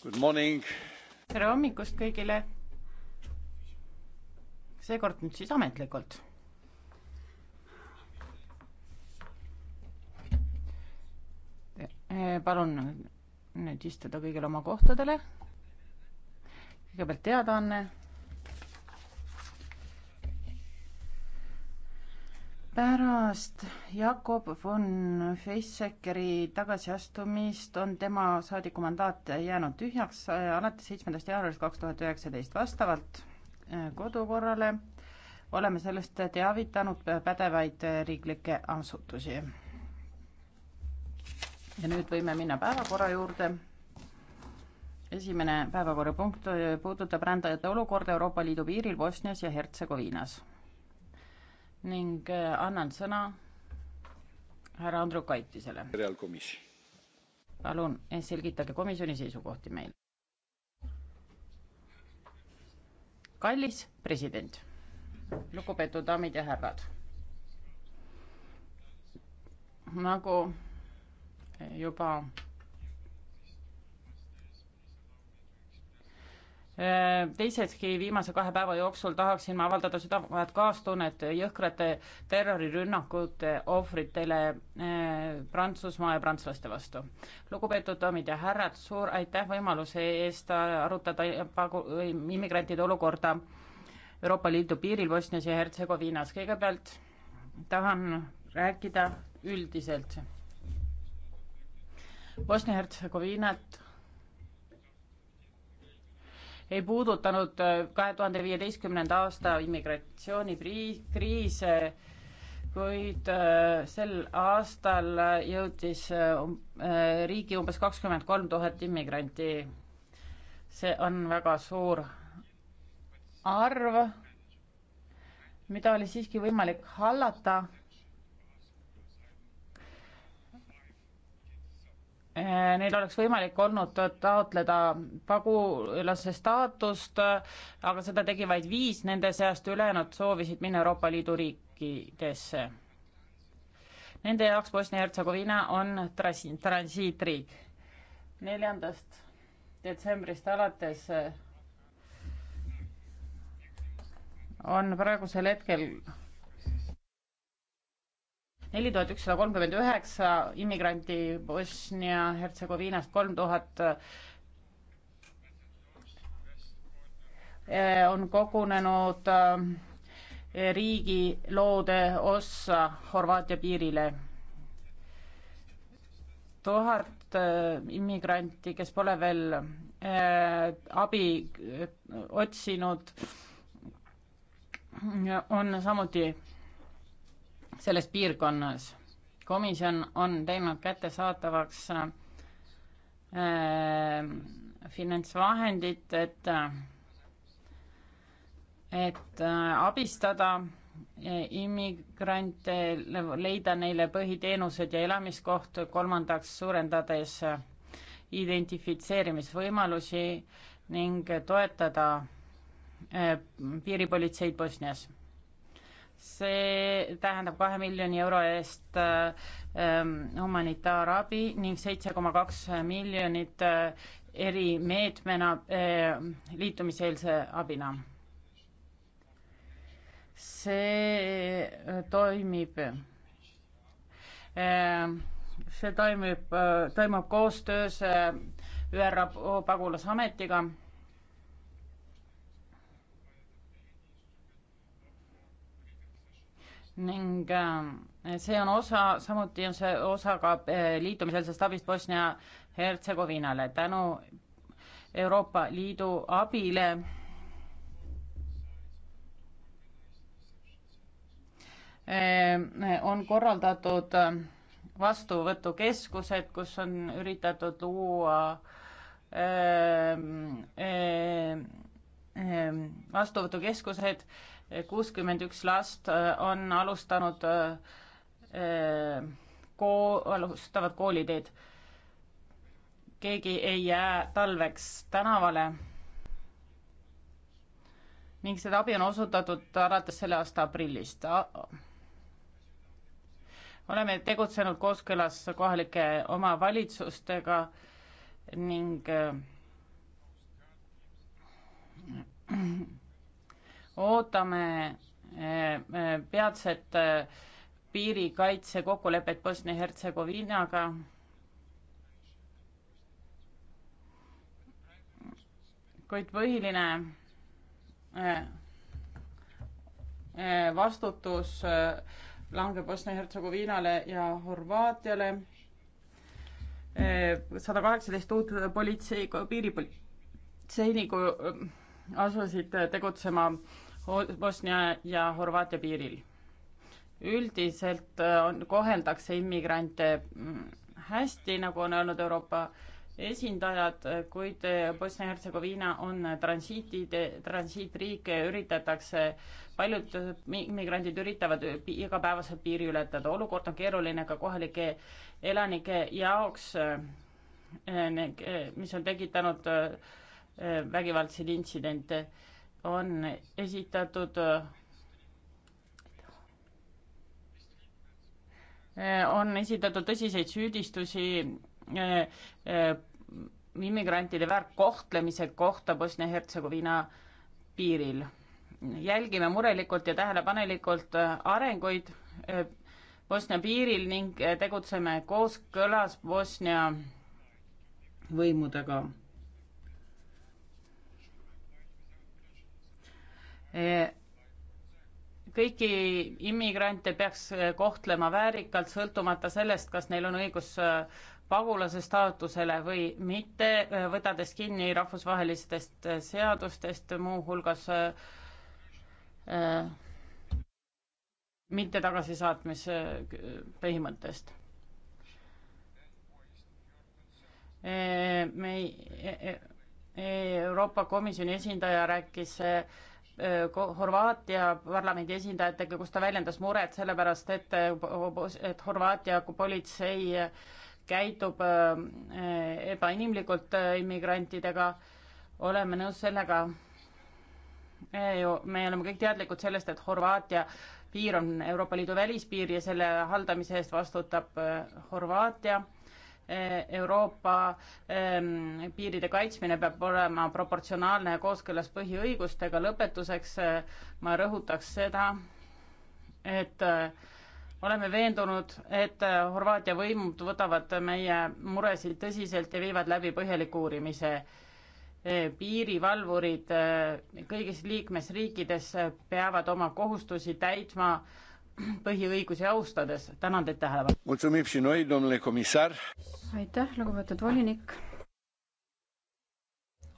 tere hommikust kõigile. seekord nüüd siis ametlikult. Eh, palun nüüd istuda kõigil oma kohtadele. kõigepealt teadaanne pärast Jakob von Feissekeri tagasiastumist on tema saadikumandaat jäänud tühjaks äh, alates seitsmendast jaanuarist kaks tuhat üheksateist. vastavalt äh, kodukorrale oleme sellest teavitanud pädevaid äh, riiklikke asutusi. ja nüüd võime minna päevakorra juurde. esimene päevakorrapunkt puudutab rändajate olukorda Euroopa Liidu piiril Bosnias ja Hertsegoviinas ning äh, annan sõna härra Andrukaitisele. palun eh, selgitage komisjoni seisukohti meil. kallis president, lugupeetud daamid ja härrad. nagu juba teisekski viimase kahe päeva jooksul tahaksin ma avaldada südamevahet kaastunnet jõhkrate terrorirünnakute ohvritele eh, Prantsusmaa ja prantslaste vastu. lugupeetud daamid ja härrad, suur aitäh võimaluse eest arutada pagu-, immigrantide olukorda Euroopa Liidu piiril Bosnias ja Hertsegoviinas. kõigepealt tahan rääkida üldiselt. Bosnia-Hertsegoviinat ei puudutanud äh, kahe tuhande viieteistkümnenda aasta immigratsioonikriise, kuid äh, sel aastal jõudis äh, riigi umbes kakskümmend kolm tuhat immigranti. see on väga suur arv, mida oli siiski võimalik hallata neil oleks võimalik olnud taotleda pagulase staatust, aga seda tegi vaid viis nende seast, ülejäänud soovisid minna Euroopa Liidu riikidesse. Nende jaoks Bosnia-Hertsegoviina on trassi-, transiitriik. neljandast detsembrist alates on praegusel hetkel neli tuhat ükssada kolmkümmend üheksa immigranti Bosnia-Hertsegoviinast, kolm tuhat eh, on kogunenud eh, riigi loode ossa Horvaatia piirile. tuhat eh, immigranti, kes pole veel abi otsinud, on samuti selles piirkonnas. komisjon on teinud kättesaadavaks äh, finantsvahendid, et, et äh, abistada äh, immigrante, leida neile põhiteenused ja elamiskoht, kolmandaks suurendades äh, identifitseerimisvõimalusi ning toetada piiripolitseid Bosnias see tähendab kahe miljoni euro eest äh, ähm, humanitaarabi ning seitse koma kaks miljonit äh, erimeetmena äh, liitumiseelse abina. see toimib, see toimib, toimub koostöös ÜRO pagulasametiga ning ähm, see on osa, samuti on see osa ka äh, liitumiseelsest abist Bosnia-Hertsegoviinale. tänu Euroopa Liidu abile ähm, on korraldatud äh, vastuvõtukeskused, kus on üritatud luua ähm, äh, vastuvõtukeskused kuuskümmend üks last äh, on alustanud äh, äh, koo-, alustavad kooliteed. keegi ei jää talveks tänavale ning seda abi on osutatud alates selle aasta aprillist. oleme tegutsenud kooskõlas kohalike omavalitsustega ning ootame eh, eh, peatset eh, piirikaitse kokkulepet Bosnia-Hertsegoviinaga. kuid põhiline vastutus langeb Bosnia-Hertsegoviinale ja Horvaatiale. sada kaheksateist uut politsei, piiripolitseinikku asusid tegutsema Bosnia ja Horvaatia piiril. üldiselt äh, on, koheldakse immigrante mm, hästi, nagu on öelnud Euroopa esindajad, kuid äh, Bosnia-Hertsegoviina on transiitide, transiitriik, üritatakse, paljud immigrandid üritavad igapäevaselt piiri ületada, olukord on keeruline ka kohalike elanike jaoks, äh, mis on tekitanud vägivaldseid intsidente on esitatud on esitatud tõsiseid süüdistusi eh, eh, immigrantide väärkohtlemise kohta Bosnia-Hertsegoviina piiril. jälgime murelikult ja tähelepanelikult eh, arenguid Bosnia piiril ning tegutseme kooskõlas Bosnia võimudega Eh, kõiki immigrante peaks eh, kohtlema väärikalt, sõltumata sellest, kas neil on õigus eh, pagulase staatusele või mitte, võtades kinni rahvusvahelistest seadustest, muuhulgas äh, mitte tagasisaatmise põhimõttest. me ei, Euroopa Komisjoni esindaja rääkis äh, Äh, Horvaatia parlamendi esindajatega, kus ta väljendas muret sellepärast, et, et Horvaatia politsei käitub äh, ebainimlikult äh, immigrantidega. oleme nõus sellega. me oleme kõik teadlikud sellest, et Horvaatia piir on Euroopa Liidu välispiir ja selle haldamise eest vastutab Horvaatia Euroopa ehm, piiride kaitsmine peab olema proportsionaalne ja kooskõlas põhiõigustega. lõpetuseks eh, ma rõhutaks seda, et eh, oleme veendunud, et eh, Horvaatia võimud võtavad meie muresid tõsiselt ja viivad läbi põhjaliku uurimise. piirivalvurid kõigis liikmesriikides peavad oma kohustusi täitma põhiõigusi austades. tänan teid tähelepanu. aitäh, lugupeetud volinik.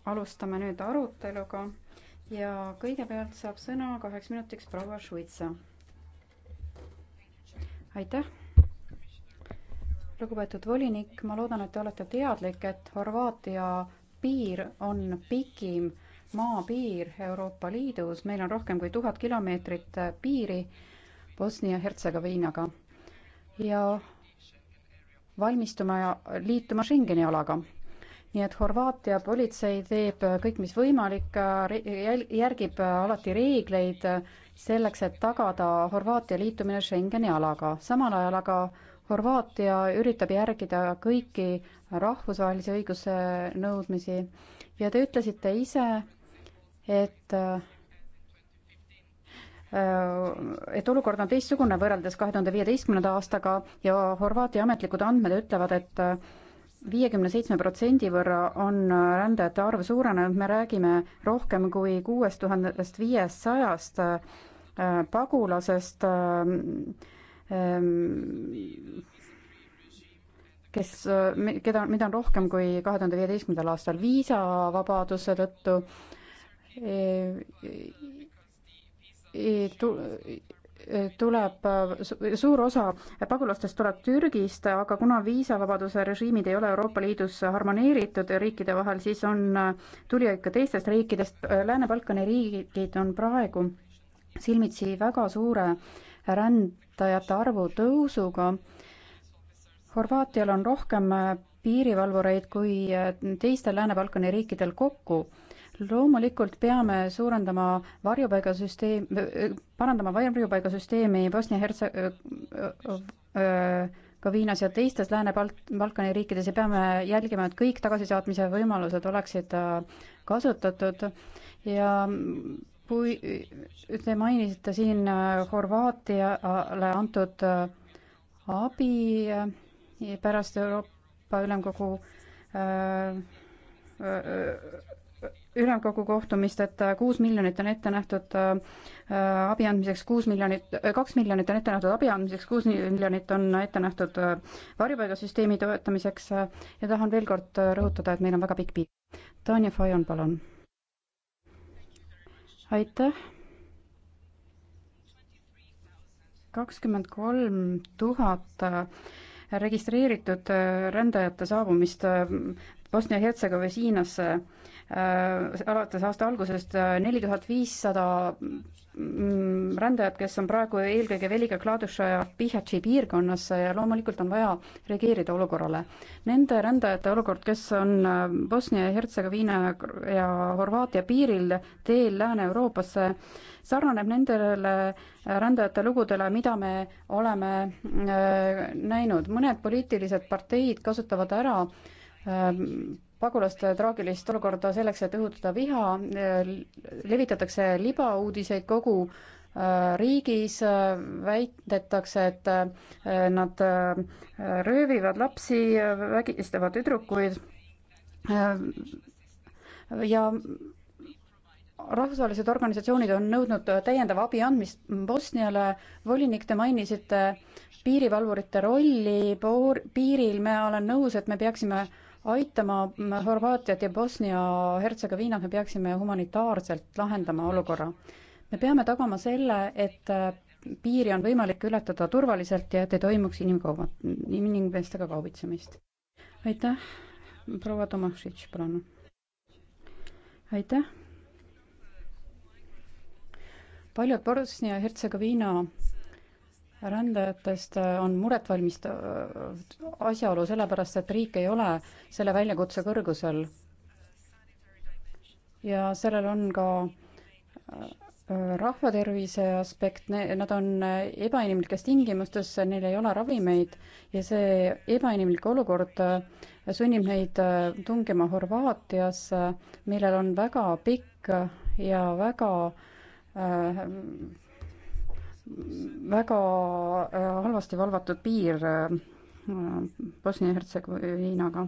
alustame nüüd aruteluga ja kõigepealt saab sõna kaheks minutiks proua Šuitsa. aitäh. lugupeetud volinik, ma loodan, et te olete teadlik, et Horvaatia piir on pikim maapiir Euroopa Liidus, meil on rohkem kui tuhat kilomeetrit piiri Bosnia-Hertsegoviinaga ja valmistuma liituma Schengeni alaga. nii et Horvaatia politsei teeb kõik, mis võimalik, järgib alati reegleid selleks, et tagada Horvaatia liitumine Schengeni alaga, samal ajal aga Horvaatia üritab järgida kõiki rahvusvahelise õiguse nõudmisi ja te ütlesite ise, et äh, Äh, et olukord on teistsugune võrreldes kahe tuhande viieteistkümnenda aastaga ja Horvaatia ametlikud andmed ütlevad et, et äh, viiekümne seitsme protsendi võrra on äh, rändajate arv suurenenud, me räägime rohkem kui kuuest tuhandest viiesajast pagulasest, ähm, kes, keda, mida on rohkem kui kahe tuhande viieteistkümnendal aastal viisavabaduse tõttu tuleb, suur osa pagulastest tuleb Türgist, aga kuna viisavabaduse režiimid ei ole Euroopa Liidus harmoneeritud riikide vahel, siis on tulijaid ka teistest riikidest. Lääne-Balkani riigid on praegu silmitsi väga suure rändajate arvu tõusuga. Horvaatial on rohkem piirivalvureid kui teistel Lääne-Balkani riikidel kokku loomulikult peame suurendama varjupaigasüsteem, parandama varjupaigasüsteemi Bosnia-Hertsegoviinas ja teistes Lääne-Balkani riikides ja peame jälgima, et kõik tagasisaatmise võimalused oleksid äh, kasutatud ja kui te mainisite siin äh, Horvaatiale antud äh, abi pärast Euroopa Ülemkogu ülemkogu kohtumist, et äh, kuus miljonit on ette nähtud äh, äh, abi andmiseks, kuus miljonit, kaks miljonit on ette nähtud abi andmiseks, kuus miljonit on ette nähtud varjupaigasüsteemi toetamiseks ja tahan veel kord rõhutada, et meil on väga pikk piir. Tanja Fajon, palun. aitäh. kakskümmend kolm tuhat registreeritud rändajate saabumist Bosnia-Hertsegoviinasse Äh, alates aasta algusest äh, neli tuhat viissada mm, rändajat, kes on praegu eelkõige Velika Kladuša ja Pihatši piirkonnas äh, ja loomulikult on vaja reageerida olukorrale. Nende rändajate olukord, kes on Bosnia ja Hertsegoviina ja Horvaatia piiril teel Lääne-Euroopasse, sarnaneb nendele rändajate lugudele, mida me oleme näinud. mõned poliitilised parteid kasutavad ära pagulaste traagilist olukorda selleks, et õhutada viha, levitatakse libauudiseid kogu äh, riigis äh, väidetakse, et äh, nad röövivad lapsi, vägistavad tüdrukuid ja rahvusvahelised organisatsioonid on nõudnud täiendava abi andmist Bosniale. volinik, te mainisite piirivalvurite rolli poor, piiril, ma olen nõus, et me peaksime äh, aitama Horvaatiat ja Bosnia-Hertsegoviinat, me peaksime humanitaarselt lahendama olukorra. me peame tagama selle, et piiri on võimalik ületada turvaliselt ja et ei toimuks inimkauba, inimestega kaubitsemist. aitäh, proua Tomašitš, palun. aitäh. paljud Bosnia-Hertsegoviina rändajatest äh, on muretvalmistav asjaolu sellepärast, et riik ei ole selle väljakutse kõrgusel. ja sellel on ka äh, rahvatervise aspekt, nad on äh, ebainimlikes tingimustes, neil ei ole ravimeid ja see ebainimlik olukord sunnib neid tungima Horvaatiasse, millel on väga pikk ja väga äh, väga äh, halvasti valvatud piir äh, Bosnia-Hertsegoviinaga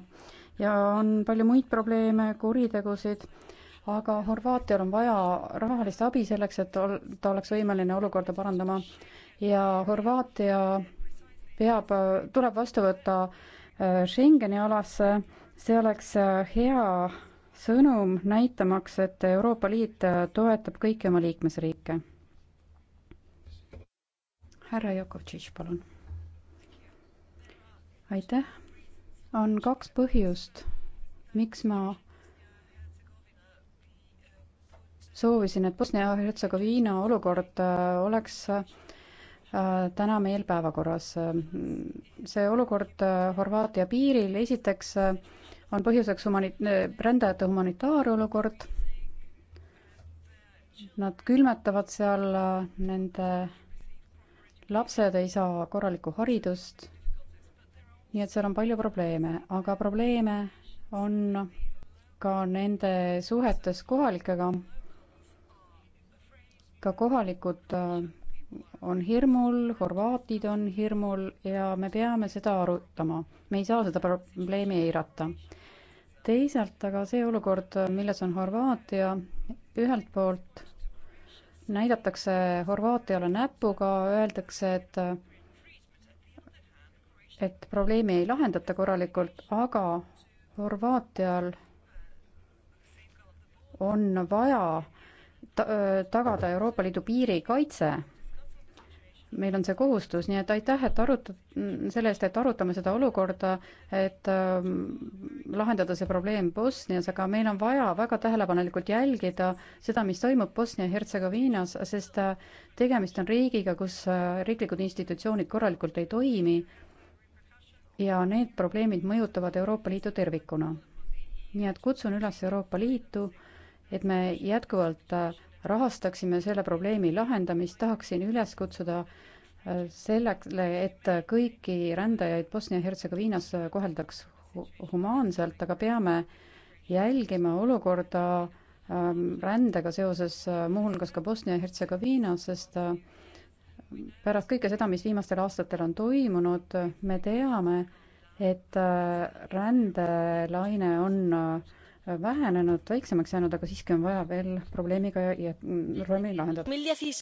ja on palju muid probleeme, kuritegusid, aga Horvaatial on vaja rahalist abi selleks, et ta oleks võimeline olukorda parandama ja Horvaatia peab, tuleb vastu võtta äh, Schengeni alasse, see oleks hea sõnum näitamaks, et Euroopa Liit toetab kõiki oma liikmesriike härra Jakovtšitš, palun. aitäh. on kaks põhjust, miks ma soovisin, et Bosnia-Hertsegoviina olukord äh, oleks äh, täna meil päevakorras. see olukord äh, Horvaatia piiril, esiteks on põhjuseks humani-, rändajate humanitaarolukord. Nad külmetavad seal nende lapsed ei saa korralikku haridust, nii et seal on palju probleeme, aga probleeme on ka nende suhetes kohalikega. ka kohalikud äh, on hirmul, horvaatid on hirmul ja me peame seda arutama. me ei saa seda probleemi eirata. teisalt aga see olukord, milles on Horvaatia, ühelt poolt näidatakse Horvaatiale näpuga, öeldakse, et et probleemi ei lahendata korralikult, aga Horvaatial on vaja ta-, tagada Euroopa Liidu piiri kaitse meil on see kohustus, nii et aitäh, et aruta-, selle eest, et arutame seda olukorda, et äh, lahendada see probleem Bosnias, aga meil on vaja väga tähelepanelikult jälgida seda, mis toimub Bosnia-Hertsegoviinas, sest äh, tegemist on riigiga, kus äh, riiklikud institutsioonid korralikult ei toimi ja need probleemid mõjutavad Euroopa Liitu tervikuna. nii et kutsun üles Euroopa Liitu, et me jätkuvalt äh, rahastaksime selle probleemi lahendamist, tahaksin üles kutsuda äh, sellele, et kõiki rändajaid Bosnia-Hertsegoviinas koheldaks humaanselt, aga peame jälgima olukorda ähm, rändega seoses äh, muuhulgas ka Bosnia-Hertsegoviinas, sest äh, pärast kõike seda, mis viimastel aastatel on toimunud, me teame, et rändelaine on vähenenud, väiksemaks jäänud, aga siiski on vaja veel probleemiga ja probleemi lahendada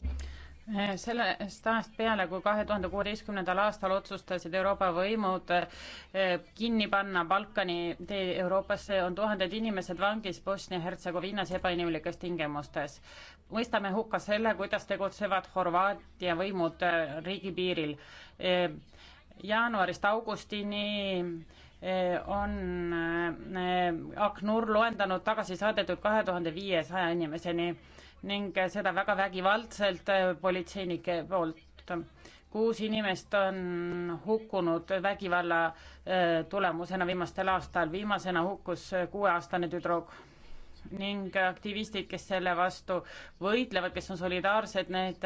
sellest ajast peale, kui kahe tuhande kuueteistkümnendal aastal otsustasid Euroopa võimud eh, kinni panna Balkani tee Euroopasse, on tuhanded inimesed vangis Bosnia-Hertsegoviinas ebainimlikes tingimustes. mõistame hukka selle, kuidas tegutsevad Horvaatia võimud eh, riigipiiril. Eh, jaanuarist augustini Eh, on eh, ACNUR loendanud tagasi saadetud kahe tuhande viiesaja inimeseni ning seda väga vägivaldselt eh, politseinike poolt. kuus inimest on hukkunud vägivalla tulemusena viimastel aastal, viimasena hukkus kuueaastane tüdruk ning aktivistid, kes selle vastu võitlevad, kes on solidaarsed, need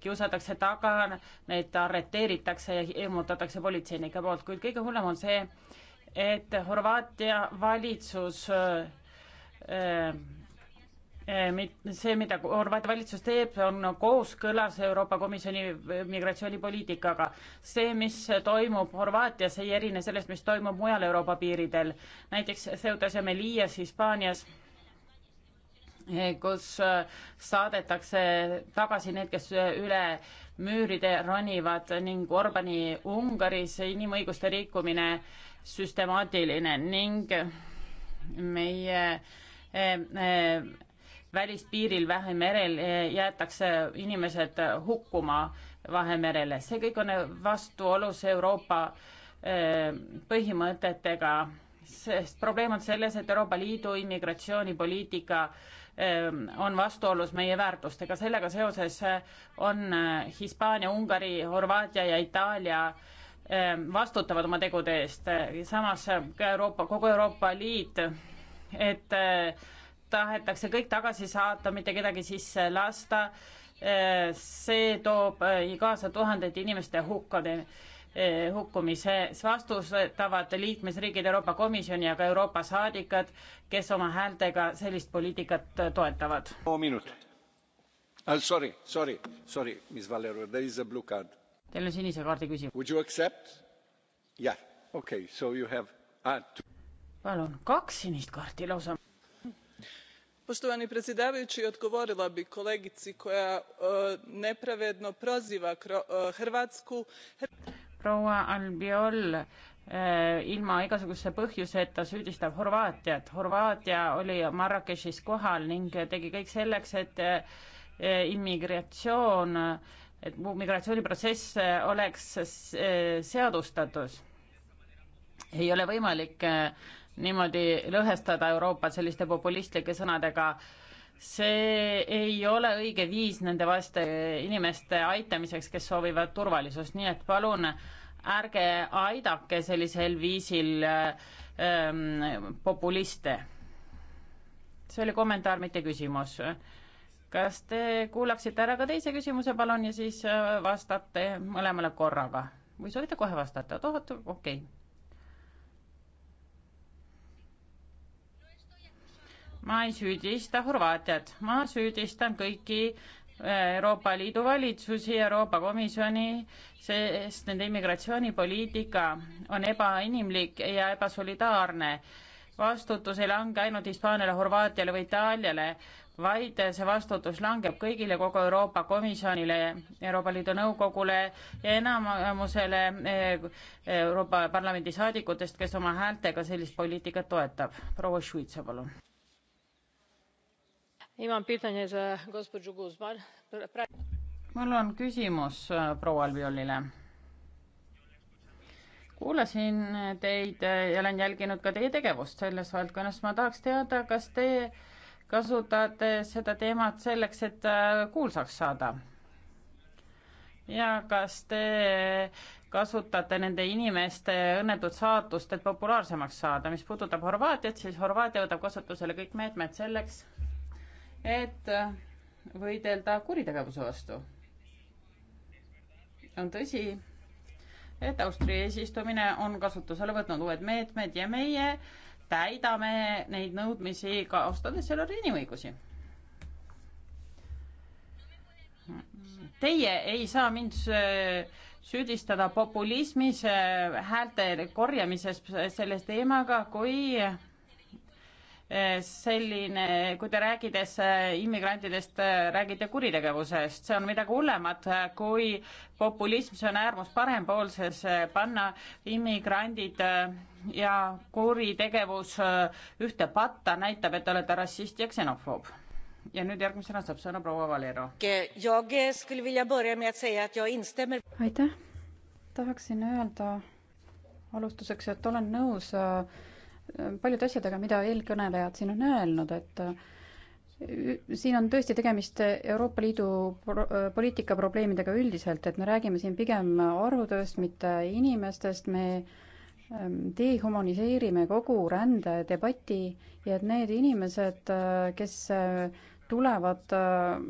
kiusatakse taga, need arreteeritakse ja hirmutatakse politseinike poolt, kuid kõige hullem on see, et Horvaatia valitsus äh, äh, see, mida Horvaatia valitsus teeb, on kooskõlas Euroopa Komisjoni migratsioonipoliitikaga. see, mis toimub Horvaatias, ei erine sellest, mis toimub mujal Euroopa piiridel. näiteks Ceutas ja Melillas Hispaanias, eh, kus äh, saadetakse tagasi need, kes üle müüride ronivad ning Orbani Ungaris inimõiguste rikkumine äh, süstemaatiline ning meie eh, eh, välispiiril Vähemerel eh, jäetakse inimesed hukkuma Vahemerele. see kõik on vastuolus Euroopa põhimõtetega, sest probleem on selles, et Euroopa Liidu immigratsioonipoliitika on vastuolus meie väärtustega. sellega seoses on Hispaania, Ungari, Horvaatia ja Itaalia Ehm, vastutavad oma tegude eest. samas ka Euroopa, kogu Euroopa Liit, et eh, tahetakse kõik tagasi saata, mitte kedagi sisse lasta. Eh, see toob eh, kaasa tuhandete inimeste hukkade, hukkumise. vastutavad liikmesriigid, Euroopa Komisjon ja ka Euroopa saadikud, kes oma häältega sellist poliitikat toetavad. minut. Ah, sorry, sorry, sorry, Miss Valero, there is a blue card Teil on sinise kaardi küsimus. Would you accept? jah yeah., okei okay,, so you have ah,. palun, kaks sinist kaarti lausa. Poštovani predsjedavajući, odgovorila bi kolegici koja uh, nepravedno proziva uh, Hrvatsku. Proua Albiol uh, ilma igasuguse põhjuseta süüdistab Horvaatiat. Horvaatia oli Marrakechis kohal ning tegi kõik selleks, et immigratsioon uh, et migratsiooniprotsess äh, oleks äh, seadustatus. ei ole võimalik äh, niimoodi lõhestada Euroopat selliste populistlike sõnadega. see ei ole õige viis nende vaeste inimeste aitamiseks, kes soovivad turvalisust, nii et palun ärge aidake sellisel viisil ähm, populiste. see oli kommentaar, mitte küsimus kas te kuulaksite ära ka teise küsimuse, palun, ja siis äh, vastate mõlemale korraga või soovite kohe vastata? tohutu, okei okay.. ma ei süüdista Horvaatiat, ma süüdistan kõiki äh, Euroopa Liidu valitsusi, Euroopa Komisjoni, sest nende immigratsioonipoliitika on ebainimlik ja ebasolidaarne vastutus ei lange ainult Hispaaniale, Horvaatiale või Itaaliale, vaid see vastutus langeb kõigile, kogu Euroopa Komisjonile, Euroopa Liidu Nõukogule ja enamusele eh, Euroopa Parlamendi saadikutest, kes oma häältega sellist poliitikat toetab. proua Šuitsa, palun. mul on küsimus eh, proua Albiolile kuulasin teid ja olen jälginud ka teie tegevust selles valdkonnas. ma tahaks teada, kas te kasutate seda teemat selleks, et äh, kuulsaks saada? ja kas te kasutate nende inimeste õnnetut saatust, et populaarsemaks saada. mis puudutab Horvaatiat, siis Horvaatia võtab kasutusele kõik meetmed selleks, et äh, võidelda kuritegevuse vastu. on tõsi et Austria eesistumine on kasutusele võtnud uued meetmed ja meie täidame neid nõudmisi ka austades sellele inimõigusi. Teie ei saa mind süüdistada populismis, äh, häälte korjamises selle teemaga, kui selline, kui te räägides äh, immigrantidest, äh, räägite kuritegevusest, see on midagi hullemat äh, kui populism, see on äärmus parempoolses, panna immigrandid ja kuritegevus ühte patta näitab, et te olete rassist ja ksenofoob. ja nüüd järgmisena saab sõna proua Valero. Eh, aitäh, tahaksin öelda alustuseks, et olen nõus äh, paljude asjadega, mida eelkõnelejad siin on öelnud, et siin on tõesti tegemist Euroopa Liidu poliitika probleemidega üldiselt, et me räägime siin pigem arvutööst, mitte inimestest, me ähm, dehumaniseerime kogu rändedebati ja et need inimesed, äh, kes äh, tulevad äh,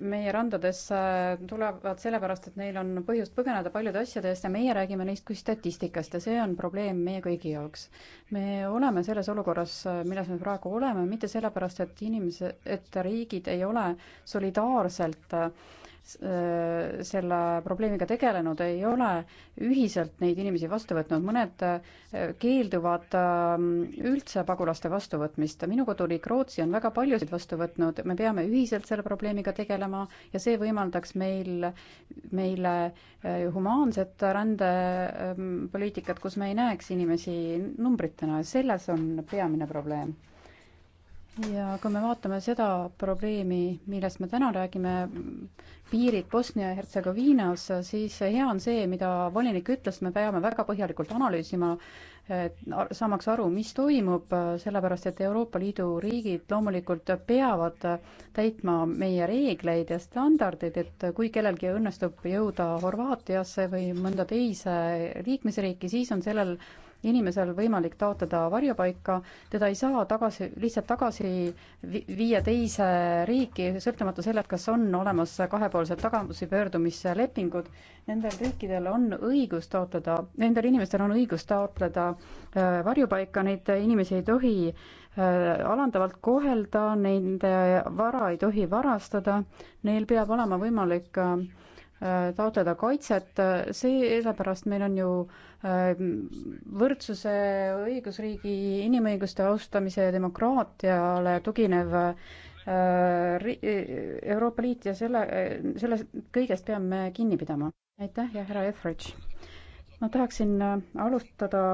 meie randadesse äh, tulevad sellepärast, et neil on põhjust põgeneda paljude asjade eest ja meie räägime neist kui statistikast ja see on probleem meie kõigi jaoks. me oleme selles olukorras, äh, milles me praegu oleme, mitte sellepärast, et inimese, et riigid ei ole solidaarselt äh, selle probleemiga tegelenud, ei ole ühiselt neid inimesi vastu võtnud, mõned äh, keelduvad ähm, üldse pagulaste vastuvõtmist. minu koduriik Rootsi on väga paljusid vastu võtnud, me peame ühiselt selle probleemiga tegelema ja see võimaldaks meil, meile äh, humaanset rändepoliitikat, ähm, kus me ei näeks inimesi numbritena ja selles on peamine probleem ja kui me vaatame seda probleemi, millest me täna räägime, piirid Bosnia ja Hertsegoviinas, siis hea on see, mida volinik ütles, me peame väga põhjalikult analüüsima, saamaks aru, mis toimub, sellepärast et Euroopa Liidu riigid loomulikult peavad täitma meie reegleid ja standardeid, et kui kellelgi õnnestub jõuda Horvaatiasse või mõnda teise liikmesriiki, siis on sellel inimesel võimalik taotleda varjupaika, teda ei saa tagasi, lihtsalt tagasi viia teise riiki, sõltumata sellest, kas on olemas kahepoolsed tagasipöördumise lepingud. Nendel riikidel on õigus taotleda, nendel inimestel on õigus taotleda äh, varjupaika, neid inimesi ei tohi äh, alandavalt kohelda, nende vara ei tohi varastada, neil peab olema võimalik äh, taotleda kaitset, see, sellepärast meil on ju äh, Äh, võrdsuse, õigusriigi, inimõiguste austamise ja demokraatiale tuginev äh, Euroopa Liit ja selle, sellest kõigest peame kinni pidama. aitäh ja härra Efridž. ma tahaksin äh, alustada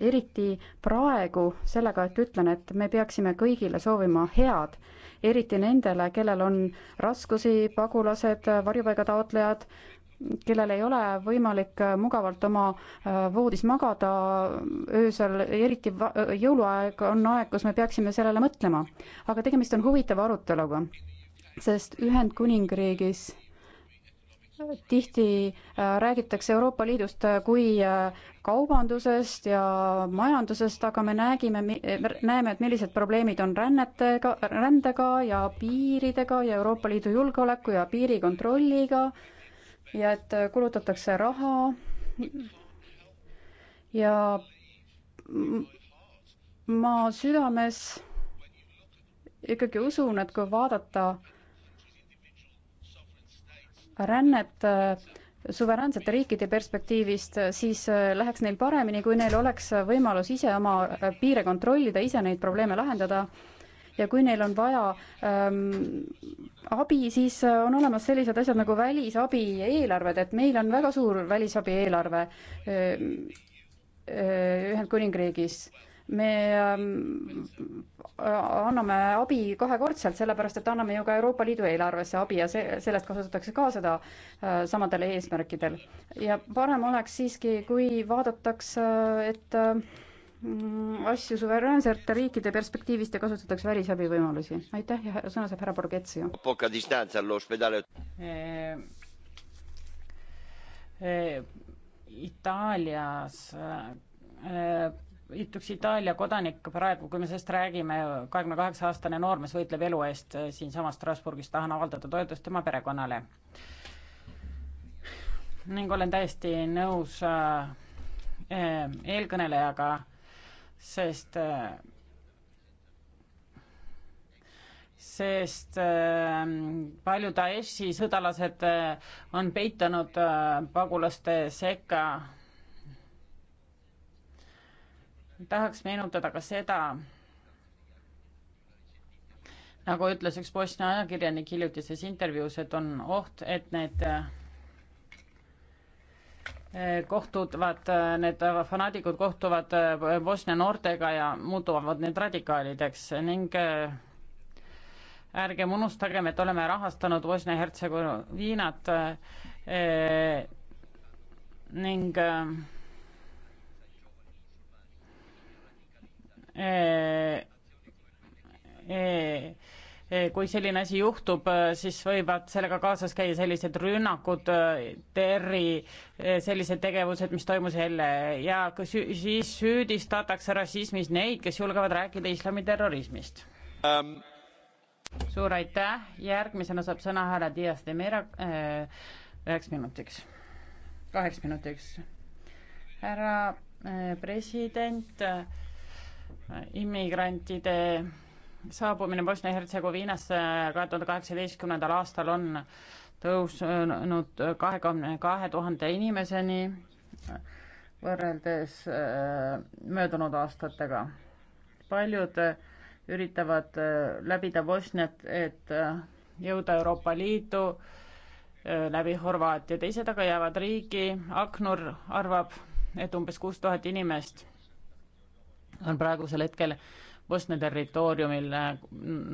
eriti praegu sellega, et ütlen, et me peaksime kõigile soovima head, eriti nendele, kellel on raskusi, pagulased, varjupaigataotlejad, kellel ei ole võimalik äh, mugavalt oma äh, voodis magada äh, öösel, eriti jõuluaeg on aeg, kus me peaksime sellele mõtlema. aga tegemist on huvitava aruteluga, sest Ühendkuningriigis tihti räägitakse Euroopa Liidust kui kaubandusest ja majandusest, aga me nägime, näeme, et millised probleemid on rännetega, rändega ja piiridega ja Euroopa Liidu julgeoleku ja piirikontrolliga ja et äh, kulutatakse raha ja ma südames ikkagi usun, et kui vaadata rännet äh, suveräänsete riikide perspektiivist, siis äh, läheks neil paremini, kui neil oleks võimalus ise oma piire kontrollida, ise neid probleeme lahendada ja kui neil on vaja ähm, abi, siis äh, on olemas sellised asjad nagu välisabi eelarved, et meil on väga suur välisabi eelarve äh, äh, Ühendkuningriigis me ähm, anname abi kahekordselt, sellepärast et anname ju ka Euroopa Liidu eelarvesse abi ja see, sellest kasutatakse ka seda samadel eesmärkidel. ja parem oleks siiski, kui vaadataks, et Mm, asju suveräänsete riikide perspektiivist ja kasutatakse välisabivõimalusi. aitäh ja sõna saab härra Borghezio. Eh, eh, Itaalias, üks eh, Itaalia kodanik praegu, kui me sellest räägime, kahekümne kaheksa aastane noormees võitleb elu eest siinsamas Strasbourgis, tahan avaldada toetust tema perekonnale. ning olen täiesti nõus eelkõnelejaga sest sest ähm, paljud Daeshi sõdalased äh, on peitunud äh, pagulaste sekka. tahaks meenutada ka seda, nagu ütles üks Bosnia ajakirjanik hiljutises intervjuus, et on oht, et need äh, kohtuvad, need fanaadikud kohtuvad Bosnia noortega ja muutuvad need radikaalideks ning äh, ärgem unustagem, et oleme rahastanud Bosnia-Hertsegoviinat äh, ning e, e, Eh, kui selline asi juhtub, eh, siis võivad sellega kaasas käia sellised rünnakud, eh, terri, sellised tegevused, mis toimus jälle ja siis süüdistatakse rassismis neid, kes julgevad rääkida islamiterrorismist um.. Ähm. suur aitäh, järgmisena saab sõna härra Dias de Mera üheks äh, minutiks, kaheks minutiks. härra äh, president äh,, immigrantide saabumine Bosnia-Hertsegoviinasse kahe tuhande kaheksateistkümnendal aastal on tõusnud kahekümne kahe tuhande inimeseni võrreldes äh, möödunud aastatega. paljud äh, üritavad äh, läbida Bosniat, et jõuda Euroopa Liitu läbi Horvaatia, teised aga jäävad riigi. Aknur arvab, et umbes kuus tuhat inimest on praegusel hetkel Bosnia territooriumil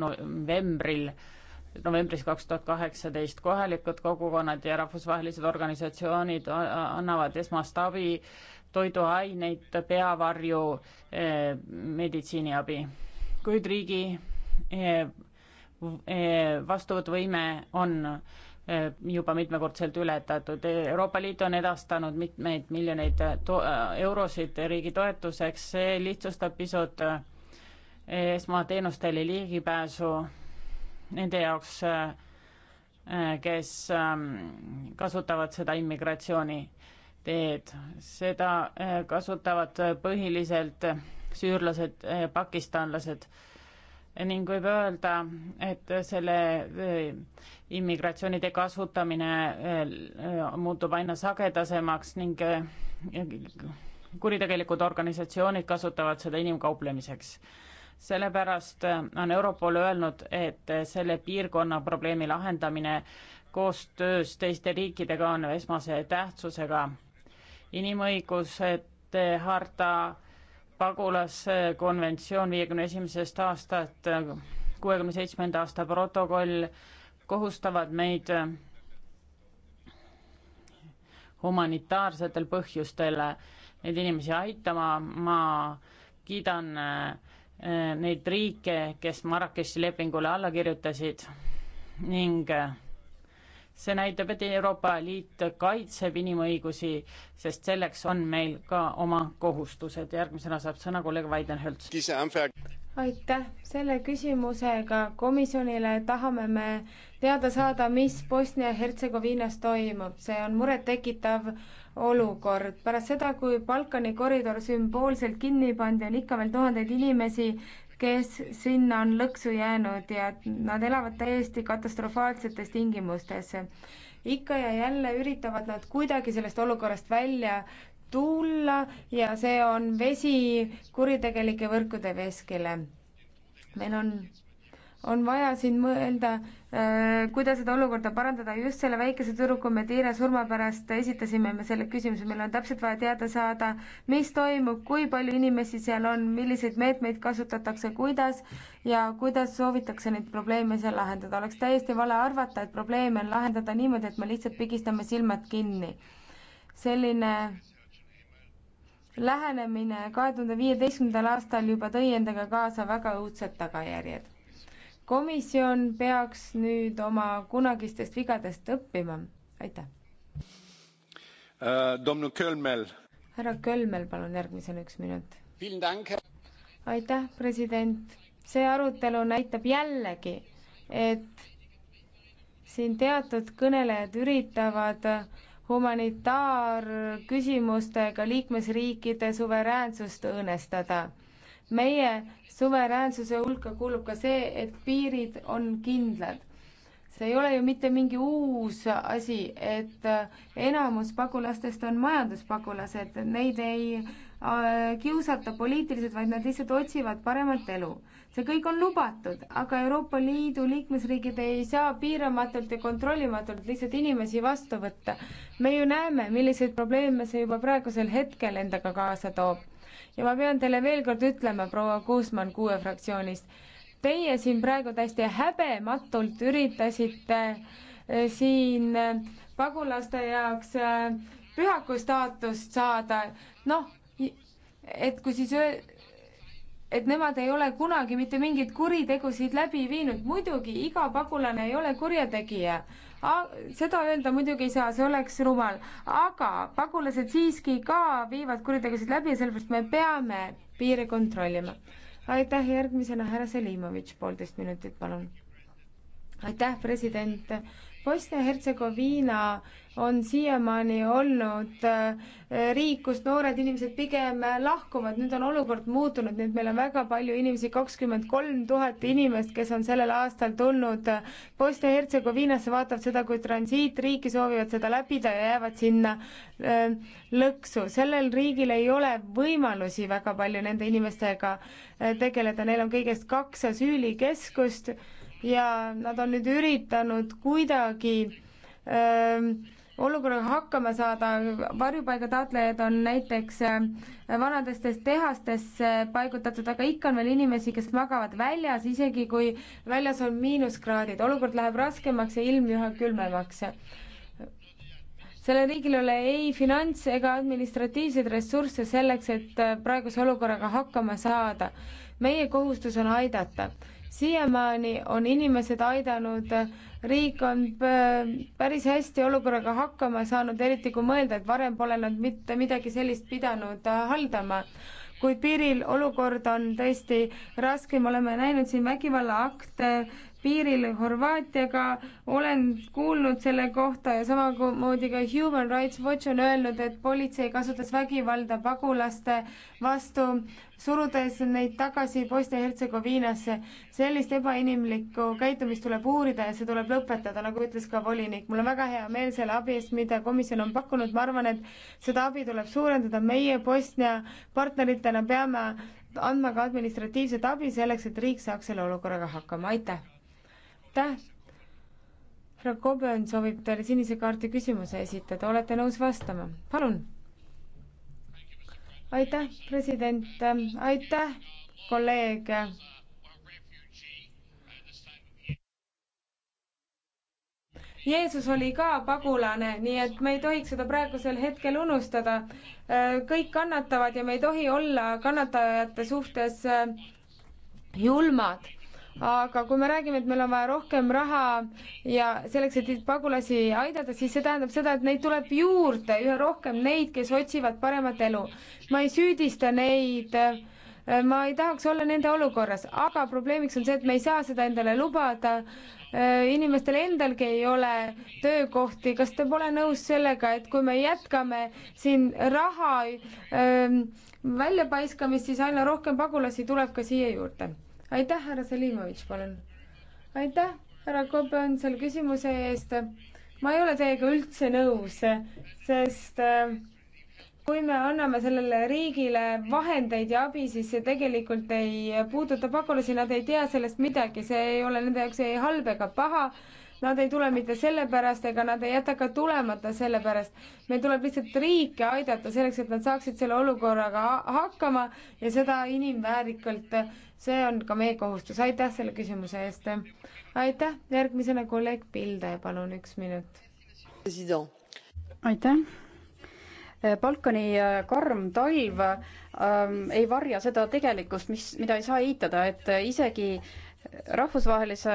novembril, novembris kaks tuhat kaheksateist. kohalikud kogukonnad ja rahvusvahelised organisatsioonid annavad esmast abi, toiduaineid, peavarju, eh, meditsiiniabi. kuid riigi eh, eh, vastuvõtuvõime on juba mitmekordselt ületatud. Euroopa Liit on edastanud mitmeid miljoneid eurosid riigi toetuseks, see lihtsustab pisut äh, esmateenustele ligipääsu nende jaoks, äh, kes ähm, kasutavad seda immigratsiooni teed. seda äh, kasutavad põhiliselt süürlased, äh, pakistanlased ning võib öelda, et selle immigratsioonide kasutamine muutub aina sagedasemaks ning kuritegelikud organisatsioonid kasutavad seda inimkauplemiseks sellepärast äh, on Europol öelnud, et äh, selle piirkonna probleemi lahendamine koostöös teiste riikidega on esmase tähtsusega. inimõiguste harta pagulaskonventsioon viiekümne esimesest aastast, äh, kuuekümne seitsmenda aasta protokoll kohustavad meid humanitaarsetel põhjustel neid inimesi aitama, ma kiidan äh, Äh, neid riike, kes Marrakechi lepingule alla kirjutasid ning äh, see näitab, et Euroopa Liit kaitseb inimõigusi, sest selleks on meil ka oma kohustused. järgmisena saab sõna kolleeg Weidenholz. aitäh, selle küsimusega komisjonile tahame me teada saada, mis Bosnia-Hertsegoviinas toimub. see on murettekitav olukord. pärast seda, kui Balkani koridor sümboolselt kinni pandi, on ikka veel tuhandeid inimesi, kes sinna on lõksu jäänud ja nad elavad täiesti katastrofaalsetes tingimustes. ikka ja jälle üritavad nad kuidagi sellest olukorrast välja tulla ja see on vesi kuritegelike võrkude veskile. meil on on vaja siin mõelda, äh, kuidas seda olukorda parandada, just selle väikese tüdruku Medina surma pärast esitasime me selle küsimuse, meil on täpselt vaja teada saada, mis toimub, kui palju inimesi seal on, milliseid meetmeid kasutatakse, kuidas ja kuidas soovitakse neid probleeme seal lahendada. oleks täiesti vale arvata, et probleeme on lahendada niimoodi, et me lihtsalt pigistame silmad kinni. selline lähenemine kahe tuhande viieteistkümnendal aastal juba tõi endaga kaasa väga õudsed tagajärjed komisjon peaks nüüd oma kunagistest vigadest õppima, aitäh uh,. härra Kölmel, palun järgmisena üks minut. aitäh, president. see arutelu näitab jällegi, et siin teatud kõnelejad üritavad humanitaarküsimustega liikmesriikide suveräänsust õõnestada. meie suveräänsuse hulka kuulub ka see, et piirid on kindlad. see ei ole ju mitte mingi uus asi, et äh, enamus pagulastest on majanduspagulased, neid ei äh, kiusata poliitiliselt, vaid nad lihtsalt otsivad paremat elu. see kõik on lubatud, aga Euroopa Liidu liikmesriigid ei saa piiramatult ja kontrollimatult lihtsalt inimesi vastu võtta. me ju näeme, milliseid probleeme see juba praegusel hetkel endaga kaasa toob ja ma pean teile veel kord ütlema, proua Kuusmann kuue fraktsioonist, teie siin praegu täiesti häbematult üritasite eh, siin eh, pagulaste jaoks eh, pühaku staatust saada, noh, et kui siis öö, et nemad ei ole kunagi mitte mingeid kuritegusid läbi viinud. muidugi iga pagulane ei ole kurjategija, seda öelda muidugi ei saa, see oleks rumal, aga pagulased siiski ka viivad kuritegusid läbi ja sellepärast me peame piire kontrollima. aitäh, järgmisena härra Selimovitš, poolteist minutit, palun. aitäh, president. Bosnia-Hertsegoviina on siiamaani olnud äh, riik, kust noored inimesed pigem äh, lahkuvad, nüüd on olukord muutunud, nüüd meil on väga palju inimesi, kakskümmend kolm tuhat inimest, kes on sellel aastal tulnud äh, Bosnia-Hertsegoviinasse, vaatavad seda kui transiitriiki, soovivad seda läbida ja jäävad sinna lõksu. sellel riigil ei ole võimalusi väga palju nende inimestega tegeleda, neil on kõigest kaks asüülikeskust ja nad on nüüd üritanud kuidagi öö, olukorraga hakkama saada, varjupaigataotlejaid on näiteks äh, vanadestes tehastesse äh, paigutatud, aga ikka on veel inimesi, kes magavad väljas, isegi kui väljas on miinuskraadid, olukord läheb raskemaks ja ilm üha külmemaks sellel riigil ei ole ei finants ega administratiivseid ressursse selleks, et äh, praeguse olukorraga hakkama saada. meie kohustus on aidata siiamaani on inimesed aidanud, riik on äh, päris hästi olukorraga hakkama saanud, eriti kui mõelda, et varem pole nad mitte midagi sellist pidanud äh, haldama. kuid piiril olukord on tõesti raske, me oleme näinud siin vägivallaakte, piiril Horvaatiaga, olen kuulnud selle kohta ja samamoodi ka Human Rights Watch on öelnud, et politsei kasutas vägivalda pagulaste vastu, surudes neid tagasi Bosnia-Hertsegoviinasse. sellist ebainimlikku käitumist tuleb uurida ja see tuleb lõpetada, nagu ütles ka volinik. mul on väga hea meel selle abi eest, mida komisjon on pakkunud, ma arvan, et seda abi tuleb suurendada, meie Bosnia partneritena peame andma ka administratiivset abi selleks, et riik saaks selle olukorraga hakkama, aitäh! aitäh. härra Koben soovib teile sinise kaardi küsimuse esitada, olete nõus vastama? palun. aitäh, president, aitäh, kolleeg. Jeesus oli ka pagulane, nii et me ei tohiks seda praegusel hetkel unustada. kõik kannatavad ja me ei tohi olla kannatajate suhtes julmad aga kui me räägime, et meil on vaja rohkem raha ja selleks, et pagulasi aidata, siis see tähendab seda, et neid tuleb juurde, üha rohkem neid, kes otsivad paremat elu. ma ei süüdista neid, ma ei tahaks olla nende olukorras, aga probleemiks on see, et me ei saa seda endale lubada inimestel endalgi ei ole töökohti, kas te pole nõus sellega, et kui me jätkame siin raha ähm, väljapaiskamist, siis aina rohkem pagulasi tuleb ka siia juurde? aitäh, härra Selimovitš, palun. aitäh, härra Koban, selle küsimuse eest. ma ei ole teiega üldse nõus, sest äh, kui me anname sellele riigile vahendeid ja abi, siis see tegelikult ei puuduta pagulasi, nad ei tea sellest midagi, see ei ole nende jaoks ei halb ega paha nad ei tule mitte sellepärast, ega nad ei jäta ka tulemata sellepärast. meil tuleb lihtsalt riike aidata selleks, et nad saaksid selle olukorraga hakkama ja seda inimväärikalt see on ka meie kohustus, aitäh selle küsimuse eest. aitäh, järgmisena kolleeg Pilde, palun üks minut. aitäh. Balkani äh, karm talv ähm, ei varja seda tegelikkust, mis, mida ei saa eitada, et äh, isegi äh, rahvusvahelise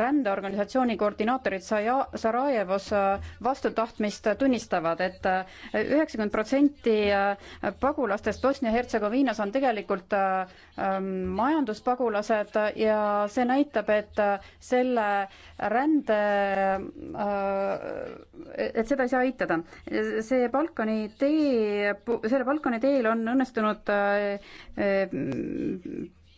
rändeorganisatsiooni koordinaatorid Saja-, Sarajevos äh, vastu tahtmist tunnistavad et, et äh, üheksakümmend protsenti äh, pagulastest Bosnia-Hertsegoviinas on tegelikult ähm, majanduspagulased ja see näitab, et selle rände, et seda ei saa eitada. see Balkani tee, selle Balkani teel on õnnestunud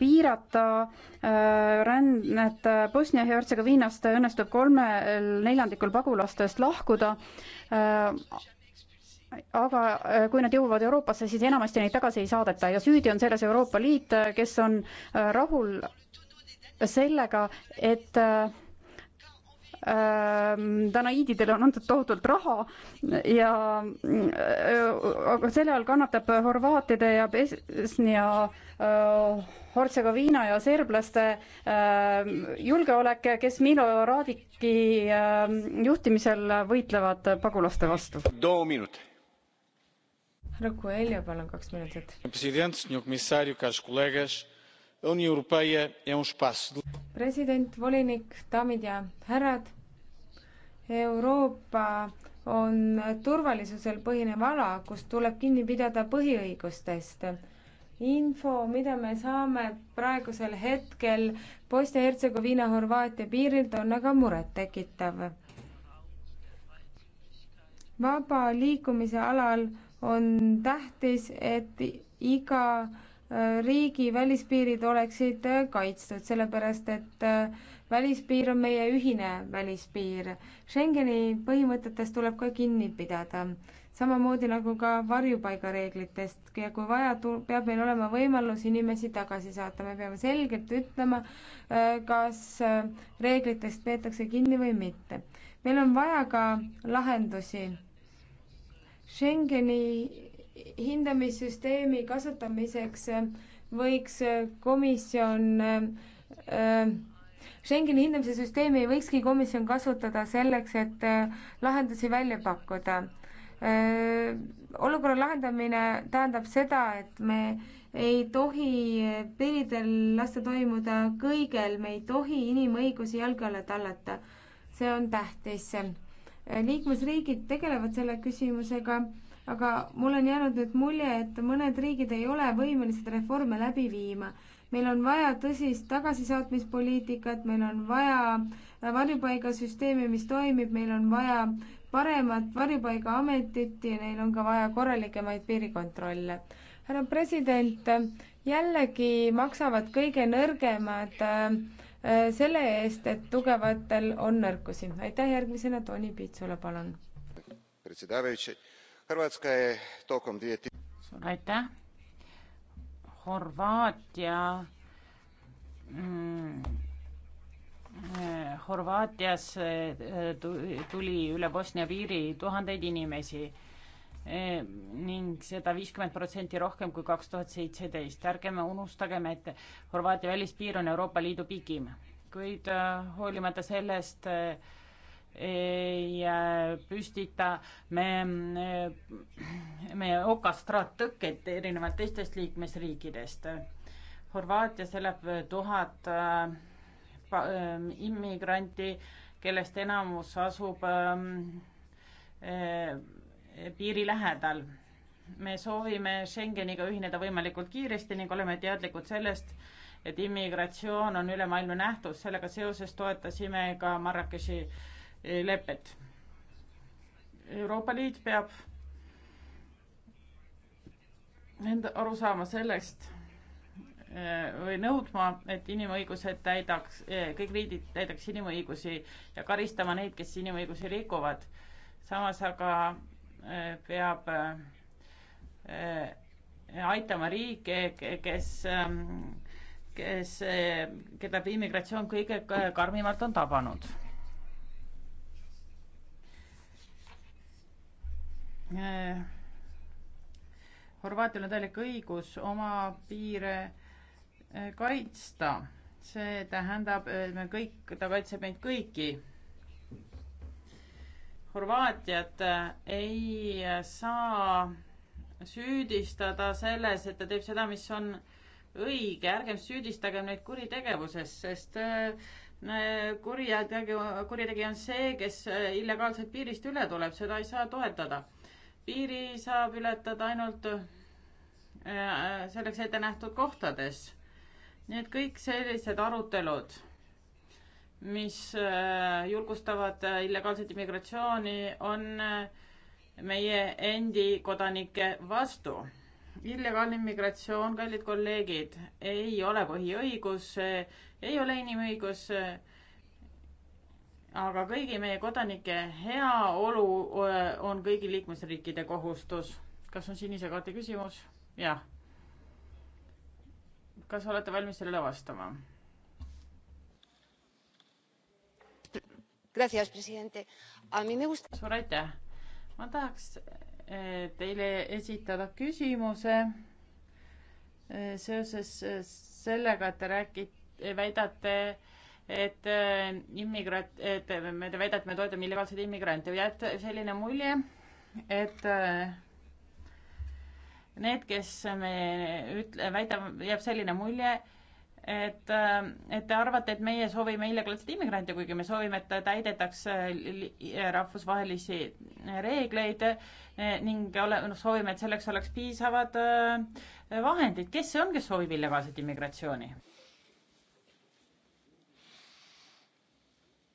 piirata äh, rännet Bosnia-Hertsegoviinast õnnestub kolmel neljandikul pagulastest lahkuda äh, aga äh, kui nad jõuavad Euroopasse, siis enamasti neid tagasi ei saadeta ja süüdi on selles Euroopa Liit, kes on rahul sellega, et Ehm, danaiididele on antud tohutult raha ja äh, aga selle all kannatab horvaatide ja Bosnia äh, Hertsegoviina ja serblaste äh, julgeolek, kes Milo Radiki juhtimisel võitlevad pagulaste vastu. too minut. härra Coelho, palun kaks minutit. president, senhor comissário, caros colegas E president, volinik, daamid ja härrad. Euroopa on turvalisusel põhinev ala, kus tuleb kinni pidada põhiõigustest. info, mida me saame praegusel hetkel Bosnia-Hertsegoviina, Horvaatia piirilt, on aga murettekitav. vaba liikumise alal on tähtis, et iga riigi välispiirid oleksid kaitstud, sellepärast et äh, välispiir on meie ühine välispiir. Schengeni põhimõtetest tuleb ka kinni pidada, samamoodi nagu ka varjupaigareeglitest ja kui vaja, peab meil olema võimalus inimesi tagasi saata, me peame selgelt ütlema, äh, kas äh, reeglitest peetakse kinni või mitte. meil on vaja ka lahendusi. Schengeni hindamissüsteemi kasutamiseks võiks komisjon äh, Schengeni hindamise süsteemi võikski komisjon kasutada selleks, et äh, lahendusi välja pakkuda. Äh, olukorra lahendamine tähendab seda, et me ei tohi piiridel lasta toimuda kõigel, me ei tohi inimõigusi jalge alla tallata. see on tähtis. liikmesriigid tegelevad selle küsimusega aga mul on jäänud nüüd mulje, et mõned riigid ei ole võimelised reforme läbi viima. meil on vaja tõsist tagasisaatmispoliitikat, meil on vaja varjupaigasüsteemi, mis toimib, meil on vaja paremat varjupaigaametit ja neil on ka vaja korralikemaid piirikontrolle. härra president, jällegi maksavad kõige nõrgemad äh, selle eest, et tugevatel on nõrkusi. aitäh, järgmisena Toni Pitsula, palun. Hrvatska je tokom suur aitäh. Horvaatia mm, eh, Horvaatias eh, tuli üle Bosnia piiri tuhandeid inimesi eh, ning seda viiskümmend protsenti rohkem kui kaks tuhat seitseteist. ärgem unustagem, et Horvaatia välispiir on Euroopa Liidu pikim, kuid hoolimata sellest äh, ei äh, püstita me, äh, me okastraattõkkeid erinevalt teistest liikmesriikidest. Horvaatias elab tuhat äh, äh, immigranti, kellest enamus asub äh, äh, piiri lähedal. me soovime Schengeniga ühineda võimalikult kiiresti ning oleme teadlikud sellest, et immigratsioon on ülemaailmne nähtus, sellega seoses toetasime ka Marrakechi äh, Eh, lepet. Euroopa Liit peab enda aru saama sellest eh, või nõudma, et inimõigused täidaks, eh, kõik riigid täidaks inimõigusi ja karistama neid, kes inimõigusi rikuvad. samas aga peab aitama riike, kes, ehm, kes, keda immigratsioon kõige karmimalt on tabanud Äh, Horvaatial on täielik õigus oma piire äh, kaitsta. see tähendab, et me kõik, ta kaitseb meid kõiki. Horvaatiat äh, ei saa süüdistada selles, et ta teeb seda, mis on õige, ärgem süüdistagem neid kuritegevuses, sest kurjategi, kuritegi on see, kes illegaalselt piirist üle tuleb, seda ei saa toetada piiri saab ületada ainult äh, selleks ette nähtud kohtades. nii et kõik sellised arutelud, mis äh, julgustavad äh, illegaalset immigratsiooni, on meie endi kodanike vastu. illegaalne immigratsioon, kallid kolleegid, ei ole põhiõigus, ei ole inimõigus aga kõigi meie kodanike heaolu on kõigi liikmesriikide kohustus. kas on sinise kaardi küsimus? jah. kas olete valmis sellele vastama? suur aitäh. ma tahaks e, teile esitada küsimuse e, seoses e, sellega, et te räägite, väidate, et äh, immigrat-, et me, te väidate, me toetame illegaalseid immigrante, jääb selline mulje, et äh, need, kes me ütle, väidame, jääb selline mulje, et, äh, et te arvate, et meie soovime illegaalseid immigrante, kuigi me soovime, et täidetaks rahvusvahelisi reegleid ning ole, noh, soovime, et selleks oleks piisavad vahendid. kes see on, kes soovib illegaalset immigratsiooni?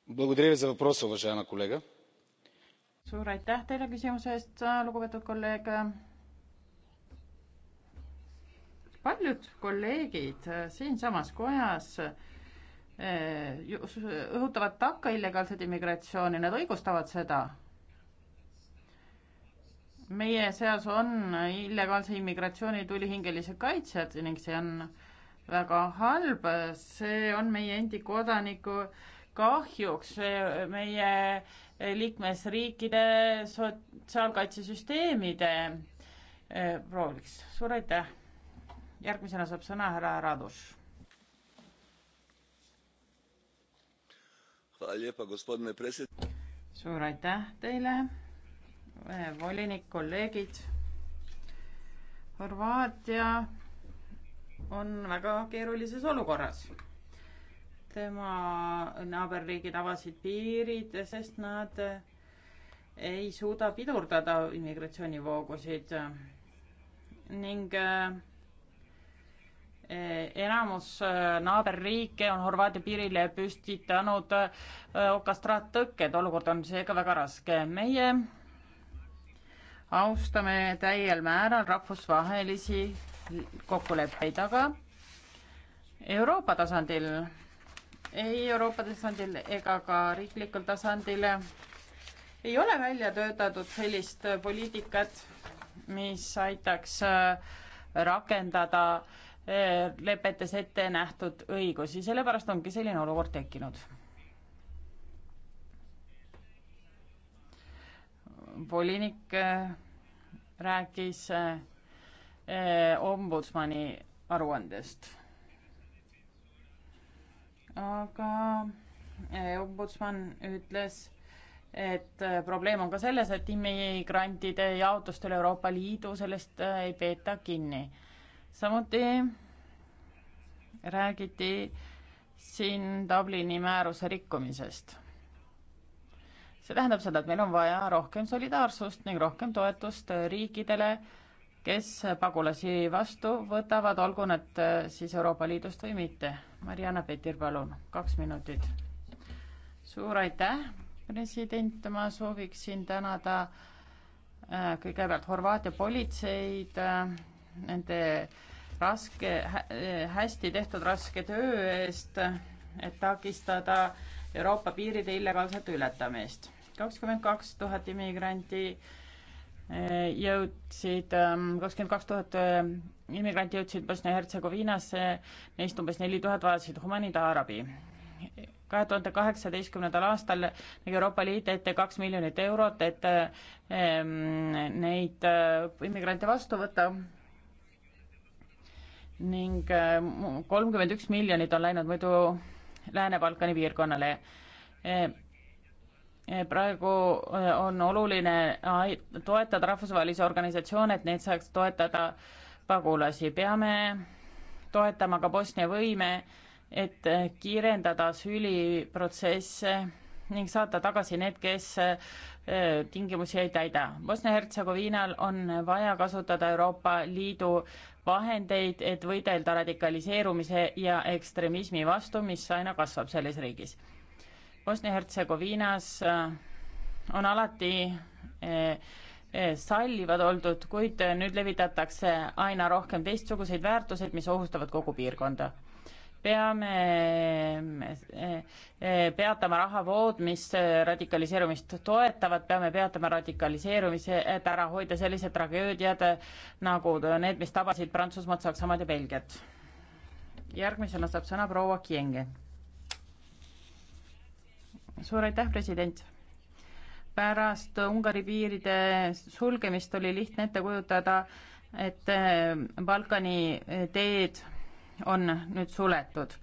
suur aitäh teile küsimuse eest lugupeetud kolleeg! paljud kolleegid siinsamas kojas eh, õhutavad takka illegaalset immigratsiooni, nad õigustavad seda. meie seas on illegaalse immigratsiooni tulihingelised kaitsjad ning see on väga halb, see on meie endi kodaniku äh, kahjuks meie liikmesriikide sotsiaalkaitsesüsteemide prooviks. Eh, suur aitäh. järgmisena saab sõna härra Radoš. suur aitäh teile, eh, volinik, kolleegid. Horvaatia on väga keerulises olukorras tema naaberriigid avasid piirid, sest nad ei suuda pidurdada immigratsioonivoogusid ning eh, enamus eh, naaberriike on Horvaatia piirile püstitanud eh, okastraattõkked, olukord on seega väga raske. meie austame täiel määral rahvusvahelisi kokkuleppeid, aga Euroopa tasandil ei Euroopa tasandil ega ka riiklikul tasandil ei ole välja töötatud sellist poliitikat, mis aitaks äh, rakendada äh, lepetes ette nähtud õigusi, sellepärast ongi selline olukord tekkinud. volinik äh, rääkis ombudsmani aruandest aga eh, ombudsman ütles, et eh, probleem on ka selles, et immigrantide jaotustel Euroopa Liidu sellest eh, ei peeta kinni. samuti räägiti siin Dublini määruse rikkumisest. see tähendab seda, et meil on vaja rohkem solidaarsust ning rohkem toetust riikidele, kes pagulasi vastu võtavad, olgu nad äh, siis Euroopa Liidust või mitte. Mariana Petir, palun, kaks minutit. suur aitäh, president, ma sooviksin tänada äh, kõigepealt Horvaatia politseid äh, nende raske, hästi tehtud raske töö eest, et takistada Euroopa piiride illegaalset ületamist. kakskümmend kaks tuhat immigranti äh, jõudsid, ähm, kakskümmend kaks tuhat äh, immigranti jõudsid Bosnia-Hertsegoviinasse, neist umbes neli tuhat vajasid humanitaarabi. kahe tuhande kaheksateistkümnendal aastal nägi Euroopa Liit ette kaks miljonit eurot, et ähm, neid äh, immigrante vastu võtta ning äh, kolmkümmend üks miljonit on läinud muidu Lääne-Balkani piirkonnale Eh, praegu eh, on oluline toetada rahvusvahelisi organisatsioone, et need saaks toetada pagulasi. peame toetama ka Bosnia võime, et eh, kiirendada süüliprotsesse ning saata tagasi need, kes tingimusi ei täida. Bosnia-Hertsegoviinal on vaja kasutada Euroopa Liidu vahendeid, et võidelda radikaliseerumise ja ekstremismi vastu, mis aina kasvab selles riigis Bosnia-Hertsegoviinas äh, on alati äh, äh, sallivad oldud, kuid nüüd levitatakse aina rohkem teistsuguseid väärtuseid, mis ohustavad kogu piirkonda. peame peatama rahavood, mis radikaliseerumist toetavad, peame peatama radikaliseerumise, et ära hoida sellised tragöödiad nagu need, mis tabasid Prantsusmaad, Saksamaad ja Belgiat. järgmisena saab sõna proua Kienge suur aitäh, president! pärast Ungari piiride sulgemist oli lihtne ette kujutada, et eh, Balkani eh, teed on nüüd suletud,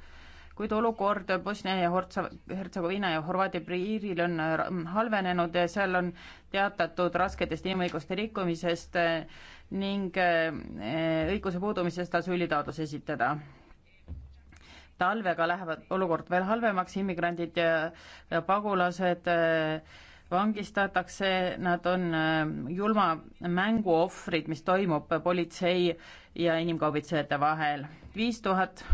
kuid olukord Bosnia ja Hertsegoviina ja Horvaatia piiril on eh, halvenenud ja seal on teatatud rasketest inimõiguste rikkumisest ning õiguse puudumisest asüülitaotlus esitada talvega lähevad olukord veel halvemaks, immigrandid ja, ja pagulased äh, vangistatakse, nad on äh, julma mängu ohvrid, mis toimub politsei ja inimkaubitsejate vahel. viis tuhat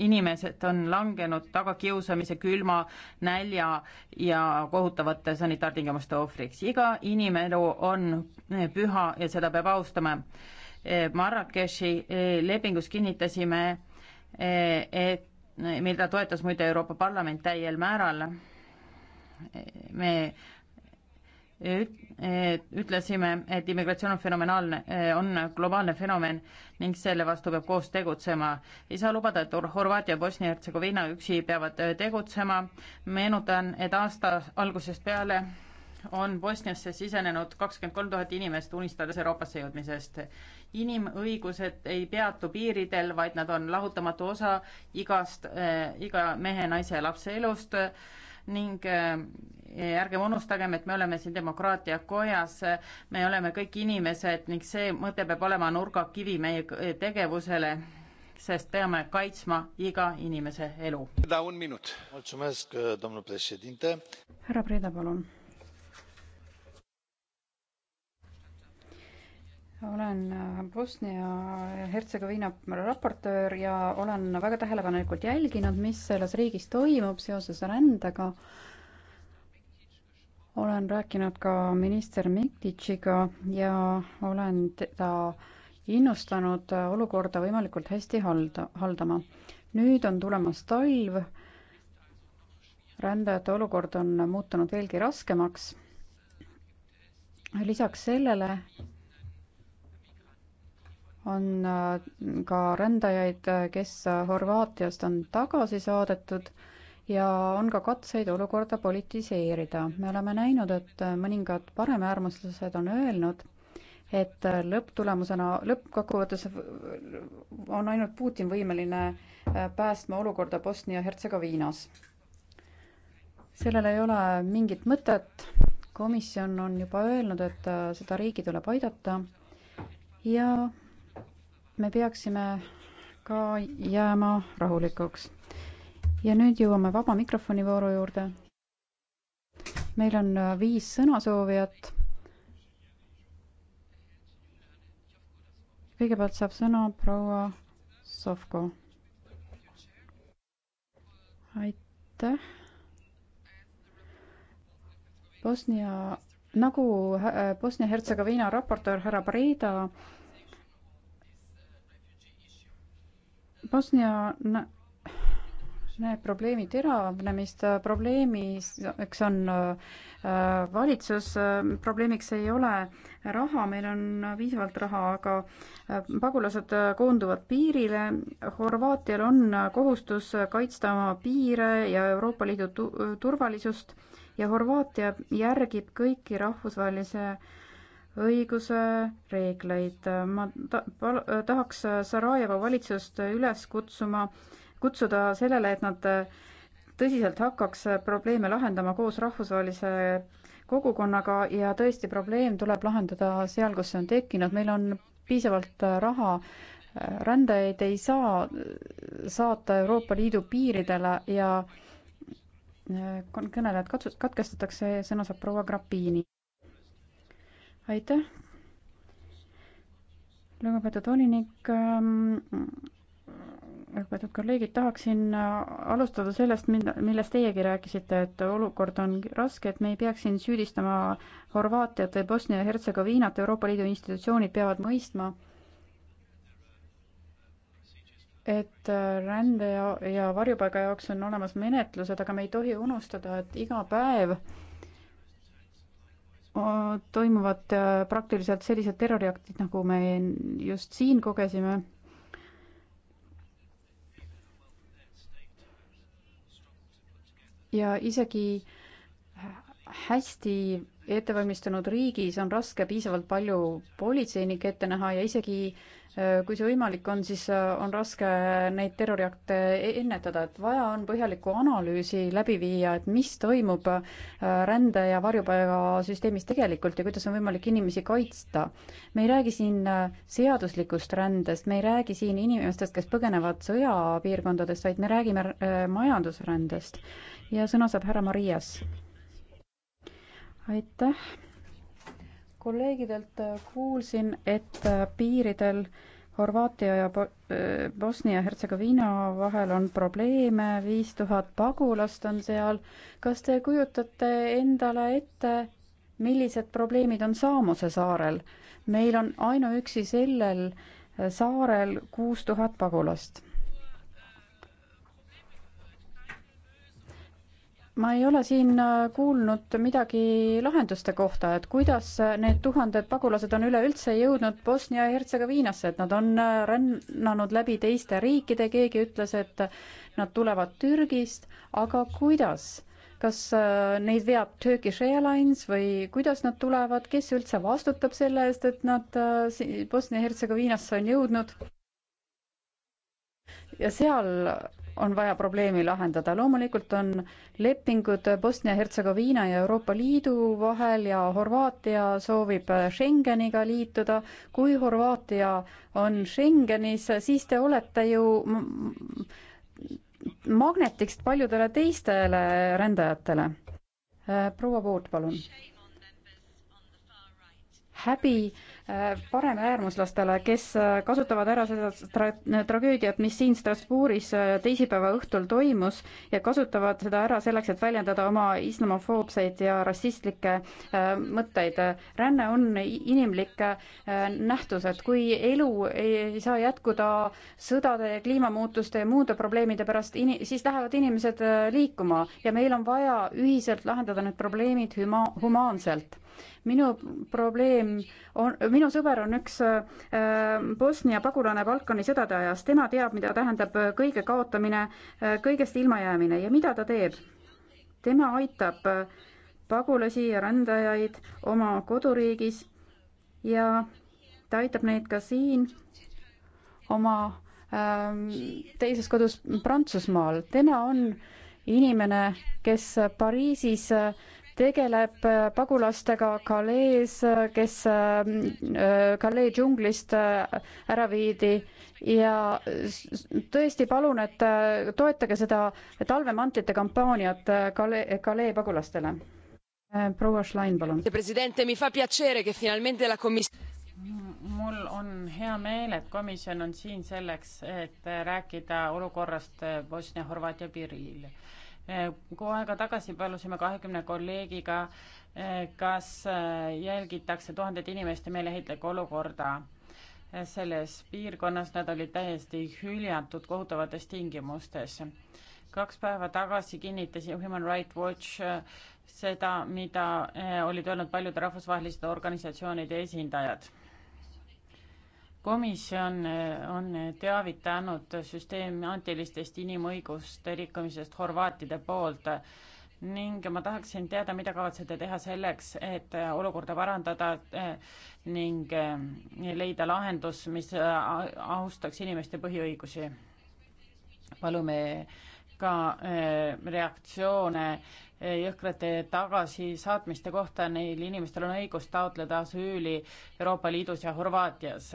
inimesed on langenud tagakiusamise, külma, nälja ja kohutavate sanitaartingimuste ohvriks. iga inimelu on püha ja seda peab austama. Äh, Marrakechi lepingus kinnitasime et mida toetas muide Euroopa Parlament täiel määral. me ütlesime, et immigratsioon on fenomenaalne, on globaalne fenomen ning selle vastu peab koos tegutsema. ei saa lubada, et Horvaatia ja Bosnia-Hertsegoviina üksi peavad tegutsema. meenutan, et aasta algusest peale on Bosniasse sisenenud kakskümmend kolm tuhat inimest, unistades Euroopasse jõudmisest inimõigused ei peatu piiridel, vaid nad on lahutamatu osa igast äh,, iga mehe, naise ja lapse elust ning äh, ärgem unustagem, et me oleme siin demokraatia kojas, me oleme kõik inimesed ning see mõte peab olema nurgakivi meie eh, tegevusele, sest peame kaitsma iga inimese elu. härra Preda, palun olen äh, Bosnia-Hertsegoviina raportöör ja olen väga tähelepanelikult jälginud, mis selles riigis toimub seoses rändega. olen rääkinud ka minister Mikitšiga ja olen teda innustanud olukorda võimalikult hästi halda, haldama. nüüd on tulemas talv, rändajate olukord on muutunud veelgi raskemaks. lisaks sellele on äh, ka rändajaid, kes Horvaatiast on tagasi saadetud ja on ka katseid olukorda politiseerida. me oleme näinud, et mõningad paremäärmuslased on öelnud, et lõpptulemusena, lõppkokkuvõttes on ainult Putin võimeline äh, päästma olukorda Bosnia-Hertsegoviinas. sellel ei ole mingit mõtet, komisjon on juba öelnud, et äh, seda riigi tuleb aidata ja me peaksime ka jääma rahulikuks. ja nüüd jõuame vaba mikrofoni vooru juurde. meil on äh, viis sõnasoovijat. kõigepealt saab sõna proua Sovko. aitäh. Bosnia, nagu äh, Bosnia-Hertsegoviina raportöör härra Breda Bosnia näeb probleemi teravnemist, probleemiks on äh, valitsus, äh, probleemiks ei ole raha, meil on piisavalt raha, aga äh, pagulased koonduvad piirile, Horvaatial on kohustus kaitsta oma piire ja Euroopa Liidu turvalisust ja Horvaatia järgib kõiki rahvusvahelise õiguse reegleid. ma ta-, pal-, tahaks Sarajeva valitsust üles kutsuma, kutsuda sellele, et nad tõsiselt hakkaks probleeme lahendama koos rahvusvahelise kogukonnaga ja tõesti, probleem tuleb lahendada seal, kus see on tekkinud, meil on piisavalt raha, rändajaid ei saa saata Euroopa Liidu piiridele ja eh, kõnelejad katsud-, katkestatakse, sõna saab proua Grappini aitäh, lugupeetud volinik ähm, lugupeetud kolleegid, tahaksin äh, alustada sellest, millest teiegi rääkisite, et olukord on raske, et me ei peaks siin süüdistama Horvaatiat või Bosnia ja Hertsegoviinat, Euroopa Liidu institutsioonid peavad mõistma, et äh, rände ja, ja varjupaiga jaoks on olemas menetlused, aga me ei tohi unustada, et iga päev äh, toimuvad äh, praktiliselt sellised terroriaktid, nagu me just siin kogesime. ja isegi hästi ettevalmistunud riigis on raske piisavalt palju politseinikke ette näha ja isegi äh, Äh, kui see võimalik on, siis äh, on raske neid terroriakte e-, ennetada, et vaja on põhjalikku analüüsi läbi viia, et mis toimub äh, rände- ja varjupaigasüsteemis tegelikult ja kuidas on võimalik inimesi kaitsta. me ei räägi siin seaduslikust rändest, me ei räägi siin inimestest, kes põgenevad sõjapiirkondadest, vaid me räägime majandusrändest. ja sõna saab härra Marias. aitäh kolleegidelt äh, kuulsin, et äh, piiridel Horvaatia ja äh, Bosnia-Hertsegoviina vahel on probleeme, viis tuhat pagulast on seal. kas te kujutate endale ette, millised probleemid on Saamose saarel? meil on ainuüksi sellel saarel kuus tuhat pagulast ma ei ole siin äh, kuulnud midagi lahenduste kohta, et kuidas äh, need tuhanded pagulased on üleüldse jõudnud Bosnia ja Hertsegoviinasse, et nad on äh, rännanud läbi teiste riikide, keegi ütles, et nad tulevad Türgist, aga kuidas? kas neid veab Turkish Airlines või kuidas nad tulevad, kes üldse vastutab selle eest, et nad Bosnia-Hertsegoviinasse on jõudnud? ja seal on vaja probleemi lahendada. loomulikult on lepingud Bosnia-Hertsegoviina ja Euroopa Liidu vahel ja Horvaatia soovib Schengeniga liituda. kui Horvaatia on Schengenis, siis te olete ju magnetiks paljudele teistele rändajatele. proua Vood, palun. häbi paremäärmuslastele, kes kasutavad ära seda tra-, tragöödiat, mis siin Strasbourgis äh, teisipäeva õhtul toimus ja kasutavad seda ära selleks, et väljendada oma islamofoobseid ja rassistlikke äh, mõtteid. ränne on inimlik äh, nähtus, et kui elu ei saa jätkuda sõdade ja kliimamuutuste ja muude probleemide pärast, ini-, siis lähevad inimesed liikuma ja meil on vaja ühiselt lahendada need probleemid huma-, humaanselt minu probleem on, minu sõber on üks äh, Bosnia pagulane Balkani sõdade ajast, tema teab, mida tähendab äh, kõige kaotamine, äh, kõigest ilmajäämine ja mida ta teeb? tema aitab pagulasi ja rändajaid oma koduriigis ja ta aitab neid ka siin oma ähm, teises kodus Prantsusmaal. tema on inimene, kes Pariisis äh, tegeleb äh, pagulastega Calais, äh, kes Calais äh, džunglist ära viidi ja tõesti palun, et toetage seda talvemantlite kampaaniat Calais, Calais pagulastele. proua Schlein, palun. mul on hea meel, et komisjon on siin selleks, et rääkida olukorrast Bosnia-Horvaatia piiril kuu aega tagasi palusime kahekümne kolleegiga, eh, kas eh, jälgitakse tuhandete inimeste meeleheitlikku olukorda eh, selles piirkonnas, nad olid täiesti hüljatud kohutavates tingimustes. kaks päeva tagasi kinnitas Human Rights Watch seda, mida olid öelnud paljude rahvusvaheliste organisatsioonide esindajad komisjon eh, on teavitanud süsteemaatilistest inimõiguste rikkumisest horvaatide poolt ning ma tahaksin teada, mida kavatsete teha selleks, et olukorda parandada eh, ning eh, leida lahendus, mis austaks inimeste põhiõigusi. palume ka reaktsioone jõhkrate tagasisaatmiste kohta, neil inimestel on õigus taotleda asüüli Euroopa Liidus ja Horvaatias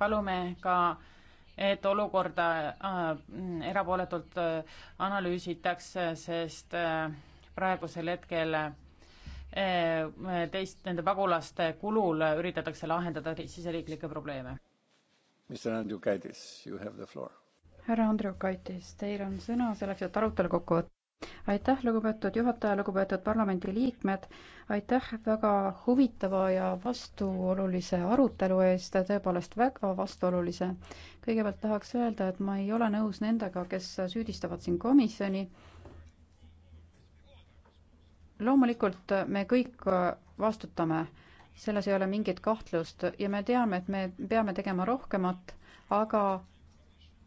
palume ka et olukorda äh, erapooletult äh, analüüsitakse, sest äh, praegusel hetkel äh, teist nende pagulaste kulul äh, üritatakse lahendada siseriiklikke probleeme. härra Andriukaitis, teil on sõna selleks, et arutelu kokku võtta aitäh, lugupeetud juhataja, lugupeetud parlamendiliikmed, aitäh väga huvitava ja vastuolulise arutelu eest, tõepoolest väga vastuolulise. kõigepealt tahaks öelda, et ma ei ole nõus nendega, kes süüdistavad siin komisjoni. loomulikult me kõik vastutame, selles ei ole mingit kahtlust ja me teame, et me peame tegema rohkemat, aga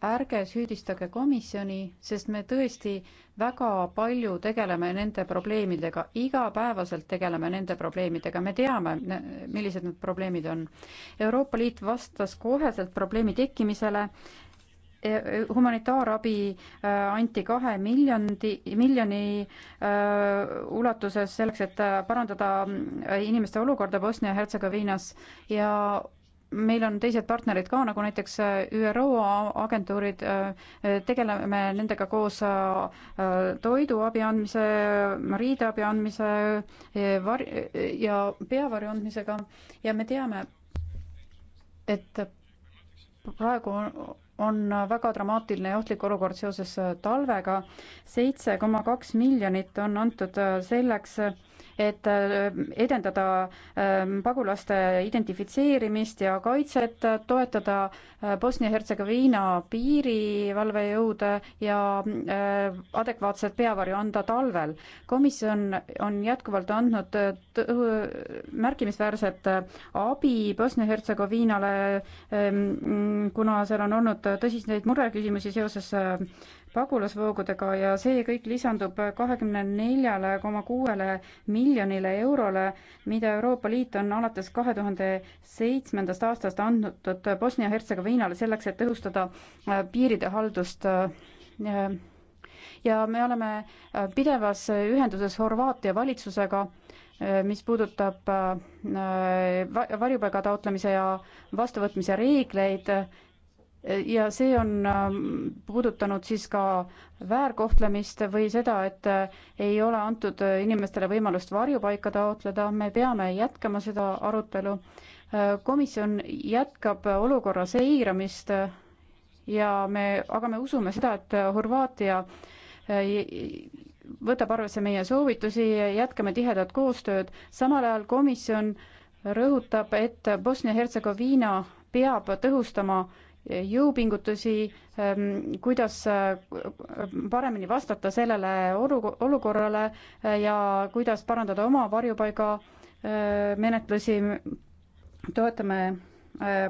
ärge süüdistage komisjoni, sest me tõesti väga palju tegeleme nende probleemidega, igapäevaselt tegeleme nende probleemidega, me teame, millised need probleemid on. Euroopa Liit vastas koheselt probleemi tekkimisele, e-, e-, humanitaarabi äh, anti kahe miljondi, miljoni äh, ulatuses selleks, et äh, parandada inimeste olukorda Bosnia-Hertsegoviinas ja meil on teised partnerid ka, nagu näiteks äh, ÜRO agentuurid, äh, äh, tegeleme nendega koos toiduabi andmise, riideabi andmise var- ja peavarju andmisega ja me teame, et praegu on väga dramaatiline ja ohtlik olukord seoses talvega. seitse koma kaks miljonit on antud selleks, et edendada ähm, pagulaste identifitseerimist ja kaitset, toetada äh, Bosnia-Hertsegoviina piirivalvejõude ja äh, adekvaatset peavarju anda talvel. komisjon on jätkuvalt andnud äh, märkimisväärset abi Bosnia-Hertsegoviinale, ähm, kuna seal on olnud olnud tõsiseid mureküsimusi seoses äh, pagulasvoogudega ja see kõik lisandub kahekümne neljale koma kuuele miljonile eurole, mida Euroopa Liit on alates kahe tuhande seitsmendast aastast andnud Bosnia-Hertsegoviinale selleks, et tõhustada äh, piiride haldust äh, ja me oleme pidevas ühenduses Horvaatia valitsusega, mis puudutab varjupaiga taotlemise ja vastuvõtmise reegleid ja see on ähm, puudutanud siis ka väärkohtlemist või seda, et äh, ei ole antud äh, inimestele võimalust varjupaika taotleda, me peame jätkama seda arutelu. Äh, komisjon jätkab olukorra seiramist ja me, aga me usume seda, et Horvaatia võtab arvesse meie soovitusi, jätkame tihedat koostööd, samal ajal komisjon rõhutab, et Bosnia-Hertsegoviina peab tõhustama jõupingutusi, ähm, kuidas äh, paremini vastata sellele olu-, olukorrale äh, ja kuidas parandada oma varjupaiga äh, menetlusi, toetame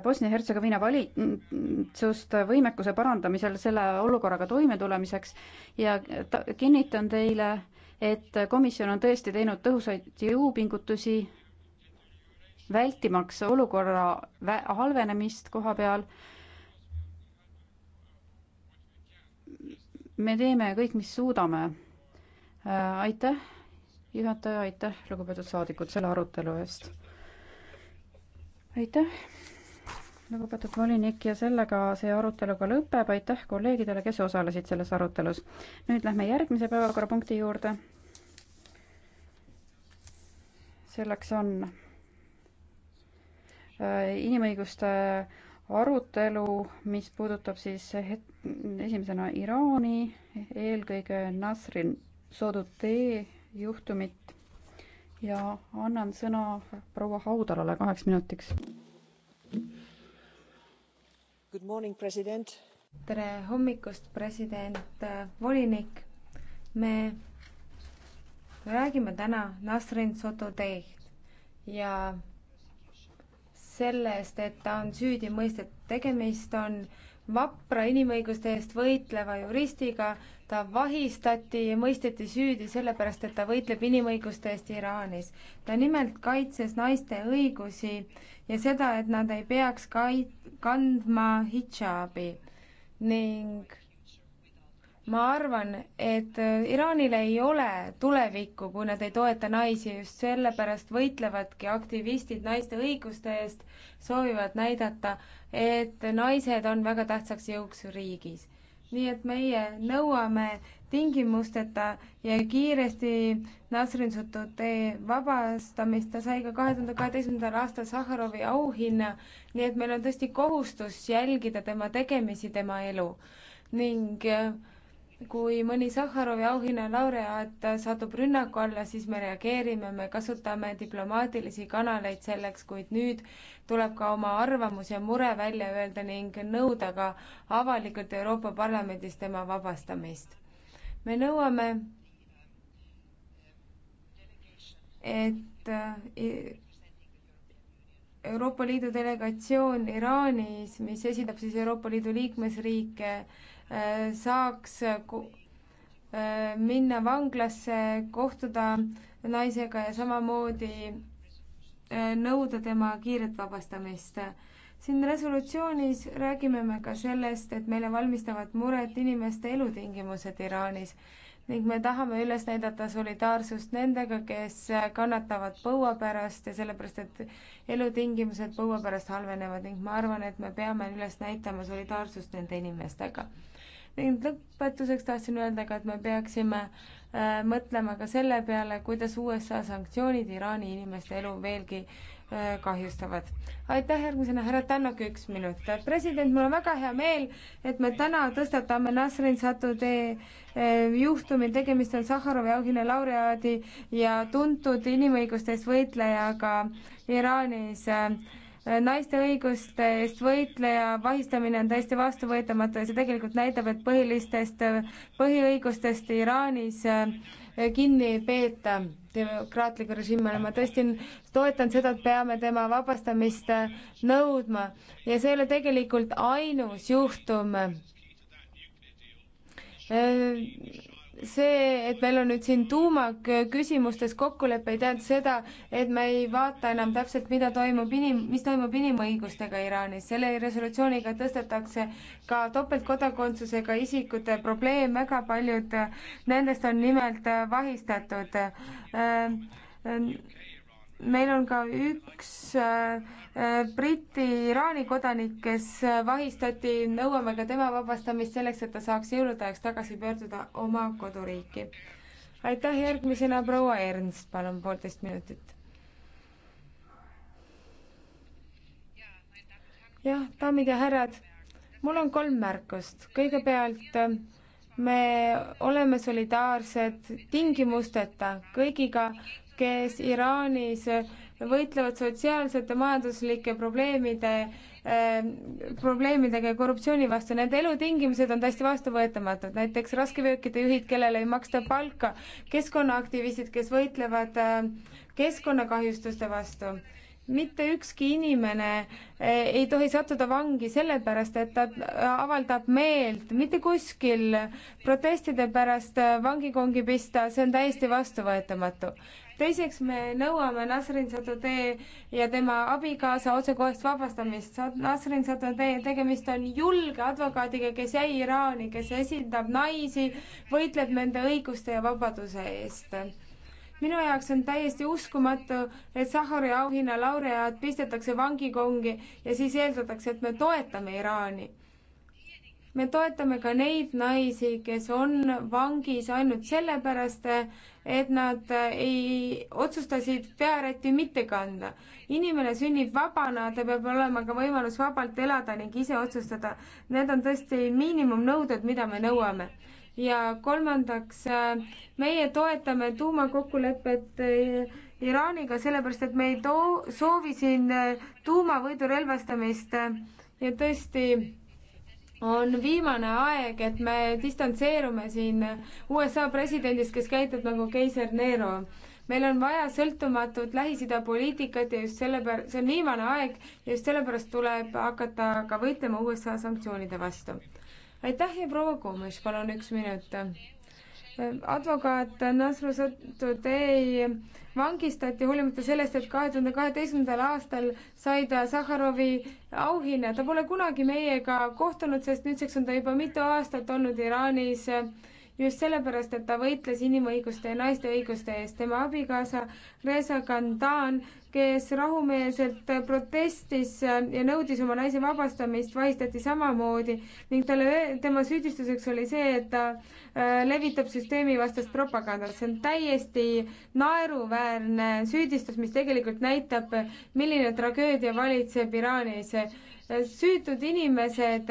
Bosnia-Hertsegoviina valitsust võimekuse parandamisel selle olukorraga toimetulemiseks ja ta-, kinnitan teile, et komisjon on tõesti teinud tõhusaid jõupingutusi, vältimaks olukorra halvenemist koha peal me teeme kõik, mis suudame. Äh, aitäh, juhataja, aitäh, lugupeetud saadikud, selle arutelu eest. aitäh, lugupeetud volinik ja sellega see arutelu ka lõpeb, aitäh kolleegidele, kes osalesid selles arutelus. nüüd lähme järgmise päevakorrapunkti juurde. selleks on äh, inimõiguste arutelu, mis puudutab siis esimesena Iraani, eelkõige Nasrin Sodutee juhtumit ja annan sõna proua Haudalale kaheks minutiks. tere hommikust, president, volinik. me räägime täna Nasrin Sotodehht ja sellest, et ta on süüdi mõistetud. tegemist on vapra inimõiguste eest võitleva juristiga, ta vahistati ja mõisteti süüdi sellepärast, et ta võitleb inimõiguste eest Iraanis. ta nimelt kaitses naiste õigusi ja seda, et nad ei peaks kai-, kandma hidžaabi ning ma arvan, et äh, Iraanil ei ole tulevikku, kui nad ei toeta naisi, just sellepärast võitlevadki aktivistid naiste õiguste eest, soovivad näidata, et naised on väga tähtsaks jõuks riigis. nii et meie nõuame tingimusteta ja kiiresti Nasrin Sututee vabastamist, ta sai ka kahe tuhande kaheteistkümnendal aastal Sahharovi auhinna, nii et meil on tõesti kohustus jälgida tema tegemisi, tema elu ning äh, kui mõni Sahharovi auhinna laureaat satub rünnaku alla, siis me reageerime, me kasutame diplomaatilisi kanaleid selleks, kuid nüüd tuleb ka oma arvamus ja mure välja öelda ning nõuda ka avalikult Euroopa Parlamendis tema vabastamist. me nõuame, et e, Euroopa Liidu delegatsioon Iraanis, mis esindab siis Euroopa Liidu liikmesriike, saaks minna vanglasse, kohtuda naisega ja samamoodi äh, nõuda tema kiiret vabastamist. siin resolutsioonis räägime me ka sellest, et meile valmistavad muret inimeste elutingimused Iraanis ning me tahame üles näidata solidaarsust nendega, kes kannatavad põua pärast ja sellepärast, et elutingimused põua pärast halvenevad ning ma arvan, et me peame üles näitama solidaarsust nende inimestega ning lõpetuseks tahtsin öelda ka, et me peaksime äh, mõtlema ka selle peale, kuidas USA sanktsioonid Iraani inimeste elu veelgi äh, kahjustavad. aitäh, järgmisena härra Tannok, üks minut. Äh, president, mul on väga hea meel, et me täna tõstatame Nasrin Satutee juhtumi, tegemist on Sahharovi auhinna laureaadi ja tuntud inimõiguste eest võitlejaga Iraanis äh, naiste õiguste eest võitleja vahistamine on täiesti vastuvõetamatu ja see tegelikult näitab, et põhilistest põhiõigustest Iraanis äh, kinni ei peeta demokraatliku režiimi all, ma tõesti toetan seda, et peame tema vabastamist äh, nõudma ja see ei ole tegelikult ainus juhtum äh, see, et meil on nüüd siin tuumaküsimustes kokkulepe, ei tähenda seda, et me ei vaata enam täpselt, mida toimub inim-, mis toimub inimõigustega Iraanis. selle resolutsiooniga tõstetakse ka topeltkodakondsusega isikute probleem, väga paljud nendest on nimelt vahistatud äh,. Äh, meil on ka üks äh, Briti Iraani kodanik, kes vahistati, nõuame ka tema vabastamist selleks, et ta saaks jõulude ajaks tagasi pöörduda oma koduriiki. aitäh, järgmisena proua Ernst, palun poolteist minutit. jah, daamid ja härrad, mul on kolm märkust. kõigepealt äh, me oleme solidaarsed tingimusteta kõigiga, kes Iraanis võitlevad sotsiaalsete, majanduslike probleemide äh,, probleemidega ja korruptsiooni vastu. Nende elutingimused on täiesti vastuvõetamatud, näiteks raskeveokite juhid, kellele ei maksta palka, keskkonnaaktivistid, kes võitlevad äh, keskkonnakahjustuste vastu. mitte ükski inimene äh, ei tohi sattuda vangi sellepärast, et ta äh, avaldab meelt, mitte kuskil protestide pärast äh, vangi kongi pista, see on täiesti vastuvõetamatu teiseks me nõuame Nasrin Satudee ja tema abikaasa otsekohest vabastamist. Nasrin Satudee, tegemist on julge advokaadiga, kes jäi Iraani, kes esindab naisi, võitleb nende õiguste ja vabaduse eest minu jaoks on täiesti uskumatu, et Sahhari auhinna laureaat pistetakse vangikongi ja siis eeldatakse, et me toetame Iraani me toetame ka neid naisi, kes on vangis ainult sellepärast, et nad ei, otsustasid pearäti mitte kanda. inimene sünnib vabana, ta peab olema ka võimalus vabalt elada ning ise otsustada. Need on tõesti miinimumnõuded, mida me nõuame. ja kolmandaks, meie toetame tuumakokkulepet eh, Iraaniga, sellepärast et me ei too, soovi siin eh, tuumavõidu relvastamist ja tõesti on viimane aeg, et me distantseerume siin USA presidendist, kes käitub nagu keiser Nero. meil on vaja sõltumatut Lähis-Ida poliitikat ja just sellepärast, see on viimane aeg, just sellepärast tuleb hakata ka võitlema USA sanktsioonide vastu. aitäh ja proua Kuumes, palun üks minut. advokaat Nasru Sotudei vangistati hoolimata sellest, et kahe tuhande kaheteistkümnendal aastal sai ta Sahharovi auhinna. ta pole kunagi meiega kohtunud, sest nüüdseks on ta juba mitu aastat olnud Iraanis just sellepärast, et ta võitles inimõiguste ja naiste õiguste eest. tema abikaasa Reza Kandan kes rahumeelselt protestis ja nõudis oma naise vabastamist, vahistati samamoodi ning talle, tema süüdistuseks oli see, et ta äh, levitab süsteemivastast propagandat. see on täiesti naeruväärne süüdistus, mis tegelikult näitab, milline tragöödia valitseb Iraanis. süütud inimesed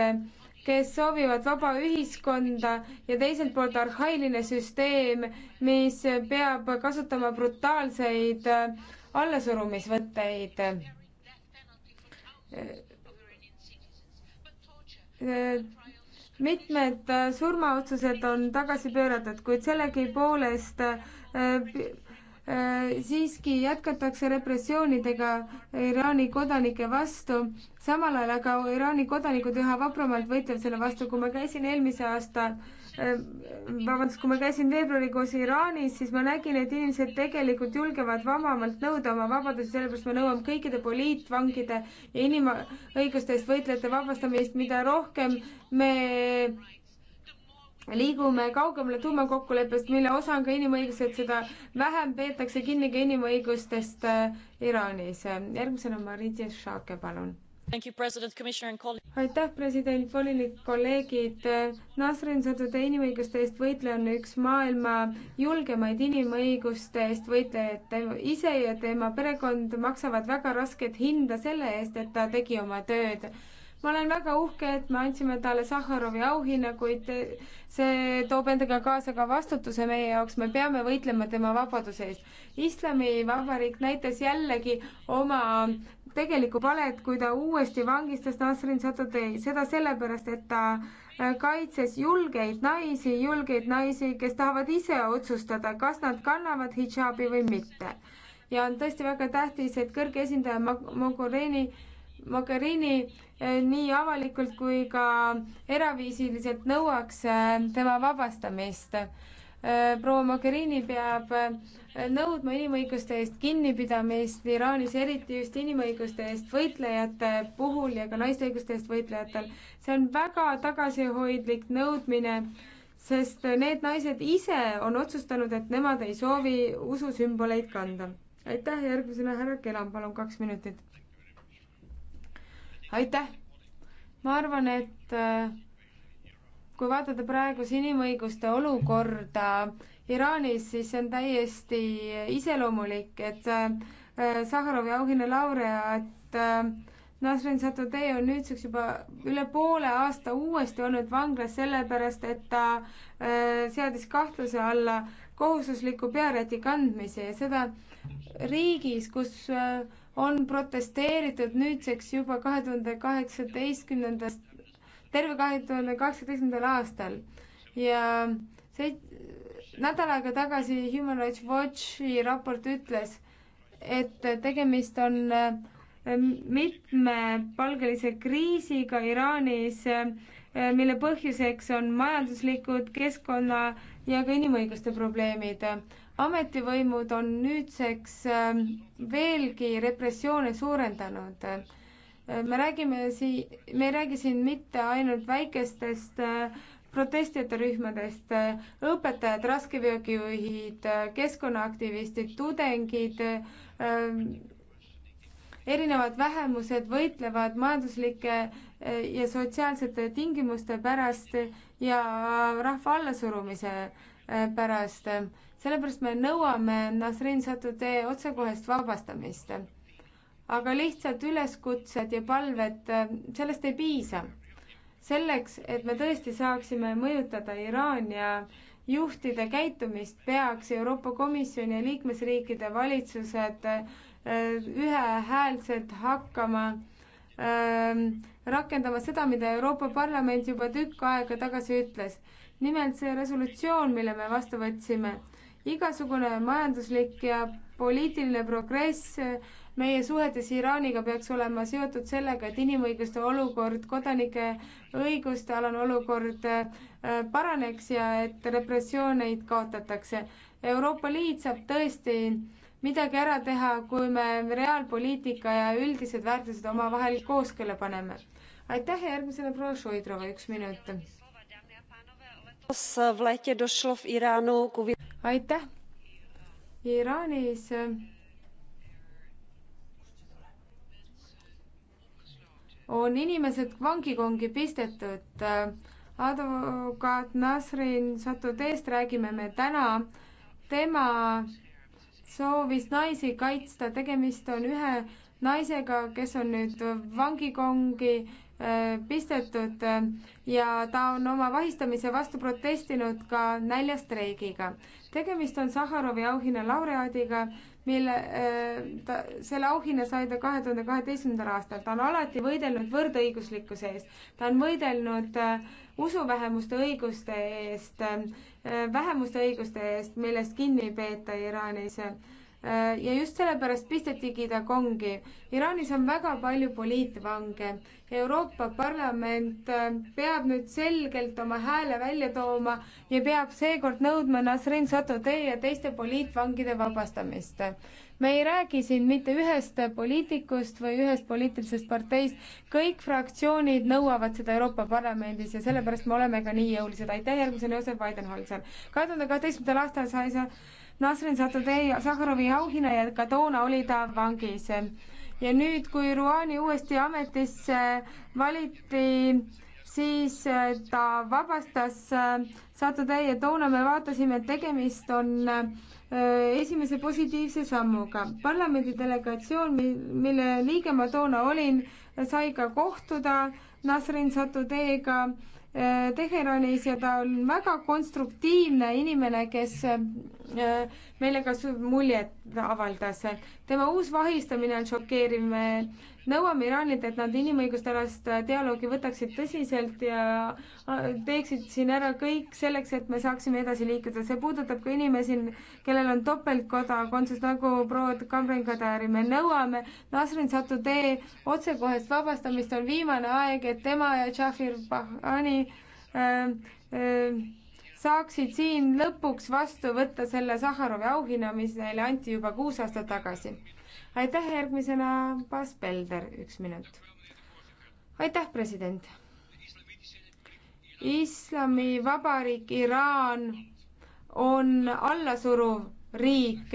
kes soovivad vaba ühiskonda ja teiselt poolt arhailine süsteem, mis peab kasutama brutaalseid äh, allasurumisvõtteid mitmed surmaotsused on tagasi pööratud, kuid sellegipoolest äh, äh, siiski jätkatakse repressioonidega Iraani kodanike vastu, samal ajal aga Iraani kodanikud üha vapramalt võitlevad selle vastu. kui ma käisin eelmise aasta Äh, vabandust, kui ma käisin veebruarikuus Iraanis, siis ma nägin, et inimesed tegelikult julgevad vabamalt nõuda oma vabadusi, sellepärast me nõuame kõikide poliitvangide ja inimõiguste eest võitlejate vabastamist, mida rohkem me liigume kaugemale tuumakokkuleppest, mille osa on ka inimõigused, seda vähem peetakse kinni ka inimõigustest äh, Iraanis. järgmisena Marie Tšešake, palun aitäh, president, volinik, kolleegid. Nasrin Sotode inimõiguste eest võitleja on üks maailma julgemaid inimõiguste eest võitlejaid. ta ise ja tema perekond maksavad väga rasket hinda selle eest, et ta tegi oma tööd ma olen väga uhke, et me andsime talle Sahharovi auhinna, kuid see toob endaga kaasa ka vastutuse meie jaoks, me peame võitlema tema vabaduse eest. islamivabariik näitas jällegi oma tegelikku palet, kui ta uuesti vangistas Nasrin Satutei, seda sellepärast, et ta äh, kaitses julgeid naisi, julgeid naisi, kes tahavad ise otsustada, kas nad kannavad hidžaabi või mitte. ja on tõesti väga tähtis, et kõrge esindaja Mogherini Mag Mogherini eh, nii avalikult kui ka eraviisiliselt nõuaks eh, tema vabastamist. Eh, proua Mogherini peab nõudma inimõiguste eest kinnipidamist Iraanis, eriti just inimõiguste eest võitlejate puhul ja ka naiste õiguste eest võitlejatel. see on väga tagasihoidlik nõudmine, sest need naised ise on otsustanud, et nemad ei soovi ususümboleid kanda. aitäh, järgmisena härra Kelam, palun kaks minutit aitäh! ma arvan, et äh, kui vaadata praeguse inimõiguste olukorda Iraanis, siis see on täiesti iseloomulik, et äh, Sahharovi auhinna laureaat äh, Nasrin Satudee on nüüdseks juba üle poole aasta uuesti olnud vanglas sellepärast, et ta seadis kahtluse alla kohustusliku pearäti kandmise ja seda riigis, kus on protesteeritud nüüdseks juba kahe tuhande kaheksateistkümnendast, terve kahe tuhande kaheksateistkümnendal aastal ja see nädal aega tagasi Human Rights Watchi raport ütles, et tegemist on äh, mitmepalgelise kriisiga Iraanis, äh, mille põhjuseks on majanduslikud, keskkonna ja ka inimõiguste probleemid ametivõimud on nüüdseks ähm, veelgi repressioone suurendanud. Äh, me räägime sii-, me ei räägi siin mitte ainult väikestest äh, protestijate rühmadest, äh, õpetajad, raskeveokijuhid, keskkonnaaktivistid, tudengid, ähm, erinevad vähemused võitlevad majanduslike ja sotsiaalsete tingimuste pärast ja rahva allasurumise pärast sellepärast me nõuame Nasrin Satutee otsekohest vabastamist. aga lihtsalt üleskutsed ja palved, äh, sellest ei piisa. selleks, et me tõesti saaksime mõjutada Iraan ja juhtide käitumist, peaks Euroopa Komisjoni ja liikmesriikide valitsused äh, ühehäälselt hakkama ähm, rakendama seda, mida Euroopa Parlament juba tükk aega tagasi ütles. nimelt see resolutsioon, mille me vastu võtsime igasugune majanduslik ja poliitiline progress meie suhetes Iraaniga peaks olema seotud sellega, et inimõiguste olukord, kodanike õiguste alane olukord äh, paraneks ja et repressiooneid kaotatakse. Euroopa Liit saab tõesti midagi ära teha, kui me reaalpoliitika ja üldised väärtused omavahel kooskõlla paneme. aitäh ja järgmisena proua Šoidrova, üks minut aitäh. Iraanis äh, on inimesed vangikongi pistetud. Äh, advokaat Nasrin Satuteest räägime me täna. tema soovis naisi kaitsta, tegemist on ühe naisega, kes on nüüd vangikongi äh, pistetud ja ta on oma vahistamise vastu protestinud ka näljastreigiga tegemist on Saharovi auhinna laureaadiga, mille äh, ta, selle auhinna sai ta kahe tuhande kaheteistkümnendal aastal. ta on alati võidelnud võrdõiguslikkuse eest, ta on võidelnud äh, usuvähemuste õiguste eest äh,, vähemuste õiguste eest, millest kinni ei peeta Iraanis äh, Äh, ja just sellepärast pistetigi ta kongi. Iraanis on väga palju poliitvange. Euroopa Parlament äh, peab nüüd selgelt oma hääle välja tooma ja peab seekord nõudma Nasrin Satotee ja teiste poliitvangide vabastamist. me ei räägi siin mitte ühest poliitikust või ühest poliitilisest parteist, kõik fraktsioonid nõuavad seda Euroopa Parlamendis ja sellepärast me oleme ka nii jõulised. aitäh, järgmisena Joosep Weidenholzer. kahe tuhande kaheteistkümnendal aastal sai see Nasrin Satudei Sahharovi auhinna ja ka toona oli ta vangis. ja nüüd, kui Ruani uuesti ametisse valiti, siis äh, ta vabastas äh, Satudei ja toona me vaatasime, et tegemist on äh, esimese positiivse sammuga. parlamendi delegatsioon, mille liige ma toona olin, sai ka kohtuda Nasrin Satudeega Teheranis ja ta on väga konstruktiivne inimene, kes Äh, meile ka muljet avaldas. tema uus vahistamine on šokeeriv. me nõuame Iraanilt, et nad inimõiguste alast dialoogi võtaksid tõsiselt ja äh, teeksid siin ära kõik selleks, et me saaksime edasi liikuda. see puudutab ka inimesi, kellel on topeltkodakondsus nagu proua Kamrin Kadari. me nõuame Nasrin Satutee otsekohest vabastamist. on viimane aeg, et tema ja Jafir Bahani äh, äh, saaksid siin lõpuks vastu võtta selle Sahharovi auhinna, mis neile anti juba kuus aastat tagasi. aitäh, järgmisena Bas Belder, üks minut. aitäh, president. islamivabariik Iraan on allasuruv riik.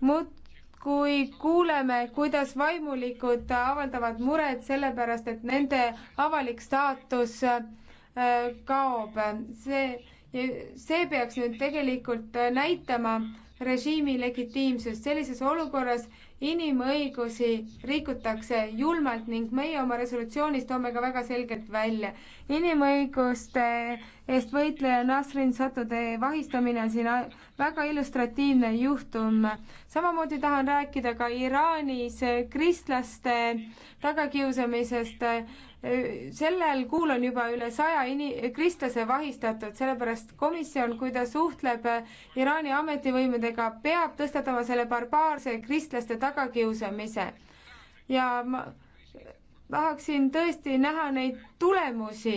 muudkui kuuleme, kuidas vaimulikud avaldavad muret selle pärast, et nende avalik staatus äh, kaob. see see peaks nüüd tegelikult äh, näitama režiimi legitiimsust. sellises olukorras inimõigusi rikutakse julmalt ning meie oma resolutsioonis toome ka väga selgelt välja. inimõiguste eest võitleja Nasrin Satude vahistamine on siin väga illustratiivne juhtum. samamoodi tahan rääkida ka Iraanis kristlaste tagakiusamisest. sellel kuul on juba üle saja ini-, kristlase vahistatud, sellepärast komisjon, kui ta suhtleb Iraani ametivõimudega, peab tõstatama selle barbaarse kristlaste tagakiusamise. ja ma tahaksin tõesti näha neid tulemusi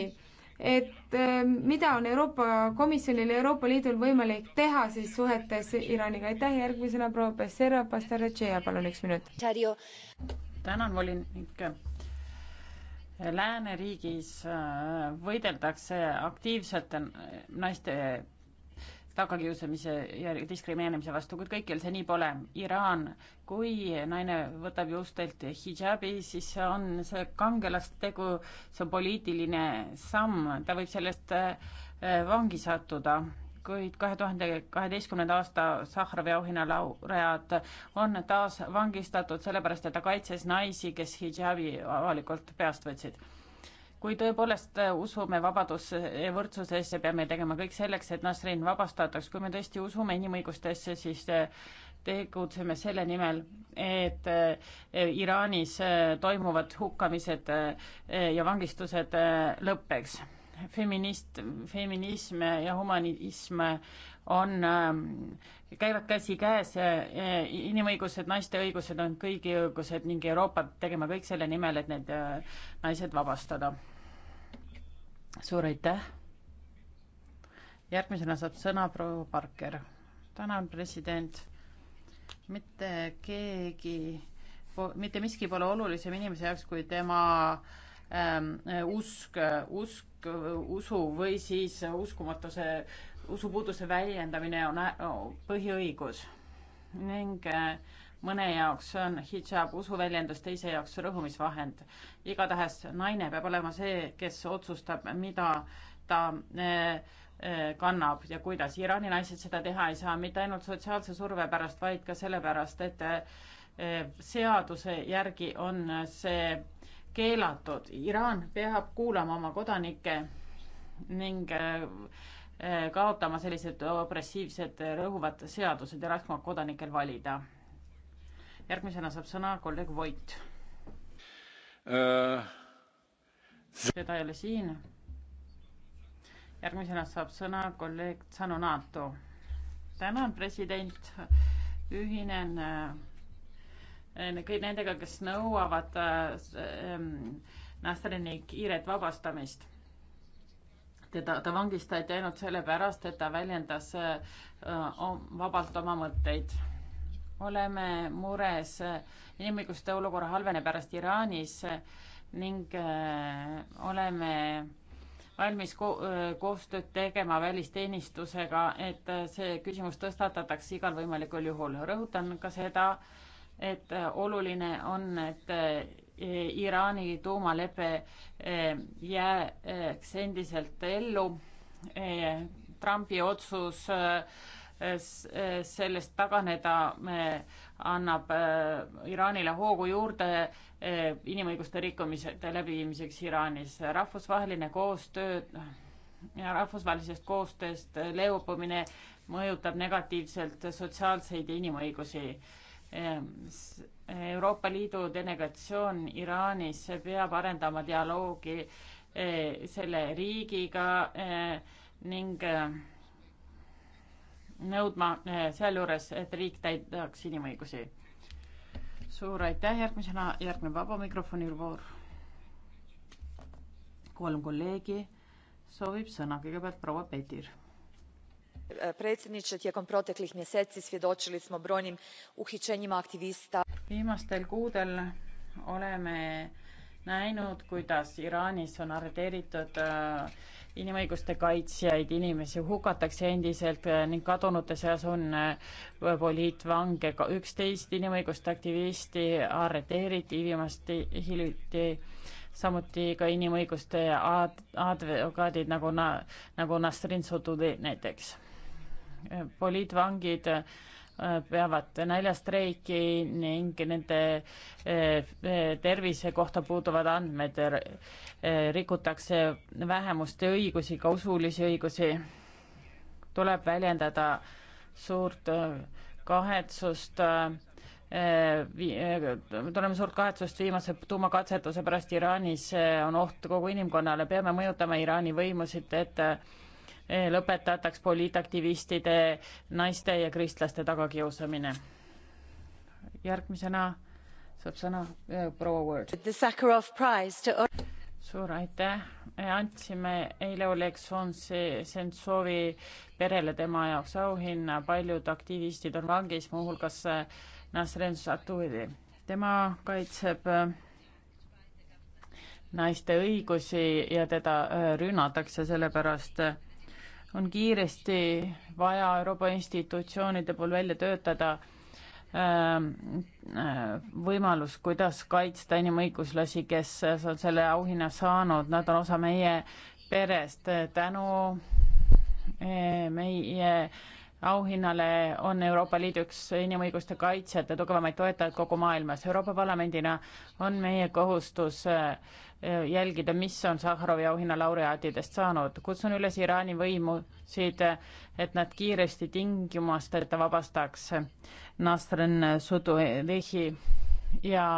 et eh, mida on Euroopa Komisjonil ja Euroopa Liidul võimalik teha siis suhetes Iraaniga. aitäh, järgmisena proua Becerra Pastaretšeja, palun üks minut. tänan, volinik. lääneriigis eh, võideldakse aktiivsete naiste tagakiusamise ja diskrimineerimise vastu, kuid kõikjal see nii pole. Iraan, kui naine võtab juustelt hidžaabi, siis on see kangelast tegu, see on poliitiline samm, ta võib sellest äh, vangi sattuda. kuid kahe tuhande kaheteistkümnenda aasta Sahhrovi auhinna laureaat on taas vangistatud sellepärast, et ta kaitses naisi, kes hidžaabi avalikult peast võtsid kui tõepoolest usume vabadusse ja võrdsusesse, peame tegema kõik selleks, et Nasrin vabastataks. kui me tõesti usume inimõigustesse, siis eh, tegutseme selle nimel, et eh, Iraanis eh, toimuvad hukkamised ja vangistused lõpeks. feminist, feminism ja humanism on, käivad käsikäes, inimõigused, naiste õigused on kõigi õigused ning Euroopa tegema kõik selle nimel, et need naised vabastada suur aitäh. järgmisena saab sõna proua Parker. tänan, president. mitte keegi, mitte miski pole olulisem inimese jaoks kui tema ähm, usk, usk, usu või siis uskumatuse, usupuuduse väljendamine on põhiõigus ning äh, mõne jaoks on hijab usuväljendus, teise jaoks rõhumisvahend. igatahes naine peab olema see, kes otsustab, mida ta eh, eh, kannab ja kuidas. Iraani naised seda teha ei saa mitte ainult sotsiaalse surve pärast, vaid ka sellepärast, et eh, seaduse järgi on see keelatud. Iraan peab kuulama oma kodanikke ning kaotama sellised opressiivsed rõhuvad seadused ja laskma kodanikel valida järgmisena saab sõna kolleeg Voit äh.... teda ei ole siin. järgmisena saab sõna kolleeg Tsanonato. tänan, president. ühinen äh, kõik nendega, kes nõuavad äh, ähm, Nastarini kiiret vabastamist. teda, ta vangistati ainult sellepärast, et ta väljendas äh, vabalt oma mõtteid oleme mures inimõiguste olukorra halvene pärast Iraanis ning äh, oleme valmis ko äh, koostööd tegema välisteenistusega, et äh, see küsimus tõstatataks igal võimalikul juhul. rõhutan ka seda, et oluline on, et Iraani tuumalepe jääks endiselt ellu. Trumpi otsus äh, sellest taganeda annab äh, Iraanile hoogu juurde äh, inimõiguste rikkumisete läbiviimiseks Iraanis. rahvusvaheline koostöö ja rahvusvahelisest koostööst leobumine mõjutab negatiivselt sotsiaalseid ja inimõigusi. Äh, Euroopa Liidu delegatsioon Iraanis peab arendama dialoogi selle riigiga ning nõudma eh, sealjuures, et riik täidaks inimõigusi. suur aitäh, järgmisena järgneb vaba mikrofoni voor. kolm kolleegi soovib sõna, kõigepealt proua Petir eh, predsjednie tijekom proteklih mjeseci svjedoili smo brojnim uhienjima aktivista viimastel kuudel oleme näinud kuidas iraanis on arreteeritud eh, inimõiguste kaitsjaid, inimesi hukatakse endiselt eh, ning kadunute seas on eh, poliitvange, ka üksteist inimõiguste aktivisti arreteeriti viimasti hiljuti, samuti ka inimõiguste advokaadid nagu na-, nagu Nasrin Sotudeh näiteks. Eh, poliitvangid Äh, peavad näljastreiki ning nende äh, tervise kohta puuduvad andmed, äh, rikutakse vähemuste õigusi, ka usulisi õigusi. tuleb väljendada suurt kahetsust tunneme suurt kahetsust viimase tuumakatsetuse pärast Iraanis on oht kogu inimkonnale, peame mõjutama Iraani võimusid, et Eh, lõpetataks poliitaktivistide, naiste ja kristlaste tagakiusamine. järgmisena saab sõna äh, proua Word. To... suur aitäh, andsime eile Oleg Sonsi Sentsovi perele tema jaoks auhinna, paljud aktivistid on vangis, muuhulgas eh, Nasrin Saturi. tema kaitseb naiste õigusi ja teda rünnatakse sellepärast äh, on kiiresti vaja Euroopa institutsioonide pool välja töötada ähm, äh, võimalus, kuidas kaitsta inimõiguslasi, kes on selle auhinna saanud, nad on osa meie perest. tänu äh, meie auhinnale on Euroopa Liidu üks inimõiguste kaitsjate tugevamaid toetajaid kogu maailmas. Euroopa Parlamendina on meie kohustus äh, Eh, jälgida, mis on Sahharovi auhinna laureaatidest saanud. kutsun üles Iraani võimusid, et nad kiiresti tingimusteta vabastaks Nasrin Sududehi ja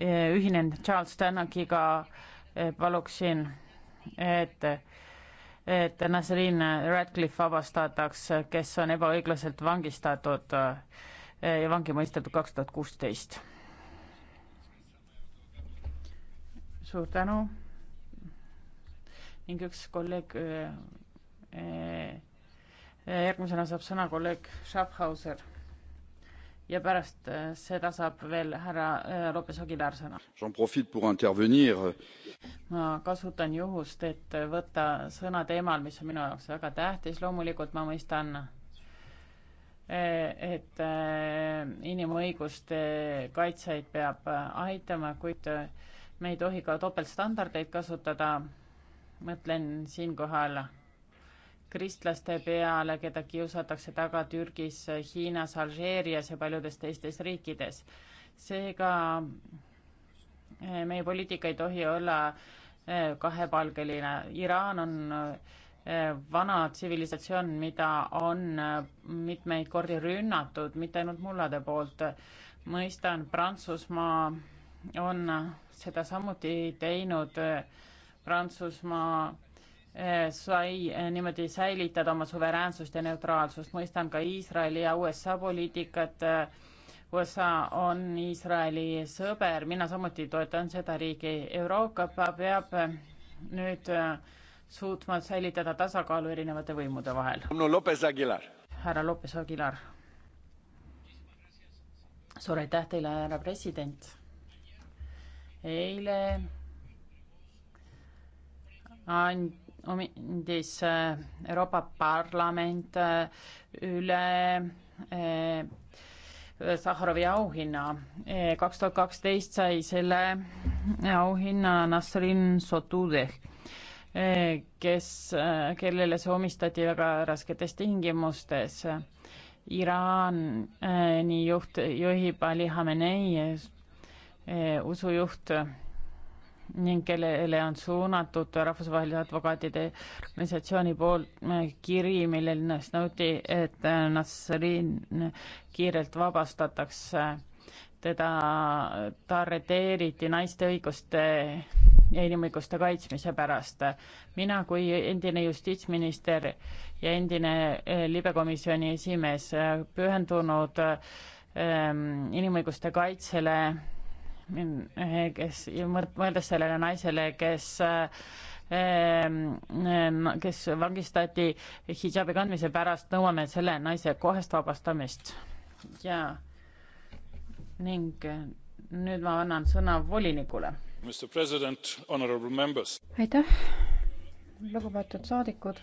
eh, ühinen Charles Tanakiga, eh, paluksin, et et Nasrin Radcliffe vabastataks, kes on ebaõiglaselt vangistatud ja vangi mõistetud kaks tuhat kuusteist suur tänu ning üks kolleeg äh, äh, äh, järgmisena saab sõna kolleeg Schaffhauser ja pärast seda saab veel härra Lopez Aguilar sõna. ma kasutan juhust, et võtta sõna teemal, mis on minu jaoks väga tähtis, loomulikult ma mõistan, et inimõiguste kaitsjaid peab aitama, kuid me ei tohi ka topeltstandardeid kasutada. mõtlen siinkohal kristlaste peale, keda kiusatakse taga Türgis, Hiinas, Alžeerias ja paljudes teistes riikides. seega eh, meie poliitika ei tohi olla eh, kahepalgeline. Iraan on eh, vana tsivilisatsioon, mida on mitmeid kordi rünnatud, mitte ainult mullade poolt. mõistan Prantsusmaa on seda samuti teinud. Äh, Prantsusmaa äh, sai äh, niimoodi säilitada oma suveräänsust ja neutraalsust. mõistan ka Iisraeli ja USA poliitikat. USA on Iisraeli sõber, mina samuti toetan seda riigi. Euroopa peab nüüd suutma säilitada tasakaalu erinevate võimude vahel. no Lopez Aguilar. härra Lopez Aguilar. suur aitäh teile, härra president eile andis äh, Euroopa Parlament äh, üle äh, Sahharovi auhinna. kaks tuhat kaksteist sai selle auhinna Nasrin Sotudeh, kes, kellele see omistati väga rasketes tingimustes Iraani juht, juhib Ali Khamenei Eh, usujuht ning kellele on suunatud rahvusvahelise advokaatide organisatsiooni poolt eh, kiri, milles nõuti, et eh, Nasrin kiirelt vabastatakse. teda, ta arreteeriti naiste õiguste ja inimõiguste kaitsmise pärast. mina kui endine justiitsminister ja endine libekomisjoni esimees pühendunud inimõiguste kaitsele kes mõeldes sellele naisele, kes ähm, ähm, kes vangistati hidžaabi kandmise pärast, nõuame selle naise kohest vabastamist. ja ning nüüd ma annan sõna volinikule. aitäh, lugupeetud saadikud.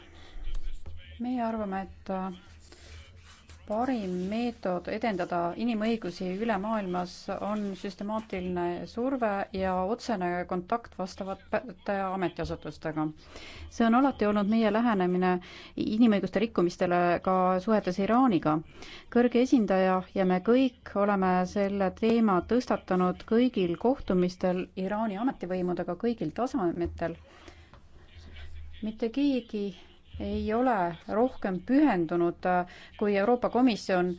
meie arvame, et parim meetod edendada inimõigusi üle maailmas on süstemaatiline surve ja otsene kontakt vastavate ametiasutustega. see on alati olnud meie lähenemine inimõiguste rikkumistele ka suhetes Iraaniga. kõrge esindaja ja me kõik oleme selle teema tõstatanud kõigil kohtumistel Iraani ametivõimudega kõigil tasemetel. mitte keegi ei ole rohkem pühendunud kui Euroopa Komisjon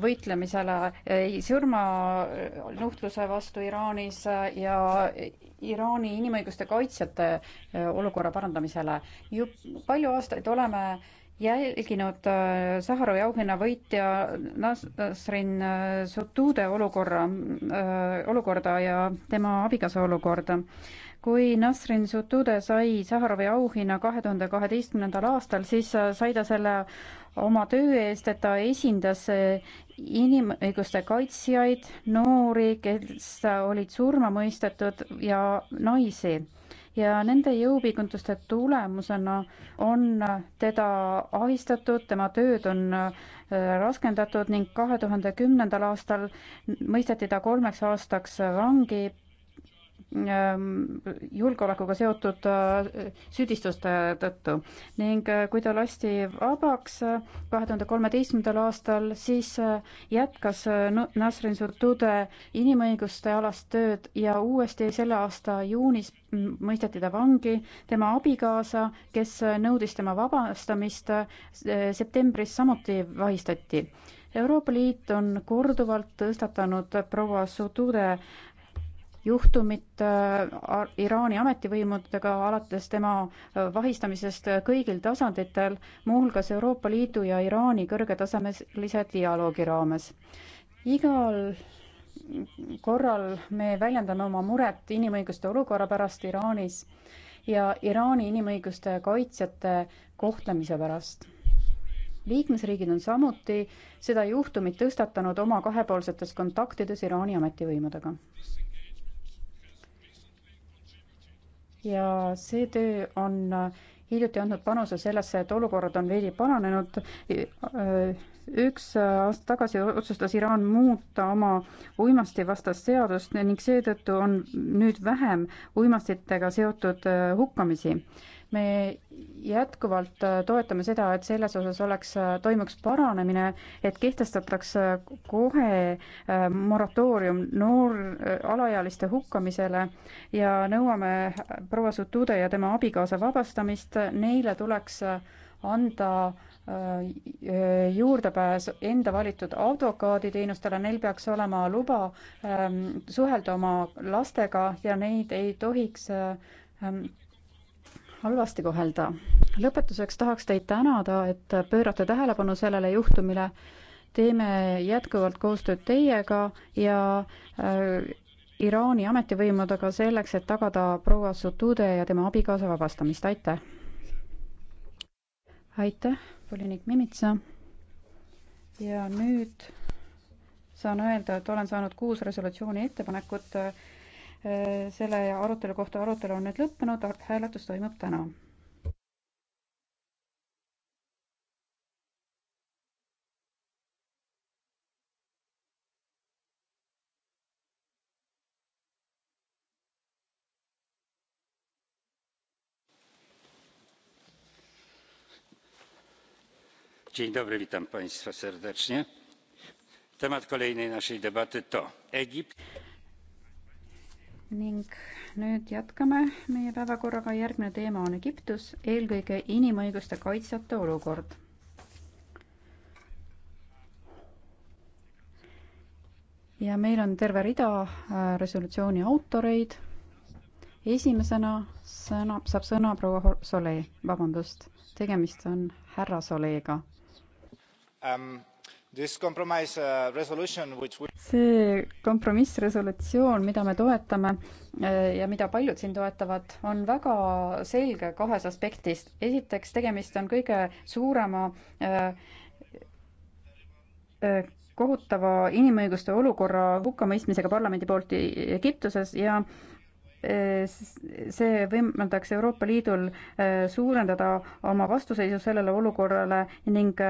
võitlemisele ei surmanuhtluse vastu Iraanis ja Iraani inimõiguste kaitsjate äh, olukorra parandamisele. ju palju aastaid oleme jälginud äh, Saharovi auhinna võitja Nasrin äh, Sotude olukorra, olukorda ja tema abikaasa olukorda kui Nasrin Sotude sai Saharovi auhinna kahe tuhande kaheteistkümnendal aastal, siis äh, sai ta selle oma töö eest, et ta esindas äh, inimõiguste kaitsjaid, noori, kes äh, olid surma mõistetud ja naisi ja nende jõupingutuste tulemusena on teda ahistatud, tema tööd on raskendatud ning kahe tuhande kümnendal aastal mõisteti ta kolmeks aastaks vangi Ähm, julgeolekuga seotud äh, süüdistuste tõttu ning äh, kui ta lasti vabaks äh, kahe tuhande kolmeteistkümnendal aastal, siis jätkas Nasrin Sotude inimõiguste alast tööd ja uuesti selle aasta juunis mm, mõisteti ta vangi, tema abikaasa, kes nõudis tema vabastamist, septembris samuti vahistati Euroopa Liit on korduvalt tõstatanud proua Sutude juhtumit äh, Iraani ametivõimudega alates tema äh, vahistamisest äh, kõigil tasanditel, muuhulgas Euroopa Liidu ja Iraani kõrgetasemelise dialoogi raames. igal korral me väljendame oma muret inimõiguste olukorra pärast Iraanis ja Iraani inimõiguste kaitsjate kohtlemise pärast liikmesriigid on samuti seda juhtumit tõstatanud oma kahepoolsetes kontaktides Iraani ametivõimudega. ja see töö on äh, hiljuti andnud panuse sellesse, et olukorrad on veidi paranenud. Äh, üks äh, aasta tagasi otsustas Iraan muuta oma uimastivastast seadust ning seetõttu on nüüd vähem uimastitega seotud hukkamisi me jätkuvalt äh, toetame seda, et selles osas oleks, äh, toimuks paranemine, et kehtestataks äh, kohe moratoorium noor, alaealiste hukkamisele ja nõuame proua Sutude ja tema abikaasa vabastamist, neile tuleks anda juurdepääs enda valitud advokaaditeenustele, neil peaks olema luba ähm, suhelda oma lastega ja neid ei tohiks ähm, halvasti kohelda. lõpetuseks tahaks teid tänada, et pöörate tähelepanu sellele juhtumile. teeme jätkuvalt koostööd teiega ja äh, Iraani ametivõimudega selleks, et tagada proua Sutude ja tema abikaasa vabastamist, aitäh! aitäh, volinik Mimitsa. ja nüüd saan öelda, et olen saanud kuus resolutsiooni ettepanekut Äh, selle arutelu kohta arutelu on nüüd lõppenud, hääletus toimub täna. Dzień dobry, witam Państwa serdecznie. Temat kolejnej naszej debaty to Egipt ning nüüd jätkame meie päevakorraga, järgmine teema on Egiptus, eelkõige inimõiguste kaitsjate olukord. ja meil on terve rida äh, resolutsiooni autoreid. esimesena sõna, saab sõna proua Solee, vabandust, tegemist on härra Soleega um ähm, Uh, see kompromissresolutsioon, mida me toetame äh, ja mida paljud siin toetavad, on väga selge kahes aspektis. esiteks, tegemist on kõige suurema äh, äh, kohutava inimõiguste olukorra hukkamõistmisega parlamendi poolt Egiptuses ja äh, see võimaldaks Euroopa Liidul suurendada oma vastuseisu sellele olukorrale ning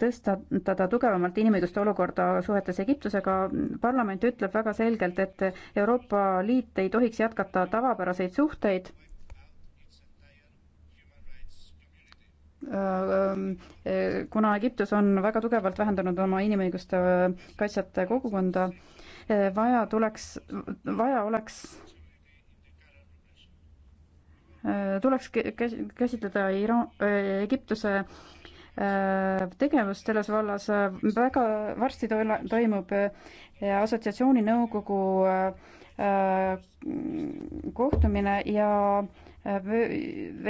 tõstatada tugevamalt inimõiguste olukorda suhetes Egiptusega. parlament ütleb väga selgelt, et Euroopa Liit ei tohiks jätkata tavapäraseid suhteid kuna Egiptus on väga tugevalt vähendanud oma inimõiguste kaitsjate kogukonda, vaja tuleks, vaja oleks Äh, tuleks käsitleda Iraan, äh, Egiptuse äh, tegevust selles vallas. väga varsti toimub assotsiatsiooni nõukogu kohtumine ja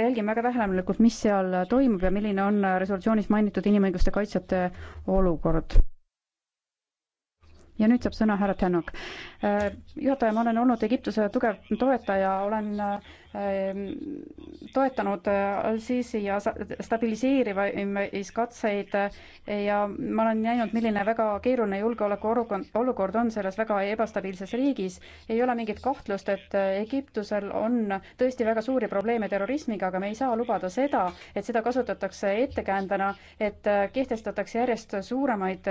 jälgin väga tähelepanelikult, mis seal toimub ja milline on resolutsioonis mainitud inimõiguste kaitsjate olukord ja nüüd saab sõna härra Tänak. juhataja, ma olen olnud Egiptuse tugev toetaja, olen Ehm, toetanud Al-Sisi äh, ja stabiliseerimiskatseid äh, ja ma olen näinud, milline väga keeruline julgeolekuolukord on selles väga ebastabiilses riigis. ei ole mingit kahtlust, et äh, Egiptusel on tõesti väga suuri probleeme terrorismiga, aga me ei saa lubada seda, et seda kasutatakse ettekäändena, et kehtestatakse järjest suuremaid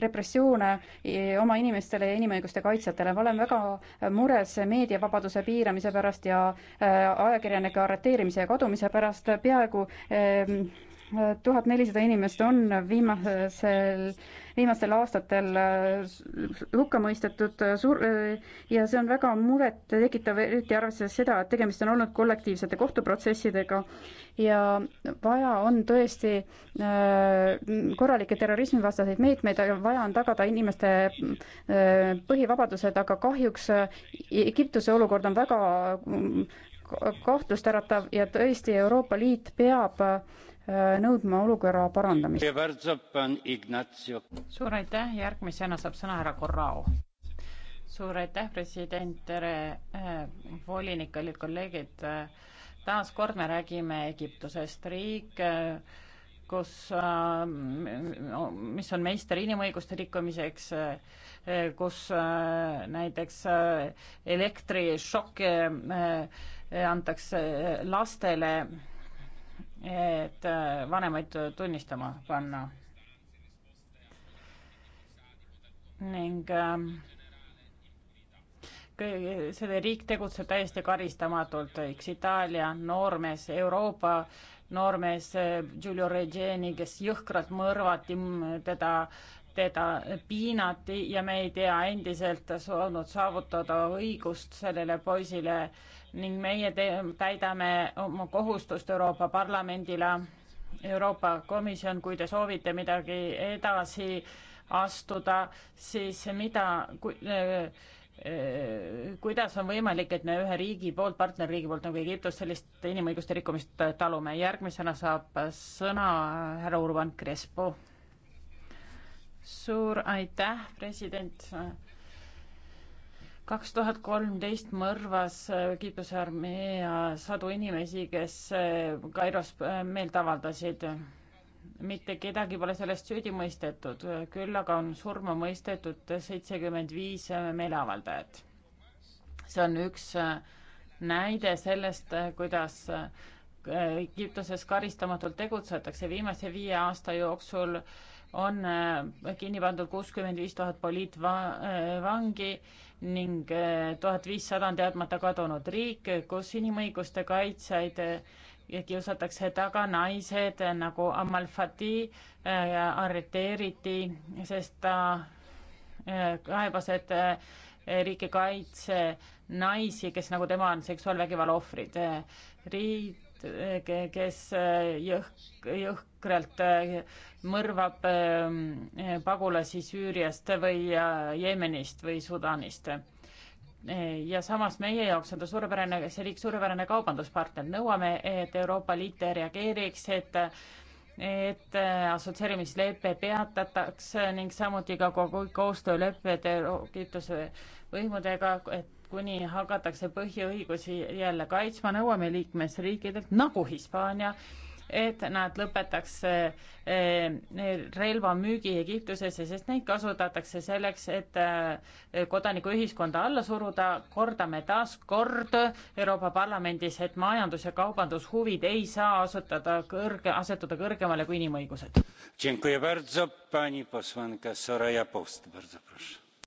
repressioone e, oma inimestele ja inimõiguste kaitsjatele. ma olen väga mures meediavabaduse piiramise pärast ja äh, ajakirjanike arreteerimise ja kadumise pärast peaaegu ehm, tuhat nelisada inimest on viimasel, viimastel aastatel äh, hukka mõistetud äh, sur-, äh, ja see on väga murettekitav, eriti arvestades seda, et tegemist on olnud kollektiivsete kohtuprotsessidega ja vaja on tõesti korralikke terrorismivastaseid meetmeid, vaja on tagada inimeste põhivabadused, aga kahjuks Egiptuse olukord on väga kahtlust äratav ja tõesti Euroopa Liit peab äh, nõudma olukorra parandamist. suur aitäh, järgmisena saab sõna härra Corrao. suur aitäh, president, tere äh, volinik, kallid kolleegid. Äh, taas kord me räägime Egiptusest, riik kus, mis on meister inimõiguste rikkumiseks, kus näiteks elektrišokk Eh, antakse eh, lastele, et eh, vanemaid tunnistama panna. ning selle riik tegutseb täiesti karistamatult, eks Itaalia noormees, Euroopa noormees Giulio Regeni, kes jõhkralt mõrvati, teda teda piinati ja me ei tea endiselt olnud saavutada õigust sellele poisile ning meie täidame oma kohustust Euroopa Parlamendile. Euroopa Komisjon, kui te soovite midagi edasi astuda, siis mida ku, äh, äh, kuidas on võimalik, et me ühe riigi poolt, partnerriigi poolt nagu Egiptus sellist inimõiguste rikkumist talume. järgmisena saab sõna härra Urban Crespo. suur aitäh, president kaks tuhat kolmteist mõrvas Egiptuse äh, armee sadu inimesi, kes äh, Kairos äh, meelt avaldasid. mitte kedagi pole sellest süüdi mõistetud, küll aga on surma mõistetud seitsekümmend viis meeleavaldajat. see on üks näide sellest, kuidas Egiptuses karistamatult tegutsetakse viimase viie aasta jooksul äh, on äh, kinni pandud kuuskümmend viis tuhat poliitvangi ning äh, tuhat viissada on teadmata kadunud riik, kus inimõiguste kaitsjaid äh, kiusatakse taga, naised nagu Amal Fati arreteeriti, sest ta kaebas, et riik ei kaitse naisi, kes nagu tema on seksuaalvägivalla ohvrid. riik kes äh, jõhk, jõhkralt äh, mõrvab ähm, pagulasi Süüriast või äh, Jeemenist või Sudaanist. ja samas meie jaoks on ta suurepärane, see riik suurepärane kaubanduspartner, nõuame, et Euroopa Liit reageeriks, et et assotsieerimislepe peatatakse ning samuti ka kogu koostöölepped Egiptuse võimudega, et kuni hakatakse põhiõigusi jälle kaitsma, nõuame liikmesriikidelt nagu Hispaania, et nad lõpetaks eh, eh, relvamüügi Egiptusesse, sest neid kasutatakse selleks, et eh, kodanikuühiskonda alla suruda. kordame taas kord Euroopa Parlamendis, et majandus- ja kaubandushuvid ei saa asutada kõrge, asetuda kõrgemale kui inimõigused.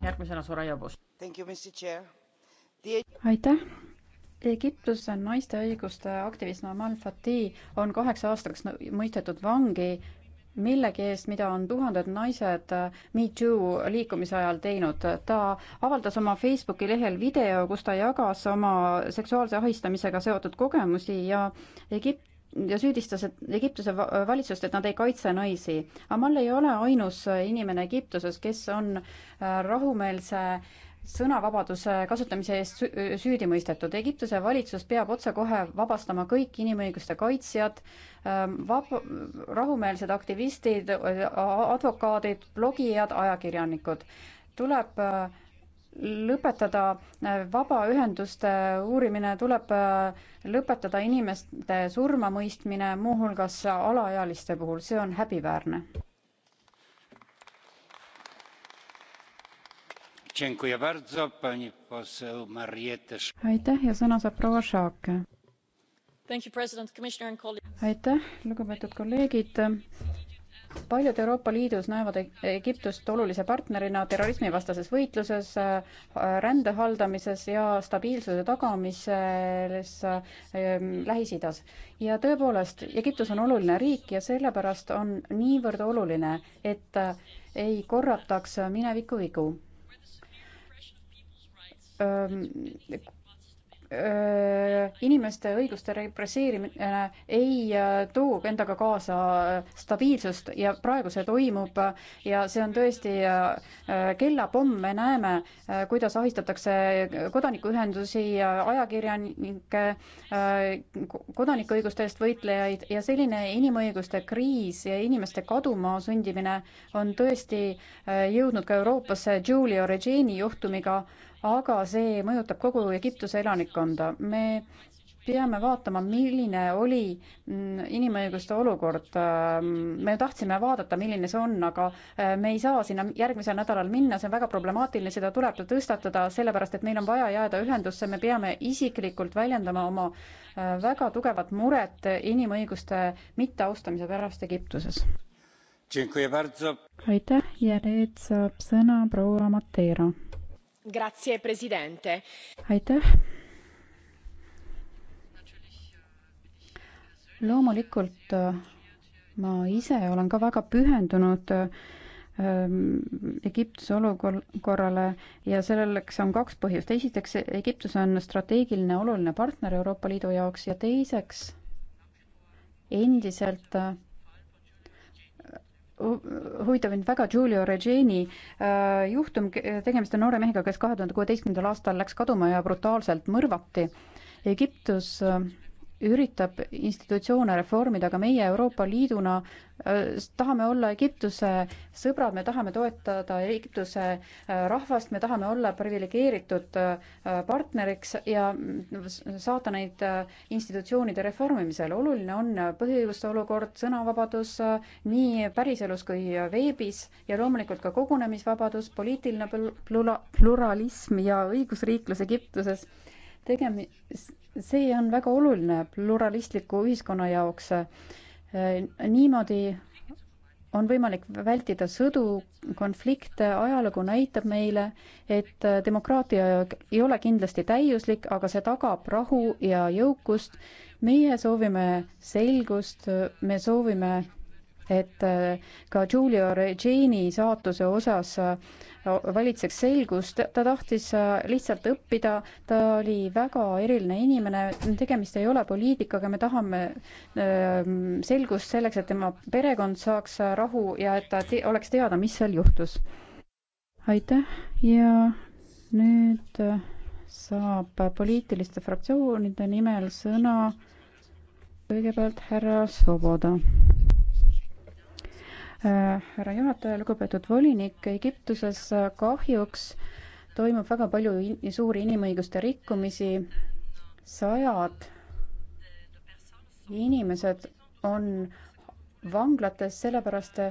järgmisena Soraya Post aitäh! Egiptuse naiste õiguste aktivist Namal Fatih on kaheks aastaks mõistetud vangi millegi eest, mida on tuhanded naised Me Too liikumise ajal teinud. ta avaldas oma Facebooki lehel video, kus ta jagas oma seksuaalse ahistamisega seotud kogemusi ja Egipt ja süüdistas et Egiptuse valitsust, et nad ei kaitse naisi. Amal ei ole ainus inimene Egiptuses, kes on rahumeelse sõnavabaduse kasutamise eest süüdi mõistetud. Egiptuse valitsus peab otsekohe vabastama kõik inimõiguste kaitsjad, ähm, vab-, rahumeelsed aktivistid, advokaadid, blogijad, ajakirjanikud. tuleb äh, lõpetada äh, vabaühenduste uurimine, tuleb äh, lõpetada inimeste surmamõistmine, muuhulgas alaealiste puhul, see on häbiväärne. aitäh ja sõna saab proua Šaake. aitäh, lugupeetud kolleegid paljud Euroopa Liidus näevad e- Egiptust olulise partnerina terrorismivastases võitluses, äh, rände haldamises ja stabiilsuse tagamises ähm, Lähis-Idas. ja tõepoolest, Egiptus on oluline riik ja sellepärast on niivõrd oluline, et äh, ei korrataks mineviku vigu inimeste õiguste represseerimine ei äh, too endaga kaasa äh, stabiilsust ja praegu see toimub ja see on tõesti äh, kellapomm, me näeme, kuidas ahistatakse kodanikuühendusi, ajakirjanikke, kodanikuõiguste eest võitlejaid ja selline inimõiguste kriis ja inimeste kaduma sundimine on tõesti jõudnud ka Euroopasse Giulio Regeni juhtumiga aga see mõjutab kogu Egiptuse elanikkonda. me peame vaatama, milline oli mm, inimõiguste olukord. Ähm, me tahtsime vaadata, milline see on, aga äh, me ei saa sinna järgmisel nädalal minna, see on väga problemaatiline, seda tuleb tõstatada, sellepärast et meil on vaja jääda ühendusse, me peame isiklikult väljendama oma äh, väga tugevat muret inimõiguste mitteaustamise pärast Egiptuses. aitäh ja nüüd saab sõna proua Mateera aitäh! loomulikult äh, ma ise olen ka väga pühendunud ähm, Egiptuse olukorrale ja selleks on kaks põhjust. esiteks, Egiptus on strateegiline oluline partner Euroopa Liidu jaoks ja teiseks endiselt äh, huvitab mind väga Giulio Regeni äh, juhtum, tegemist on noore mehega, kes kahe tuhande kuueteistkümnendal aastal läks kaduma ja brutaalselt mõrvati. Egiptus äh, üritab institutsioone reformida, aga meie Euroopa Liiduna äh, tahame olla Egiptuse sõbrad, me tahame toetada Egiptuse äh, rahvast, me tahame olla priviligeeritud äh, partneriks ja saata neid institutsioonide reformimisel. oluline on põhiõiguste olukord, sõnavabadus nii päriselus kui veebis ja loomulikult ka kogunemisvabadus, poliitiline plura-, pluralism ja õigusriiklus Egiptuses. tegemi-, see on väga oluline pluralistliku ühiskonna jaoks. Äh, niimoodi on võimalik vältida sõdu, konflikte, ajalugu näitab meile, et äh, demokraatia ei ole kindlasti täiuslik, aga see tagab rahu ja jõukust. meie soovime selgust, me soovime et äh, ka Giulio Regeni saatuse osas äh, valitseks selgus, ta tahtis äh, lihtsalt õppida, ta oli väga eriline inimene, tegemist ei ole poliitikaga, me tahame selgust selleks, et tema perekond saaks rahu ja et ta te oleks teada, mis seal juhtus. aitäh ja nüüd saab poliitiliste fraktsioonide nimel sõna kõigepealt härra Svoboda Äh, härra juhataja, lugupeetud volinik, Egiptuses äh, kahjuks toimub väga palju in suuri inimõiguste rikkumisi, sajad inimesed on vanglates sellepärast,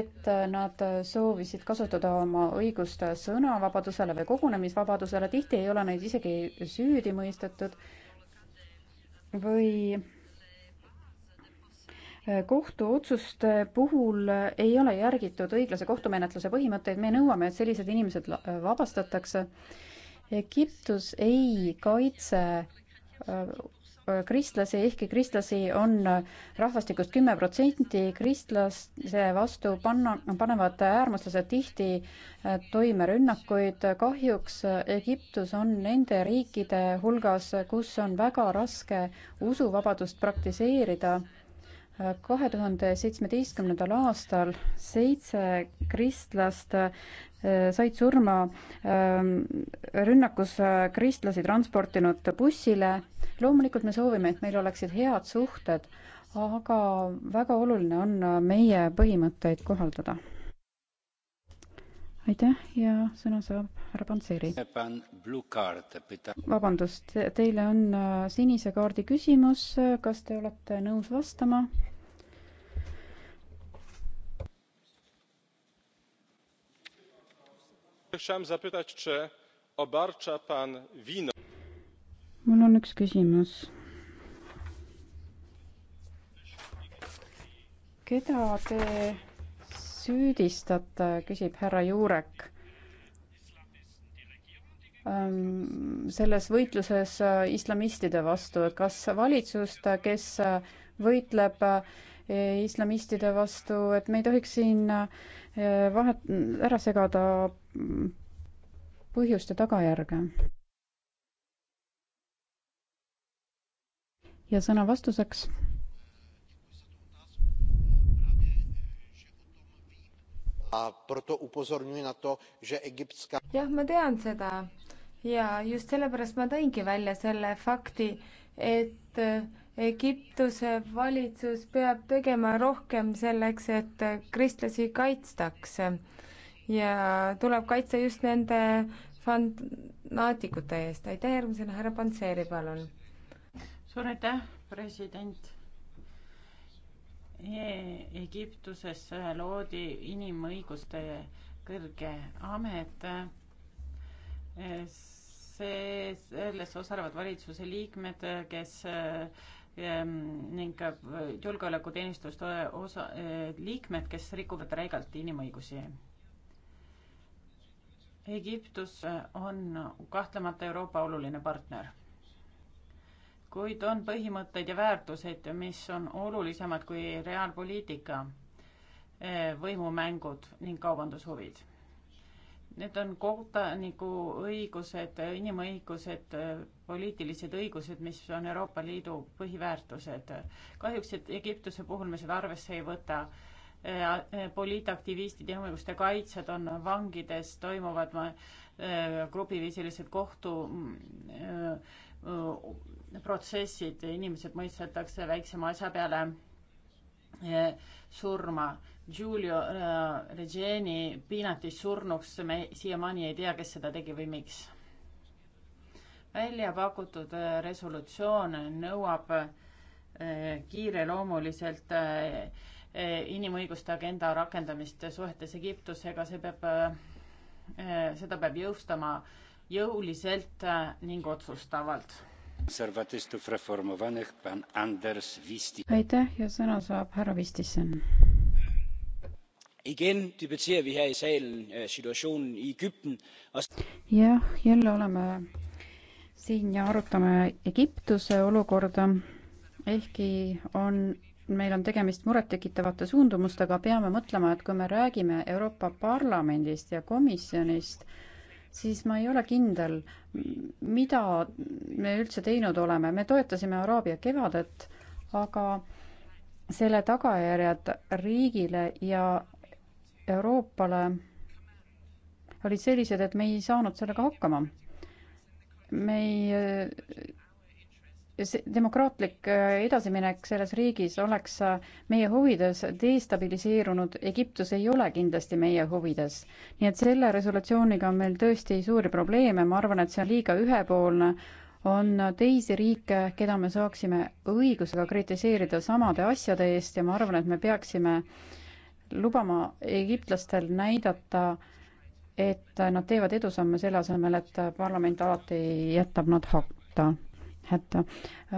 et äh, nad soovisid kasutada oma õigust sõnavabadusele või kogunemisvabadusele, tihti ei ole neid isegi süüdi mõistetud või kohtuotsuste puhul ei ole järgitud õiglase kohtumenetluse põhimõtteid, me nõuame, et sellised inimesed vabastatakse. Egiptus ei kaitse äh, kristlasi, ehkki kristlasi on rahvastikust kümme protsenti, kristlaste vastu panna, panevad äärmuslased tihti äh, toime rünnakuid. kahjuks Egiptus on nende riikide hulgas, kus on väga raske usuvabadust praktiseerida kahe tuhande seitsmeteistkümnendal aastal seitse kristlast äh, said surma ähm, rünnakus äh, kristlasi transportinud bussile. loomulikult me soovime, et meil oleksid head suhted, aga väga oluline on äh, meie põhimõtteid kohaldada aitäh ja sõna saab härra Panseri. vabandust, teile on äh, sinise kaardi küsimus, kas te olete nõus vastama? mul on üks küsimus. keda te süüdistate, küsib härra Juurek ähm, selles võitluses äh, islamistide vastu, et kas valitsust, äh, kes äh, võitleb islamistide vastu, et me ei tohiks siin vahet, ära segada mm, põhjust ja tagajärge. ja sõna vastuseks jah, ma tean seda ja just sellepärast ma tõingi välja selle fakti, et Egiptuse valitsus peab tegema rohkem selleks, et kristlasi kaitstaks ja tuleb kaitsta just nende fanaatikute eest. aitäh, järgmisena härra Panseri, palun. suur aitäh, president Egiptuses loodi inimõiguste kõrge amet. see, selles osalevad valitsuse liikmed, kes ehm, ning julgeolekuteenistuste osa, eh, liikmed, kes rikuvad räigalt inimõigusi. Egiptus on kahtlemata Euroopa oluline partner kuid on põhimõtteid ja väärtuseid, mis on olulisemad kui reaalpoliitika, eh, võimumängud ning kaubandushuvid. Need on kodaniku õigused, inimõigused, poliitilised õigused, mis on Euroopa Liidu põhiväärtused. kahjuks, et Egiptuse puhul me seda arvesse ei võta eh, eh, poliitaktivistid ja inimõiguste kaitsjad on vangides, toimuvad grupiviisilised kohtu mm, protsessid, inimesed mõistetakse väiksema asja peale surma. Giulio Regeni piinati surnuks, me siiamaani ei tea, kes seda tegi või miks. välja pakutud resolutsioon nõuab kiireloomuliselt inimõiguste agenda rakendamist suhetes Egiptusega, see peab, seda peab jõustama äh, jõuliselt äh, ning otsustavalt. aitäh ja sõna saab härra Vistisen. Øh, jah, jälle oleme siin ja arutame Egiptuse olukorda, ehkki on meil on tegemist murettekitavate suundumustega, peame mõtlema, et kui me räägime Euroopa Parlamendist ja komisjonist, siis ma ei ole kindel, mida me üldse teinud oleme. me toetasime Araabia kevadet, aga selle tagajärjed riigile ja Euroopale olid sellised, et me ei saanud sellega hakkama. me ei see demokraatlik äh, edasiminek selles riigis oleks äh, meie huvides, destabiliseerunud Egiptus ei ole kindlasti meie huvides. nii et selle resolutsiooniga on meil tõesti suuri probleeme, ma arvan, et see on liiga ühepoolne, on teisi riike, keda me saaksime õigusega kritiseerida samade asjade eest ja ma arvan, et me peaksime lubama egiptlastel näidata, et nad teevad edusamme selle asemel, et parlament alati jätab nad hakka hätta.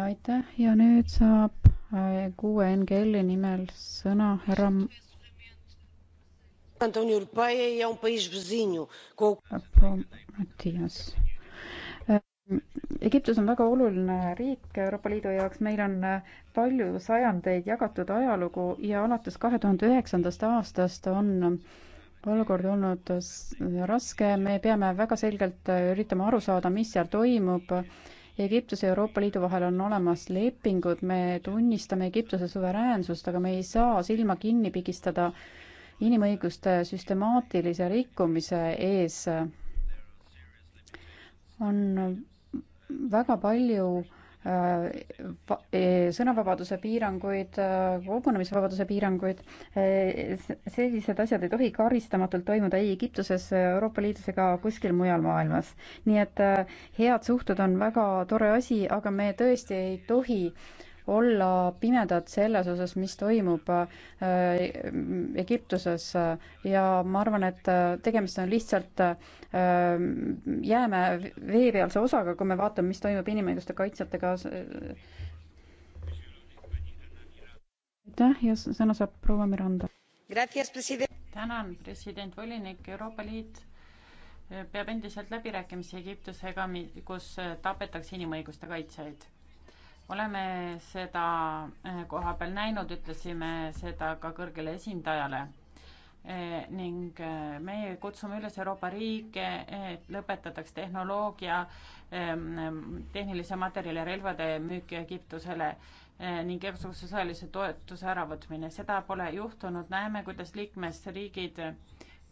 aitäh ja nüüd saab äh, kuue NGL-i nimel sõna härra äh, Matias. Äh, Egiptus on väga oluline riik Euroopa Liidu jaoks, meil on palju sajandeid jagatud ajalugu ja alates kahe tuhande üheksandast aastast on olukord olnud raske, me peame väga selgelt üritama aru saada, mis seal toimub Egiptuse ja Euroopa Liidu vahel on olemas lepingud, me tunnistame Egiptuse suveräänsust, aga me ei saa silma kinni pigistada inimõiguste süstemaatilise rikkumise ees. on väga palju Äh, äh, sõnavabaduse piiranguid, äh, kogunemisvabaduse piiranguid, sellised asjad ei tohi karistamatult toimuda ei Egiptuses, Euroopa Liidus ega kuskil mujal maailmas. nii et head suhted on väga tore asi, aga me tõesti ei tohi äh, olla pimedad selles osas, mis toimub äh, Egiptuses ja ma arvan, et äh, tegemist on lihtsalt äh, jääme vee pealse osaga, kui me vaatame, mis toimub inimõiguste kaitsjatega. aitäh ja sõna saab proua Miranda. tänan, president, volinik, Euroopa Liit peab endiselt läbirääkimisi Egiptusega, kus tapetakse inimõiguste kaitsjaid oleme seda eh, koha peal näinud, ütlesime seda ka kõrgele esindajale e. ning eh, meie kutsume üles Euroopa riike, et lõpetataks tehnoloogia e, tehnilise materjali ja relvade müük Egiptusele e, ning igasuguse sõjalise toetuse äravõtmine. seda pole juhtunud, näeme, kuidas liikmesriigid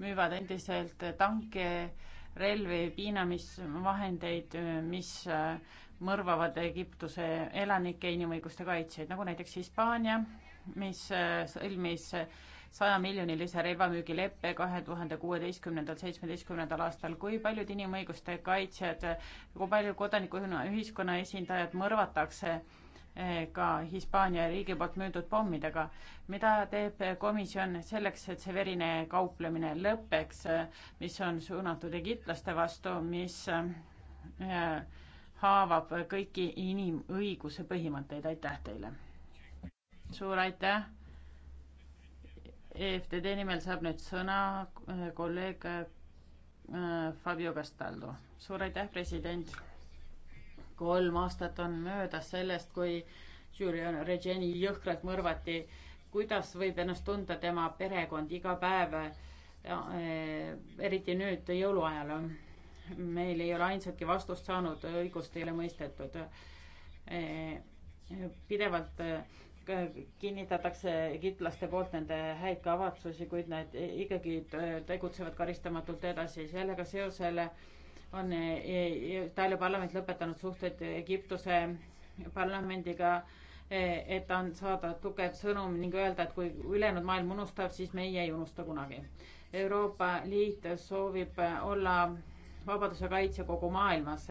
müüvad endiselt tanke, relvi, piinamisvahendeid, mis, mis mõrvavad Egiptuse elanike inimõiguste kaitsjaid, nagu näiteks Hispaania, mis äh, sõlmis sajamiljonilise relvamüügileppe kahe tuhande kuueteistkümnendal, seitsmeteistkümnendal aastal, kui paljud inimõiguste kaitsjad, kui palju kodanikuühiskonna esindajad mõrvatakse äh, ka Hispaania riigi poolt müüdud pommidega. mida teeb komisjon selleks, et see verine kauplemine lõpeks, äh, mis on suunatud egiptlaste vastu, mis äh, haavab kõiki inimõiguse põhimõtteid, aitäh teile! suur aitäh! EFTD nimel saab nüüd sõna äh, kolleeg äh, Fabio Castaldo. suur aitäh, president! kolm aastat on möödas sellest, kui Julian Regeni jõhkralt mõrvati. kuidas võib ennast tunda tema perekond iga päev, äh, eriti nüüd jõuluajal? meil ei ole ainsatki vastust saanud, õigust ei ole mõistetud. E, pidevalt e, kinnitatakse kitlaste poolt nende häid kavatsusi, kuid need e, ikkagi tegutsevad karistamatult edasi. sellega seosele on Itaalia parlament lõpetanud suhted Egiptuse parlamendiga, et on saada tugev sõnum ning öelda, et kui ülejäänud maailm unustab, siis meie ei unusta kunagi. Euroopa Liit soovib olla vabaduse kaitse kogu maailmas,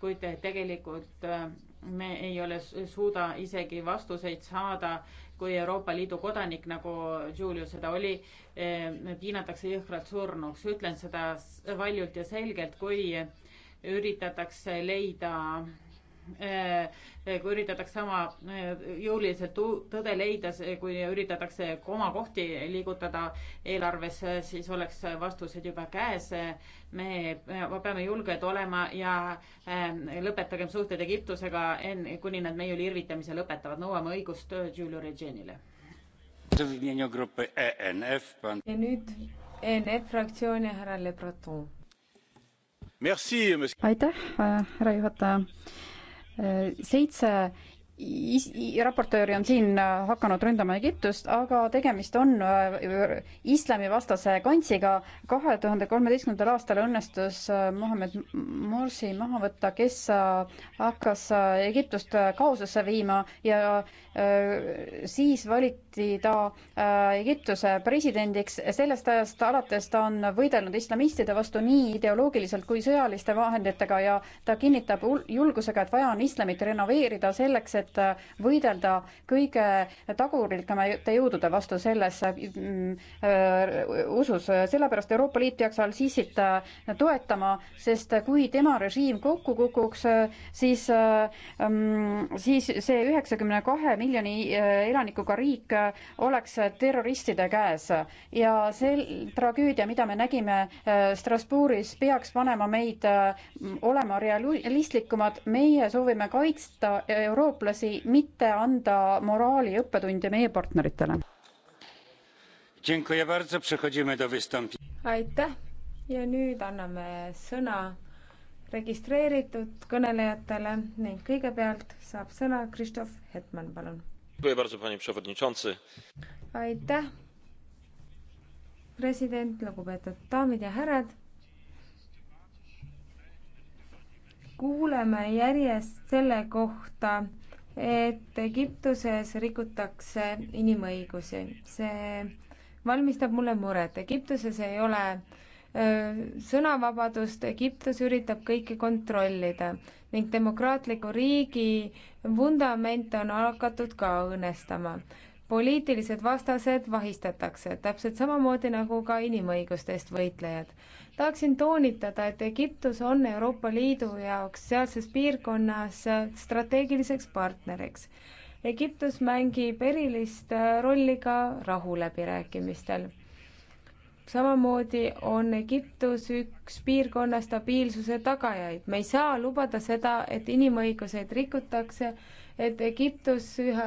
kuid tegelikult äh, me ei ole, suuda isegi vastuseid saada, kui Euroopa Liidu kodanik, nagu Julio seda oli, äh, piinatakse jõhkralt surnuks. ütlen seda valjult ja selgelt, kui üritatakse leida Eh, eh, kui üritatakse sama eh, jõuliselt tõde leida, kui üritatakse komakohti liigutada eelarves, siis oleks vastused juba käes. me, me peame julged olema ja lõpetagem suhted Egiptusega enne, kuni nad meie üle irvitamise lõpetavad, nõuame õigust Giulio Regenile. ja nüüd ENF fraktsiooni härra Le Breton. aitäh, härra juhataja seitse is-, raportööri on siin äh, hakanud ründama Egiptust, aga tegemist on äh, islamivastase kantsiga. kahe tuhande kolmeteistkümnendal aastal õnnestus äh, Mohammed Morsi maha võtta, kes hakkas Egiptust kaosesse viima ja siis valiti ta äh, Egiptuse presidendiks, sellest ajast alates ta on võidelnud islamistide vastu nii ideoloogiliselt kui sõjaliste vahenditega ja ta kinnitab julgusega, et vaja on islamit renoveerida selleks, et äh, võidelda kõige tagurlikumate jõudude vastu selles äh, mm, usus. sellepärast Euroopa Liit peaks Al-Sisit toetama, sest kui tema režiim kokku kukuks, siis, mm, siis see üheksakümne kahe miljoni eh, elanikuga riik eh, oleks terroristide käes ja see tragöödia, mida me nägime eh, Strasbourgis, peaks panema meid olema realistlikumad. meie soovime kaitsta eurooplasi, mitte anda moraali õppetunde meie partneritele. aitäh ja nüüd anname sõna registreeritud kõnelejatele ning kõigepealt saab sõna Kristof Hetman, palun. aitäh, president, lugupeetud daamid ja härrad. kuuleme järjest selle kohta, et Egiptuses rikutakse inimõigusi. see valmistab mulle muret. Egiptuses ei ole Äh, sõnavabadust, Egiptus üritab kõike kontrollida ning demokraatliku riigi vundament on hakatud ka õõnestama. poliitilised vastased vahistatakse, täpselt samamoodi nagu ka inimõiguste eest võitlejad. tahaksin toonitada, et Egiptus on Euroopa Liidu jaoks sealses piirkonnas strateegiliseks partneriks. Egiptus mängib erilist rolli ka rahuläbirääkimistel samamoodi on Egiptus üks piirkonna stabiilsuse tagajaid. me ei saa lubada seda, et inimõiguseid rikutakse, et Egiptus üha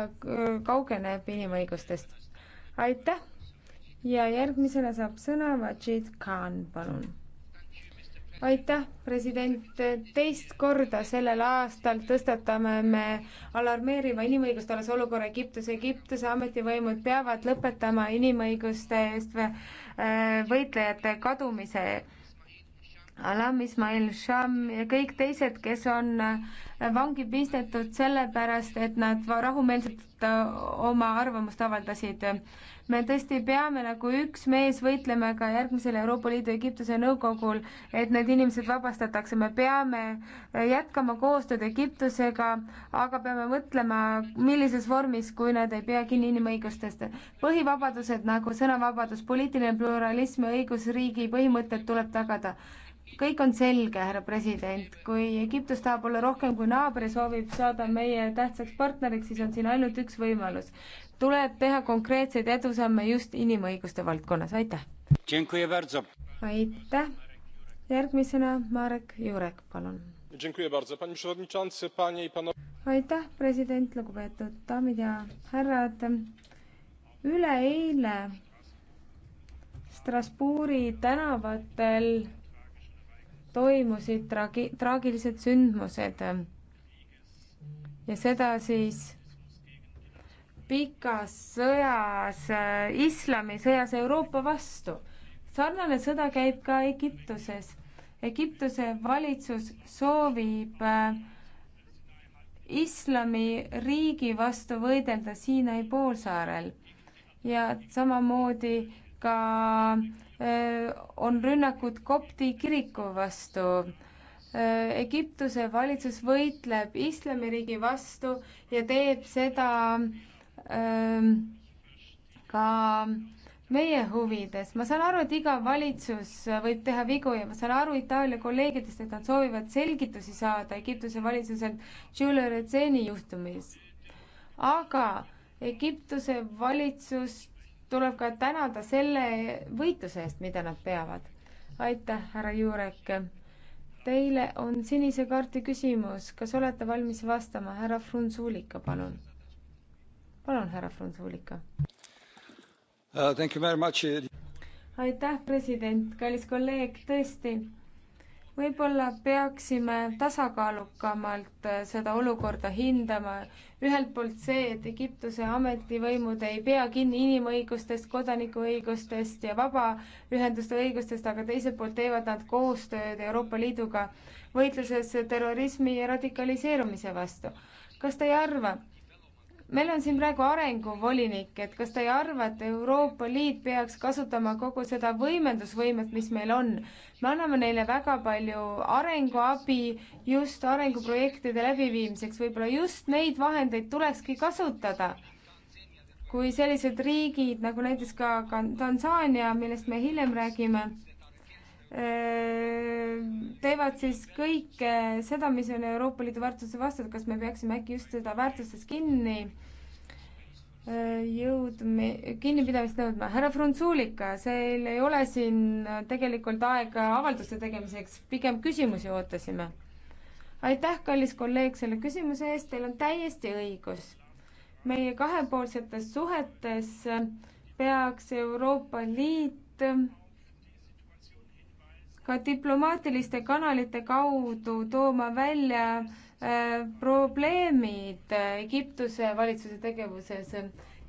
kaugeneb inimõigustest. aitäh ja järgmisena saab sõna Majid Khan, palun aitäh, president, teist korda sellel aastal tõstatame me alarmeeriva inimõiguste alase olukorra Egiptus. Egiptuse ametivõimud peavad lõpetama inimõiguste eest äh, võitlejate kadumise Alam Ismail Sham ja kõik teised, kes on äh, vangi pistetud sellepärast, et nad rahumeelselt äh, oma arvamust avaldasid. me tõesti peame nagu üks mees võitlema ka järgmisel Euroopa Liidu Egiptuse nõukogul, et need inimesed vabastatakse, me peame äh, jätkama koostööd Egiptusega, aga peame mõtlema, millises vormis, kui nad ei pea kinni inimõigustest. põhivabadused nagu sõnavabadus, poliitiline pluralism ja õigusriigi põhimõtted tuleb tagada kõik on selge, härra president, kui Egiptus tahab olla rohkem kui naaber ja soovib saada meie tähtsaks partneriks, siis on siin ainult üks võimalus. tuleb teha konkreetseid edusamme just inimõiguste valdkonnas, aitäh. aitäh. järgmisena Marek Jurek, palun. aitäh, president, lugupeetud daamid ja härrad. üleeile Strasbourgi tänavatel toimusid tragi-, traagilised sündmused. ja seda siis pikas sõjas, äh, islamisõjas Euroopa vastu. sarnane sõda käib ka Egiptuses. Egiptuse valitsus soovib äh, islamiriigi vastu võidelda Siinai poolsaarel ja samamoodi ka äh, Äh, on rünnakud kopti kiriku vastu. Äh, Egiptuse valitsus võitleb islamiriigi vastu ja teeb seda ähm, ka meie huvides. ma saan aru, et iga valitsus võib teha vigu ja ma saan aru Itaalia kolleegidest, et nad soovivad selgitusi saada Egiptuse valitsuselt Giulio Rezzeni juhtumis. aga Egiptuse valitsus tuleb ka tänada selle võitluse eest, mida nad peavad. aitäh, härra Jurek. Teile on sinise kaardi küsimus, kas olete valmis vastama, härra Frunzulika, palun. palun, härra Frunzulika uh,. aitäh, president, kallis kolleeg, tõesti võib-olla peaksime tasakaalukamalt äh, seda olukorda hindama. ühelt poolt see, et Egiptuse ametivõimud ei pea kinni inimõigustest, kodanikuõigustest ja vabaühenduste õigustest, aga teiselt poolt teevad nad koostööd Euroopa Liiduga võitluses terrorismi ja radikaliseerumise vastu. kas te ei arva, meil on siin praegu arenguvolinik, et kas te ei arva, et Euroopa Liit peaks kasutama kogu seda võimendusvõimet, mis meil on? me anname neile väga palju arenguabi just arenguprojektide läbiviimiseks, võib-olla just neid vahendeid tulekski kasutada. kui sellised riigid nagu näiteks ka Tansaania, millest me hiljem räägime Äh, teevad siis kõike äh, seda, mis on Euroopa Liidu väärtuse vastu, et kas me peaksime äkki just seda väärtustest kinni äh, jõudme, kinnipidamist nõudma. härra Frunzulika, seal ei ole siin tegelikult aega avalduste tegemiseks, pigem küsimusi ootasime. aitäh, kallis kolleeg, selle küsimuse eest, teil on täiesti õigus. meie kahepoolsetes suhetes peaks Euroopa Liit ka diplomaatiliste kanalite kaudu tooma välja äh, probleemid äh, Egiptuse valitsuse tegevuses,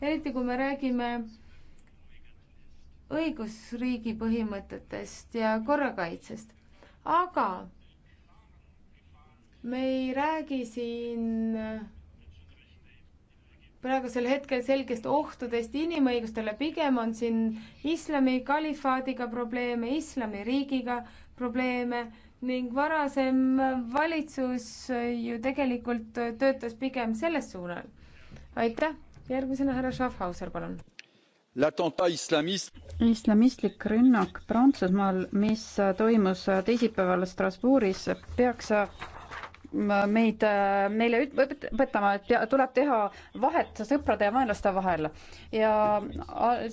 eriti kui me räägime õigusriigi põhimõtetest ja korrakaitsest. aga me ei räägi siin praegusel hetkel selgest ohtudest inimõigustele, pigem on siin islami kalifaadiga probleeme, islamiriigiga probleeme ning varasem valitsus ju tegelikult töötas pigem selles suunal. aitäh, järgmisena härra Schaffhauser, palun. islamistlik rünnak Prantsusmaal, mis toimus teisipäeval Strasbourgis, peaks meid, meile äh, õpetama, et tuleb teha vahet sõprade ja vaenlaste vahel. ja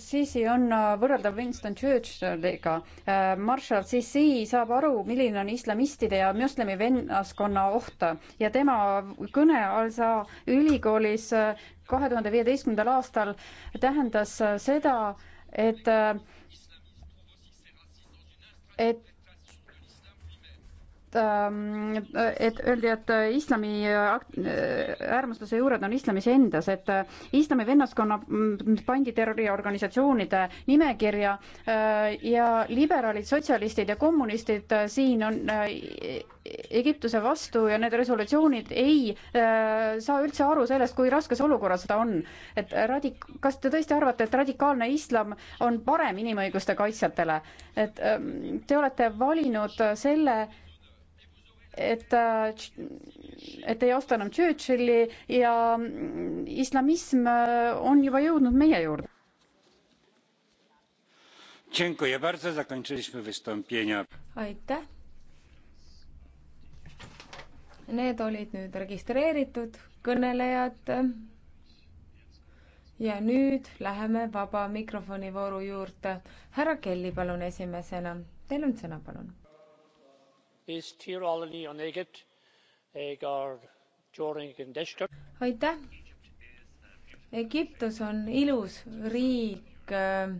Sisi on äh, võrreldav Winston Churchilliga. Äh, Marshall Sisi saab aru, milline on islamistide ja moslemi vennaskonna oht ja tema kõne all sa ülikoolis kahe tuhande viieteistkümnendal aastal tähendas seda, et et Ähm, et öeldi, et äh, islami äh, äärmusluse juured on islamis endas, et äh, islami vennaskonna mm, pandi terroriorganisatsioonide nimekirja ja liberaalid, sotsialistid ja kommunistid siin on Egiptuse vastu ja need resolutsioonid ei saa üldse aru sellest, kui raskes olukorras ta on. et radik-, kas te tõesti arvate, et radikaalne islam on parem inimõiguste kaitsjatele? et ähm, te olete valinud selle et, äh, et ei osta enam Churchilli ja mm, islamism äh, on juba jõudnud meie juurde. aitäh. Need olid nüüd registreeritud kõnelejad. ja nüüd läheme vaba mikrofoni vooru juurde. härra Kelly, palun esimesena. Teil on sõna, palun aitäh! Egiptus on ilus riik ähm,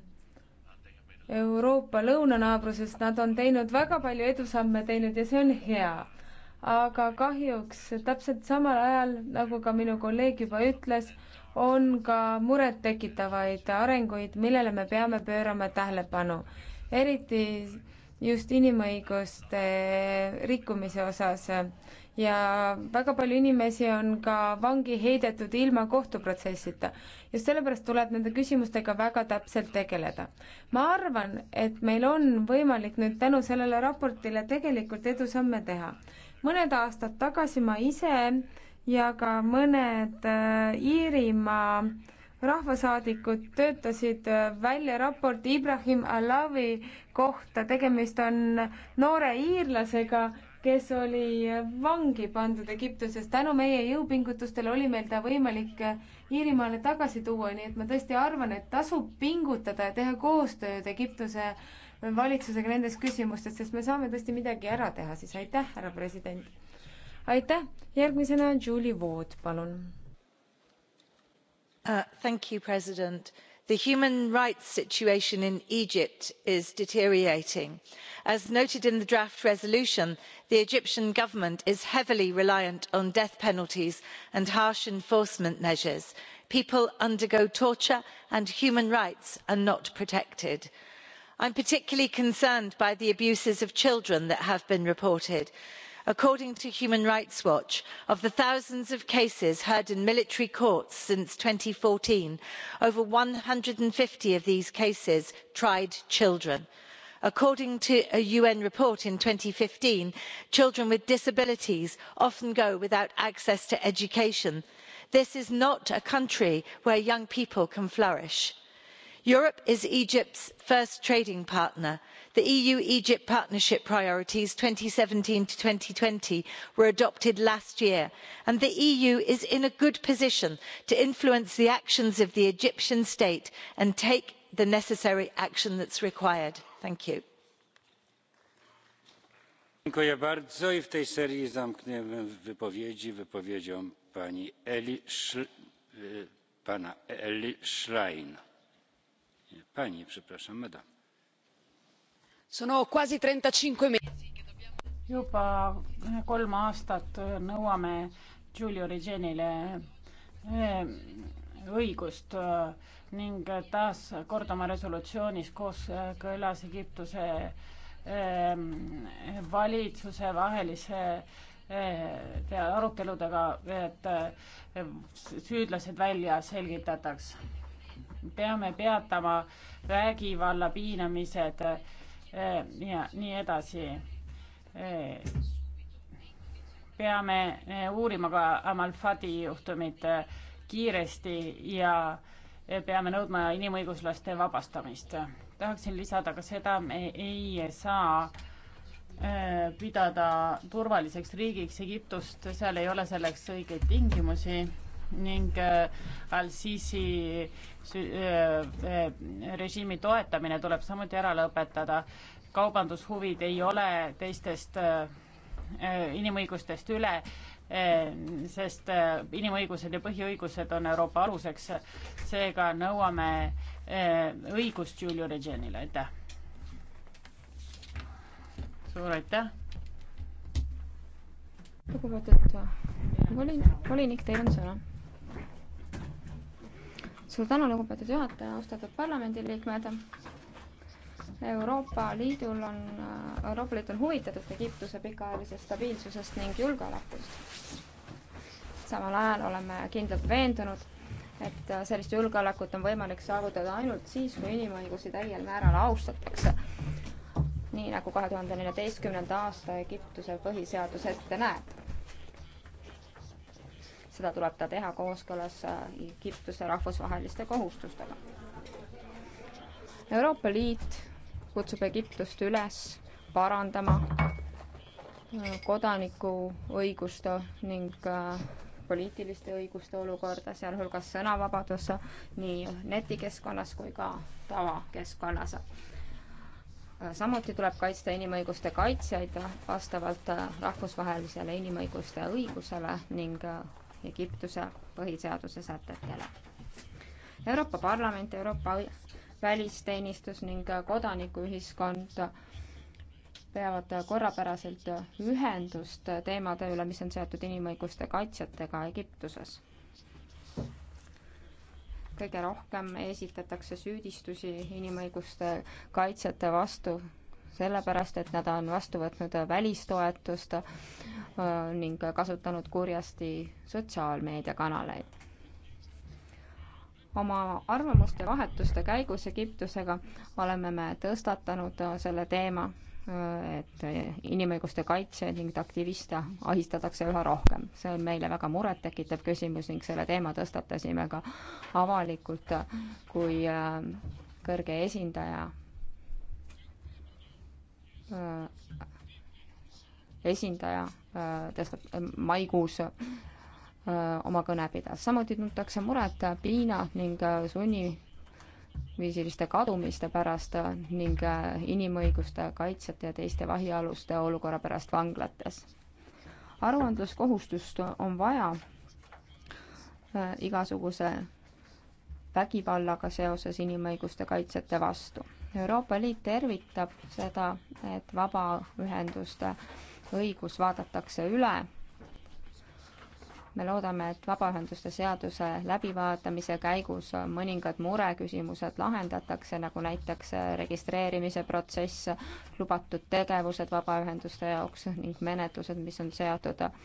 Euroopa lõunanaabruses, nad on teinud väga palju edusamme teinud ja see on hea. aga kahjuks täpselt samal ajal, nagu ka minu kolleeg juba ütles, on ka murettekitavaid arenguid, millele me peame pöörama tähelepanu. eriti just inimõiguste rikkumise osas ja väga palju inimesi on ka vangi heidetud ilma kohtuprotsessita. just sellepärast tuleb nende küsimustega väga täpselt tegeleda. ma arvan, et meil on võimalik nüüd tänu sellele raportile tegelikult edusamme teha. mõned aastad tagasi ma ise ja ka mõned äh, Iirimaa äh, rahvasaadikud töötasid välja raporti Ibrahim Alavi kohta, tegemist on noore iirlasega, kes oli vangi pandud Egiptuses. tänu meie jõupingutustele oli meil ta võimalik Iirimaale tagasi tuua, nii et ma tõesti arvan, et tasub pingutada ja teha koostööd Egiptuse valitsusega nendes küsimustes, sest me saame tõesti midagi ära teha, siis aitäh, härra president! aitäh, järgmisena Julie Wood, palun! mr uh, president the human rights situation in egypt is deteriorating. as noted in the draft resolution the egyptian government is heavily reliant on death penalties and harsh enforcement measures. people undergo torture and human rights are not protected. i'm particularly concerned by the abuses of children that have been reported according to human rights watch of the thousands of cases heard in military courts since two thousand and fourteen over one hundred and fifty of these cases tried children. according to a un report in two thousand and fifteen children with disabilities often go without access to education. this is not a country where young people can flourish. europe is egypt's first trading partner the eu egypt partnership priorities two thousand and seventeen two thousand and twenty were adopted last year and the eu is in a good position to influence the actions of the egyptian state and take the necessary action that's required. thank you. w tej serii zamkniemy wypowiedzi wypowiedzią pani elli schlein. pani przepraszam madam juba kolm aastat nõuame Giulio Regenile eh, õigust eh, ning taas kord oma resolutsioonis kooskõlas eh, Egiptuse valitsuse vahelise aruteludega, et süüdlased välja selgitataks. peame peatama vägivalla piinamised Äh, ja nii edasi. Äh, peame äh, uurima ka Amal Fadi juhtumit kiiresti ja peame nõudma inimõiguslaste vabastamist. tahaksin lisada ka seda, me ei saa pidada turvaliseks riigiks Egiptust, seal ei ole selleks õigeid tingimusi ning äh, Al-Sisi äh, äh, režiimi toetamine tuleb samuti ära lõpetada. kaubandushuvid ei ole teistest inimõigustest üle, sest inimõigused ja põhiõigused on Euroopa aluseks. seega nõuame õigust Julio Regenile, aitäh. suur aitäh. lugupeetud volinik, teil on sõna suur tänu, lugupeetud juhataja, austatud parlamendiliikmed. Euroopa Liidul on, Euroopa Liit on huvitatud Egiptuse pikaajalisest stabiilsusest ning julgeolekust. samal ajal oleme kindlalt veendunud, et sellist julgeolekut on võimalik saavutada ainult siis, kui inimõigusi täiel määral austatakse. nii nagu kahe tuhande neljateistkümnenda aasta Egiptuse põhiseadus ette näeb seda tuleb ta teha kooskõlas Egiptuse äh, rahvusvaheliste kohustustega. Euroopa Liit kutsub Egiptust üles parandama äh, kodanikuõiguste ning äh, poliitiliste õiguste olukorda, sealhulgas sõnavabadus nii netikeskkonnas kui ka tavakeskkonnas. samuti tuleb kaitsta inimõiguste kaitsjaid vastavalt rahvusvahelisele inimõiguste õigusele ning Egiptuse põhiseaduse sätetele. Euroopa Parlament, Euroopa välisteenistus ning kodanikuühiskond peavad korrapäraselt ühendust teemade üle, mis on seotud inimõiguste kaitsjatega Egiptuses. kõige rohkem esitatakse süüdistusi inimõiguste kaitsjate vastu sellepärast, et nad on vastu võtnud välistoetust äh, ning kasutanud kurjasti sotsiaalmeediakanaleid. oma arvamuste vahetuste käigus Egiptusega oleme me tõstatanud äh, selle teema, äh, et inimõiguste kaitsjaid ning aktiviste ahistatakse üha rohkem. see on meile väga murettekitav küsimus ning selle teema tõstatasime ka avalikult, kui kõrge esindaja Äh, esindaja äh, tõstab äh, maikuus oma kõne pidas. samuti tuntakse muret piina ning sunniviisiliste kadumiste pärast ning inimõiguste kaitsjate ja teiste vahialuste olukorra pärast vanglates. aruandluskohustust on vaja igasuguse vägivallaga seoses inimõiguste kaitsjate vastu Euroopa Liit tervitab seda, et vabaühenduste õigus vaadatakse üle. me loodame, et vabaühenduste seaduse läbivaatamise käigus mõningad mureküsimused lahendatakse, nagu näiteks registreerimise protsess, lubatud tegevused vabaühenduste jaoks ning menetlused, mis on seotud äh,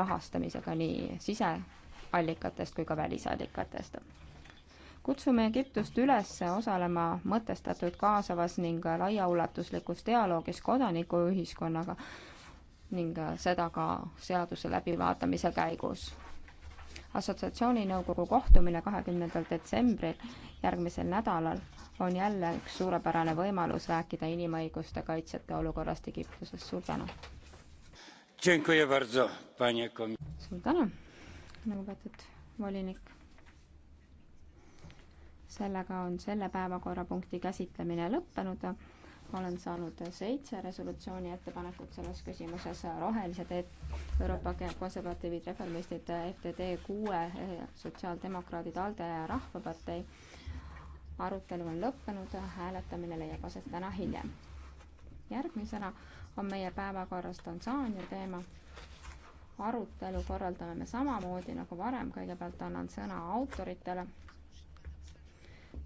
rahastamisega nii siseallikatest kui ka välisallikatest kutsume Egiptust üles osalema mõtestatud, kaasavas ning laiaulatuslikus dialoogis kodanikuühiskonnaga ning seda ka seaduse läbivaatamise käigus. assotsiatsiooni nõukogu kohtumine kahekümnendal detsembril järgmisel nädalal on jälle üks suurepärane võimalus rääkida inimõiguste kaitsjate olukorrast Egiptuses. suur tänu! suur tänu, lugupeetud volinik! sellega on selle päevakorrapunkti käsitlemine lõppenud. olen saanud seitse resolutsiooni ettepanekut selles küsimuses, rohelised, Euroopa konservatiivid, reformistid, FTD, kuue, sotsiaaldemokraadid, ALDE ja Rahvapartei. arutelu on lõppenud, hääletamine leiab aset täna hiljem. järgmisena on meie päevakorras Tansaania teema arutelu korraldame me samamoodi nagu varem, kõigepealt annan sõna autoritele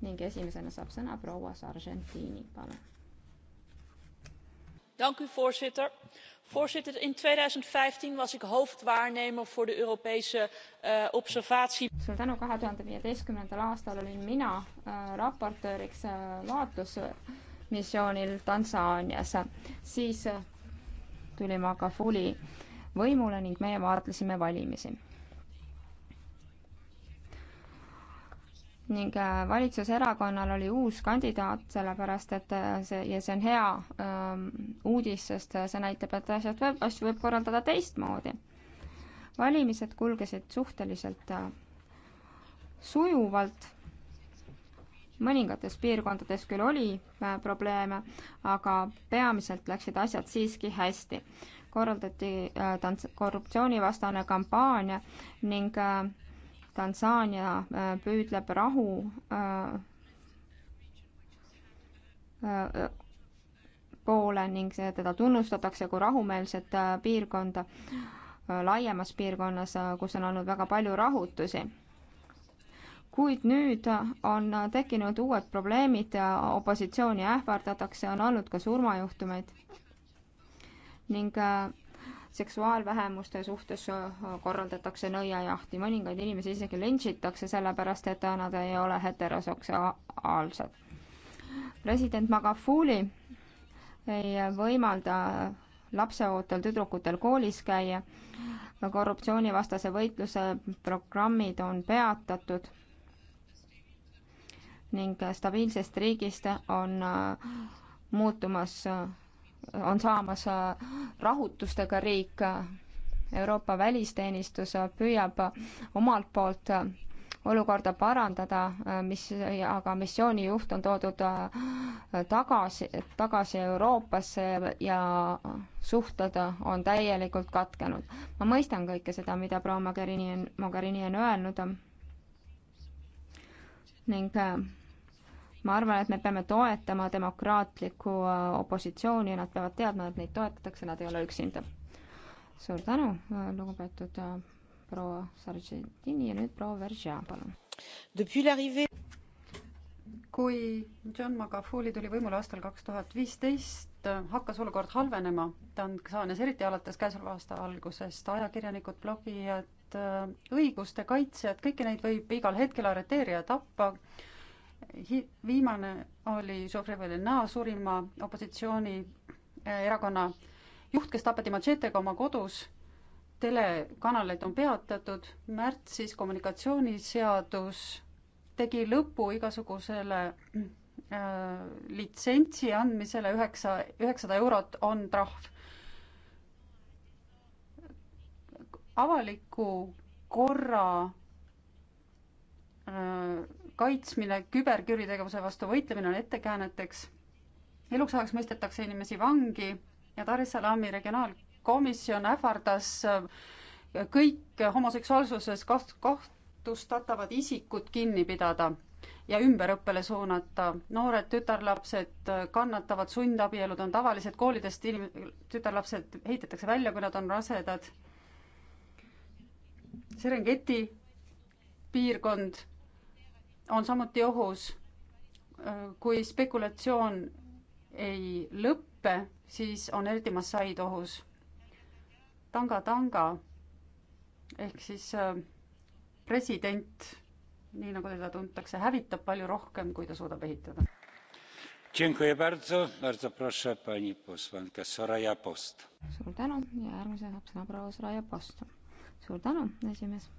ning esimesena saab sõna proua Sargentini, palun. Dank u voorzitter. Voorzitter, in 2015 was ik hoofdwaarnemer voor de Europese uh, observatie. Suur tänu, kahe tuhande viieteistkümnendal aastal olin mina äh, raportööriks äh, eh, vaatlusmissioonil Tansaanias. siis äh, tuli Magafuli võimule ning meie vaatlesime valimisi ning äh, valitsuserakonnal oli uus kandidaat, sellepärast et äh, see, ja see on hea ähm, uudis, sest äh, see näitab, et asjad võib, asju võib korraldada teistmoodi. valimised kulgesid suhteliselt äh, sujuvalt, mõningates piirkondades küll oli äh, probleeme, aga peamiselt läksid asjad siiski hästi. korraldati äh, tants-, korruptsioonivastane kampaania ning äh, Tansaania äh, püüdleb rahu äh, äh, poole ning teda tunnustatakse kui rahumeelset piirkonda laiemas piirkonnas, kus on olnud väga palju rahutusi. kuid nüüd on tekkinud uued probleemid, opositsiooni ähvardatakse, on olnud ka surmajuhtumeid. ning seksuaalvähemuste suhtes äh, korraldatakse nõiajahti, mõningaid inimesi isegi lintšitakse sellepärast, et nad ei ole heteroseksuaalsed. president Magafuli ei võimalda lapseootel tüdrukutel koolis käia, korruptsioonivastase võitluse programmid on peatatud ning stabiilsest riigist on äh, muutumas äh, on saamas äh, rahutustega riik. Euroopa välisteenistus püüab omalt poolt äh, olukorda parandada, äh, mis, aga missioonijuht on toodud tagasi, tagasi Euroopasse ja suhted on täielikult katkenud. ma mõistan kõike seda, mida proua Mogherini on, Mogherini on öelnud ning ma arvan, et me peame toetama demokraatlikku äh, opositsiooni ja nad peavad teadma, et neid toetatakse, nad ei ole üksinda. suur tänu, äh, lugupeetud äh, proua Sargentini ja nüüd proua Veržia, palun. kui John Magafuli tuli võimule aastal kaks tuhat viisteist, hakkas olukord halvenema. ta on, saanes eriti alates käesoleva aasta algusest, ajakirjanikud, blogijad, õiguste kaitsjad, kõiki neid võib igal hetkel arreteerida ja tappa hi-, viimane oli Sofrevelina suurima opositsioonierakonna äh, juht, kes tapeti matšetega oma kodus, telekanaleid on peatatud, märtsis kommunikatsiooniseadus tegi lõpu igasugusele äh, litsentsi andmisele, üheksa, üheksasada eurot on trahv. avaliku korra äh, kaitsmine, küberküritegevuse vastu võitlemine on ettekääneteks. eluks ajaks mõistetakse inimesi vangi ja Dar-es-Salaami regionaalkomisjon ähvardas äh, kõik homoseksuaalsuses kahtlustatavad isikud kinni pidada ja ümberõppele suunata. noored tütarlapsed äh, kannatavad, sundabielud on tavalised, koolidest inim-, tütarlapsed heitetakse välja, kui nad on rasedad. Serengeti piirkond on samuti ohus. kui spekulatsioon ei lõppe, siis on eriti massaid ohus. tanga-tanga ehk siis äh, president, nii nagu teda tuntakse, hävitab palju rohkem, kui ta suudab ehitada. suur tänu ja järgmisena saab sõna proua Soraya Post. suur tänu, esimees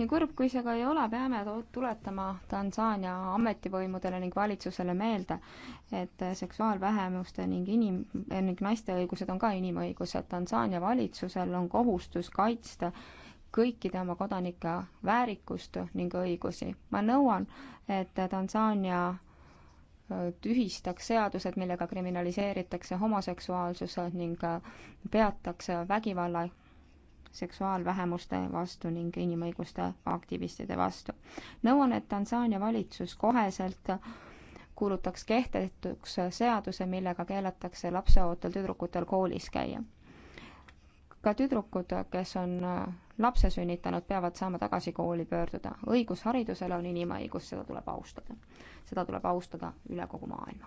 nii kurb, kui see ka ei ole, peame tuletama Tansaania ametivõimudele ning valitsusele meelde, et seksuaalvähemuste ning inim-, ning naiste õigused on ka inimõigused. Tansaania valitsusel on kohustus kaitsta kõikide oma kodanike väärikust ning õigusi. ma nõuan, et Tansaania äh, tühistaks seadused, millega kriminaliseeritakse homoseksuaalsus ning äh, peataks vägivalla seksuaalvähemuste vastu ning inimõiguste aktivistide vastu. nõuan, et Tansaania valitsus koheselt kuulutaks kehtetuks seaduse, millega keelatakse lapseootel tüdrukutel koolis käia. ka tüdrukud, kes on lapse sünnitanud, peavad saama tagasi kooli pöörduda. õigus haridusele on inimõigus, seda tuleb austada. seda tuleb austada üle kogu maailma.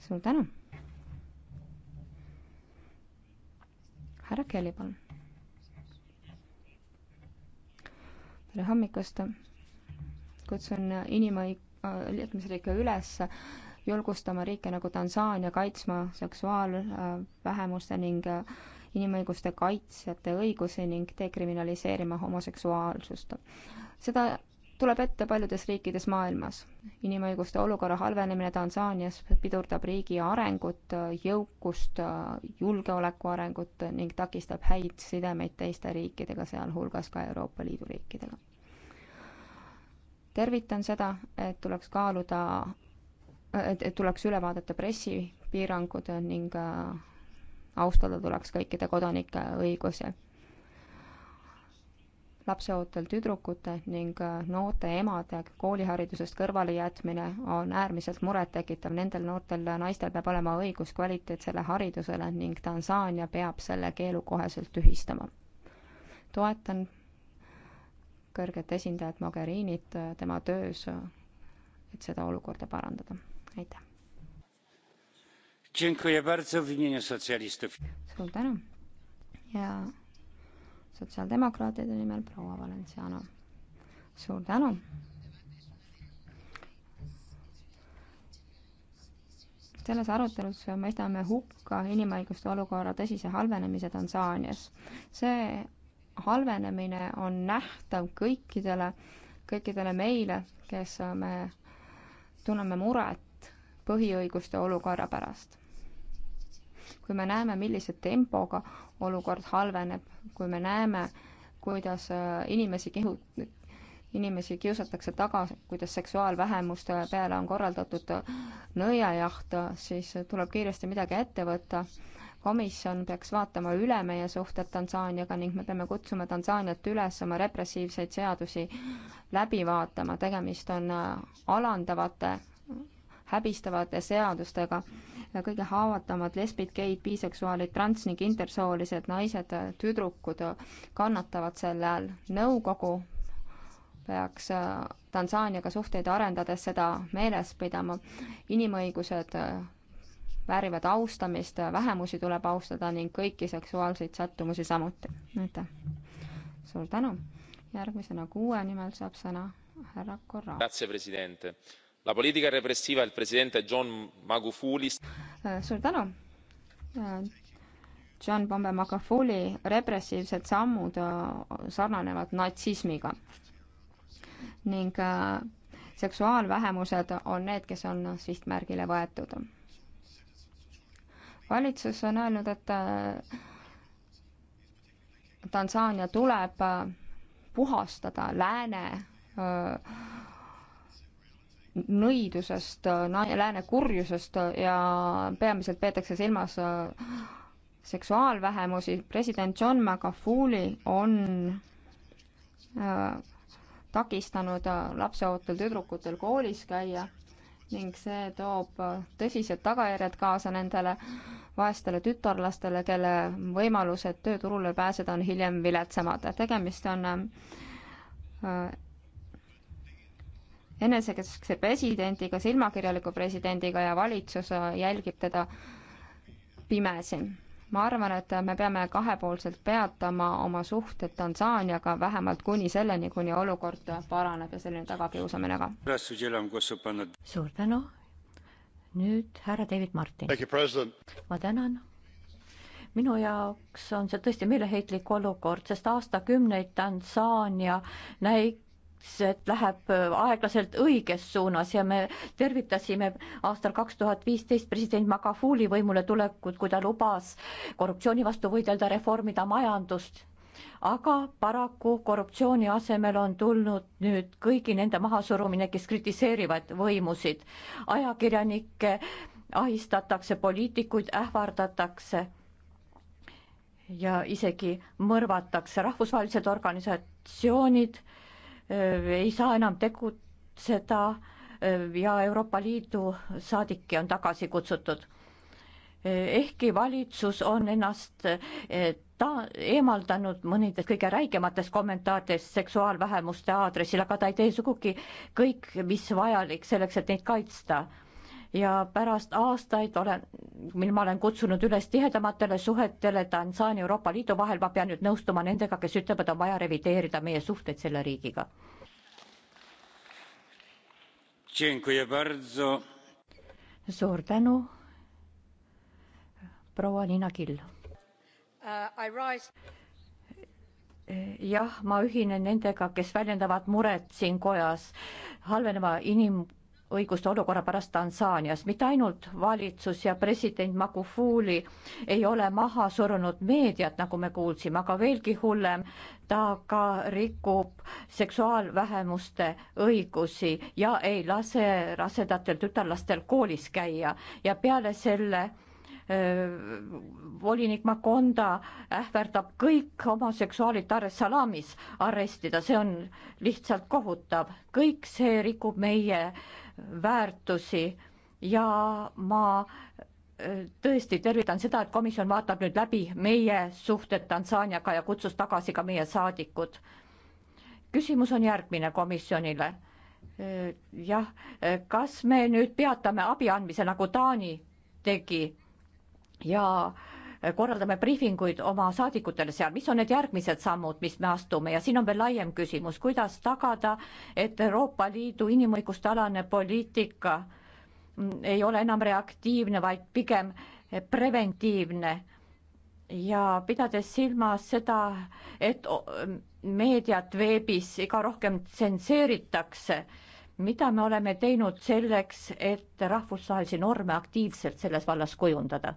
suur tänu! härra Kelly, palun. tere hommikust. kutsun inimõig-, äh, liikmesriike üles julgustama riike nagu Tansaania kaitsma seksuaalvähemuste ning äh, inimõiguste kaitsjate õigusi ning dekriminaliseerima homoseksuaalsust. seda tuleb ette paljudes riikides maailmas. inimõiguste olukorra halvenemine Tansaanias pidurdab riigi arengut, jõukust, julgeoleku arengut ning takistab häid sidemeid teiste riikidega, sealhulgas ka Euroopa Liidu riikidega. tervitan seda, et tuleks kaaluda, et, et tuleks üle vaadata pressipiirangud ning äh, austada tuleks kõikide kodanike õigusi lapseootel tüdrukute ning äh, noorte emade kooliharidusest kõrvalejätmine on äärmiselt murettekitav. Nendel noortel naistel peab olema õigus kvaliteetsele haridusele ning Tansaania peab selle keelu koheselt tühistama. toetan kõrget esindajat Mogherinit äh, tema töös, äh, et seda olukorda parandada. aitäh! suur tänu ja sotsiaaldemokraatide nimel proua Valenciano. suur tänu. selles arutelus mõistame hukka inimõiguste olukorra tõsise halvenemise Tansaanias. see halvenemine on nähtav kõikidele, kõikidele meile, kes me tunneme muret põhiõiguste olukorra pärast kui me näeme, millise tempoga olukord halveneb, kui me näeme, kuidas äh, inimesi kihu-, inimesi kiusatakse taga, kuidas seksuaalvähemuste peale on korraldatud äh, nõiajaht, äh, siis tuleb kiiresti midagi ette võtta. komisjon peaks vaatama üle meie suhted Tansaaniaga ning me peame kutsuma Tansaaniat üles oma repressiivseid seadusi läbi vaatama, tegemist on alandavate häbistavate seadustega. kõige haavatavamad lesbid, geid, biseksuaalid, trans ning intersoolised naised, tüdrukud kannatavad selle all. nõukogu peaks Tansaaniaga suhteid arendades seda meeles pidama. inimõigused väärivad austamist, vähemusi tuleb austada ning kõiki seksuaalseid sättumusi samuti. aitäh. suur tänu. järgmisena kuue nimel saab sõna härra Corral la politica repressiva del presidente john magufuli. Äh, suur tänu. Äh, john Pombe Magufuli repressiivsed sammud äh, sarnanevad natsismiga ning seksuaalvähemused on need, kes on sihtmärgile võetud. valitsus on öelnud, et Tansaania tuleb puhastada lääne öö, nõidusest, lääne kurjusest ja peamiselt peetakse silmas äh, seksuaalvähemusi. president John Magafuli on äh, takistanud äh, lapseootel tüdrukutel koolis käia ning see toob tõsised tagajärjed kaasa nendele vaestele tütarlastele, kelle võimalused tööturule pääseda on hiljem viletsamad. tegemist on enesekeskse presidendiga, silmakirjaliku presidendiga ja valitsus jälgib teda pimesi. ma arvan, et me peame kahepoolselt peatama oma suhted Tansaaniaga vähemalt kuni selleni, kuni olukord paraneb ja selline tagakiusamine ka. suur tänu. nüüd härra David Martin. ma tänan minu jaoks on see tõesti meeleheitlik olukord, sest aastakümneid Tansaania näik-, et läheb äh, aeglaselt õiges suunas ja me tervitasime aastal kaks tuhat viisteist president Magafuli võimule tulekut, kui ta lubas korruptsiooni vastu võidelda, reformida majandust. aga paraku korruptsiooni asemel on tulnud nüüd kõigi nende mahasurumine, kes kritiseerivad võimusid. ajakirjanikke ahistatakse, poliitikuid ähvardatakse ja isegi mõrvatakse rahvusvahelised organisatsioonid Äh, ei saa enam tegutseda äh, ja Euroopa Liidu saadikki on tagasi kutsutud. Äh, ehkki valitsus on ennast ta eemaldanud mõnidest kõige räigematest kommentaatidest seksuaalvähemuste aadressil, aga ta ei tee sugugi kõik, mis vajalik selleks, et neid kaitsta ja pärast aastaid olen, mil ma olen kutsunud üles tihedamatele suhetele Tansaania Euroopa Liidu vahel, ma pean nüüd nõustuma nendega, kes ütlevad, on vaja revideerida meie suhteid selle riigiga. suur tänu, proua Liina Kill uh, jah, ma ühinen nendega, kes väljendavad muret siin kojas halveneva inim- õiguste olukorra pärast Tansaanias. mitte ainult valitsus ja president Magufuli ei ole maha surunud meediat, nagu me kuulsime, aga veelgi hullem, ta ka rikub seksuaalvähemuste õigusi ja ei lase rasedatel tütarlastel koolis käia ja peale selle volinik Makonda ähvardab kõik homoseksuaalid Dar-es-Salaamis arestida, see on lihtsalt kohutav. kõik see rikub meie väärtusi ja ma äh, tõesti tervitan seda, et komisjon vaatab nüüd läbi meie suhted Tansaaniaga ja kutsus tagasi ka meie saadikud. küsimus on järgmine komisjonile. Äh, jah, äh, kas me nüüd peatame abi andmise, nagu Taani tegi ja äh, korraldame briifinguid oma saadikutele seal, mis on need järgmised sammud, mis me astume ja siin on veel laiem küsimus, kuidas tagada, et Euroopa Liidu inimõiguste alane poliitika mm, ei ole enam reaktiivne, vaid pigem preventiivne ja pidades silmas seda, et mm, meediat veebis iga rohkem tsenseeritakse, mida me oleme teinud selleks, et rahvusvahelisi norme aktiivselt selles vallas kujundada?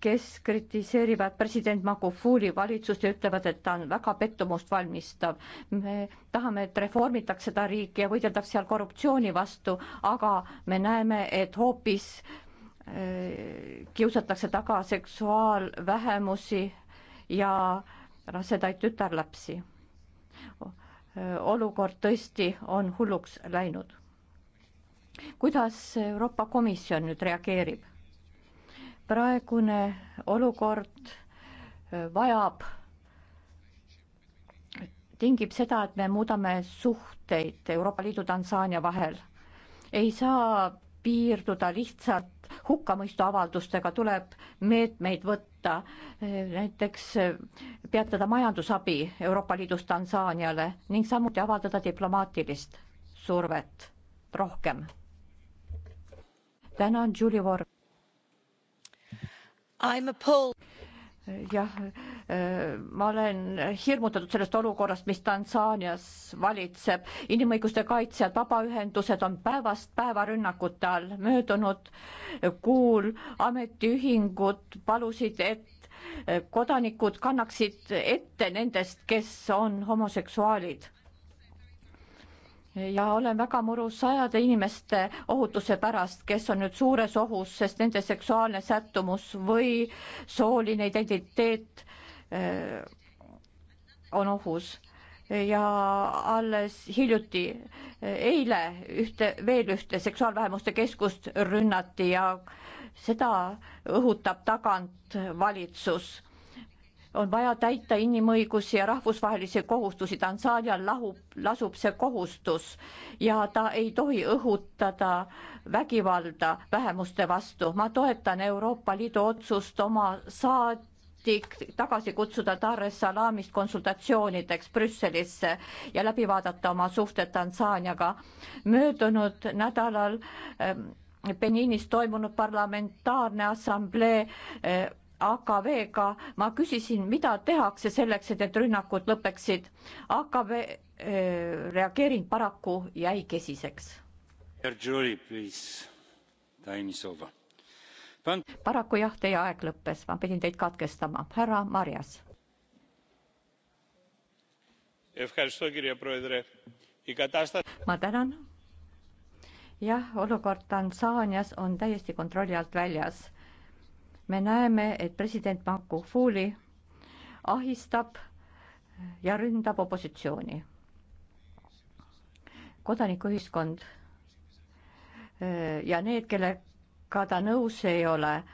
kes kritiseerivad president Magufuli valitsust ja ütlevad, et ta on väga pettumust valmistav. me tahame, et reformitaks seda riiki ja võideldaks seal korruptsiooni vastu, aga me näeme, et hoopis äh, kiusatakse taga seksuaalvähemusi ja rasedaid tütarlapsi. olukord tõesti on hulluks läinud. kuidas Euroopa Komisjon nüüd reageerib? praegune olukord äh, vajab, tingib seda, et me muudame suhteid Euroopa Liidu, Tansaania vahel. ei saa piirduda lihtsalt hukkamõistuavaldustega, tuleb meetmeid võtta, äh, näiteks äh, peatada majandusabi Euroopa Liidust Tansaaniale ning samuti avaldada diplomaatilist survet rohkem. tänan, Julie Ward jah, äh, ma olen hirmutatud sellest olukorrast, mis Tansaanias valitseb. inimõiguste kaitsjad, vabaühendused on päevast päeva rünnakute all. möödunud kuul ametiühingud palusid, et kodanikud kannaksid ette nendest, kes on homoseksuaalid ja olen väga murus sajade inimeste ohutuse pärast, kes on nüüd suures ohus, sest nende seksuaalne sättumus või sooline identiteet eh, on ohus ja alles hiljuti, eh, eile ühte, veel ühte seksuaalvähemuste keskust rünnati ja seda õhutab tagant valitsus on vaja täita inimõigusi ja rahvusvahelisi kohustusi. Tansaanial lahub, lasub see kohustus ja ta ei tohi õhutada vägivalda vähemuste vastu. ma toetan Euroopa Liidu otsust oma saad-, Eestit tagasi kutsuda Dar es Salaamist konsultatsioonideks Brüsselisse ja läbi vaadata oma suhted Tansaaniaga. möödunud nädalal ähm, Beninis toimunud parlamentaarne assamblee äh, AKV-ga, ma küsisin, mida tehakse selleks, et need rünnakud lõpeksid. AKV äh, reageering paraku jäi kesiseks. paraku jah, teie aeg lõppes, ma pidin teid katkestama, härra Marjas. ma tänan jah, olukord Tansaanias on täiesti kontrolli alt väljas me näeme, et president Makufuli ahistab ja ründab opositsiooni. kodanikuühiskond eh, ja need, kellega ta nõus ei ole, eh,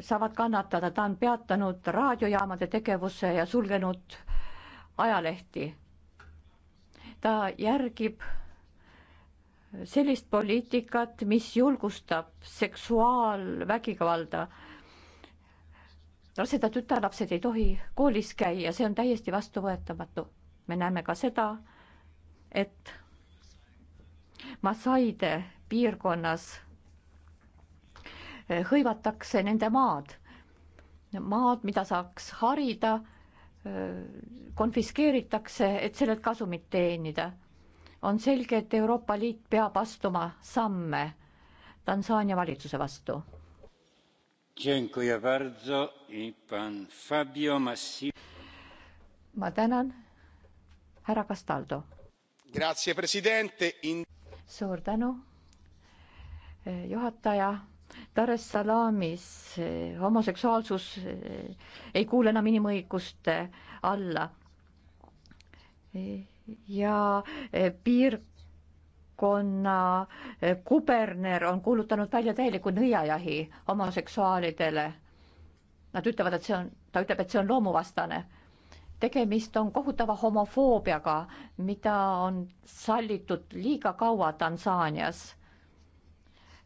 saavad kannatada, ta on peatanud raadiojaamade tegevuse ja sulgenud ajalehti. ta järgib sellist poliitikat, mis julgustab seksuaalvägivalda rasedad tütarlapsed ei tohi koolis käia, see on täiesti vastuvõetamatu. me näeme ka seda, et Masaide piirkonnas eh, hõivatakse nende maad, maad, mida saaks harida, eh, konfiskeeritakse, et sellelt kasumit teenida. on selge, et Euroopa Liit peab astuma samme Tansaania valitsuse vastu ma tänan, härra Castaldo. suur tänu, juhataja Dar es Salaamis homoseksuaalsus eh, ei kuule enam inimõiguste alla. Eh, ja eh, piir maakonna eh, kuberner on kuulutanud välja täieliku nõiajahi homoseksuaalidele. Nad ütlevad, et see on, ta ütleb, et see on loomuvastane. tegemist on kohutava homofoobiaga, mida on sallitud liiga kaua Tansaanias.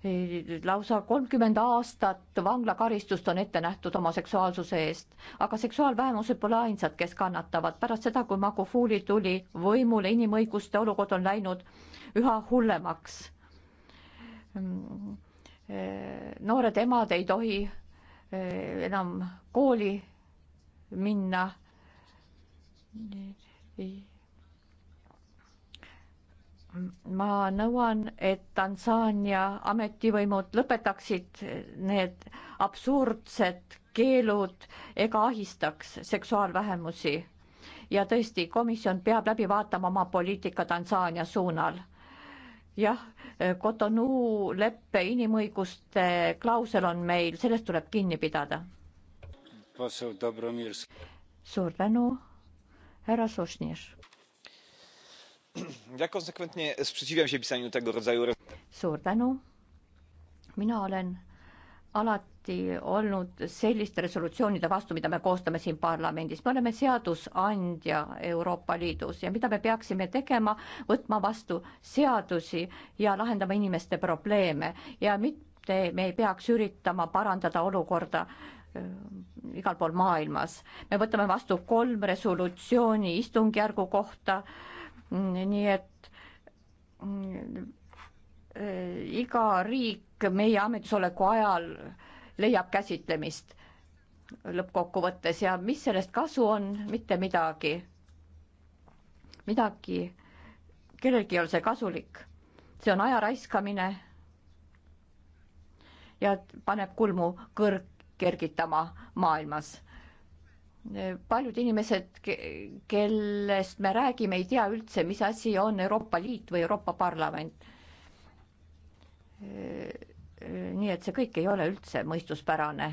Eh, lausa kolmkümmend aastat vanglakaristust on ette nähtud homoseksuaalsuse eest, aga seksuaalvähemused pole ainsad, kes kannatavad. pärast seda, kui Magufuli tuli võimule, inimõiguste olukord on läinud üha hullemaks. noored emad ei tohi eh, enam kooli minna ma nõuan, et Tansaania ametivõimud lõpetaksid need absurdsed keelud ega ahistaks seksuaalvähemusi. ja tõesti, komisjon peab läbi vaatama oma poliitika Tansaania suunal jah, Cotonou leppe inimõiguste klausel on meil, sellest tuleb kinni pidada. suur tänu, härra Sošnir. suur tänu, mina olen alati olnud selliste resolutsioonide vastu, mida me koostame siin parlamendis, me oleme seadusandja Euroopa Liidus ja mida me peaksime tegema, võtma vastu seadusi ja lahendama inimeste probleeme ja mitte me ei peaks üritama parandada olukorda igal pool maailmas. me võtame vastu kolm resolutsiooni istungjärgu kohta, nii et mm, iga riik meie ametisoleku ajal leiab käsitlemist lõppkokkuvõttes ja mis sellest kasu on, mitte midagi. midagi, kellelgi ei ole see kasulik. see on aja raiskamine ja paneb kulmu kõrg kergitama maailmas. paljud inimesed, kellest me räägime, ei tea üldse, mis asi on Euroopa Liit või Euroopa Parlament Äh, äh, nii et see kõik ei ole üldse mõistuspärane.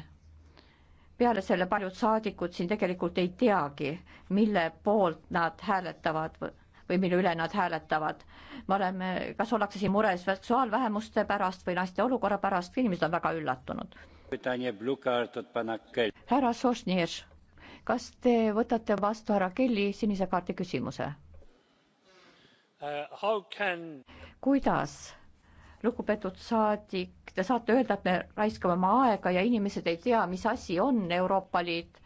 peale selle paljud saadikud siin tegelikult ei teagi, mille poolt nad hääletavad või mille üle nad hääletavad. me oleme, kas ollakse siin mures seksuaalvähemuste pärast või naiste olukorra pärast, inimesed on väga üllatunud. härra Sošnjev, kas te võtate vastu härra Kelly sinise kaardi küsimuse? Uh, can... kuidas lugupeetud saadik, te saate öelda, et me raiskame oma aega ja inimesed ei tea, mis asi on Euroopa Liit.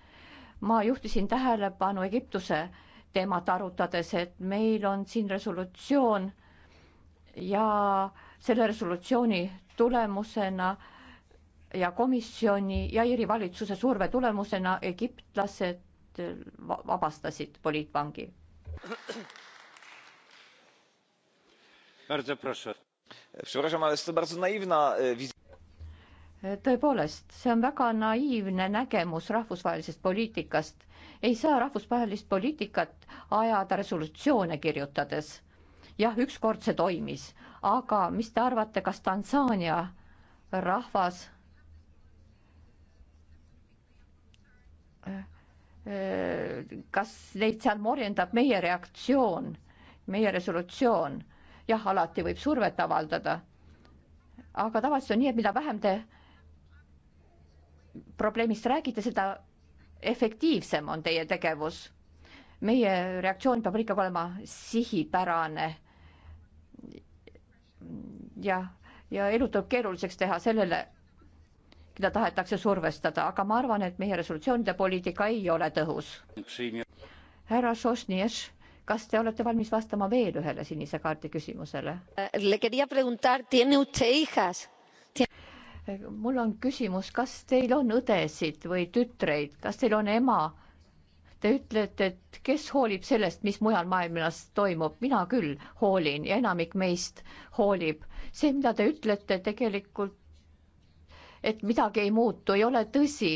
ma juhtisin tähelepanu Egiptuse teemat arutades, et meil on siin resolutsioon ja selle resolutsiooni tulemusena ja komisjoni ja Iiri valitsuse surve tulemusena egiptlased vabastasid poliitvangi. E, e, tõepoolest, see on väga naiivne nägemus rahvusvahelisest poliitikast. ei saa rahvusvahelist poliitikat ajada resolutsioone kirjutades. jah, ükskord see toimis, aga mis te arvate, kas Tansaania rahvas e, kas neid seal morjendab meie reaktsioon, meie resolutsioon? jah, alati võib survet avaldada. aga tavaliselt on nii, et mida vähem te probleemist räägite, seda efektiivsem on teie tegevus. meie reaktsioon peab ikkagi olema sihipärane. jah, ja elu tuleb keeruliseks teha sellele, keda tahetakse survestada, aga ma arvan, et meie resolutsioonide poliitika ei ole tõhus. härra Sosnjev kas te olete valmis vastama veel ühele sinise kaardi küsimusele? Eh, mul on küsimus, kas teil on õdesid või tütreid, kas teil on ema? Te ütlete, et kes hoolib sellest, mis mujal maailmas toimub, mina küll hoolin ja enamik meist hoolib. see, mida te ütlete tegelikult, et midagi ei muutu, ei ole tõsi.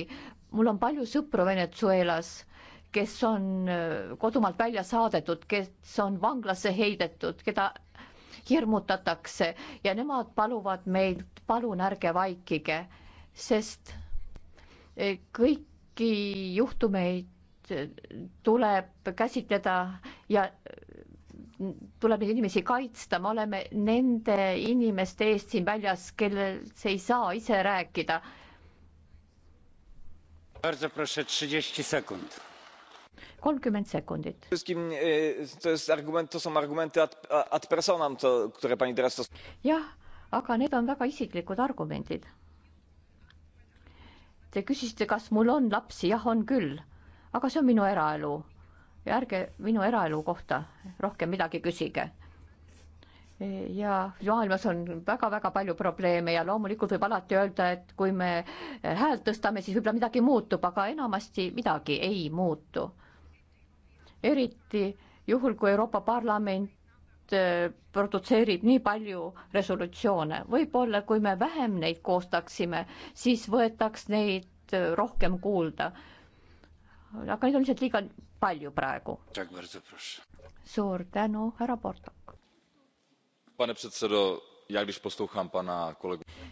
mul on palju sõpru Venezuelas kes on äh, kodumaalt välja saadetud, kes on vanglasse heidetud, keda hirmutatakse ja nemad paluvad meilt, palun ärge vaikige, sest äh, kõiki juhtumeid äh, tuleb käsitleda ja tuleb neid inimesi kaitsta, me oleme nende inimeste eest siin väljas, kellel see ei saa ise rääkida kolmkümmend sekundit. E, jah, aga need on väga isiklikud argumendid. Te küsisite, kas mul on lapsi, jah, on küll, aga see on minu eraelu ja ärge minu eraelu kohta rohkem midagi küsige e, ja maailmas on väga-väga palju probleeme ja loomulikult võib alati öelda, et kui me häält tõstame, siis võib-olla midagi muutub, aga enamasti midagi ei muutu eriti juhul, kui Euroopa Parlament äh, produtseerib nii palju resolutsioone, võib-olla kui me vähem neid koostaksime, siis võetaks neid äh, rohkem kuulda. aga neid on lihtsalt liiga palju praegu. suur tänu, härra Portok.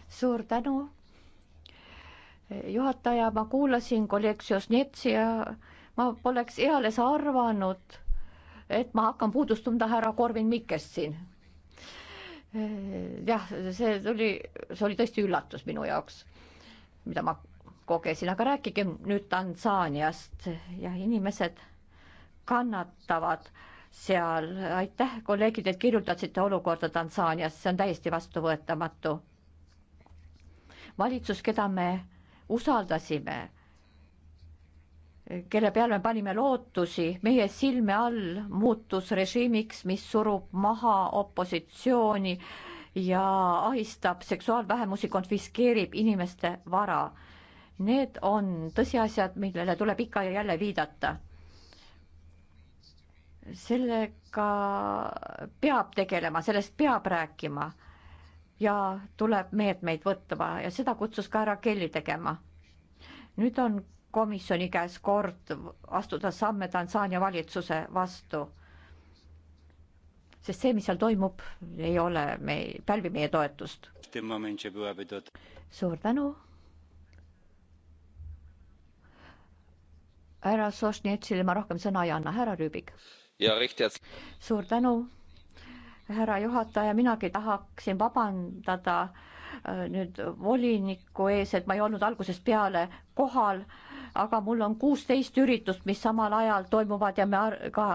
suur tänu, juhataja, ma kuulasin kolleeg Sosnetsi ja ma poleks eales arvanud, et ma hakkan puudust tunda härra Korvin Mikkest siin. Eh, jah, see tuli, see oli tõesti üllatus minu jaoks, mida ma kogesin, aga rääkige nüüd Tansaaniast ja inimesed kannatavad seal. aitäh, kolleegid, et kirjutasite olukorda Tansaanias, see on täiesti vastuvõetamatu. valitsus, keda me usaldasime kelle peale me panime lootusi, meie silme all muutus režiimiks, mis surub maha opositsiooni ja ahistab seksuaalvähemusi, konfiskeerib inimeste vara. Need on tõsiasjad, millele tuleb ikka ja jälle viidata. sellega peab tegelema, sellest peab rääkima ja tuleb meetmeid võtma ja seda kutsus ka härra Kelly tegema. nüüd on komisjoni käes kord astuda samme Tansaania valitsuse vastu. sest see, mis seal toimub, ei ole, me ei pälvi meie toetust. suur tänu. härra Sošnetšile ma rohkem sõna ei anna, härra Rüübik. suur tänu, härra juhataja, minagi tahaksin vabandada äh, nüüd voliniku ees, et ma ei olnud algusest peale kohal aga mul on kuusteist üritust, mis samal ajal toimuvad ja me ar ka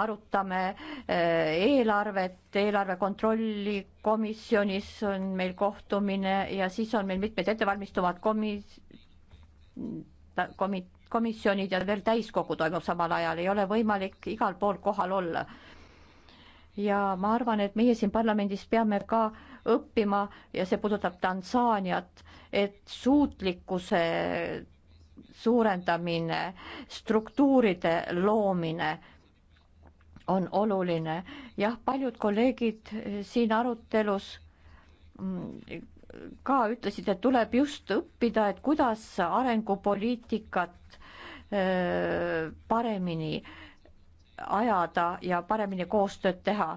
arutame eh, eelarvet, eelarve kontrolli komisjonis on meil kohtumine ja siis on meil mitmed ettevalmistuvad komis-, komi-, komisjonid ja veel täiskogu toimub samal ajal, ei ole võimalik igal pool kohal olla. ja ma arvan, et meie siin parlamendis peame ka õppima ja see puudutab Tansaaniat, et suutlikkuse suurendamine, struktuuride loomine on oluline. jah, paljud kolleegid siin arutelus mm, ka ütlesid, et tuleb just õppida, et kuidas arengupoliitikat paremini ajada ja paremini koostööd teha.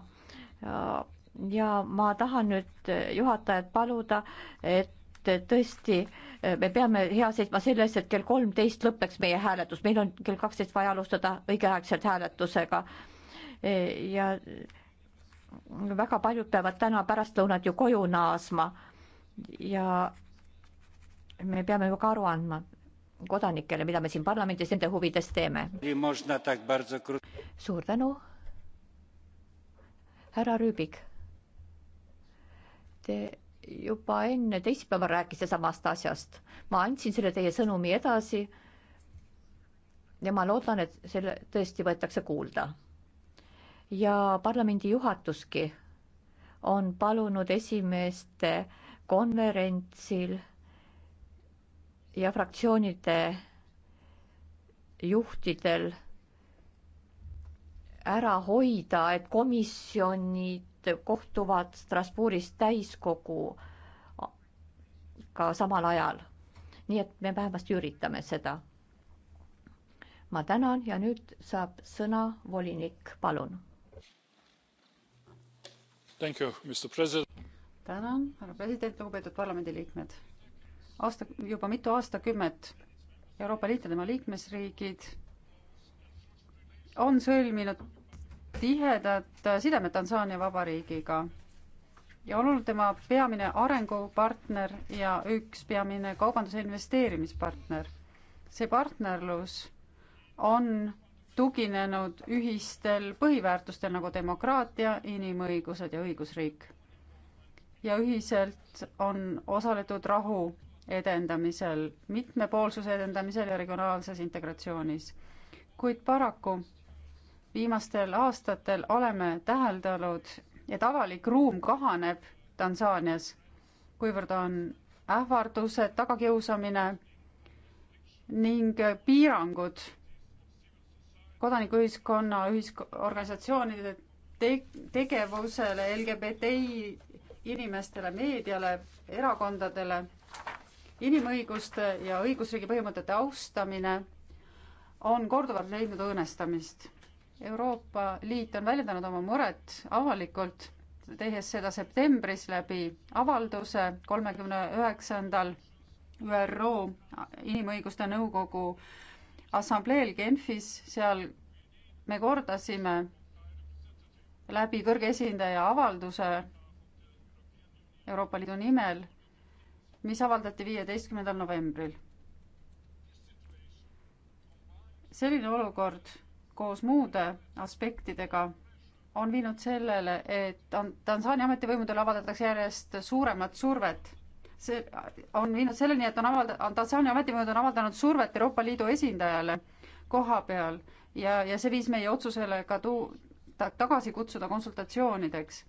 ja ma tahan nüüd juhatajat paluda, et tõesti äh, me peame hea seisma selle eest, et kell kolmteist lõpeks meie hääletus, meil on kell kaksteist vaja alustada õigeaegselt hääletusega. E, ja väga paljud peavad täna pärastlõunat ju koju naasma ja me peame ju ka aru andma kodanikele, mida me siin parlamendis nende huvides teeme. suur tänu. härra Rüübik. Te juba enne teisipäeval rääkis samast asjast. ma andsin selle teie sõnumi edasi. ja ma loodan, et selle tõesti võetakse kuulda. ja parlamendi juhatuski on palunud esimeeste konverentsil ja fraktsioonide juhtidel ära hoida, et komisjonid kohtuvad Strasbourgis täiskoguga samal ajal. nii et me vähemasti üritame seda. ma tänan ja nüüd saab sõna volinik, palun. tänan, härra president, lugupeetud parlamendiliikmed. aasta, juba mitu aastakümmet Euroopa Liit ja tema liikmesriigid on sõlminud tihedat sidemed Tansaania Vabariigiga ja on olnud tema peamine arengupartner ja üks peamine kaubandus- ja investeerimispartner. see partnerlus on tuginenud ühistel põhiväärtustel nagu demokraatia, inimõigused ja õigusriik. ja ühiselt on osaletud rahu edendamisel, mitmepoolsuse edendamisel ja regionaalses integratsioonis. kuid paraku viimastel aastatel oleme täheldanud, et avalik ruum kahaneb Tansaanias, kuivõrd on ähvardused, tagakiusamine ning piirangud kodanikuühiskonna ühisk-, organisatsioonide te-, tegevusele, LGBTI inimestele, meediale, erakondadele, inimõiguste ja õigusriigi põhimõtete austamine on korduvalt leidnud õõnestamist Euroopa Liit on väljendanud oma muret avalikult, tehes seda septembris läbi avalduse kolmekümne üheksandal ÜRO Inimõiguste Nõukogu assambleel Genfis, seal me kordasime läbi kõrge esindaja avalduse Euroopa Liidu nimel, mis avaldati viieteistkümnendal novembril. selline olukord koos muude aspektidega on viinud sellele, et Tansaania ametivõimudele avaldatakse järjest suuremat survet. see on viinud selleni, et on avalda-, Tansaania ametivõimud on avaldanud survet Euroopa Liidu esindajale koha peal ja, ja see viis meie otsusele ka tu-, ta-, tagasi kutsuda konsultatsioonideks.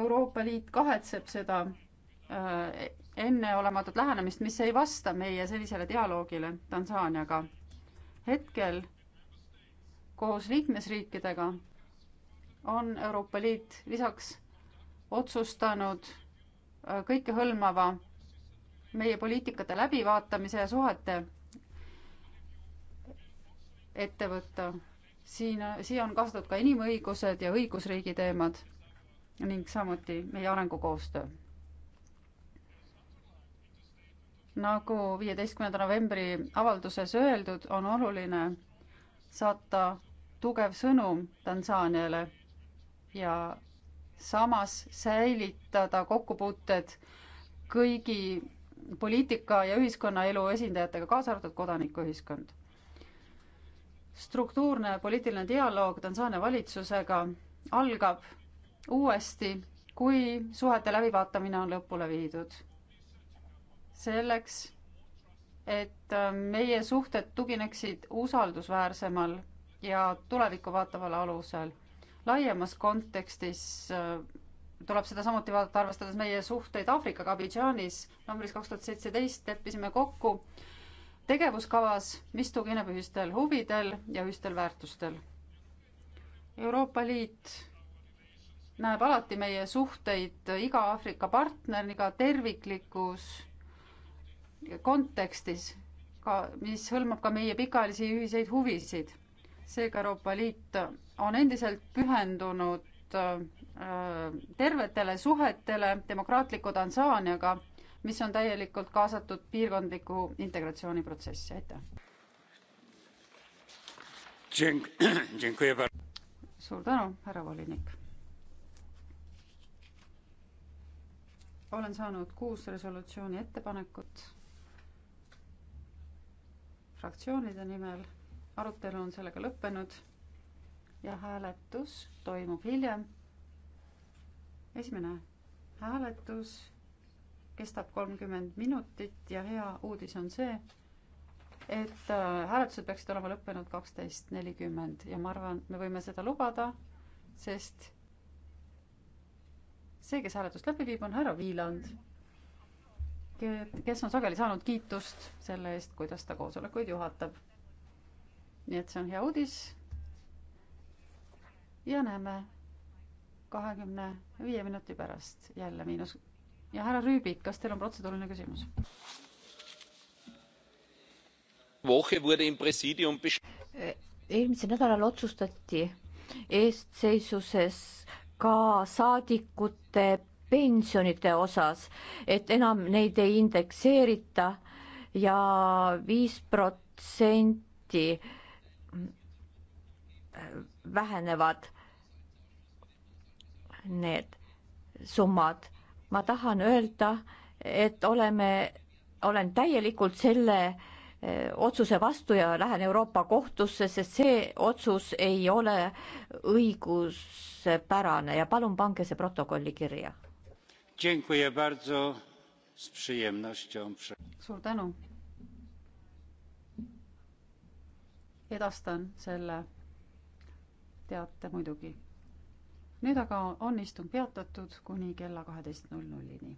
Euroopa Liit kahetseb seda äh, enneolematut lähenemist, mis ei vasta meie sellisele dialoogile Tansaaniaga hetkel koos liikmesriikidega on Euroopa Liit lisaks otsustanud äh, kõikehõlmava meie poliitikate läbivaatamise ja suhete ette võtta. siin, siia on kaasatud ka inimõigused ja õigusriigi teemad ning samuti meie arengukoostöö nagu viieteistkümnenda novembri avalduses öeldud, on oluline saata tugev sõnum Tansaaniale ja samas säilitada kokkupuuted kõigi poliitika ja ühiskonnaelu esindajatega, kaasa arvatud kodanikuühiskond. struktuurne poliitiline dialoog Tansaania valitsusega algab uuesti, kui suhete läbivaatamine on lõpule viidud selleks, et äh, meie suhted tugineksid usaldusväärsemal ja tulevikku vaataval alusel. laiemas kontekstis äh, tuleb seda samuti vaadata, arvestades meie suhteid Aafrikaga Abidžaanis novembris kaks tuhat seitseteist leppisime kokku tegevuskavas, mis tugineb ühistel huvidel ja ühistel väärtustel. Euroopa Liit näeb alati meie suhteid iga Aafrika partneriga terviklikus kontekstis, ka, mis hõlmab ka meie pikaajalisi ühiseid huvisid. seega Euroopa Liit on endiselt pühendunud äh, tervetele suhetele demokraatliku Tansaaniaga, mis on täielikult kaasatud piirkondliku integratsiooniprotsessi, aitäh. suur tänu, härra volinik. olen saanud kuus resolutsiooni ettepanekut fraktsioonide nimel. arutelu on sellega lõppenud ja hääletus toimub hiljem. esimene hääletus kestab kolmkümmend minutit ja hea uudis on see, et äh, hääletused peaksid olema lõppenud kaksteist nelikümmend ja ma arvan, me võime seda lubada, sest see, kes hääletust läbi viib, on härra Viiland kes on sageli saanud kiitust selle eest, kuidas ta koosolekuid juhatab. nii et see on hea uudis. ja näeme kahekümne viie minuti pärast jälle miinus. ja härra Rüübik, kas teil on protseduuriline küsimus? Äh, eelmisel nädalal otsustati eestseisuses ka saadikute pensionite osas, et enam neid ei indekseerita ja viis protsenti vähenevad need summad. ma tahan öelda, et oleme, olen täielikult selle eh, otsuse vastu ja lähen Euroopa kohtusse, sest see otsus ei ole õiguspärane ja palun pange see protokolli kirja suur tänu. edastan selle teate muidugi. nüüd aga on istung peatatud kuni kella kaheteist null nullini.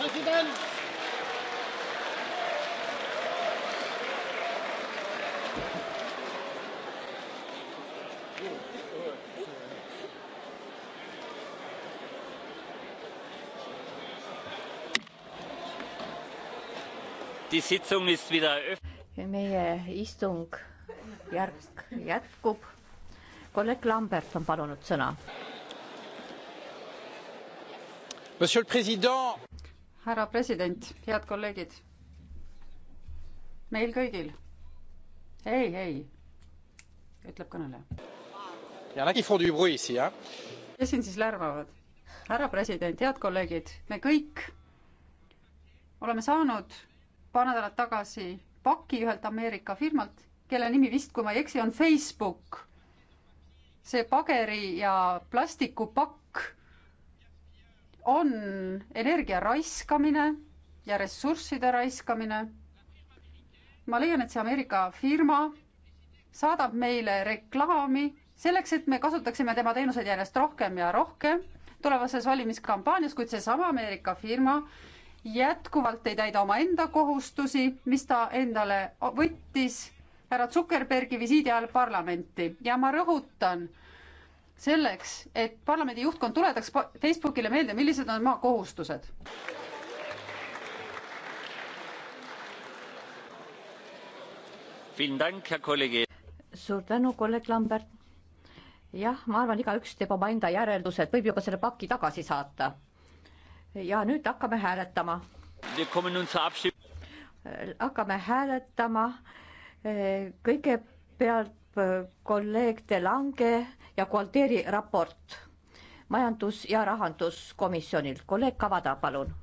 Präsident! Die Sitzung ist wieder meie istung järk jätkub. kolleeg Lambert on palunud sõna. Monsieur le Président, härra president, head kolleegid. meil kõigil. ei, ei, ütleb kõneleja. kes siin siis lärmavad? härra president, head kolleegid, me kõik oleme saanud paar nädalat tagasi paki ühelt Ameerika firmalt, kelle nimi vist, kui ma ei eksi, on Facebook. see pageri ja plastikupakk energia raiskamine ja ressursside raiskamine. ma leian, et see Ameerika firma saadab meile reklaami selleks, et me kasutaksime tema teenuseid järjest rohkem ja rohkem tulevases valimiskampaanias, kuid seesama Ameerika firma jätkuvalt ei täida omaenda kohustusi, mis ta endale võttis härra Zuckerbergi visiidi ajal parlamenti ja ma rõhutan, selleks, et parlamendi juhtkond tuletaks Facebookile meelde, millised on maa kohustused. suur tänu, kolleeg Lambert. jah, ma arvan, igaüks teeb omaenda järeldused, võib ju ka selle paki tagasi saata. ja nüüd hakkame hääletama. hakkame hääletama. kõigepealt kolleeg De Lange ja Gualteri raport majandus- ja rahanduskomisjonilt. kolleeg Kavada, palun.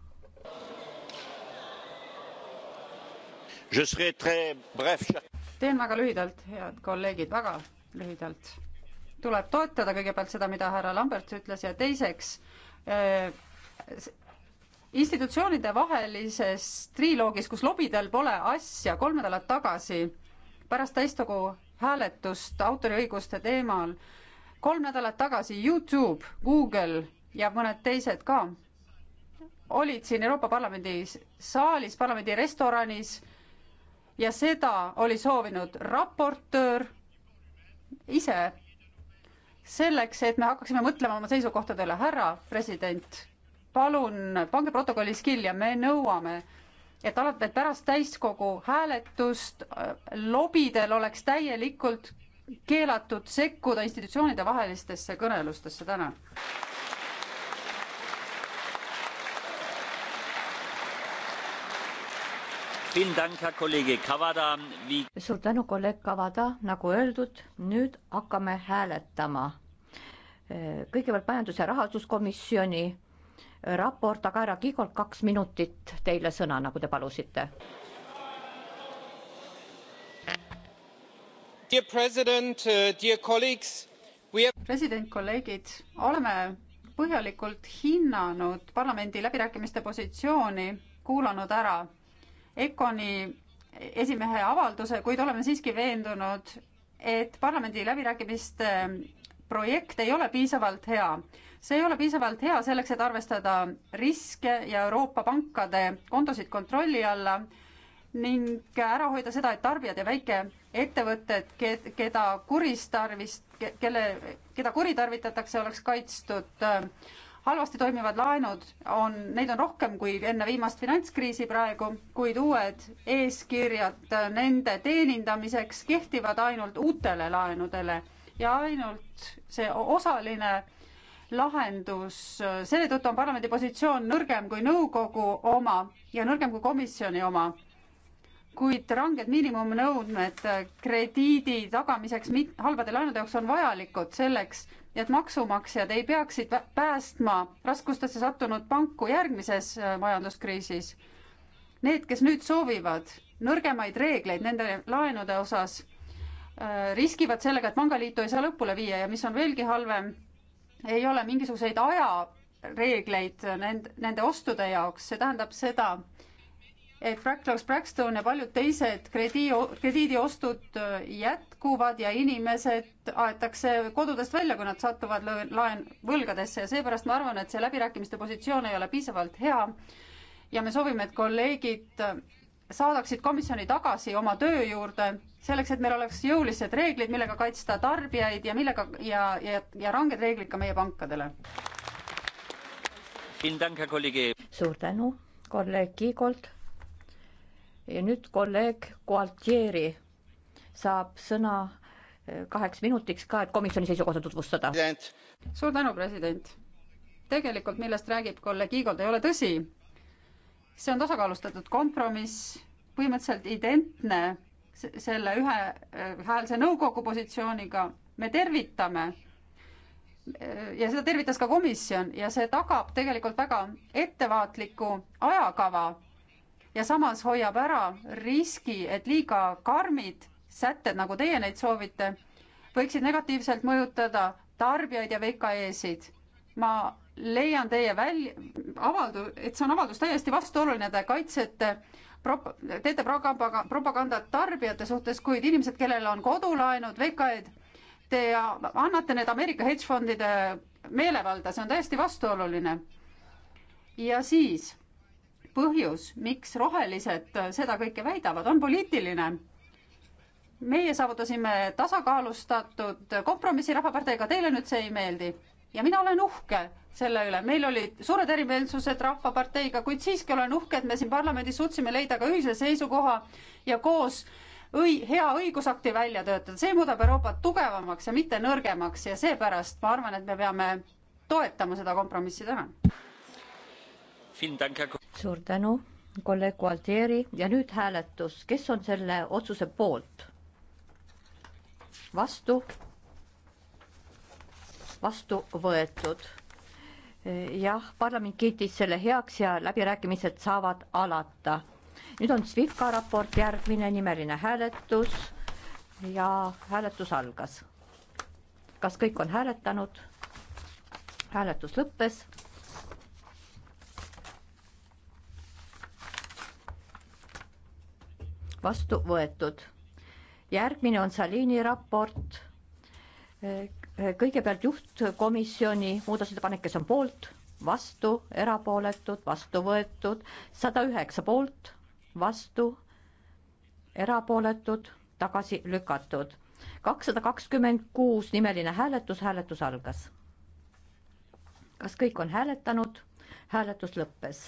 teen väga lühidalt, head kolleegid, väga lühidalt. tuleb toetada kõigepealt seda, mida härra Lambert ütles ja teiseks äh, institutsioonide vahelises triloogis, kus lobidel pole asja, kolm nädalat tagasi pärast täiskogu hääletust autoriõiguste teemal äh, kolm nädalat tagasi Youtube, Google ja mõned teised ka olid siin Euroopa Parlamendi saalis, parlamendi restoranis ja seda oli soovinud raportöör ise selleks, et me hakkaksime mõtlema oma seisukohtadele. härra president, palun pange protokollis kirja, me nõuame, et alati pärast täiskogu hääletust lobidel oleks täielikult keelatud sekkuda institutsioonide vahelistesse kõnelustesse, tänan. suur tänu, kolleeg Kavada, nagu öeldud, nüüd hakkame hääletama. kõigepealt majandus- ja rahanduskomisjoni raport, aga härra Kiigol kaks minutit teile sõna, nagu te palusite Uh, president, kolleegid, oleme põhjalikult hinnanud parlamendi läbirääkimiste positsiooni, kuulanud ära ECONi esimehe avalduse, kuid oleme siiski veendunud, et parlamendi läbirääkimiste projekt ei ole piisavalt hea. see ei ole piisavalt hea selleks, et arvestada riske ja Euroopa pankade kontosid kontrolli alla ning ära hoida seda, et tarbijad ja väikeettevõtted, keda kuristarvist, kelle, keda kuritarvitatakse, oleks kaitstud. halvasti toimivad laenud on, neid on rohkem kui enne viimast finantskriisi praegu, kuid uued eeskirjad nende teenindamiseks kehtivad ainult uutele laenudele ja ainult see osaline lahendus, selle tõttu on parlamendi positsioon nõrgem kui nõukogu oma ja nõrgem kui komisjoni oma kuid ranged miinimumnõudmed krediidi tagamiseks mit-, halbade laenude jaoks on vajalikud selleks, et maksumaksjad ei peaksid päästma raskustesse sattunud panku järgmises äh, majanduskriisis. Need, kes nüüd soovivad nõrgemaid reegleid nende laenude osas, äh, riskivad sellega, et pangaliitu ei saa lõpule viia ja mis on veelgi halvem, ei ole mingisuguseid ajareegleid nende, nende ostude jaoks, see tähendab seda, et Fracklers Braxton ja paljud teised krediidi, krediidiostud jätkuvad ja inimesed aetakse kodudest välja, kui nad satuvad laen võlgadesse ja seepärast ma arvan, et see läbirääkimiste positsioon ei ole piisavalt hea. ja me soovime, et kolleegid saadaksid komisjoni tagasi oma töö juurde, selleks et meil oleks jõulised reeglid, millega kaitsta tarbijaid ja millega ja, ja, ja ranged reeglid ka meie pankadele. suur tänu, kolleeg Kiigolt ja nüüd kolleeg Gualtieri saab sõna eh, kaheks minutiks ka, et komisjoni seisukohta tutvustada. suur tänu, president. tegelikult, millest räägib kolleeg Igor, ei ole tõsi. see on tasakaalustatud kompromiss, põhimõtteliselt identne selle ühe eh, häälse nõukogu positsiooniga. me tervitame eh, ja seda tervitas ka komisjon ja see tagab tegelikult väga ettevaatliku ajakava ja samas hoiab ära riski, et liiga karmid sätted, nagu teie neid soovite, võiksid negatiivselt mõjutada tarbijaid ja VKE-sid. ma leian teie väl-, avaldu-, et see on avaldus täiesti vastuoluline, te kaitsete prop-, teete propaganda, propagandat tarbijate suhtes, kuid inimesed, kellel on kodulaenud, VKE-d, te annate need Ameerika hedgefondide meelevalda, see on täiesti vastuoluline. ja siis põhjus, miks rohelised äh, seda kõike väidavad, on poliitiline. meie saavutasime tasakaalustatud kompromissi Rahvaparteiga, teile nüüd see ei meeldi ja mina olen uhke selle üle, meil olid suured erimeelsused Rahvaparteiga, kuid siiski olen uhke, et me siin parlamendis suutsime leida ka ühise seisukoha ja koos õi-, hea õigusakti välja töötada, see muudab Euroopat tugevamaks ja mitte nõrgemaks ja seepärast ma arvan, et me peame toetama seda kompromissi, tänan suur tänu, kolleeg Gualtieri ja nüüd hääletus, kes on selle otsuse poolt? vastu? vastu võetud. jah, parlament kiitis selle heaks ja läbirääkimised saavad alata. nüüd on SWIFT-ka raport, järgmine nimeline hääletus ja hääletus algas. kas kõik on hääletanud? hääletus lõppes vastu võetud. järgmine on Salini raport. kõigepealt juhtkomisjoni muudatusettepanek, kes on poolt, vastu, erapooletud, vastu võetud, sada üheksa poolt, vastu, erapooletud, tagasi lükatud. kakssada kakskümmend kuus nimeline hääletus, hääletus algas. kas kõik on hääletanud? hääletus lõppes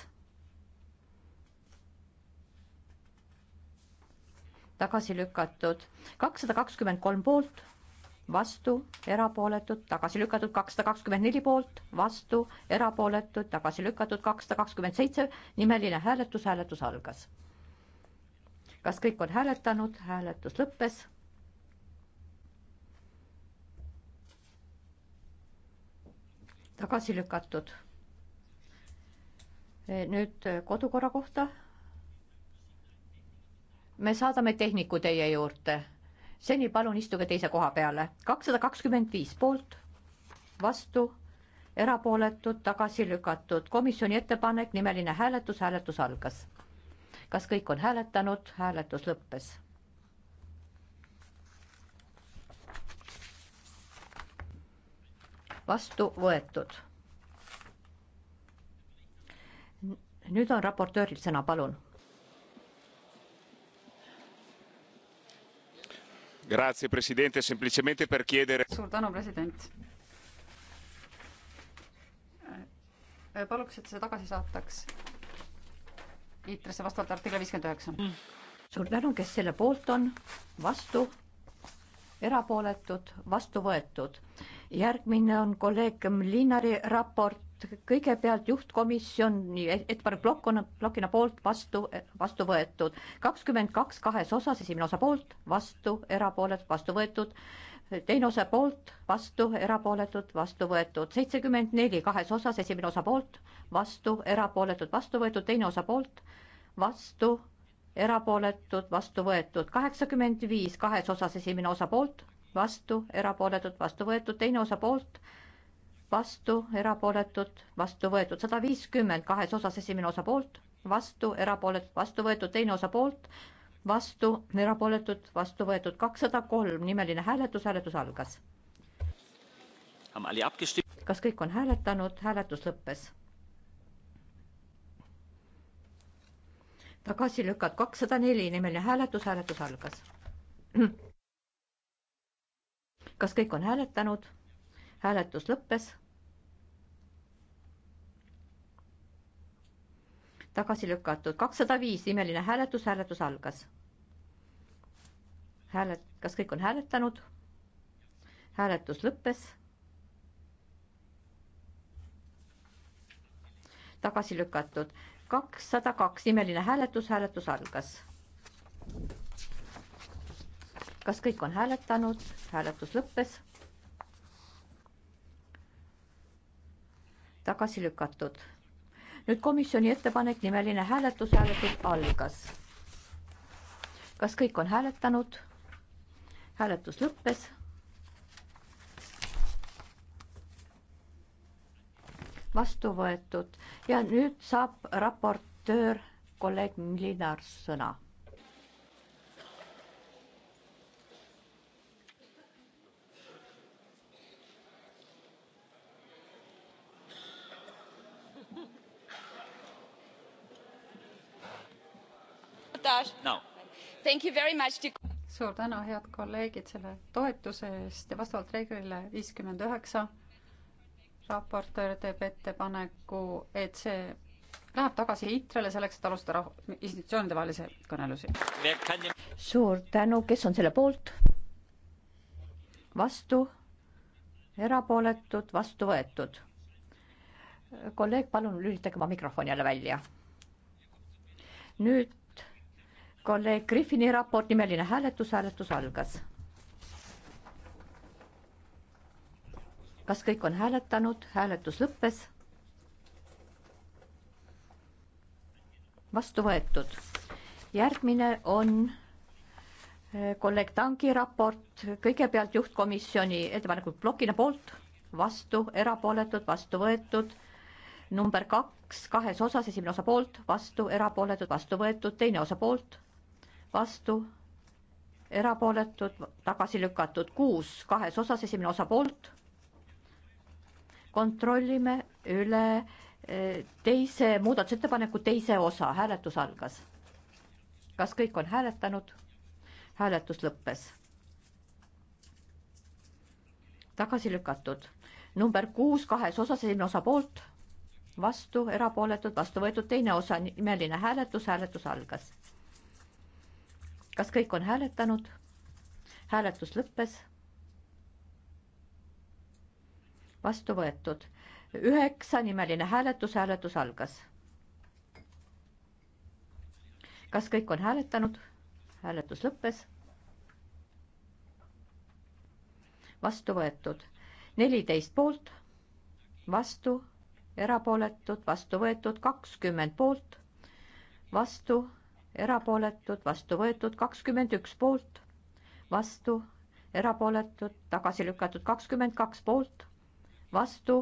tagasi lükatud kakssada kakskümmend kolm poolt, vastu, erapooletud, tagasi lükatud kakssada kakskümmend neli poolt, vastu, erapooletud, tagasi lükatud kakssada kakskümmend seitse, nimeline hääletus, hääletus algas. kas kõik on hääletanud, hääletus lõppes? tagasi lükatud. nüüd kodukorra kohta me saadame tehniku teie juurde. seni palun istuge teise koha peale. kakssada kakskümmend viis poolt, vastu, erapooletud, tagasi lükatud. komisjoni ettepanek, nimeline hääletus, hääletus algas. kas kõik on hääletanud? hääletus lõppes. vastu võetud. nüüd on raportööril sõna, palun grazie presidente semplicemente per chiedere. suur tänu president äh, paluks et see tagasi saataks itresse vastavalt artikli viiskümmend üheksa suur tänu kes selle poolt on vastu erapooletud vastu võetud järgmine on kolleeg Mlinari raport kõigepealt juhtkomisjoni ettepanek plokk on plokina poolt vastu, vastu võetud. kakskümmend kaks kahes osas, esimene osa poolt, vastu, erapooletud, vastu võetud. teine osa poolt, vastu, erapooletud, vastu võetud. seitsekümmend neli kahes osas, esimene osa poolt, vastu, erapooletud, vastu võetud, teine osa poolt, vastu, erapooletud, vastu võetud. kaheksakümmend viis kahes osas, esimene osa poolt, vastu, erapooletud, vastu võetud, teine osa poolt vastu, erapooletud, vastu võetud sada viiskümmend kahes osas, esimene osa poolt, vastu, erapooletud, vastu võetud, teine osa poolt, vastu, erapooletud, vastu võetud kakssada kolm, nimeline hääletus, hääletus algas. kas kõik on hääletanud, hääletus lõppes? tagasi lükad kakssada neli, nimeline hääletus, hääletus algas. kas kõik on hääletanud? hääletus lõppes. tagasi lükatud, kakssada viis, imeline hääletus, hääletus algas. hääled, kas kõik on hääletanud? hääletus lõppes. tagasi lükatud, kakssada kaks, imeline hääletus, hääletus algas. kas kõik on hääletanud, hääletus lõppes tagasi lükatud. nüüd komisjoni ettepanek, nimeline hääletus, hääletus algas. kas kõik on hääletanud? hääletus lõppes. vastu võetud ja nüüd saab raportöör kolleeg Linar sõna suur tänu, head kolleegid, selle toetuse eest ja vastavalt reeglile viiskümmend üheksa raportöör teeb ettepaneku, et see läheb tagasi ITRE-le selleks, et alustada institutsioonide vahelisi kõnelusi. suur tänu, kes on selle poolt? vastu? erapooletud, vastu võetud. kolleeg, palun lülitage oma mikrofon jälle välja. nüüd kolleeg Griffini raport, nimeline hääletus, hääletus algas. kas kõik on hääletanud, hääletus lõppes? vastu võetud. järgmine on eh, kolleeg Tangi raport, kõigepealt juhtkomisjoni ettepanekud plokina poolt, vastu, erapooletud, vastu võetud. number kaks kahes osas, esimene osa poolt, vastu, erapooletud, vastu võetud, teine osa poolt vastu, erapooletud, tagasi lükatud, kuus kahes osas, esimene osa poolt. kontrollime üle eh, teise muudatusettepaneku teise osa, hääletus algas. kas kõik on hääletanud? hääletus lõppes. tagasi lükatud, number kuus kahes osas, esimene osa poolt, vastu, erapooletud, vastu võetud, teine osa, nimeline hääletus, hääletus algas kas kõik on hääletanud? hääletus lõppes. vastu võetud üheksanimeline hääletus, hääletus algas. kas kõik on hääletanud? hääletus lõppes. vastu võetud neliteist poolt, vastu, erapooletud, vastu võetud kakskümmend poolt, vastu erapooletud, vastu võetud kakskümmend üks poolt, vastu erapooletud, tagasi lükatud kakskümmend kaks poolt, vastu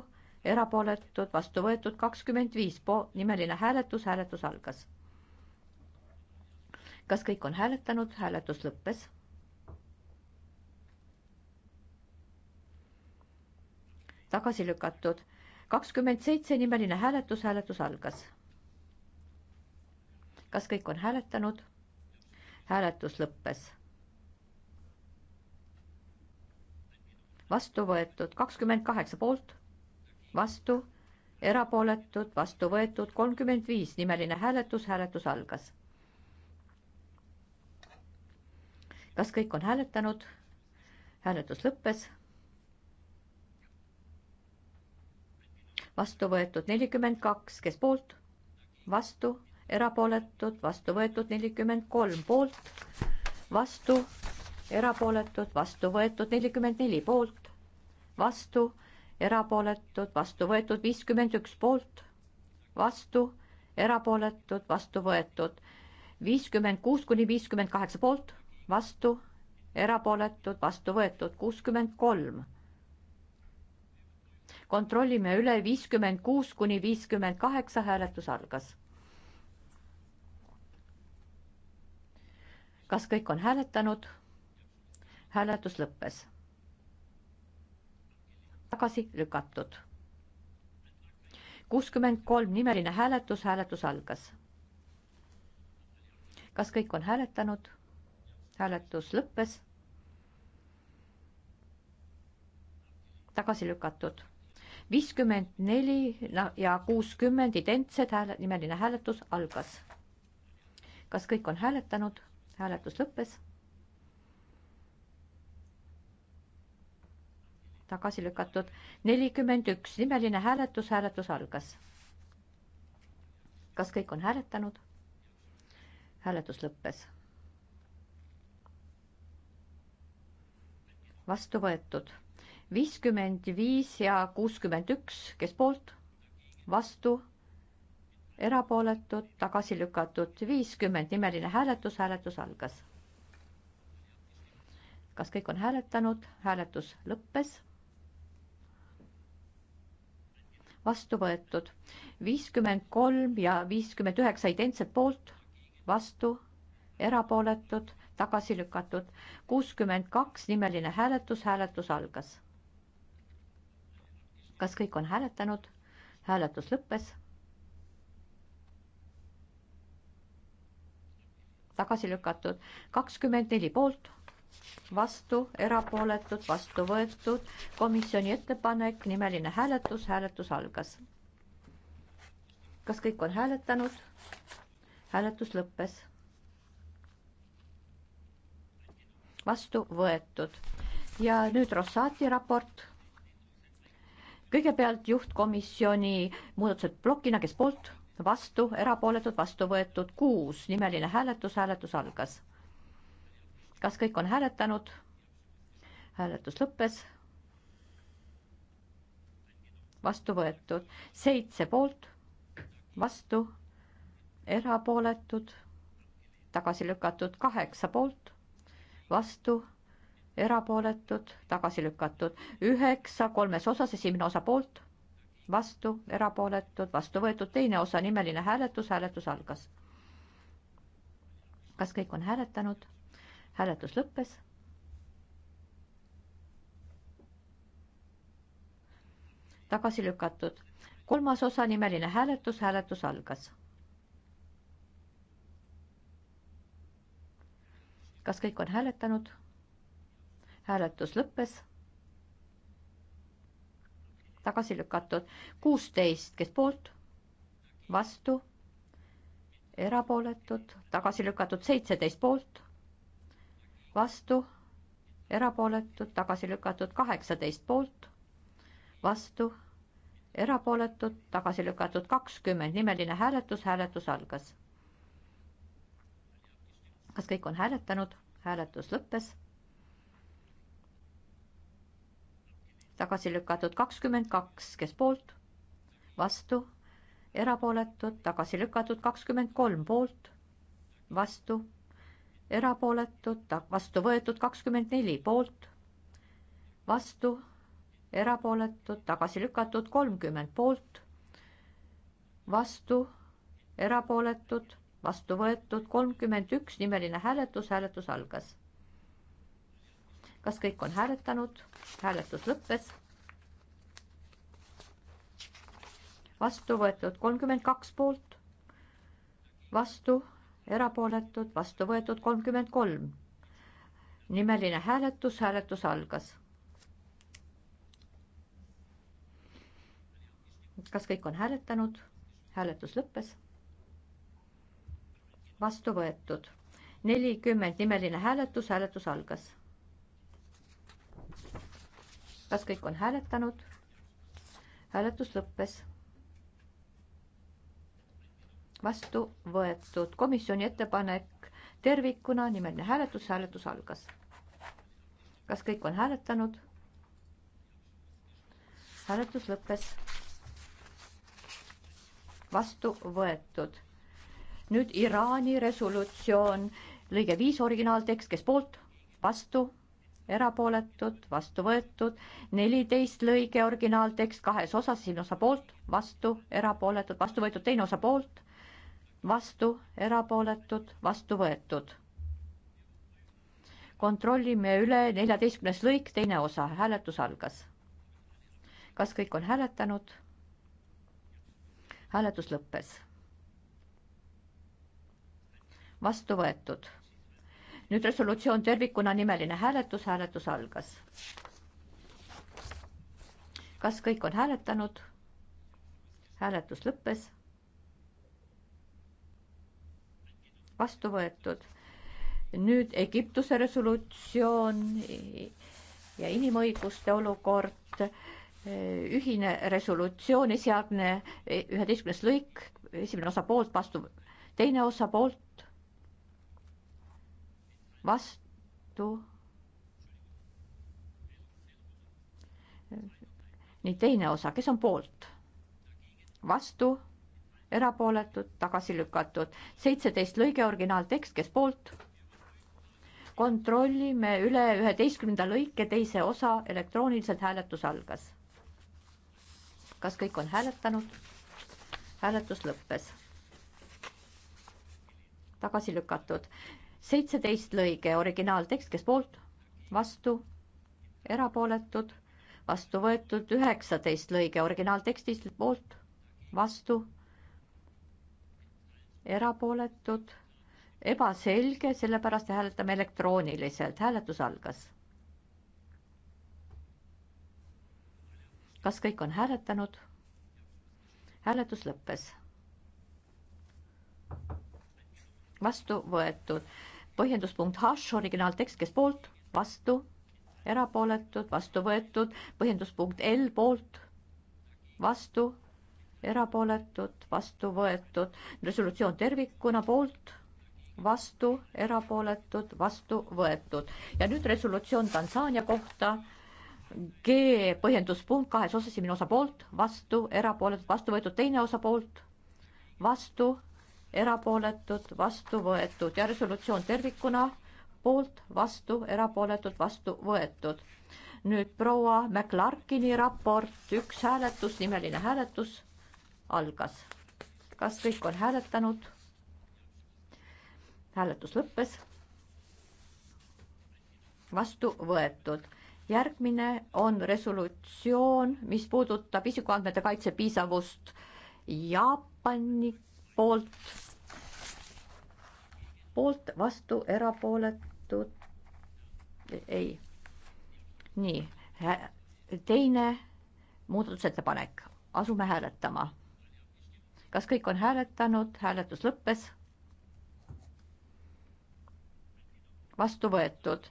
erapooletud, vastu võetud kakskümmend viis po-, nimeline hääletus, hääletus algas. kas kõik on hääletanud, hääletus lõppes. tagasi lükatud kakskümmend seitse nimeline hääletus, hääletus algas kas kõik on hääletanud? hääletus lõppes. vastu võetud kakskümmend kaheksa poolt, vastu, erapooletud, vastu võetud kolmkümmend viis, nimeline hääletus, hääletus algas. kas kõik on hääletanud? hääletus lõppes. vastu võetud nelikümmend kaks, kes poolt, vastu erapooletud, vastu võetud nelikümmend kolm poolt, vastu, erapooletud, vastu võetud nelikümmend neli poolt, vastu, erapooletud, vastu võetud viiskümmend üks poolt, vastu, erapooletud, vastu võetud viiskümmend kuus kuni viiskümmend kaheksa poolt, vastu, erapooletud, vastu võetud kuuskümmend kolm. kontrollime üle viiskümmend kuus kuni viiskümmend kaheksa, hääletus algas kas kõik on hääletanud? hääletus lõppes. tagasi lükatud. kuuskümmend kolm nimeline hääletus, hääletus algas. kas kõik on hääletanud? hääletus lõppes. tagasi lükatud viiskümmend neli ja kuuskümmend identsed hääle, nimeline hääletus algas. kas kõik on hääletanud? hääletus lõppes. tagasi lükatud nelikümmend üks, nimeline hääletus, hääletus algas. kas kõik on hääletanud? hääletus lõppes. vastu võetud viiskümmend viis ja kuuskümmend üks, kes poolt, vastu erapooletud, tagasi lükatud, viiskümmend nimeline hääletus, hääletus algas. kas kõik on hääletanud, hääletus lõppes? vastu võetud viiskümmend kolm ja viiskümmend üheksa identset poolt, vastu, erapooletud, tagasi lükatud, kuuskümmend kaks nimeline hääletus, hääletus algas. kas kõik on hääletanud? hääletus lõppes tagasi lükatud. kakskümmend neli poolt, vastu, erapooletud, vastu võetud. komisjoni ettepanek, nimeline hääletus, hääletus algas. kas kõik on hääletanud? hääletus lõppes. vastu võetud ja nüüd Rossati raport. kõigepealt juhtkomisjoni muudatused plokina, kes poolt vastu, erapooletud, vastu võetud kuus, nimeline hääletus, hääletus algas. kas kõik on hääletanud? hääletus lõppes. vastu võetud seitse poolt, vastu, erapooletud, tagasi lükatud kaheksa poolt, vastu erapooletud, tagasi lükatud, üheksa kolmes osas, esimene osa poolt, vastu, erapooletud, vastu võetud, teine osa, nimeline hääletus, hääletus algas. kas kõik on hääletanud? hääletus lõppes. tagasi lükatud. kolmas osa, nimeline hääletus, hääletus algas. kas kõik on hääletanud? hääletus lõppes tagasi lükatud. kuusteist, kes poolt, vastu, erapooletud, tagasi lükatud, seitseteist poolt, vastu, erapooletud, tagasi lükatud, kaheksateist poolt, vastu, erapooletud, tagasi lükatud, kakskümmend, nimeline hääletus, hääletus algas. kas kõik on hääletanud? hääletus lõppes tagasi lükatud kakskümmend kaks, kes poolt, vastu, erapooletud, tagasi lükatud kakskümmend kolm poolt, vastu, erapooletud, vastu võetud kakskümmend neli poolt, vastu, erapooletud, tagasi lükatud kolmkümmend poolt, vastu, erapooletud, vastu võetud kolmkümmend üks, nimeline hääletus, hääletus algas kas kõik on hääletanud? hääletus lõppes. vastu võetud kolmkümmend kaks poolt, vastu erapooletud, vastu võetud kolmkümmend kolm. nimeline hääletus, hääletus algas. kas kõik on hääletanud? hääletus lõppes. vastu võetud nelikümmend nimeline hääletus, hääletus algas kas kõik on hääletanud? hääletus lõppes. vastu võetud komisjoni ettepanek tervikuna, nimeline hääletus, hääletus algas. kas kõik on hääletanud? hääletus lõppes. vastu võetud. nüüd Iraani resolutsioon, lõige viis originaaltekst, kes poolt, vastu erapooletud, vastu võetud, neliteist lõige originaaltekst kahes osas, siin osa poolt, vastu, erapooletud, vastu võetud, teine osa poolt, vastu, erapooletud, vastu võetud. kontrollime üle, neljateistkümnes lõik, teine osa, hääletus algas. kas kõik on hääletanud? hääletus lõppes. vastu võetud nüüd resolutsioon tervikuna nimeline hääletus, hääletus algas. kas kõik on hääletanud? hääletus lõppes. vastu võetud. nüüd Egiptuse resolutsioon ja inimõiguste olukord, ühine resolutsioon, esialgne üheteistkümnes lõik, esimene osa poolt, vastu, teine osa poolt, vastu. nii, teine osa, kes on poolt? vastu, erapooletud, tagasi lükatud, seitseteist lõige originaaltekst, kes poolt? kontrollime üle üheteistkümnenda lõike teise osa, elektrooniliselt hääletus algas. kas kõik on hääletanud? hääletus lõppes. tagasi lükatud seitseteist lõige originaaltekst, kes poolt, vastu, erapooletud, vastu võetud, üheksateist lõige originaaltekstist poolt, vastu, erapooletud, ebaselge, sellepärast hääletame elektrooniliselt, hääletus algas kas kõik on hääletanud? hääletus lõppes vastu võetud. põhjenduspunkt H, originaaltekst, kes poolt, vastu, erapooletud, vastu võetud, põhjenduspunkt L poolt, vastu, erapooletud, vastu võetud, resolutsioon tervikuna poolt, vastu, erapooletud, vastu võetud ja nüüd resolutsioon Tansaania kohta. G põhjenduspunkt kahes osas, esimene osa poolt, vastu, erapooletud, vastu võetud, teine osa poolt, vastu, erapooletud, vastu võetud ja resolutsioon tervikuna poolt, vastu, erapooletud, vastu võetud. nüüd proua McLarkini raport, üks hääletus, nimeline hääletus algas. kas kõik on hääletanud? hääletus lõppes. vastu võetud järgmine on resolutsioon, mis puudutab isikuandmete kaitse piisavust Jaapani poolt, poolt, vastu, erapooletud, ei. nii, teine muudatusettepanek, asume hääletama. kas kõik on hääletanud, hääletus lõppes? vastu võetud,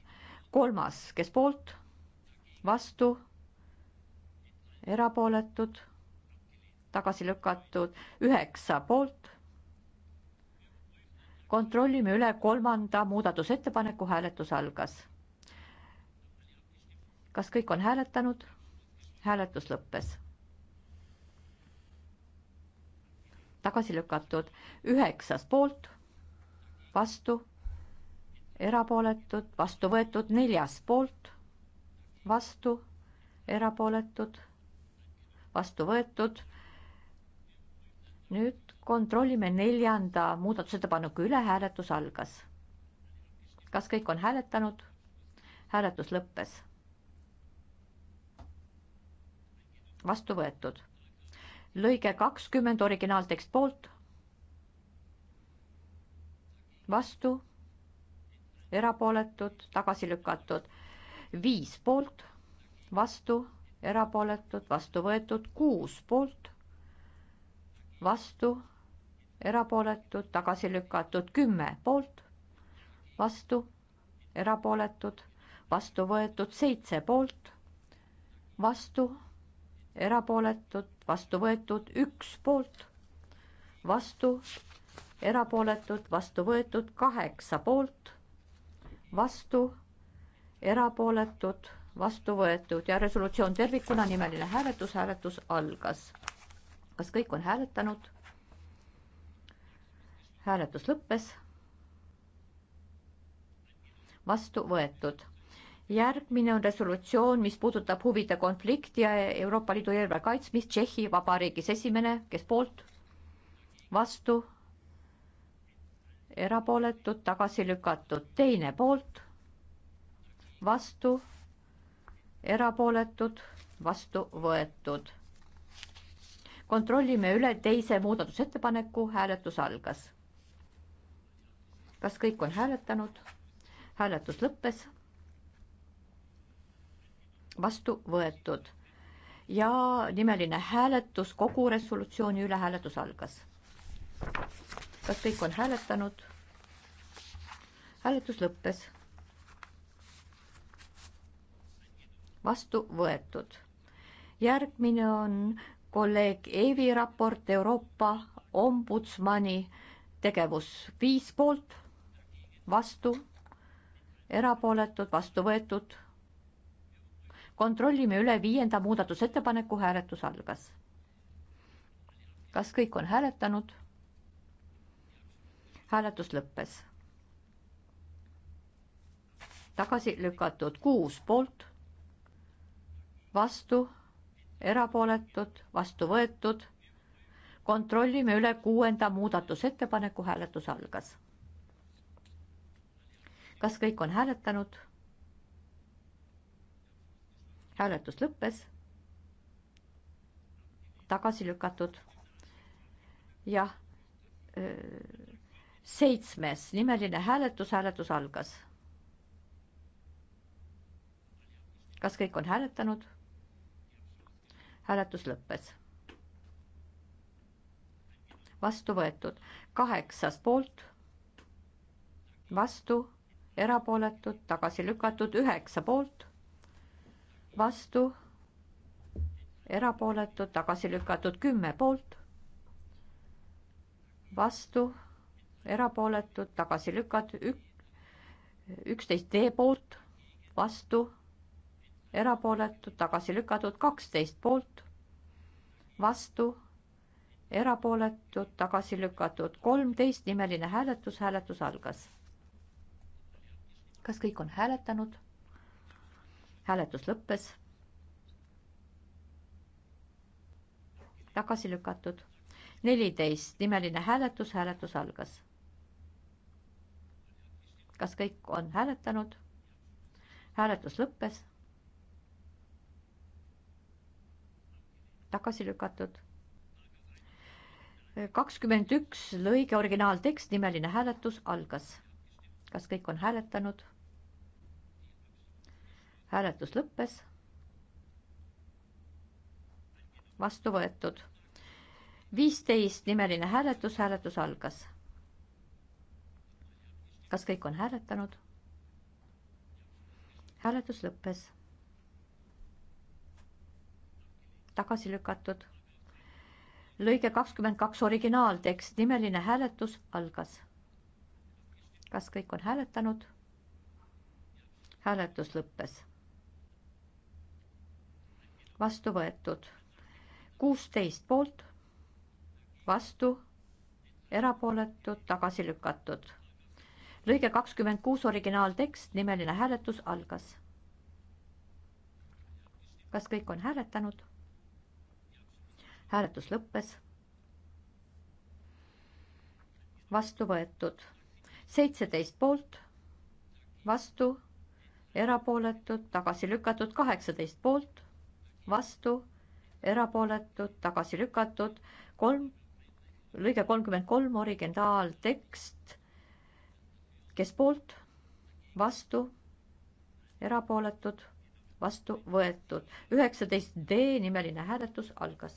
kolmas, kes poolt, vastu, erapooletud tagasi lükatud, üheksa poolt, kontrollime üle kolmanda muudatusettepaneku, hääletus algas. kas kõik on hääletanud? hääletus lõppes. tagasi lükatud üheksas poolt, vastu, erapooletud, vastu võetud neljas poolt, vastu, erapooletud, vastu võetud. nüüd kontrollime neljanda muudatusettepaneku üle, hääletus algas. kas kõik on hääletanud? hääletus lõppes. vastu võetud. lõige kakskümmend, originaaltekst poolt. vastu, erapooletud, tagasi lükatud, viis poolt, vastu, erapooletud, vastu võetud, kuus poolt, vastu erapooletud, tagasi lükatud, kümme poolt, vastu, erapooletud, vastu võetud, seitse poolt, vastu, erapooletud, vastu võetud, üks poolt, vastu, erapooletud, vastu võetud, kaheksa poolt, vastu, erapooletud, vastu võetud ja resolutsioon tervikuna, nimeline hääletus, hääletus algas. kas kõik on hääletanud? hääletus lõppes. vastu võetud. järgmine on resolutsioon, mis puudutab huvide konflikti ja Euroopa Liidu eelarve kaitsmist Tšehhi Vabariigis. esimene, kes poolt, vastu, erapooletud, tagasi lükatud. teine poolt, vastu, erapooletud, vastu võetud kontrollime üle teise muudatusettepaneku, hääletus algas kas kõik on hääletanud? hääletus lõppes. vastu võetud ja nimeline hääletus kogu resolutsiooni üle hääletus algas. kas kõik on hääletanud? hääletus lõppes. vastu võetud. järgmine on kolleeg Eevi raport Euroopa ombudsmani tegevus, viis poolt vastu, erapooletud, vastu võetud. kontrollime üle viienda muudatusettepaneku, hääletus algas. kas kõik on hääletanud? hääletus lõppes. tagasi lükatud kuus poolt, vastu, erapooletud, vastu võetud kontrollime üle kuuenda muudatusettepaneku hääletus algas kas kõik on hääletanud? hääletus lõppes. tagasi lükatud. jah, äh, seitsmes nimeline hääletus, hääletus algas. kas kõik on hääletanud? hääletus lõppes vastu võetud, kaheksas poolt, vastu, erapooletud, tagasi lükatud, üheksa poolt, vastu, erapooletud, tagasi lükatud, kümme poolt, vastu, erapooletud, tagasi lükatud, üksteist D poolt, vastu, erapooletud, tagasi lükatud, kaksteist poolt, vastu, erapooletud, tagasi lükatud, kolmteist nimeline hääletus, hääletus algas kas kõik on hääletanud? hääletus lõppes. tagasi lükatud. neliteist nimeline hääletus, hääletus algas. kas kõik on hääletanud? hääletus lõppes. tagasi lükatud. kakskümmend üks lõige originaaltekst, nimeline hääletus algas. kas kõik on hääletanud? hääletus lõppes. vastu võetud. viisteist nimeline hääletus, hääletus algas. kas kõik on hääletanud? hääletus lõppes. tagasi lükatud. lõige kakskümmend kaks originaaltekst, nimeline hääletus algas. kas kõik on hääletanud? hääletus lõppes vastu võetud. kuusteist poolt, vastu, erapooletud, tagasi lükatud. lõige kakskümmend kuus, originaaltekst, nimeline hääletus algas. kas kõik on hääletanud? hääletus lõppes. vastu võetud seitseteist poolt, vastu, erapooletud, tagasi lükatud kaheksateist poolt vastu, erapooletud, tagasi lükatud, kolm, lõige kolmkümmend kolm, originaaltekst, kes poolt, vastu, erapooletud, vastu võetud. üheksateist D nimeline hääletus algas.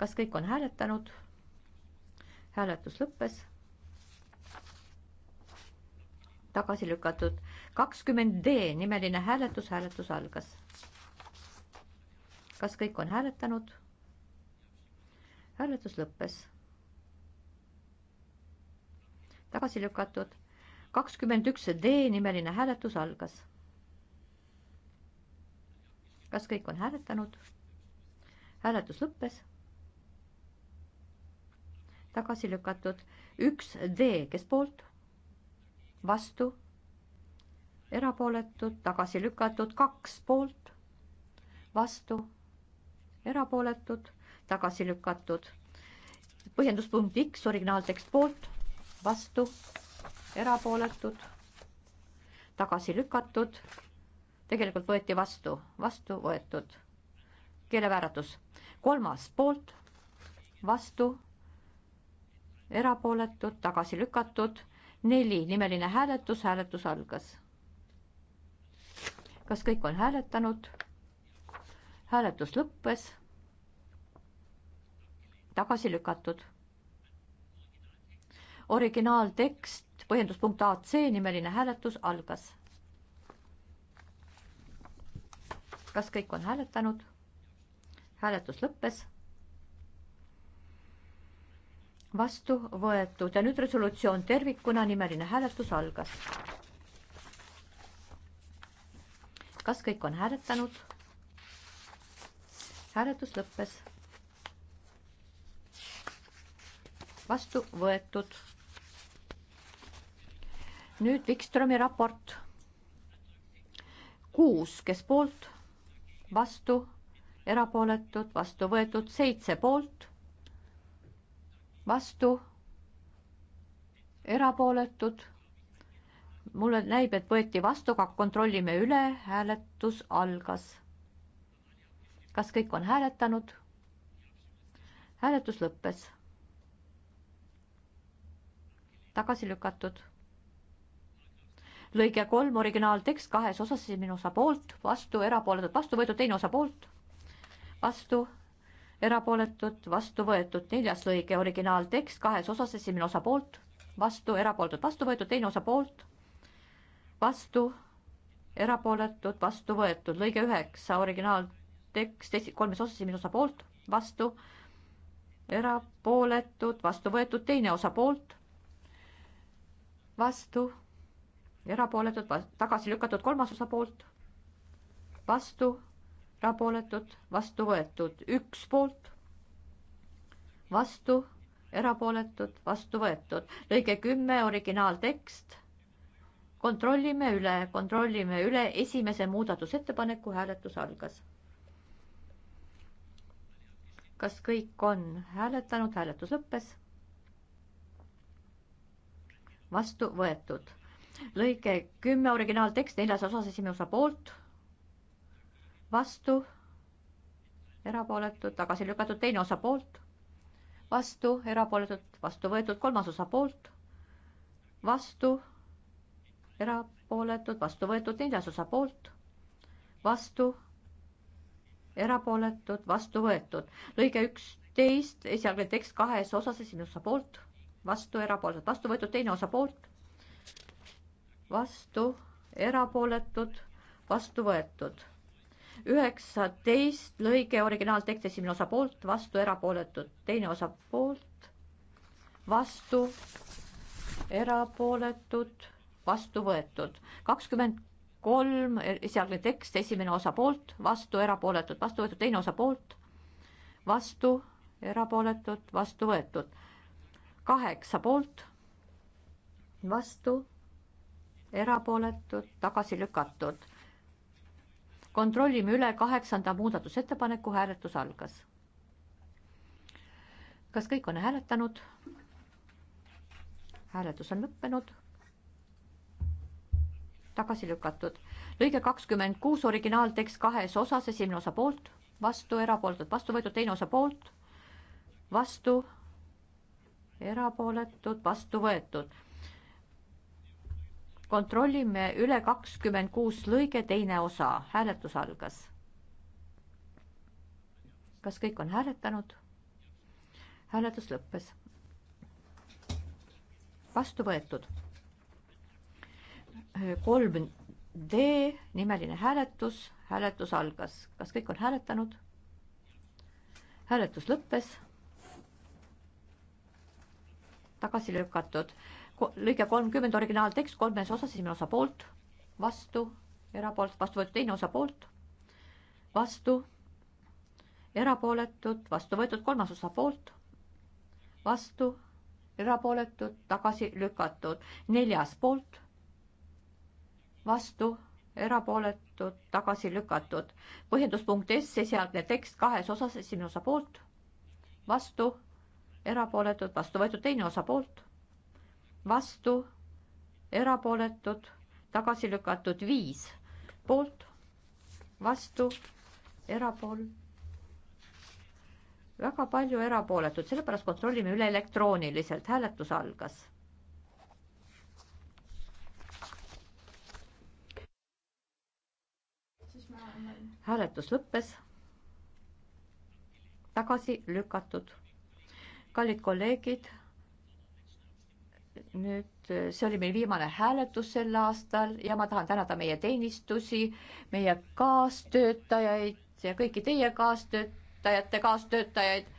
kas kõik on hääletanud? hääletus lõppes. tagasi lükatud kakskümmend D nimeline hääletus, hääletus algas. kas kõik on hääletanud? hääletus lõppes. tagasi lükatud. kakskümmend üks D nimeline hääletus algas. kas kõik on hääletanud? hääletus lõppes. tagasi lükatud üks D, kes poolt? vastu erapooletud, tagasi lükatud, kaks poolt, vastu, erapooletud, tagasi lükatud. põhjenduspunkt X, originaaltekst poolt, vastu, erapooletud, tagasi lükatud. tegelikult võeti vastu, vastu võetud. keelevääratus. kolmas poolt, vastu, erapooletud, tagasi lükatud. neli, nimeline hääletus, hääletus algas kas kõik on hääletanud? hääletus lõppes. tagasi lükatud. originaaltekst, põhjenduspunkt AC nimeline hääletus algas. kas kõik on hääletanud? hääletus lõppes vastu võetud ja nüüd resolutsioon tervikuna, nimeline hääletus algas. kas kõik on hääletanud? hääletus lõppes. vastu võetud. nüüd Wikstromi raport. kuus, kes poolt, vastu, erapooletud, vastu võetud, seitse poolt, vastu, erapooletud mulle näib, et võeti vastu, aga kontrollime üle, hääletus algas. kas kõik on hääletanud? hääletus lõppes. tagasi lükatud. lõige kolm, originaaltekst kahes osas, esimene osa poolt, vastu, erapooletud, vastu võetud, teine osa poolt, vastu, erapooletud, vastu võetud, neljas lõige, originaaltekst kahes osas, esimene osa poolt, vastu, erapooletud, vastu võetud, teine osa poolt vastu, erapooletud, vastu võetud, lõige üheksa, originaaltekst, kolmes osas, esimene osa poolt, vastu, erapooletud, vastu võetud, teine osa poolt, vastu, erapooletud, tagasi lükatud, kolmas osa poolt, vastu, erapooletud, vastu võetud, üks poolt, vastu, erapooletud, vastu võetud, lõige kümme, originaaltekst kontrollime üle, kontrollime üle, esimese muudatusettepaneku hääletus algas. kas kõik on hääletanud, hääletus lõppes? vastu võetud. lõige kümme, originaaltekst neljas osas, esimene osa poolt, vastu, erapooletud, tagasi lükatud, teine osa poolt, vastu, erapooletud, vastu võetud, kolmas osa poolt, vastu erapooletud, vastu võetud, neljas osa poolt, vastu, erapooletud, vastu võetud. lõige üksteist, esialgne tekst kahes osas, esimene osa poolt, vastu, erapooletud, vastu võetud, teine osa poolt, vastu, erapooletud, vastu võetud. üheksateist lõige originaaltekst, esimene osa poolt, vastu, erapooletud, teine osa poolt, vastu, erapooletud vastu võetud. kakskümmend kolm, esialgne tekst, esimene osa poolt, vastu, erapooletud, vastu võetud, teine osa poolt, vastu, erapooletud, vastu võetud. kaheksa poolt, vastu, erapooletud, tagasi lükatud. kontrollime üle kaheksanda muudatusettepaneku, hääletus algas kas kõik on hääletanud? hääletus on lõppenud tagasi lükatud. lõige kakskümmend kuus, originaaltekst kahes osas, esimene osa poolt, vastu, erapooletud, vastu võetud, teine osa poolt, vastu, erapooletud, vastu võetud. kontrollime üle kakskümmend kuus lõige teine osa, hääletus algas. kas kõik on hääletanud? hääletus lõppes. vastu võetud kolm D nimeline hääletus, hääletus algas, kas kõik on hääletanud? hääletus lõppes. tagasi lükatud, lõige kolmkümmend originaaltekst kolmes osas, esimene osa poolt, vastu, erapoolt, vastu võetud teine osa poolt, vastu, erapooletud, vastu võetud kolmas osa poolt, vastu, erapooletud, tagasi lükatud, neljas poolt vastu, erapooletud, tagasi lükatud. põhjenduspunkt S, esialgne tekst kahes osas, esimene osa poolt, vastu, erapooletud, vastu võetud, teine osa poolt, vastu, erapooletud, tagasi lükatud, viis poolt, vastu, erapool-. väga palju erapooletud, sellepärast kontrollime üle elektrooniliselt, hääletus algas hääletus lõppes. tagasi lükatud. kallid kolleegid, nüüd see oli meil viimane hääletus sel aastal ja ma tahan tänada meie teenistusi, meie kaastöötajaid ja kõiki teie kaastöötajate kaastöötajaid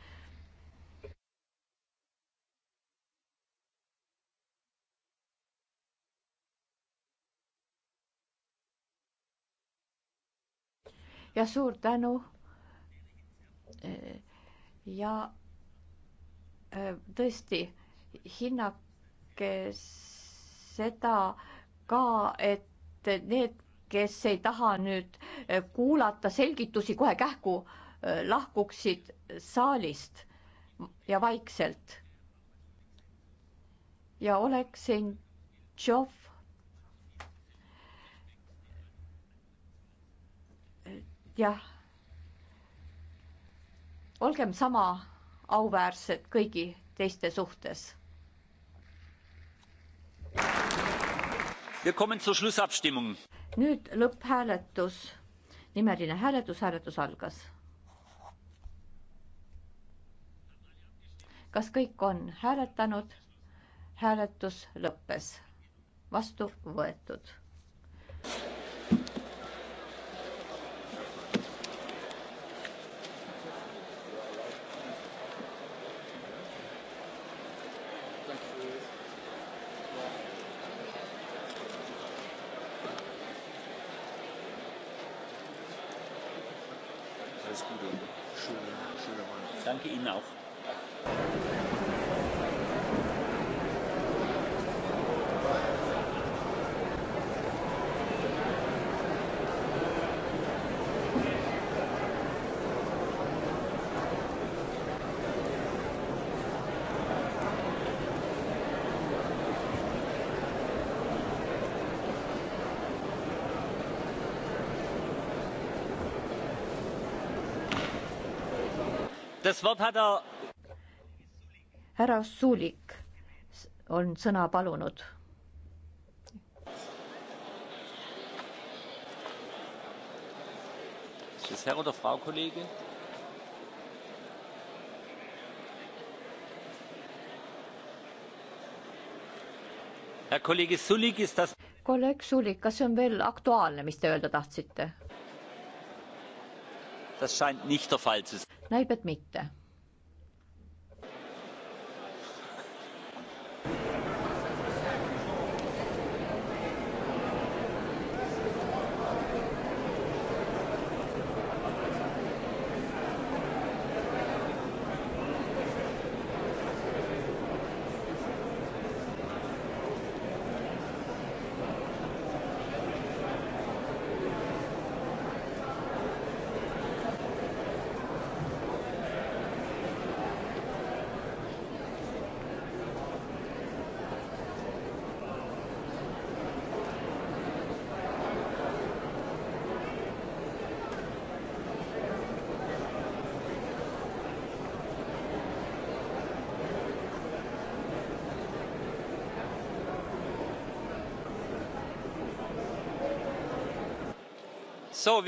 ja suur tänu. ja äh, tõesti hinnake seda ka, et need, kes ei taha nüüd äh, kuulata selgitusi kohe kähku, äh, lahkuksid saalist ja vaikselt. ja oleksin Tšov jah, olgem sama auväärsed kõigi teiste suhtes. nüüd lõpphääletus, nimeline hääletus, hääletus algas. kas kõik on hääletanud? hääletus lõppes, vastu võetud Er- härra Suulik on sõna palunud. Ist das Herr oder Frau Kollege? Herr Kollege Sulik, ist das... kolleeg Sulik, kas see on veel aktuaalne, mis te öelda tahtsite? Das scheint nicht der Fall zu sein näib, et mitte To...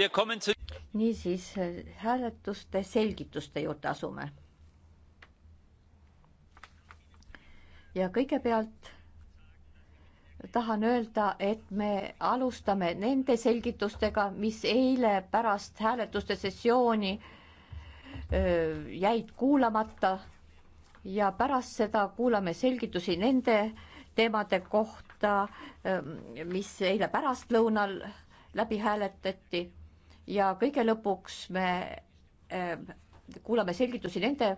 niisiis hääletuste selgituste juurde asume. ja kõigepealt tahan öelda, et me alustame nende selgitustega, mis eile pärast hääletuste sessiooni öö, jäid kuulamata ja pärast seda kuulame selgitusi nende teemade kohta, mis eile pärastlõunal läbi hääletati ja kõige lõpuks me ähm, kuulame selgitusi nende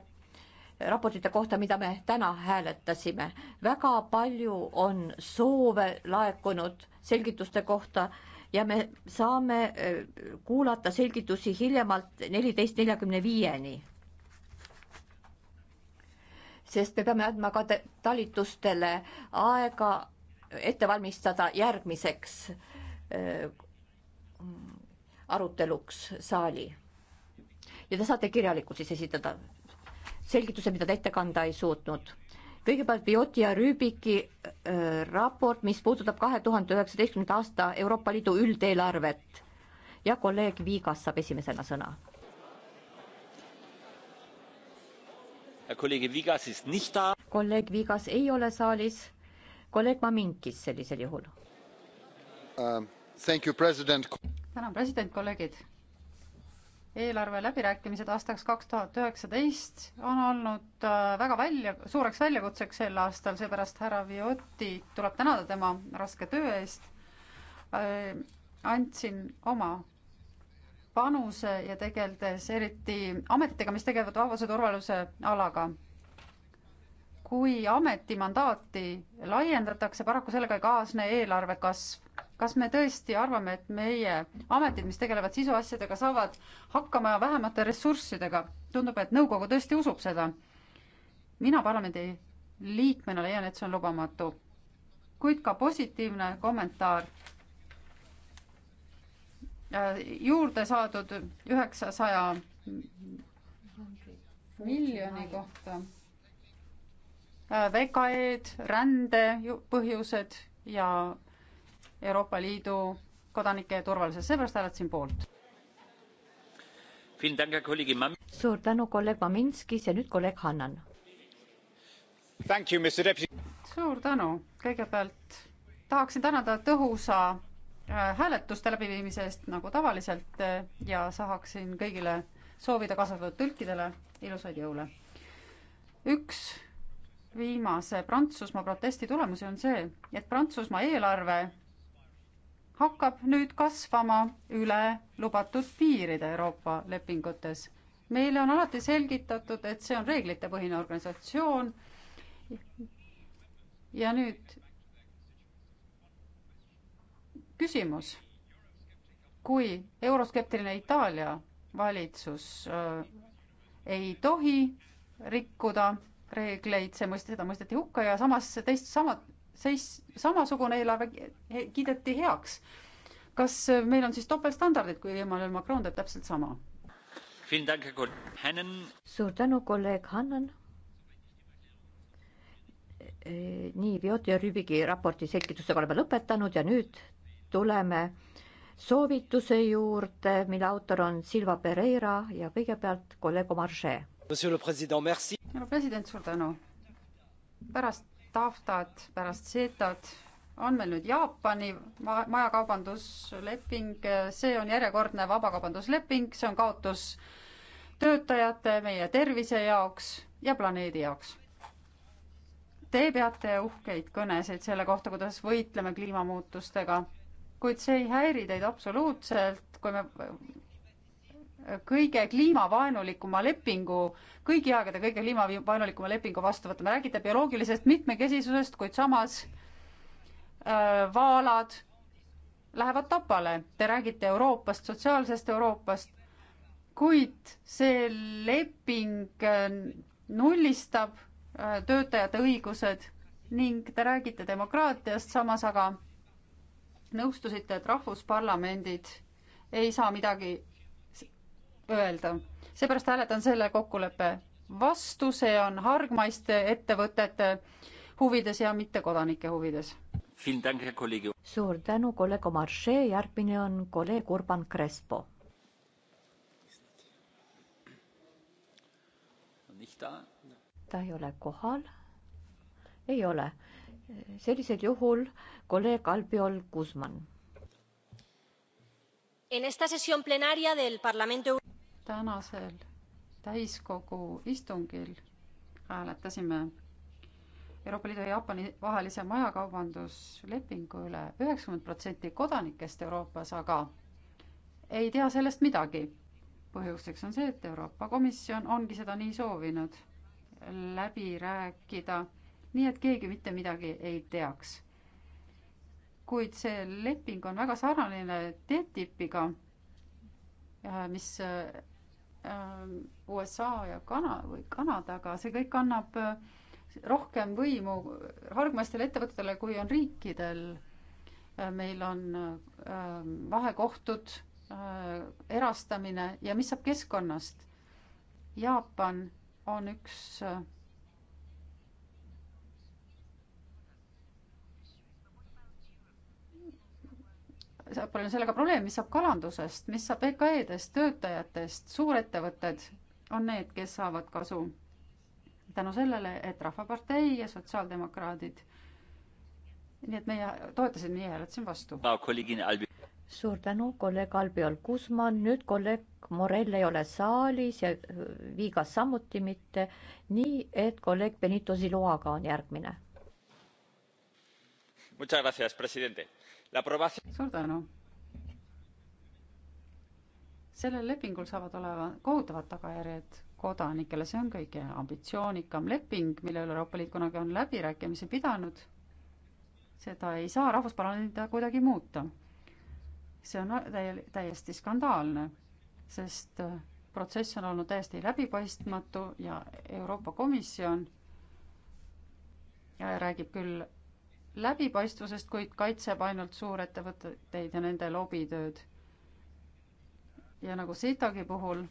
raportite kohta, mida me täna hääletasime. väga palju on soove laekunud selgituste kohta ja me saame äh, kuulata selgitusi hiljemalt neliteist neljakümne viieni. sest me peame andma ka talitustele aega ette valmistada järgmiseks äh, aruteluks saali. ja te saate kirjalikult siis esitada selgituse, mida te ette kanda ei suutnud. kõigepealt Bioti ja Rüübiki äh, raport, mis puudutab kahe tuhande üheksateistkümnenda aasta Euroopa Liidu üldeelarvet ja kolleeg Viigas saab esimesena sõna. kolleeg Viigas ei ole saalis, kolleeg Maminkis sellisel juhul um tänan, president, kolleegid. eelarve läbirääkimised aastaks kaks tuhat üheksateist on olnud äh, väga välja, suureks väljakutseks sel aastal, seepärast härra Viotti tuleb tänada tema raske töö eest. Äh, andsin oma panuse ja tegeldes eriti ametitega, mis tegelevad vabaduse turvalise alaga. kui ameti mandaati laiendatakse, paraku sellega ei kaasne eelarve kasv kas me tõesti arvame, et meie ametid, mis tegelevad sisuasjadega, saavad hakkama vähemate ressurssidega? tundub, et nõukogu tõesti usub seda. mina parlamendi liikmena leian, et see on lubamatu. kuid ka positiivne kommentaar äh, juurde saadud üheksasaja miljoni kohta. Äh, VKE-d, rände põhjused ja Euroopa Liidu kodanike turvalisus, seepärast hääletasin poolt. suur tänu, kolleeg Maminskis ja nüüd kolleeg Hannan. suur tänu, kõigepealt tahaksin tänada tõhusa äh, hääletuste läbiviimise eest nagu tavaliselt äh, ja tahaksin kõigile soovida kasvatatud tõlkidele ilusaid jõule. üks viimase Prantsusmaa protesti tulemusi on see, et Prantsusmaa eelarve hakkab nüüd kasvama üle lubatud piiride Euroopa lepingutes. meile on alati selgitatud, et see on reeglitepõhine organisatsioon. ja nüüd küsimus, kui euroskeptiline Itaalia valitsus äh, ei tohi rikkuda reegleid, see mõist-, seda mõisteti hukka ja samas teist, samad seis, samasugune eelarve kiideti heaks. kas meil on siis topeltstandardid, kui Emmanuel Macron teeb täpselt sama? suur tänu, kolleeg Hannan. nii, Vjot ja Rübigi raporti selgitusega oleme lõpetanud ja nüüd tuleme soovituse juurde, mille autor on Silva Pereira ja kõigepealt kolleeg Omar Žee. härra president, suur tänu. pärast taftat, pärast setat, on meil nüüd Jaapani ma-, majakaubandusleping, see on järjekordne vabakaubandusleping, see on kaotus töötajate, meie tervise jaoks ja planeedi jaoks. Te peate uhkeid kõnesid selle kohta, kuidas võitleme kliimamuutustega, kuid see ei häiri teid absoluutselt, kui me kõige kliimavaenulikuma lepingu, kõigi aegade kõige kliimavaenulikuma lepingu vastu võtma, räägite bioloogilisest mitmekesisusest, kuid samas äh, vaalad lähevad tapale. Te räägite Euroopast, sotsiaalsest Euroopast, kuid see leping äh, nullistab äh, töötajate õigused ning te räägite demokraatiast, samas aga nõustusite, et rahvusparlamendid ei saa midagi öelda. seepärast hääletan selle kokkuleppe vastu, see on hargmaiste ettevõtete huvides ja mittekodanike huvides. suur tänu, kolleeg Omar Šee, järgmine on kolleeg Urban Crespo. ta ei ole kohal. ei ole. sellisel juhul kolleeg Albiol Guzman. En esta sesión plenaria del Parlamento Europeo tänasel täiskogu istungil hääletasime Euroopa Liidu ja Jaapani vahelise majakaubanduslepingu üle üheksakümmend protsenti kodanikest Euroopas aga ei tea sellest midagi. põhjuseks on see, et Euroopa Komisjon ongi seda nii soovinud läbi rääkida, nii et keegi mitte midagi ei teaks. kuid see leping on väga sarnane TTIP-iga, mis Äh, USA ja Kana- või Kanadaga, see kõik annab äh, rohkem võimu hargmaistele ettevõtetele, kui on riikidel. Äh, meil on vahekohtud, erastamine ja mis saab keskkonnast? Jaapan on üks saab, palju on sellega probleeme, mis saab kalandusest, mis saab EKE-dest, töötajatest, suurettevõtted on need, kes saavad kasu tänu sellele, et Rahvapartei ja sotsiaaldemokraadid, nii et meie toetasid, nii hääletasin vastu no,. suur tänu, kolleeg Albiol Kusman, nüüd kolleeg Morell ei ole saalis ja äh, Viigas samuti mitte, nii et kolleeg Benito Ziloaga on järgmine. Muchas gracias, presidente suur tänu. sellel lepingul saavad olema kohutavad tagajärjed kodanikele, see on kõige ambitsioonikam leping, mille üle Euroopa Liit kunagi on läbirääkimisi pidanud. seda ei saa rahvusparlamendina kuidagi muuta. see on täie-, täiesti skandaalne, sest äh, protsess on olnud täiesti läbipaistmatu ja Euroopa Komisjon räägib küll läbipaistvusest, kuid kaitseb ainult suurettevõtteid ja nende lobitööd. ja nagu SITAG-i puhul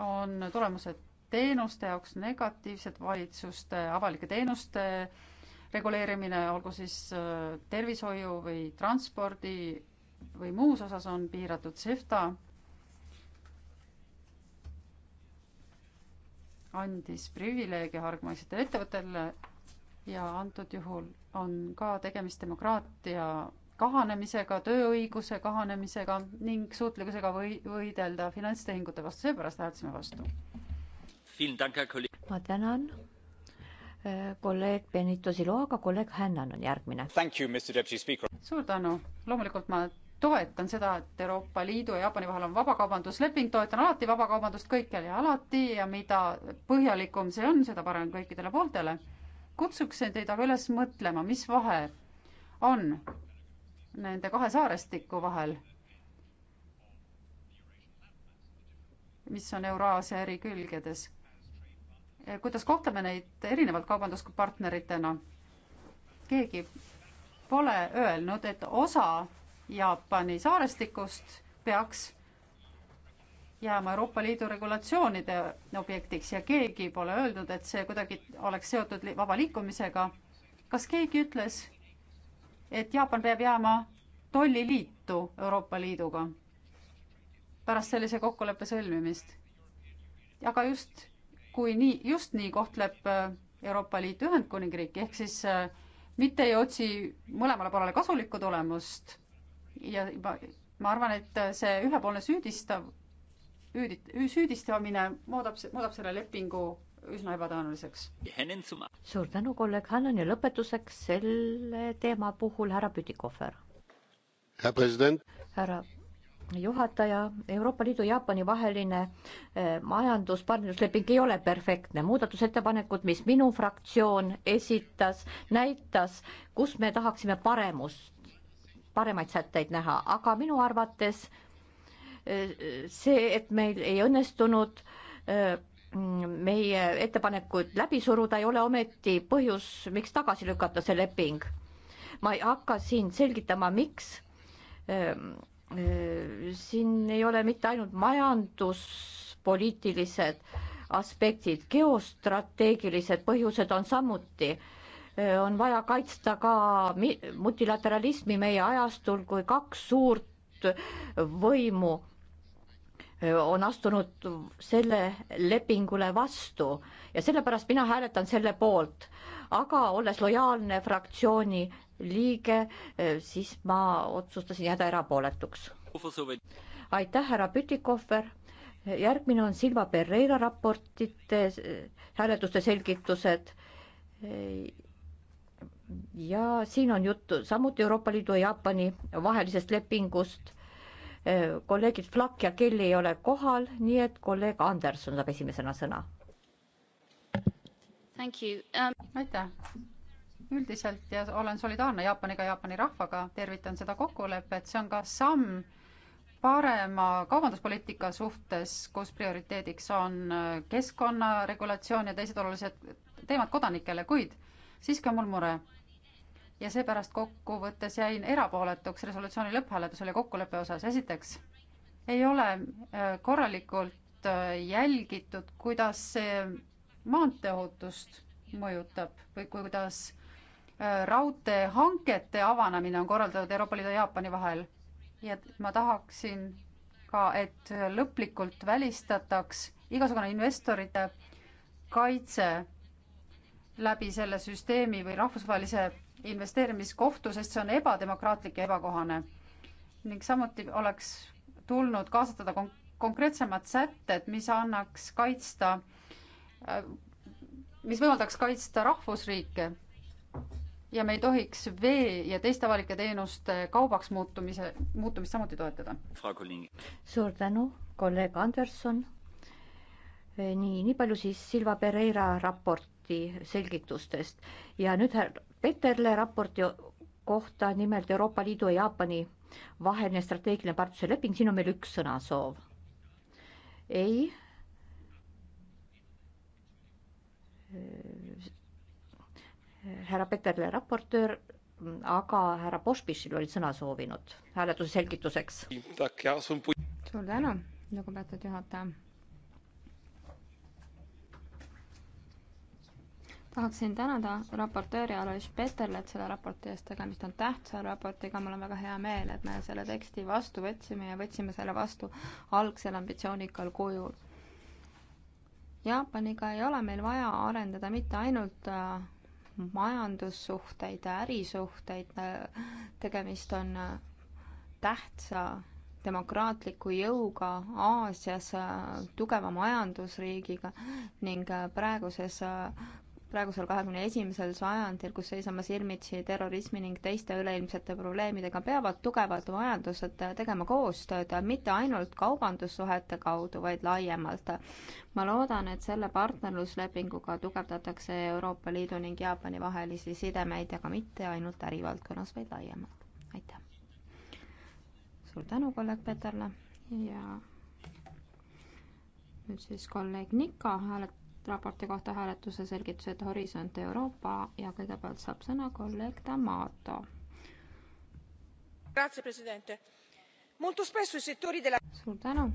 on tulemused teenuste jaoks negatiivsed, valitsuste avalike teenuste reguleerimine, olgu siis äh, tervishoiu või transpordi või muus osas on piiratud SEFTA andis privileege hargmaisele ettevõttele ja antud juhul on ka tegemist demokraatia kahanemisega, tööõiguse kahanemisega ning suutlikkusega või võidelda finantstehingute vastu, seepärast hääletasime vastu. ma tänan äh, kolleeg Benito Siloaga, kolleeg Hännan on järgmine. suur tänu, loomulikult ma toetan seda, et Euroopa Liidu ja Jaapani vahel on vabakaubandusleping, toetan alati vabakaubandust kõikjal ja alati ja mida põhjalikum see on, seda parem kõikidele pooltele kutsuksin teid aga üles mõtlema, mis vahe on nende kahe saarestiku vahel, mis on Euraasia eri külgedes. kuidas kohtleme neid erinevalt kaubanduspartneritena? keegi pole öelnud, et osa Jaapani saarestikust peaks jääma Euroopa Liidu regulatsioonide objektiks ja keegi pole öelnud, et see kuidagi oleks seotud li vaba liikumisega. kas keegi ütles, et Jaapan peab jääma tolliliitu Euroopa Liiduga pärast sellise kokkuleppe sõlmimist? aga just kui nii, just nii kohtleb äh, Euroopa Liit Ühendkuningriiki, ehk siis äh, mitte ei otsi mõlemale poolele kasulikku tulemust ja ma, ma arvan, et äh, see ühepoolne süüdistav üüdit-, süüdistamine muudab, muudab selle lepingu üsna ebatõenäoliseks. suur tänu, kolleeg Hannan ja lõpetuseks selle teema puhul härra Pütikohver. härra president. härra juhataja, Euroopa Liidu ja Jaapani vaheline eh, majanduspartnerlusleping ei ole perfektne. muudatusettepanekud, mis minu fraktsioon esitas, näitas, kus me tahaksime paremust, paremaid sätteid näha, aga minu arvates äh, see, et meil ei õnnestunud äh, meie ettepanekuid läbi suruda, ei ole ometi põhjus, miks tagasi lükata see leping. ma ei hakka siin selgitama, miks. Ähm, äh, siin ei ole mitte ainult majanduspoliitilised aspektid, geostrateegilised põhjused on samuti äh, on vaja kaitsta ka multilateralismi meie ajastul, kui kaks suurt võimu on astunud selle lepingule vastu ja sellepärast mina hääletan selle poolt. aga olles lojaalne fraktsiooni liige, siis ma otsustasin jääda erapooletuks. aitäh, härra Pütikohver. järgmine on Silva Pereira raportite hääletuste selgitused. ja siin on juttu samuti Euroopa Liidu ja Jaapani vahelisest lepingust Äh, kolleegid Flak ja Kelly ei ole kohal, nii et kolleeg Anderson saab esimesena sõna. Um, aitäh üldiselt ja olen solidaarne Jaapaniga, Jaapani rahvaga, tervitan seda kokkulepet, see on ka samm parema kaubanduspoliitika suhtes, kus prioriteediks on äh, keskkonnaregulatsioon ja teised olulised teemad kodanikele, kuid siiski on mul mure ja seepärast kokkuvõttes jäin erapooletuks resolutsiooni lõpphääletusel ja kokkuleppe osas. esiteks ei ole äh, korralikult äh, jälgitud, kuidas see maanteeohutust mõjutab või kuidas äh, raudteehangete avanemine on korraldatud Euroopa Liidu ja Jaapani vahel. ja ma tahaksin ka, et lõplikult välistataks igasugune investorite kaitse läbi selle süsteemi või rahvusvahelise investeerimiskohtu, sest see on ebademokraatlik ja ebakohane. ning samuti oleks tulnud kaasatada kon-, konkreetsemad sätted, mis annaks kaitsta, mis võimaldaks kaitsta rahvusriike ja me ei tohiks vee ja teiste avalike teenuste kaubaks muutumise, muutumist samuti toetada. suur tänu, kolleeg Anderson. Eh, nii, nii palju siis Silva Pereira raport raporti selgitustest ja nüüd Peterle raporti kohta, nimelt Euroopa Liidu ja Jaapani vaheline strateegiline partnerluse leping, siin on meil üks sõnasoov. ei. härra Peterle raportöör, aga härra Pospišil oli sõna soovinud hääletuse selgituseks. suur tänu, lugupeetud juhataja tahaksin tänada raportööri Alois Peterlet selle raporti eest, tegemist on tähtsa raportiga, mul on väga hea meel, et me selle teksti vastu võtsime ja võtsime selle vastu algsel ambitsioonikal kujul. Jaapaniga ei ole meil vaja arendada mitte ainult äh, majandussuhteid, ärisuhteid, tegemist on äh, tähtsa demokraatliku jõuga Aasias, äh, tugeva majandusriigiga ning praeguses praegusel kahekümne esimesel sajandil, kus seisame silmitsi terrorismi ning teiste üleilmsete probleemidega, peavad tugevad majandused tegema koostööd mitte ainult kaubandussuhete kaudu, vaid laiemalt. ma loodan, et selle partnerluslepinguga tugevdatakse Euroopa Liidu ning Jaapani vahelisi sidemeid, aga mitte ainult ärivaldkonnas, vaid laiemalt. aitäh! suur tänu kolleeg Peterle ja nüüd siis kolleeg Nika hääletab raporti kohta hääletuse selgitused Horisont Euroopa ja kõigepealt saab sõna kolleeg D'Amato. suur tänu,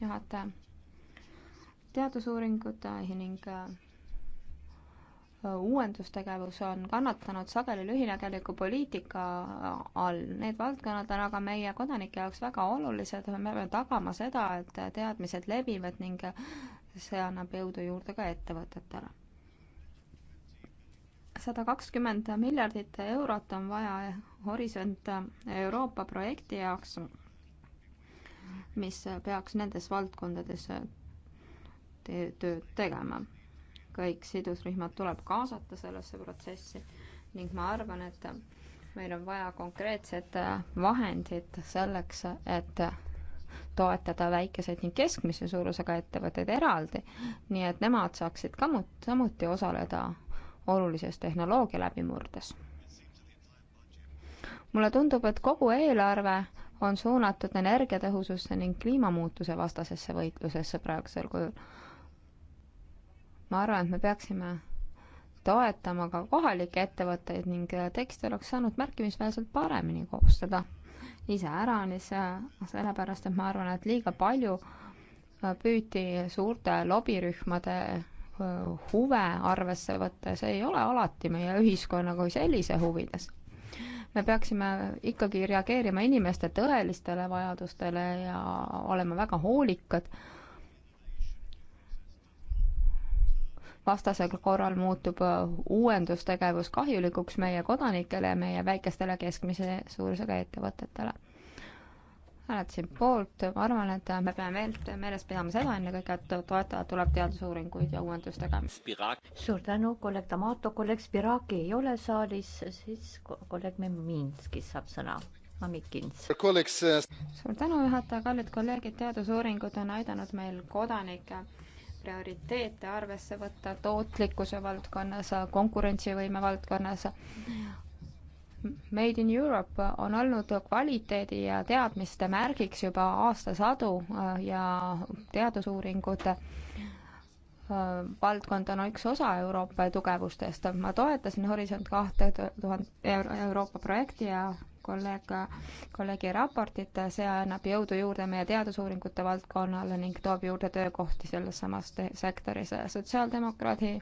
juhataja. teadusuuringud eh, ning eh, uuendustegevus on kannatanud sageli lühinägeliku poliitika eh, all. Need valdkonnad on aga meie kodanike jaoks väga olulised, me peame tagama seda, et teadmised levivad ning see annab jõudu juurde ka ettevõtetele. sada kakskümmend miljardit eurot on vaja Horisont Euroopa projekti jaoks, mis peaks nendes valdkondades tööd tegema. kõik sidusrühmad tuleb kaasata sellesse protsessi ning ma arvan, et meil on vaja konkreetset vahendit selleks, et toetada väikeseid ning keskmise suurusega ettevõtteid eraldi, nii et nemad saaksid kamut-, samuti osaleda olulises tehnoloogia läbimurdes. mulle tundub, et kogu eelarve on suunatud energiatõhususse ning kliimamuutuse vastasesse võitlusesse praegusel kujul. ma arvan, et me peaksime toetama ka kohalikke ettevõtteid ning tekste oleks saanud märkimisväärselt paremini koostada iseäranis, äh, sellepärast et ma arvan, et liiga palju äh, püüti suurte lobirühmade äh, huve arvesse võtta ja see ei ole alati meie ühiskonna kui sellise huvides. me peaksime ikkagi reageerima inimeste tõelistele vajadustele ja olema väga hoolikad vastasel korral muutub äh, uuendustegevus kahjulikuks meie kodanikele ja meie väikestele keskmise suurusega ettevõtetele. hääletasin poolt, ma arvan, et me peame meelt, meeles pidama seda ennekõike, et toetada tuleb teadusuuringuid ja uuendustegevust. suur tänu, kolleeg Tamato, kolleeg Spiraki ei ole saalis, siis kolleeg Meminski saab sõna. Amikins. suur tänu, juhataja, kallid kolleegid, teadusuuringud on aidanud meil kodanikke prioriteete arvesse võtta tootlikkuse valdkonnas, konkurentsivõime valdkonnas. Made in Europe on olnud kvaliteedi ja teadmiste märgiks juba aastasadu äh, ja teadusuuringute äh, valdkond on üks osa Euroopa tugevustest. ma toetasin Horisont kahte tuhande Euroopa projekti ja kolleeg, kolleegi raportit, see annab jõudu juurde meie teadusuuringute valdkonnale ning toob juurde töökohti selles samas sektoris. sotsiaaldemokraadi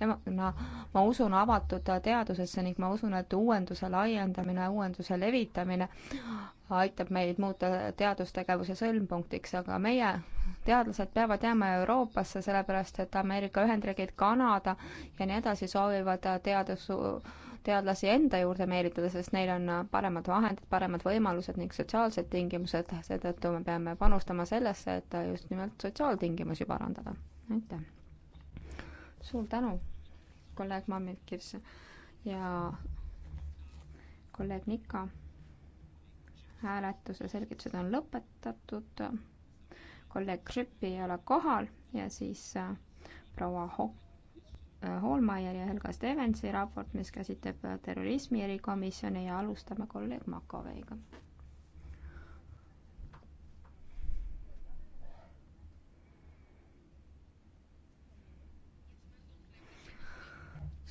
tema, no ma usun avatud teadusesse ning ma usun, et uuenduse laiendamine, uuenduse levitamine aitab meid muuta teadustegevuse sõlmpunktiks, aga meie teadlased peavad jääma Euroopasse, sellepärast et Ameerika Ühendriigid, Kanada ja nii edasi soovivad teadus teadlasi enda juurde meelitada, sest neil on paremad vahendid, paremad võimalused ning sotsiaalsed tingimused, seetõttu me peame panustama sellesse, et just nimelt sotsiaaltingimusi parandada. aitäh! suur tänu, kolleeg Mammikis ja kolleeg Nika. hääletuse selgitused on lõpetatud. kolleeg Krüppi ei ole kohal ja siis äh, proua Hokk Holmeier ja Helga Stevensi raport, mis käsitleb terrorismi erikomisjoni ja alustame kolleeg Makoveiga.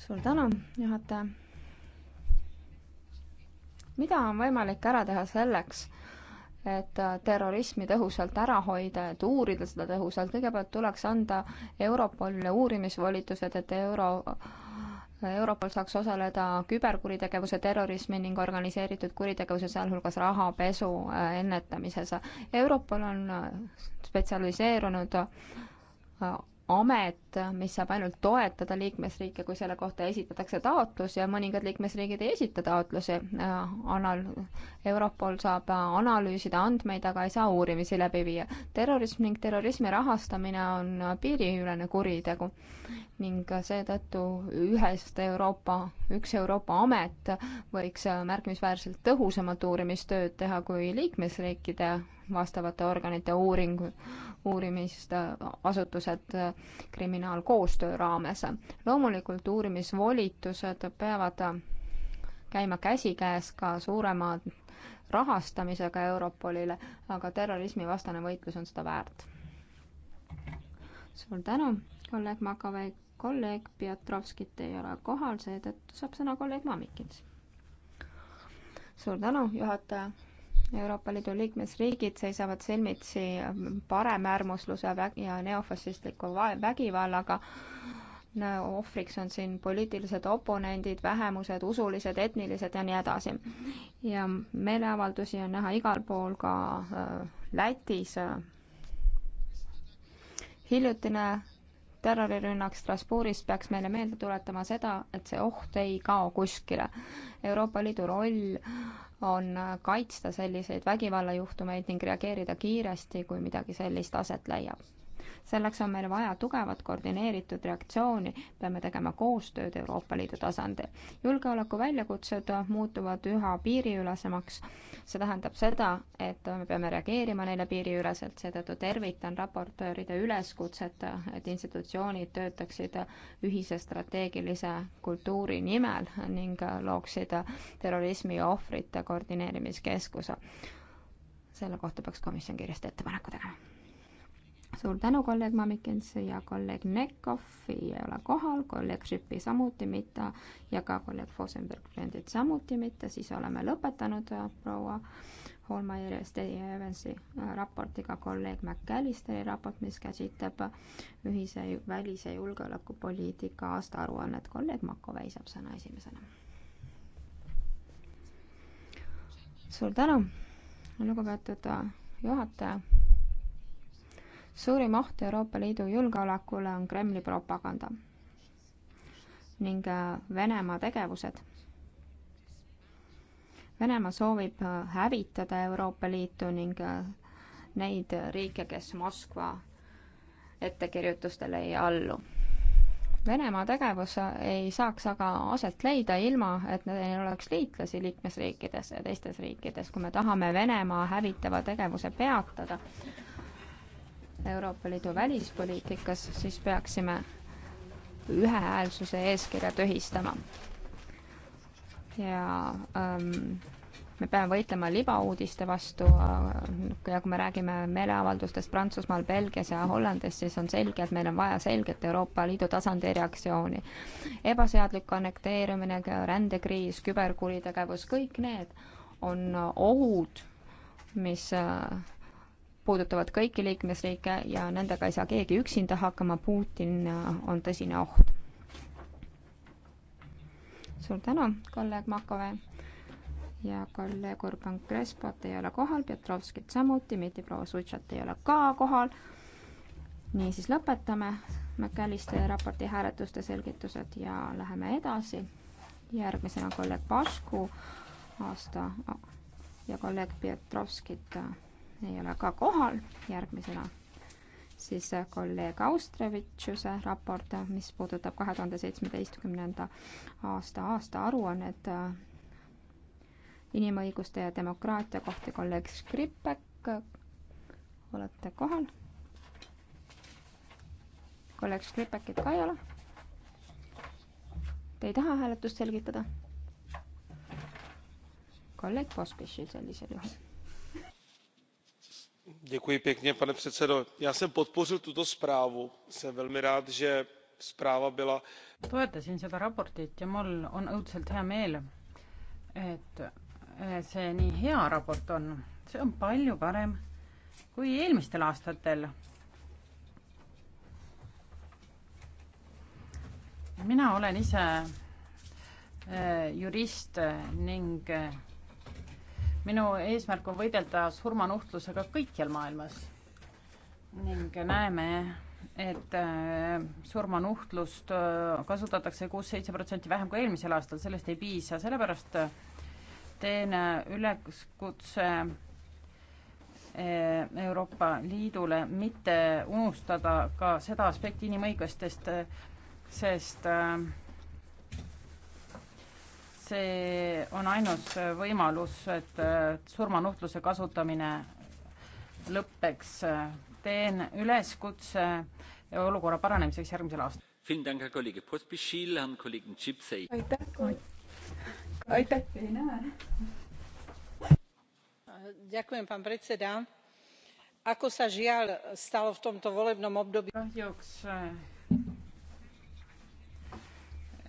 suur tänu, juhataja. mida on võimalik ära teha selleks, et äh, terrorismi tõhusalt ära hoida, et uurida seda tõhusalt, kõigepealt tuleks anda Europolile uurimisvolitused, et euro, Europol saaks osaleda küberkuritegevuse, terrorismi ning organiseeritud kuritegevuse, sealhulgas rahapesu äh, ennetamises. Europol on äh, spetsialiseerunud amet, mis saab ainult toetada liikmesriike, kui selle kohta esitatakse taotlus ja mõningad liikmesriigid ei esita taotlusi. Äh, anal-, Europol saab analüüsida andmeid, aga ei saa uurimisi läbi viia. terrorism ning terrorismi rahastamine on piiriülene kuritegu ning seetõttu ühest Euroopa, üks Euroopa amet võiks märkimisväärselt tõhusamat uurimistööd teha kui liikmesriikide vastavate organite uuring, uurimist, äh, asutused äh, kriminaalkoostöö raames. loomulikult uurimisvolitused peavad äh, käima käsikäes ka suurema rahastamisega Europolile, aga terrorismivastane võitlus on seda väärt. suur tänu, kolleeg Makovei, kolleeg Piotrovskit ei ole kohal, seetõttu saab sõna kolleeg Mamikins. suur tänu, juhataja Euroopa Liidu liikmesriigid seisavad silmitsi paremäärmusluse ja neofašistliku vägivallaga no,. ohvriks on siin poliitilised oponendid, vähemused, usulised, etnilised ja nii edasi. ja meeleavaldusi on näha igal pool, ka äh, Lätis. hiljutine terrorirünnak Strasbourgis peaks meile meelde tuletama seda, et see oht ei kao kuskile. Euroopa Liidu roll on äh, kaitsta selliseid vägivallajuhtumeid ning reageerida kiiresti, kui midagi sellist aset leiab selleks on meil vaja tugevat koordineeritud reaktsiooni, peame tegema koostööd Euroopa Liidu tasandil. julgeoleku väljakutsed muutuvad üha piiriülesemaks, see tähendab seda, et me peame reageerima neile piiriüleselt, seetõttu tervitan raportööride üleskutset, et institutsioonid töötaksid ühise strateegilise kultuuri nimel ning looksid terrorismi ohvrite koordineerimiskeskuse. selle kohta peaks komisjon kiiresti ettepaneku tegema suur tänu, kolleeg Mamikens ja kolleeg Nekov ei ole kohal, kolleeg Šipi samuti mitte ja ka kolleeg Fosenberg kliendid samuti mitte, siis oleme lõpetanud proua Holmaier ja Steven Evansi äh, raportiga kolleeg McAllisteri raport, mis käsitleb ühise välis- ja julgeolekupoliitika aastaaruannet. kolleeg Makovei saab sõna esimesena. suur tänu, lugupeetud äh, juhataja suurim oht Euroopa Liidu julgeolekule on Kremli propaganda ning äh, Venemaa tegevused. Venemaa soovib äh, hävitada Euroopa Liitu ning äh, neid riike, kes Moskva ettekirjutustele ei allu. Venemaa tegevus ei saaks aga aset leida ilma, et neil oleks liitlasi liikmesriikides ja teistes riikides, kui me tahame Venemaa hävitava tegevuse peatada Euroopa Liidu välispoliitikas, siis peaksime ühehäälsuse eeskirja tühistama. ja ähm, me peame võitlema libauudiste vastu äh, ja kui me räägime meeleavaldustest Prantsusmaal, Belgias ja Hollandis, siis on selge, et meil on vaja selget Euroopa Liidu tasandi reaktsiooni. ebaseadlik annekteerimine, rändekriis, küberkuritegevus, kõik need on ohud, mis äh, puudutavad kõiki liikmesriike ja nendega ei saa keegi üksinda hakkama, Putin on tõsine oht. suur tänu, kolleeg Makove ja kolleeg Urban Crespot ei ole kohal, Petrovskit samuti, Miti proua Sutšat ei ole ka kohal. niisiis lõpetame McAllister raporti hääletuste selgitused ja läheme edasi. järgmisena kolleeg Pašku aasta ja kolleeg Petrovskit ei ole ka kohal, järgmisena siis kolleeg Austrevitšuse raport, mis puudutab kahe tuhande seitsmeteistkümnenda aasta aastaaruannet äh, inimõiguste ja demokraatia kohta, kolleeg Skripek, olete kohal? kolleeg Skripekit ka ei ole? Te ei taha hääletust selgitada? kolleeg Pospišil sellisel juhul pane předsedající já jsem podpořil tuto zprávu. jsem velmi rád že zpráva byla. toetasin seda raportit ja mul on õudselt hea meel et see nii hea raport on. see on palju parem kui eelmistel aastatel. mina olen ise eh, jurist ning eh, minu eesmärk on võidelda surmanuhtlusega kõikjal maailmas ning näeme, et äh, surmanuhtlust äh, kasutatakse kuus-seitse protsenti vähem kui eelmisel aastal, sellest ei piisa, sellepärast äh, teen üleskutse Euroopa Liidule mitte unustada ka seda aspekti inimõigustest, sest äh, see on ainus võimalus, et äh, surmanuhtluse kasutamine lõpeks. teen üleskutse olukorra paranemiseks järgmisel aastal. aitäh, aitäh. Ďakujem, pán predseda. Ako sa žiaľ stalo v tomto volebnom období... Kahjuks äh,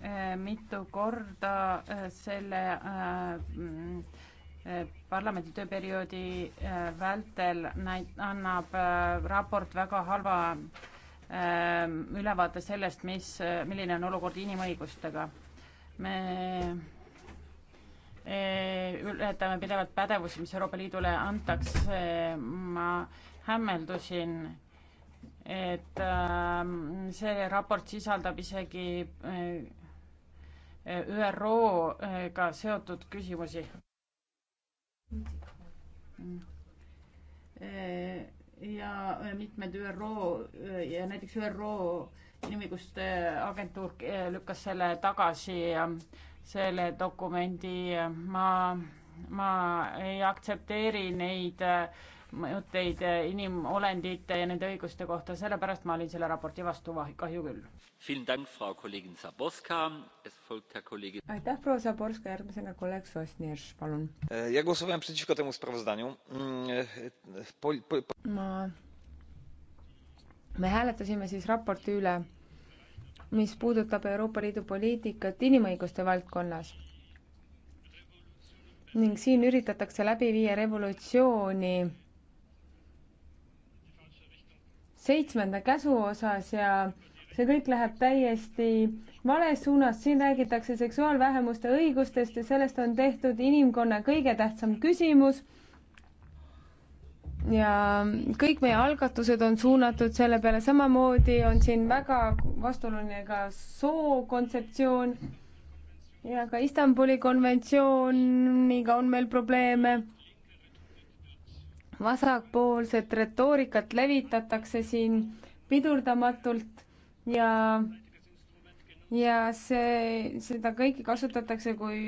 Äh, mitu korda äh, selle äh, mm, parlamendi tööperioodi vältel näit-, annab raport väga halva ülevaate sellest, mis, milline on olukord inimõigustega. me ületame pidevalt pädevusi, mis Euroopa Liidule antakse, ma hämmeldusin, et see raport sisaldab isegi ÜRO-ga eh, seotud küsimusi. Eh, ja mitmed ÜRO eh, ja näiteks ÜRO inimõiguste agentuur lükkas selle tagasi, selle dokumendi. ma, ma ei aktsepteeri neid äh, mõjuteid inimolendite ja nende õiguste kohta, sellepärast ma olin selle raporti vastu, kahju küll. aitäh, proua Zaborska, järgmisena kolleeg Sosnirš, palun. Äh, mm, e, ma, me hääletasime siis raporti üle, mis puudutab Euroopa Liidu poliitikat inimõiguste valdkonnas ning siin üritatakse läbi viia revolutsiooni seitsmenda käsu osas ja see kõik läheb täiesti vales suunas, siin räägitakse seksuaalvähemuste õigustest ja sellest on tehtud inimkonna kõige tähtsam küsimus. ja kõik meie algatused on suunatud selle peale, samamoodi on siin väga vastuoluline ka soo kontseptsioon ja ka Istanbuli konventsiooniga on meil probleeme vasakpoolset retoorikat levitatakse siin pidurdamatult ja, ja see, seda kõike kasutatakse kui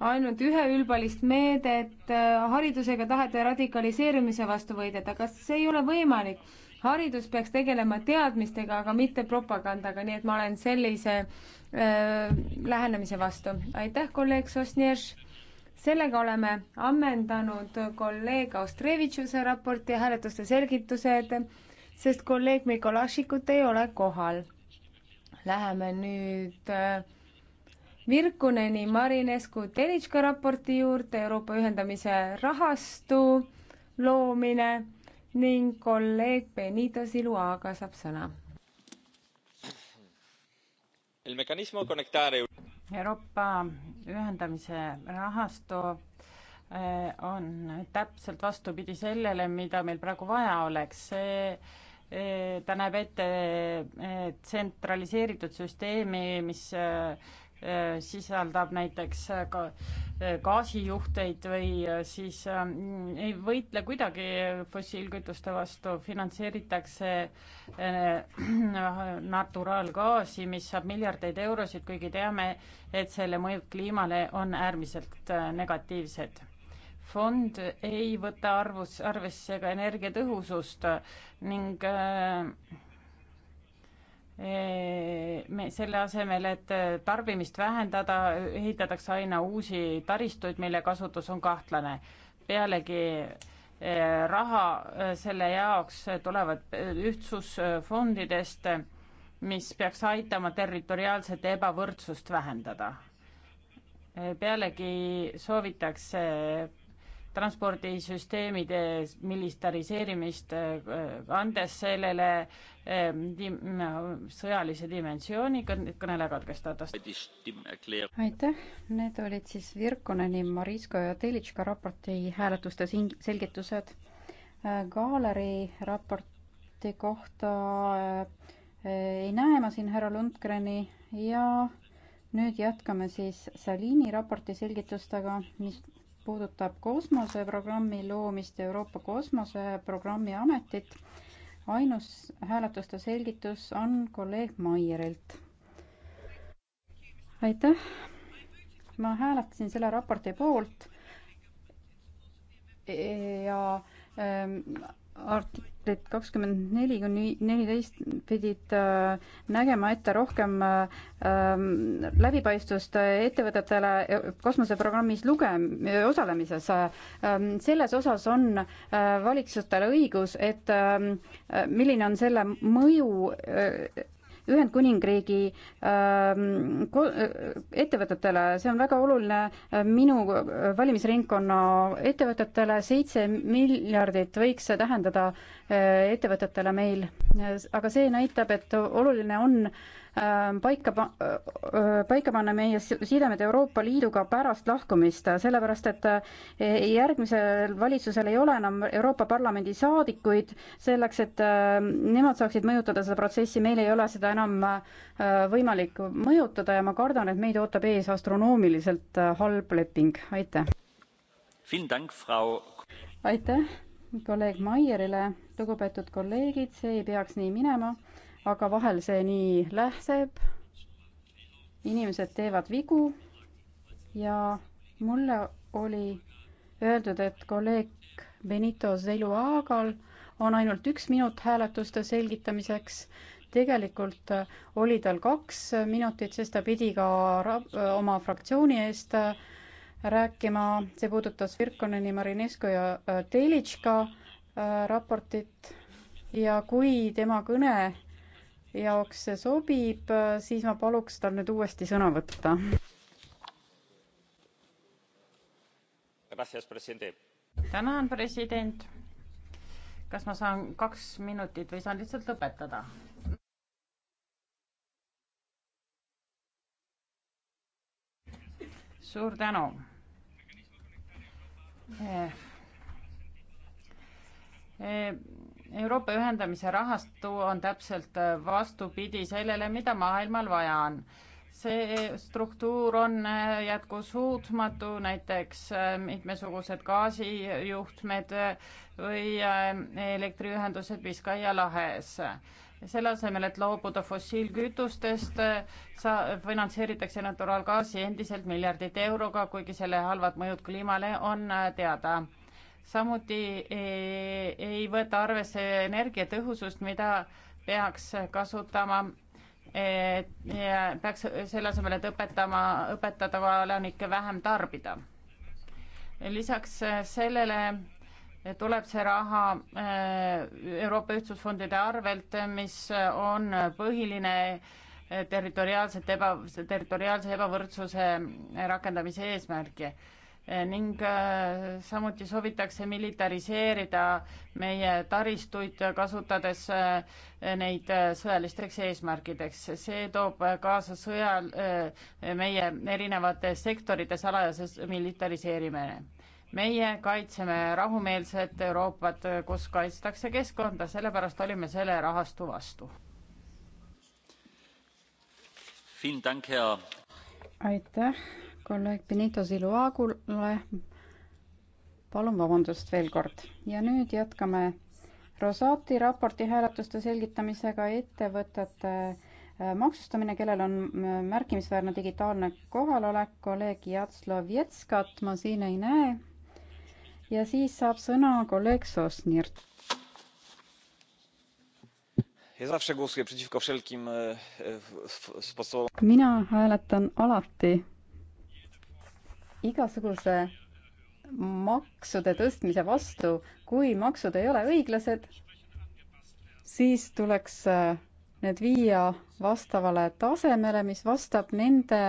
ainult üheülbalist meedet äh, haridusega tahete radikaliseerumise vastu võidelda, kas see ei ole võimalik? haridus peaks tegelema teadmistega, aga mitte propagandaga, nii et ma olen sellise öö, äh, lähenemise vastu. aitäh, kolleeg Sosnjev sellega oleme ammendanud kolleeg Austrevitšuse raporti hääletuste selgitused, sest kolleeg Mikolašikut ei ole kohal. Läheme nüüd äh, Virkuneni Marinescu Telitška raporti juurde Euroopa ühendamise rahastu loomine ning kolleeg Benito Siluaga saab sõna Euroopa ühendamise rahastu eh, on täpselt vastupidi sellele, mida meil praegu vaja oleks, see eh, ta näeb ette eh, tsentraliseeritud süsteemi, mis sisaldab näiteks äh, ka äh, gaasijuhteid või äh, siis ei võitle kuidagi fossiilkütuste vastu, finantseeritakse naturaalgaasi, mis saab miljardeid eurosid, kuigi teame, et selle mõjud kliimale on äärmiselt negatiivsed fond ei võta arvus, arvesse ka energiatõhusust ning äh, me selle asemel, et äh, tarbimist vähendada, ehitatakse aina uusi taristuid, mille kasutus on kahtlane. pealegi raha äh, selle jaoks tulevad äh, ühtsusfondidest, mis peaks aitama territoriaalset ebavõrdsust vähendada. pealegi soovitakse transpordisüsteemide militariseerimist, äh, andes sellele äh, sõjalise dimensiooni, kõneleja katkestatakse. aitäh, need olid siis Virkoneni, Marisko ja Telitška raporti hääletuste selgitused. Äh, gaaleri raporti kohta ei näe ma siin härra Lundgreni ja nüüd jätkame siis Salini raporti selgitustega, mis puudutab kosmoseprogrammi loomist Euroopa Kosmoseprogrammi Ametit. ainus hääletuste selgitus on kolleeg Maierilt. aitäh. ma hääletasin selle raporti poolt ja ähm, art-, artiklit kakskümmend neli kuni neliteist pidid äh, nägema ette rohkem ähm, läbipaistvust äh, ettevõtetele äh, kosmoseprogrammis luge-, osalemises. Ähm, selles osas on valitsustel õigus, et ähm, milline on selle mõju Ühendkuningriigi äh, ettevõtetele, see on väga oluline äh, minu valimisringkonna ettevõtetele, seitse miljardit võiks see tähendada äh, Äh, ettevõtetele meil. aga see näitab, et oluline on ähm, paika, äh, äh, paika panna meie sidemed Euroopa Liiduga pärast lahkumist, sellepärast et järgmisel valitsusel ei ole enam Euroopa Parlamendi saadikuid selleks, et nemad saaksid mõjutada seda protsessi, meil ei ole seda enam võimalik mõjutada ja ma kardan, et meid ootab ees astronoomiliselt halb leping, aitäh. aitäh kolleeg Maierile, lugupeetud kolleegid, see ei peaks nii minema, aga vahel see nii läheb. inimesed teevad vigu ja mulle oli öeldud, et kolleeg Benito Zeluagal on ainult üks minut hääletuste selgitamiseks. tegelikult oli tal kaks minutit, sest ta pidi ka oma fraktsiooni eest äh, rääkima, see puudutas Virkoneni, Marinesko ja äh, Telitška äh, raportit ja kui tema kõne jaoks see sobib, äh, siis ma paluks tal nüüd uuesti sõna võtta. tänan, president. kas ma saan kaks minutit või saan lihtsalt lõpetada? suur tänu Eh, eh, Euroopa ühendamise rahastu on täpselt eh, vastupidi sellele, mida maailmal vaja on. see struktuur on jätkusuutmatu, näiteks mitmesugused gaasijuhtmed või elektriühendused Biskaia lahes selle asemel, et loobuda fossiilkütustest, sa-, finantseeritakse naturaalgaasi endiselt miljardit euroga, kuigi selle halvad mõjud kliimale on äh, teada. samuti ei, ei võeta arvesse energiatõhusust, mida peaks kasutama et peaks selle asemel, et õpetama, õpetada elanikke vähem tarbida. lisaks sellele tuleb see raha äh, Euroopa Ühtsusfondide arvelt, mis on põhiline äh, territoriaalset eba, territoriaalse ebavõrdsuse äh, rakendamise eesmärk ning samuti soovitakse militariseerida meie taristuid, kasutades neid sõjalisteks eesmärkideks. see toob kaasa sõja meie erinevates sektorites alajases militariseerimine meie kaitseme rahumeelset Euroopat, kus kaitstakse keskkonda, sellepärast olime selle rahastu vastu. aitäh kolleeg Benito Ziluagule. palun vabandust veel kord ja nüüd jätkame Rosati raporti hääletuste selgitamisega ettevõtete äh, maksustamine, kellel on äh, märkimisväärne digitaalne kohalolek, kolleeg Jatslav Jetskat ma siin ei näe ja siis saab sõna kolleeg Sosnir. E, e, mina hääletan alati igasuguse maksude tõstmise vastu, kui maksud ei ole õiglased, siis tuleks e, need viia vastavale tasemele, mis vastab nende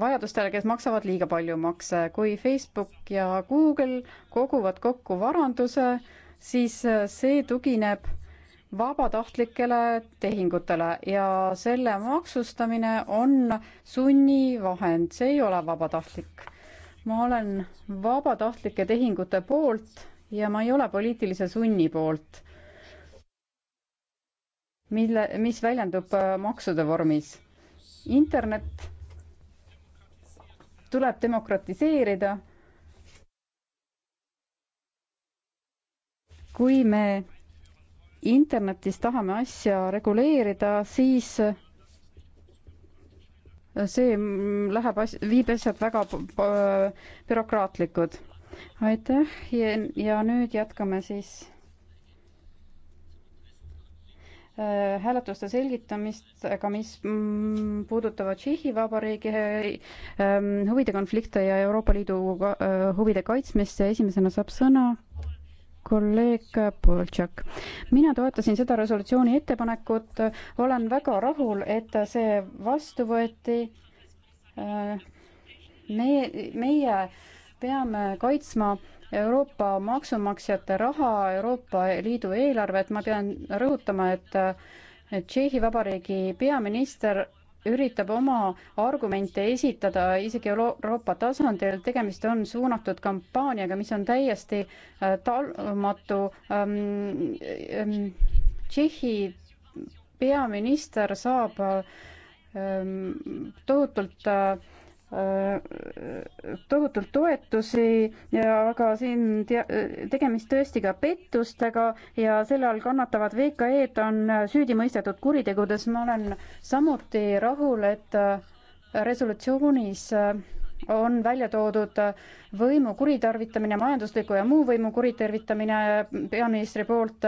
vajadustele, kes maksavad liiga palju makse. kui Facebook ja Google koguvad kokku varanduse, siis see tugineb vabatahtlikele tehingutele ja selle maksustamine on sunnivahend, see ei ole vabatahtlik. ma olen vabatahtlike tehingute poolt ja ma ei ole poliitilise sunni poolt, mille, mis väljendub maksude vormis. internet tuleb demokratiseerida. kui me internetis tahame asja reguleerida, siis see läheb as-, viib asjad väga bürokraatlikud. aitäh ja, ja nüüd jätkame siis Äh, hääletuste selgitamist, aga mis mm, puudutavad Tšehhi Vabariigi ähm, huvide konflikte ja Euroopa Liidu äh, huvide kaitsmist ja esimesena saab sõna kolleeg Poltšak. mina toetasin seda resolutsiooni ettepanekut, olen väga rahul, et see vastu võeti. Äh, me, meie peame kaitsma Euroopa maksumaksjate raha, Euroopa Liidu eelarvet, ma pean rõhutama, et Tšehhi Vabariigi peaminister üritab oma argumente esitada isegi Euroopa tasandil, tegemist on suunatud kampaaniaga, mis on täiesti äh, talumatu ähm, ähm,. Tšehhi peaminister saab ähm, tohutult äh, tohutult toetusi, aga siin te tegemist tõesti ka pettustega ja selle all kannatavad VKE-d on süüdi mõistetud kuritegudes. ma olen samuti rahul, et resolutsioonis on välja toodud võimu kuritarvitamine, majandusliku ja muu võimu kuritarvitamine peaministri poolt.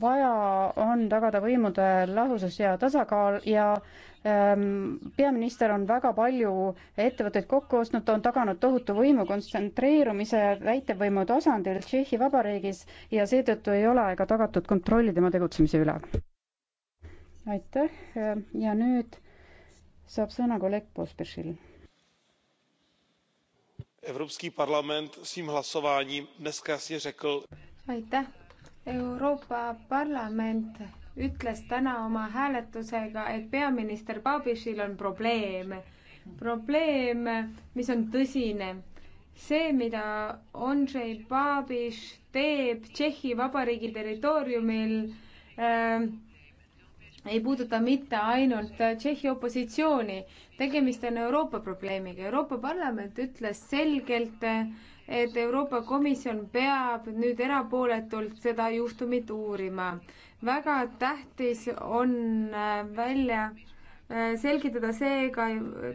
vaja on tagada võimude lahusus ja tasakaal ja ähm, peaminister on väga palju ettevõtteid kokku ostnud, ta on taganud tohutu võimu kontsentreerumise täitevvõimu tasandil Tšehhi Vabariigis ja seetõttu ei ole ka tagatud kontrolli tema tegutsemise üle. aitäh ja nüüd saab sõna kolleeg Pospešil evropský parlament svým hlasováním dneska jasně řekl aitäh! Euroopa Parlament ütles täna oma hääletusega, et peaminister Babišil on probleem, probleem, mis on tõsine. see, mida Andrei Babiš teeb Tšehhi Vabariigi territooriumil äh,, ei puuduta mitte ainult Tšehhi opositsiooni, tegemist on Euroopa probleemiga. Euroopa Parlament ütles selgelt, et Euroopa Komisjon peab nüüd erapooletult seda juhtumit uurima. väga tähtis on äh, välja äh, selgitada seega,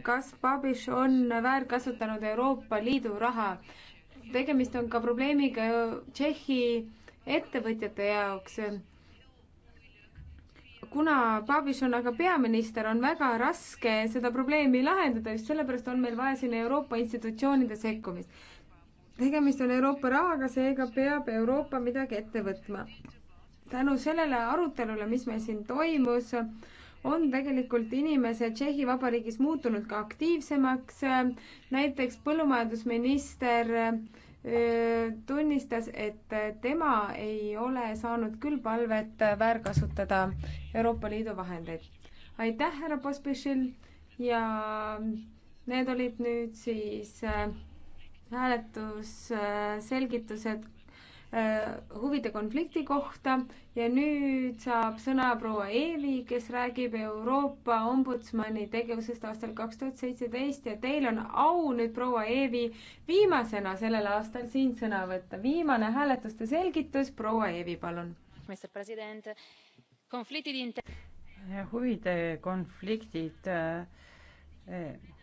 kas Babiš on väärkasutanud Euroopa Liidu raha. tegemist on ka probleemiga Tšehhi ettevõtjate jaoks kuna Paavison aga peaminister, on väga raske seda probleemi lahendada, just sellepärast on meil vaja siin Euroopa institutsioonide sekkumist. tegemist on Euroopa rahaga, seega peab Euroopa midagi ette võtma. tänu sellele arutelule, mis meil siin toimus, on tegelikult inimesed Tšehhi Vabariigis muutunud ka aktiivsemaks, näiteks põllumajandusminister tunnistas, et tema ei ole saanud küll palvet väärkasutada Euroopa Liidu vahendeid. aitäh, härra Pospešil ja need olid nüüd siis äh, hääletusselgitused äh, Äh, huvide konflikti kohta ja nüüd saab sõna proua Eevi, kes räägib Euroopa Ombudsmani tegevusest aastal kaks tuhat seitseteist ja teil on au nüüd, proua Eevi, viimasena sellel aastal siin sõna võtta. viimane hääletuste selgitus, proua Eevi, palun. huvide konfliktid äh, äh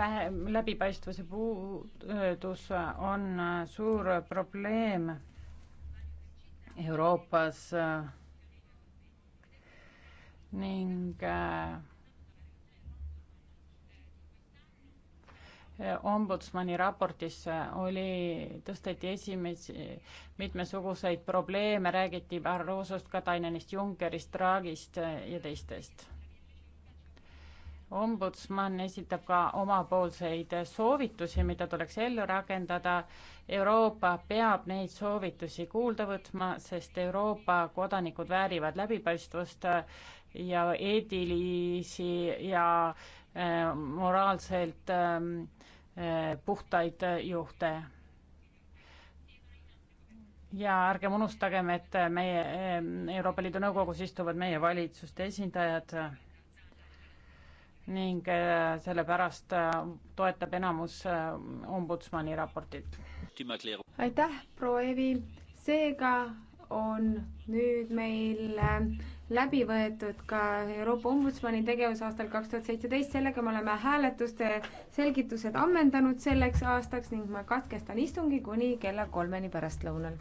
vähe, läbipaistvuse puudus on suur probleem Euroopas ning eh, ombudsmani raportis oli, tõsteti esimesi mitmesuguseid probleeme, räägiti Barrosost, Katainenist, Junckerist, Draghist eh, ja teistest ombudsman esitab ka omapoolseid soovitusi, mida tuleks ellu rakendada. Euroopa peab neid soovitusi kuulda võtma, sest Euroopa kodanikud väärivad läbipaistvust ja eetilisi ja äh, moraalselt ähm, äh, puhtaid juhte. ja ärgem unustagem, et meie äh, Euroopa Liidu Nõukogus istuvad meie valitsuste esindajad ning äh, sellepärast äh, toetab enamus äh, ombudsmani raportit. aitäh, proua Evi, seega on nüüd meil läbi võetud ka Euroopa Ombudsmani tegevus aastal kaks tuhat seitseteist, sellega me oleme hääletuste selgitused ammendanud selleks aastaks ning ma katkestan istungi kuni kella kolmeni pärastlõunal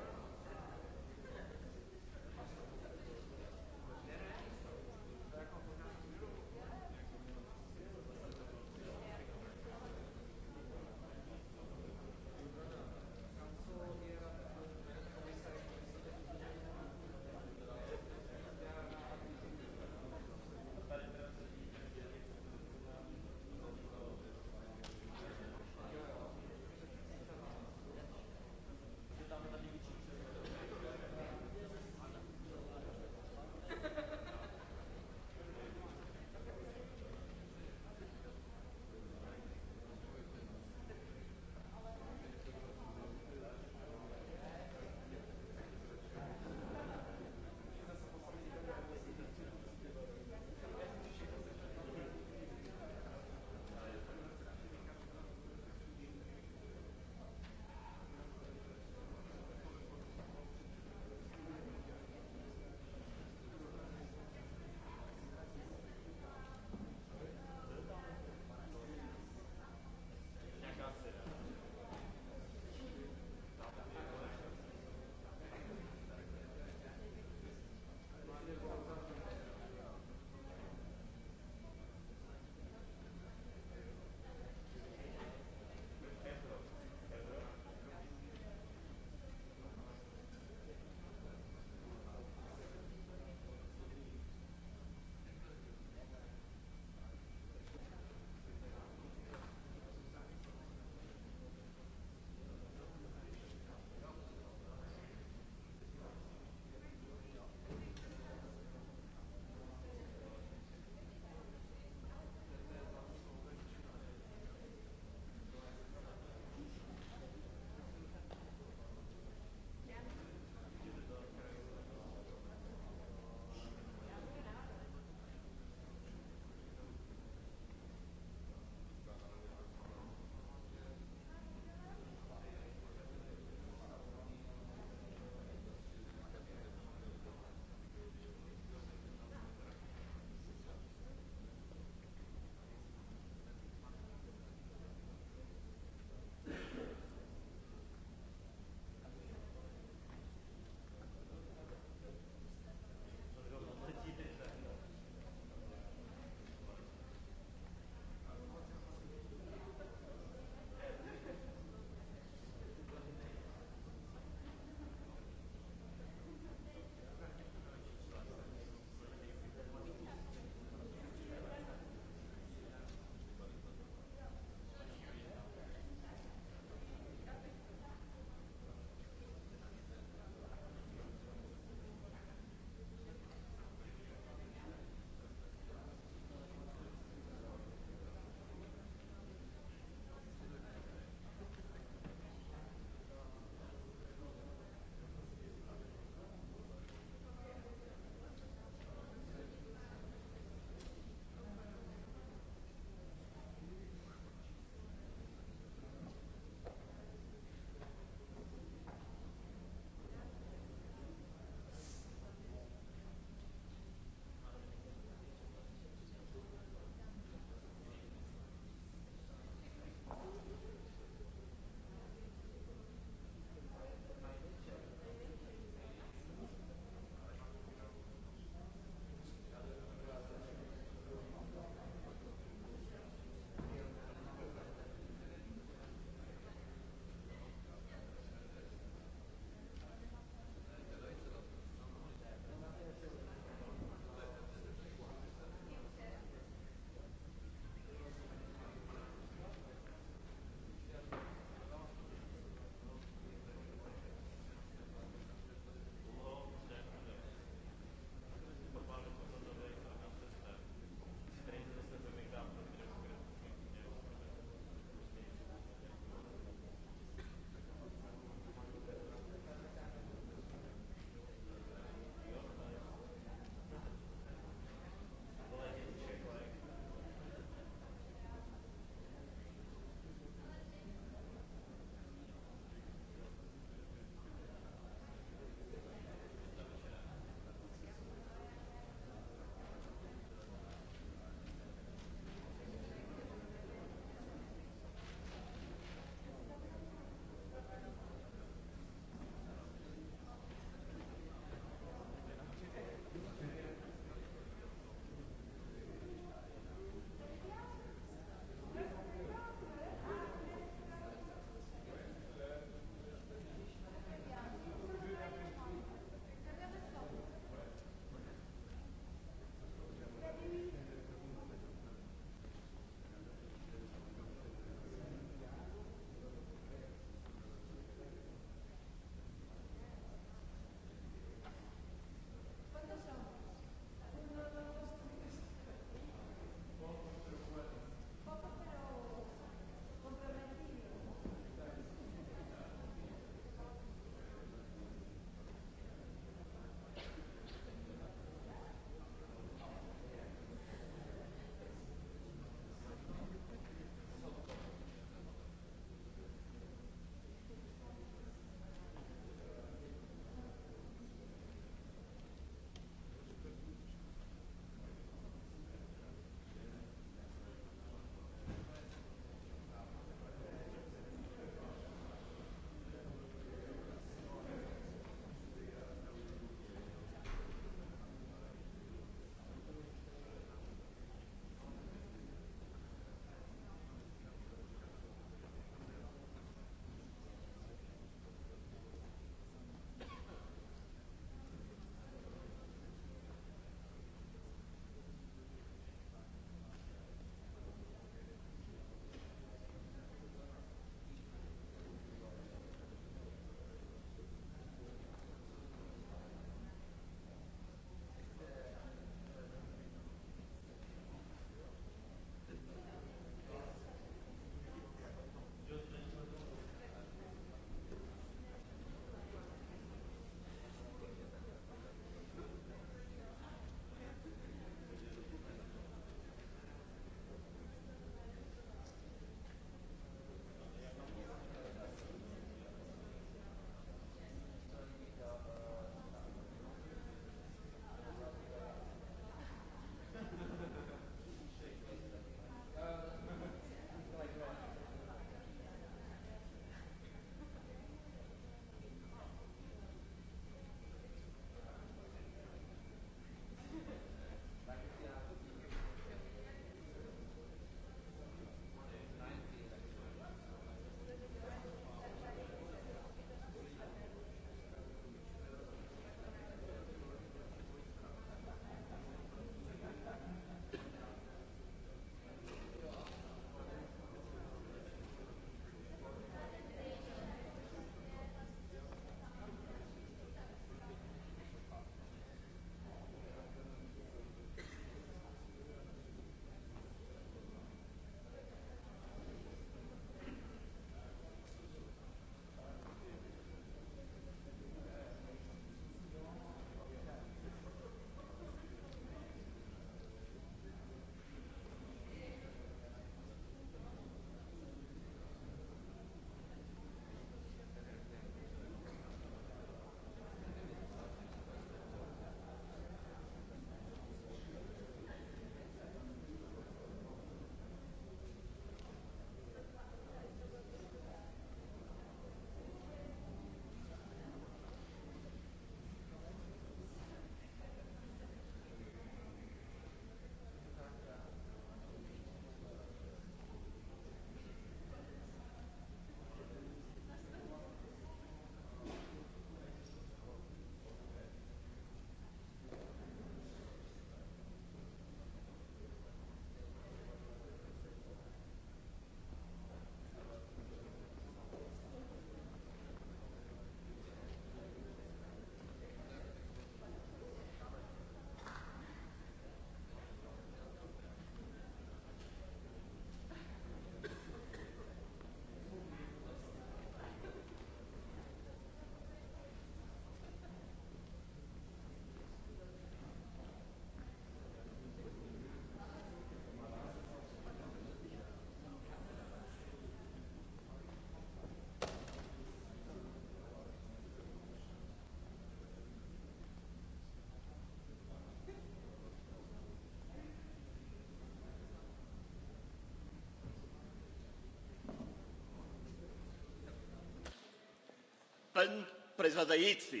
în predsedající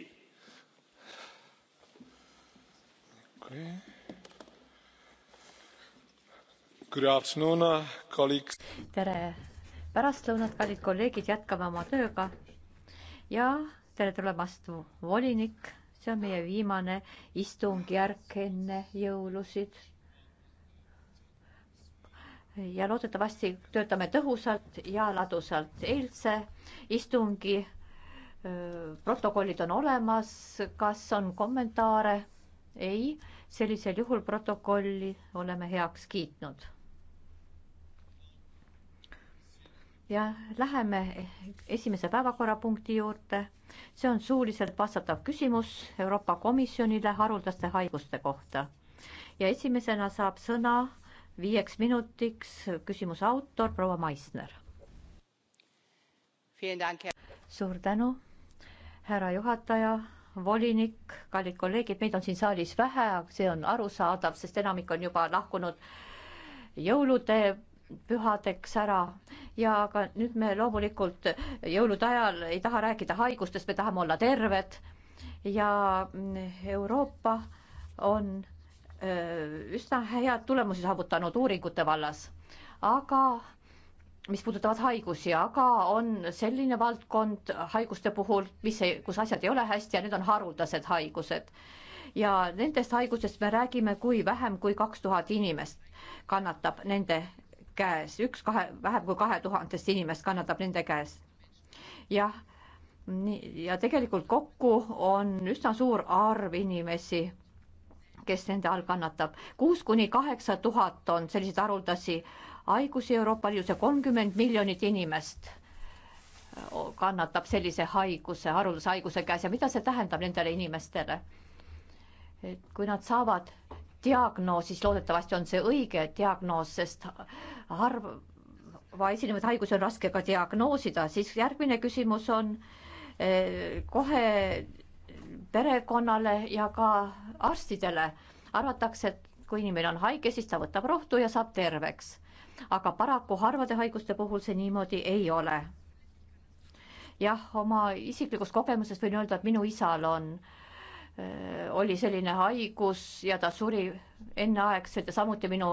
uh, tere pärastlõunat kallid kolleegid jätkame oma tööga ja tere tulemast volinik see on meie viimane istungjärk enne jõulusid ja loodetavasti töötame tõhusalt ja ladusalt eilse istungi protokollid on olemas, kas on kommentaare? ei, sellisel juhul protokolli oleme heaks kiitnud. ja läheme esimese päevakorrapunkti juurde. see on suuliselt vastatav küsimus Euroopa Komisjonile haruldaste haiguste kohta. ja esimesena saab sõna viieks minutiks küsimuse autor proua Maisner. suur tänu härra juhataja, volinik, kallid kolleegid, meid on siin saalis vähe, aga see on arusaadav, sest enamik on juba lahkunud jõulude pühadeks ära ja ka nüüd me loomulikult jõulude ajal ei taha rääkida haigustest, me tahame olla terved ja Euroopa on öö, äh, üsna head tulemusi saavutanud uuringute vallas, aga mis puudutavad haigusi, aga on selline valdkond haiguste puhul, mis, kus asjad ei ole hästi ja need on haruldased haigused. ja nendest haigustest me räägime, kui vähem kui kaks tuhat inimest kannatab nende käes, üks kahe, vähem kui kahe tuhandest inimest kannatab nende käes. jah, nii ja tegelikult kokku on üsna suur arv inimesi, kes nende all kannatab, kuus kuni kaheksa tuhat on selliseid haruldasi äh, haigusi Euroopa Liidus ja kolmkümmend miljonit inimest kannatab sellise haiguse, haruldase haiguse käes ja mida see tähendab nendele inimestele? et kui nad saavad diagnoos, siis loodetavasti on see õige diagnoos, sest harva esinevaid haigusi on raske ka diagnoosida, siis järgmine küsimus on eh, kohe perekonnale ja ka arstidele. arvatakse, et kui inimene on haige, siis ta võtab rohtu ja saab terveks aga paraku harvade haiguste puhul see niimoodi ei ole. jah, oma isiklikust kogemusest võin öelda, et minu isal on oli selline haigus ja ta suri enneaegselt ja samuti minu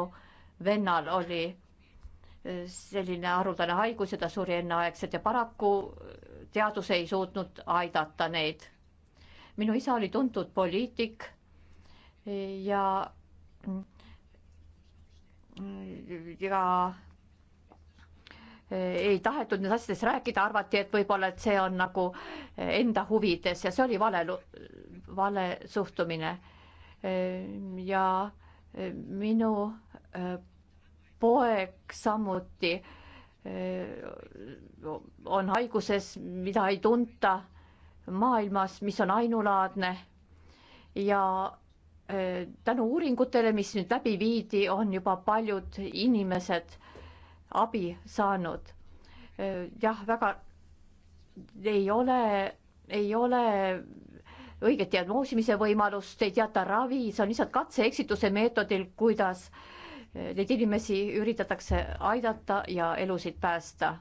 vennal oli selline haruldane haigus ja ta suri enneaegselt ja paraku teadus ei suutnud aidata neid. minu isa oli tuntud poliitik ja ja eh, ei tahetud nendest asjadest rääkida, arvati, et võib-olla, et see on nagu eh, enda huvides ja see oli vale, vale suhtumine. Eh, ja minu poeg samuti on haiguses, mida ei tunta maailmas, mis on ainulaadne ja tänu uuringutele, mis nüüd läbi viidi, on juba paljud inimesed abi saanud. jah, väga ei ole, ei ole õiget diagnoosimise võimalust, ei teata ravi, see on lihtsalt katse-eksituse meetodil, kuidas neid inimesi üritatakse aidata ja elusid päästa.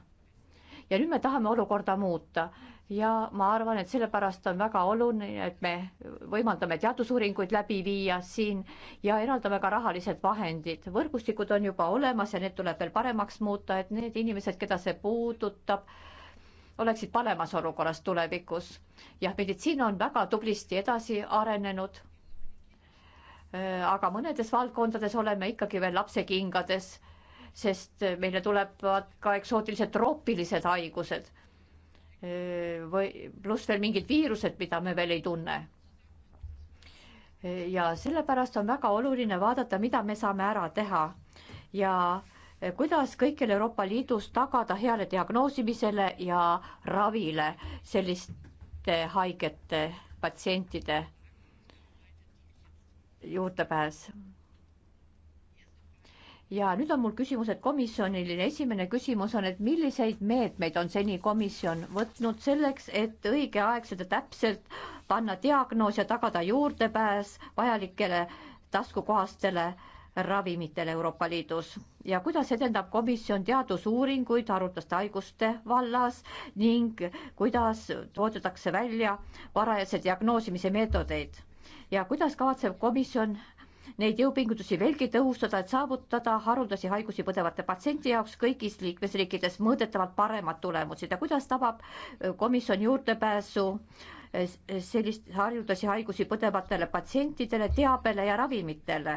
ja nüüd me tahame olukorda muuta ja ma arvan, et sellepärast on väga oluline, et me võimaldame teadusuuringuid läbi viia siin ja eraldame ka rahalised vahendid. võrgustikud on juba olemas ja need tuleb veel paremaks muuta, et need inimesed, keda see puudutab, oleksid paremas olukorras tulevikus. jah, meditsiin on väga tublisti edasi arenenud. aga mõnedes valdkondades oleme ikkagi veel lapsekingades, sest meile tulevad ka eksootilised troopilised haigused või pluss veel mingid viirused, mida me veel ei tunne. ja sellepärast on väga oluline vaadata, mida me saame ära teha ja kuidas kõikjal Euroopa Liidus tagada heale diagnoosimisele ja ravile selliste haigete patsientide juurdepääs ja nüüd on mul küsimused komisjonile. esimene küsimus on, et milliseid meetmeid on seni komisjon võtnud selleks, et õigeaegselt ja täpselt panna diagnoos ja tagada juurdepääs vajalikele taskukohastele ravimitele Euroopa Liidus ja kuidas edendab komisjon teadusuuringuid haruldaste haiguste vallas ning kuidas toodetakse välja varajase diagnoosimise meetodeid ja kuidas kavatseb komisjon neid jõupingutusi veelgi tõhustada, et saavutada haruldasi haigusi põdevate patsienti jaoks kõigis liikmesriikides mõõdetavalt paremad tulemused ja kuidas tabab äh, komisjon juurdepääsu äh, sellist haruldasi haigusi põdevatele patsientidele, teabele ja ravimitele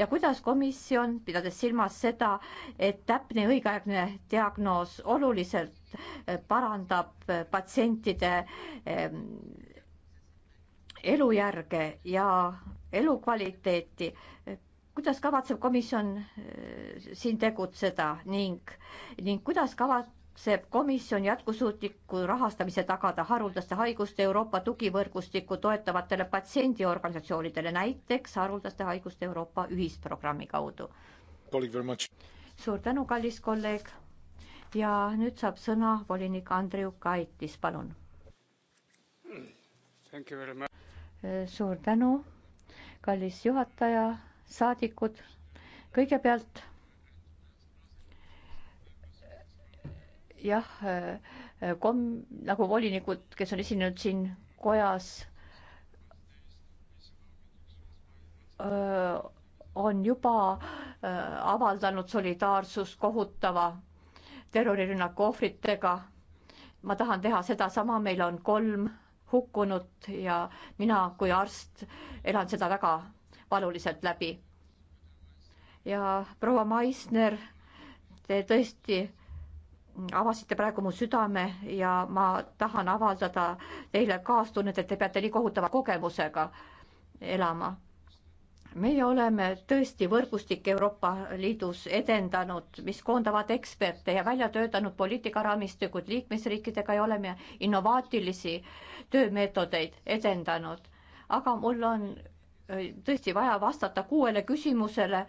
ja kuidas komisjon, pidades silmas seda, et täpne ja õigeaegne diagnoos oluliselt äh, parandab patsientide ähm, elujärge ja elukvaliteeti. kuidas kavatseb komisjon äh, siin tegutseda ning, ning kuidas kavatseb komisjon jätkusuutliku rahastamise tagada haruldaste haiguste Euroopa tugivõrgustikku toetavatele patsiendiorganisatsioonidele, näiteks haruldaste haiguste Euroopa ühisprogrammi kaudu? suur tänu, kallis kolleeg. ja nüüd saab sõna volinik Andriu Kaitis, palun. Äh, suur tänu kallis juhataja, saadikud, kõigepealt jah, kom-, nagu volinikud, kes on esinenud siin kojas, on juba avaldanud solidaarsust kohutava terrorirünnaku ohvritega. ma tahan teha sedasama, meil on kolm hukkunut ja mina kui arst elan seda väga valuliselt läbi. ja proua Maisner, te tõesti avasite praegu mu südame ja ma tahan avaldada teile kaastunnet, et te peate nii kohutava kogemusega elama meie oleme tõesti võrgustik Euroopa Liidus edendanud, mis koondavad eksperte ja välja töötanud poliitikaraamistikud liikmesriikidega ja oleme innovaatilisi töömeetodeid edendanud. aga mul on äh, tõesti vaja vastata kuuele küsimusele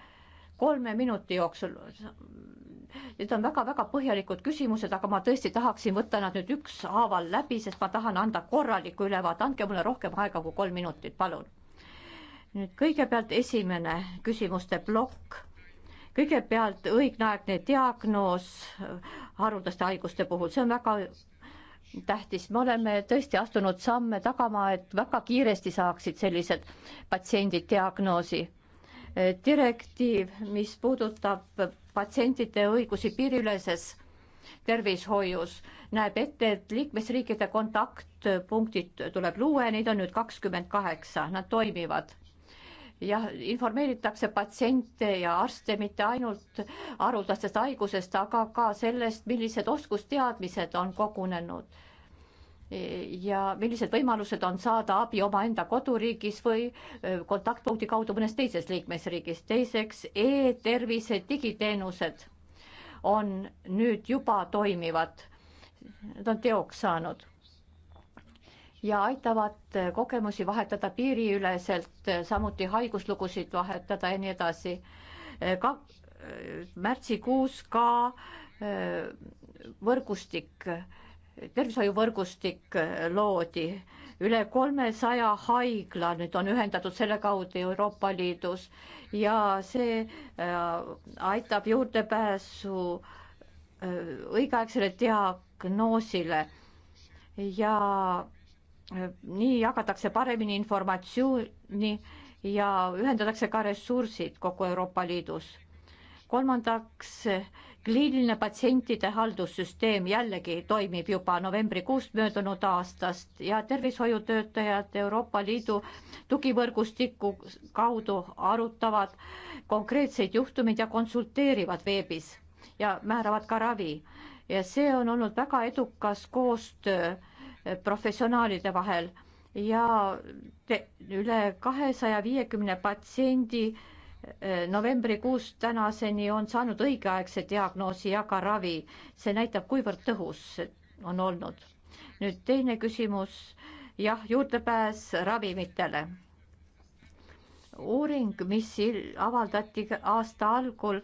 kolme minuti jooksul. Need on väga-väga põhjalikud küsimused, aga ma tõesti tahaksin võtta nad nüüd ükshaaval läbi, sest ma tahan anda korraliku ülevaate, andke mulle rohkem aega kui kolm minutit, palun nüüd kõigepealt esimene küsimuste plokk. kõigepealt õignaegne diagnoos haruldaste haiguste puhul, see on väga tähtis, me oleme tõesti astunud samme tagama, et väga kiiresti saaksid sellised patsiendid diagnoosi. direktiiv, mis puudutab patsientide õigusi piiriüleses tervishoius, näeb ette, et liikmesriikide kontaktpunktid tuleb luua ja neid on nüüd kakskümmend kaheksa, nad toimivad jah, informeeritakse patsiente ja arste mitte ainult haruldastest haigusest, aga ka sellest, millised oskusteadmised on kogunenud. ja millised võimalused on saada abi omaenda koduriigis või kontaktpunkti kaudu mõnes teises liikmesriigis. teiseks e, e-tervise digiteenused on nüüd juba toimivad. Nad on teoks saanud ja aitavad kogemusi vahetada piiriüleselt, samuti haiguslugusid vahetada ja nii edasi. ka äh, märtsikuus ka äh, võrgustik, tervishoiuvõrgustik äh, loodi, üle kolmesaja haigla nüüd on ühendatud selle kaudu Euroopa Liidus ja see aitab juurdepääsu õigeaegsele diagnoosile ja nii jagatakse paremini informatsiooni ja ühendatakse ka ressursid kogu Euroopa Liidus. kolmandaks, kliiniline patsientide haldussüsteem jällegi toimib juba novembrikuust möödunud aastast ja tervishoiutöötajad Euroopa Liidu tugivõrgustiku kaudu arutavad konkreetseid juhtumeid ja konsulteerivad veebis ja määravad ka ravi. ja see on olnud väga edukas koostöö professionaalide vahel ja te, üle kahesaja viiekümne patsiendi eh, novembrikuust tänaseni on saanud õigeaegse diagnoosi ja ka ravi. see näitab, kuivõrd tõhus on olnud. nüüd teine küsimus, jah, juurdepääs ravimitele. uuring, mis avaldati aasta algul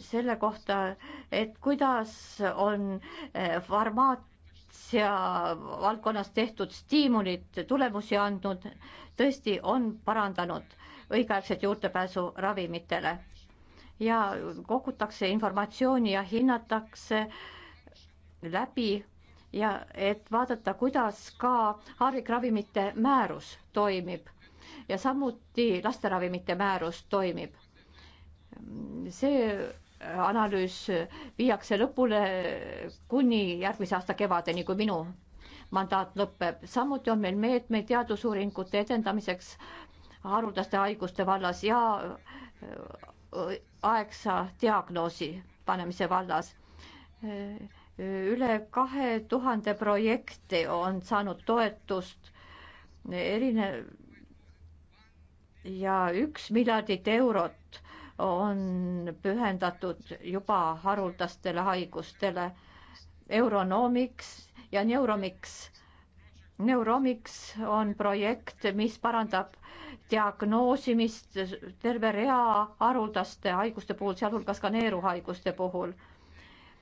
selle kohta, et kuidas on eh, farmaat ja valdkonnas tehtud stiimulid tulemusi andnud, tõesti on parandanud õigeaegset juurdepääsu ravimitele ja kogutakse informatsiooni ja hinnatakse läbi ja et vaadata, kuidas ka haarikravimite määrus toimib ja samuti lasteravimite määrus toimib. see analüüs viiakse lõpule kuni järgmise aasta kevadeni, kui minu mandaat lõpeb. samuti on meil meetmeid teadusuuringute edendamiseks haruldaste haiguste vallas ja äh, aegsa diagnoosi panemise vallas. üle kahe tuhande projekti on saanud toetust erinev ja üks miljardit eurot on pühendatud juba haruldastele haigustele. Euronomics ja Neuromics. Neuromics on projekt, mis parandab diagnoosimist terve rea haruldaste haiguste puhul, sealhulgas ka neeruhaiguste puhul.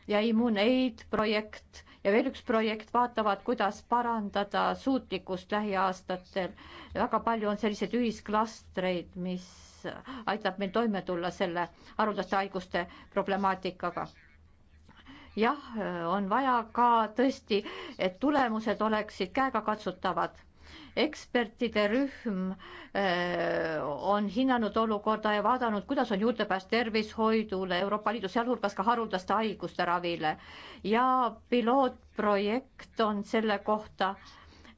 ja Immunaid projekt ja veel üks projekt vaatavad, kuidas parandada suutlikkust lähiaastatel. väga palju on selliseid ühisklastreid, mis aitab meil toime tulla selle haruldaste haiguste problemaatikaga jah, on vaja ka tõesti, et tulemused oleksid käegakatsutavad ekspertide rühm öö, eh, on hinnanud olukorda ja vaadanud, kuidas on juurdepääs tervishoidule Euroopa Liidus, sealhulgas ka haruldaste haiguste ravile ja pilootprojekt on selle kohta,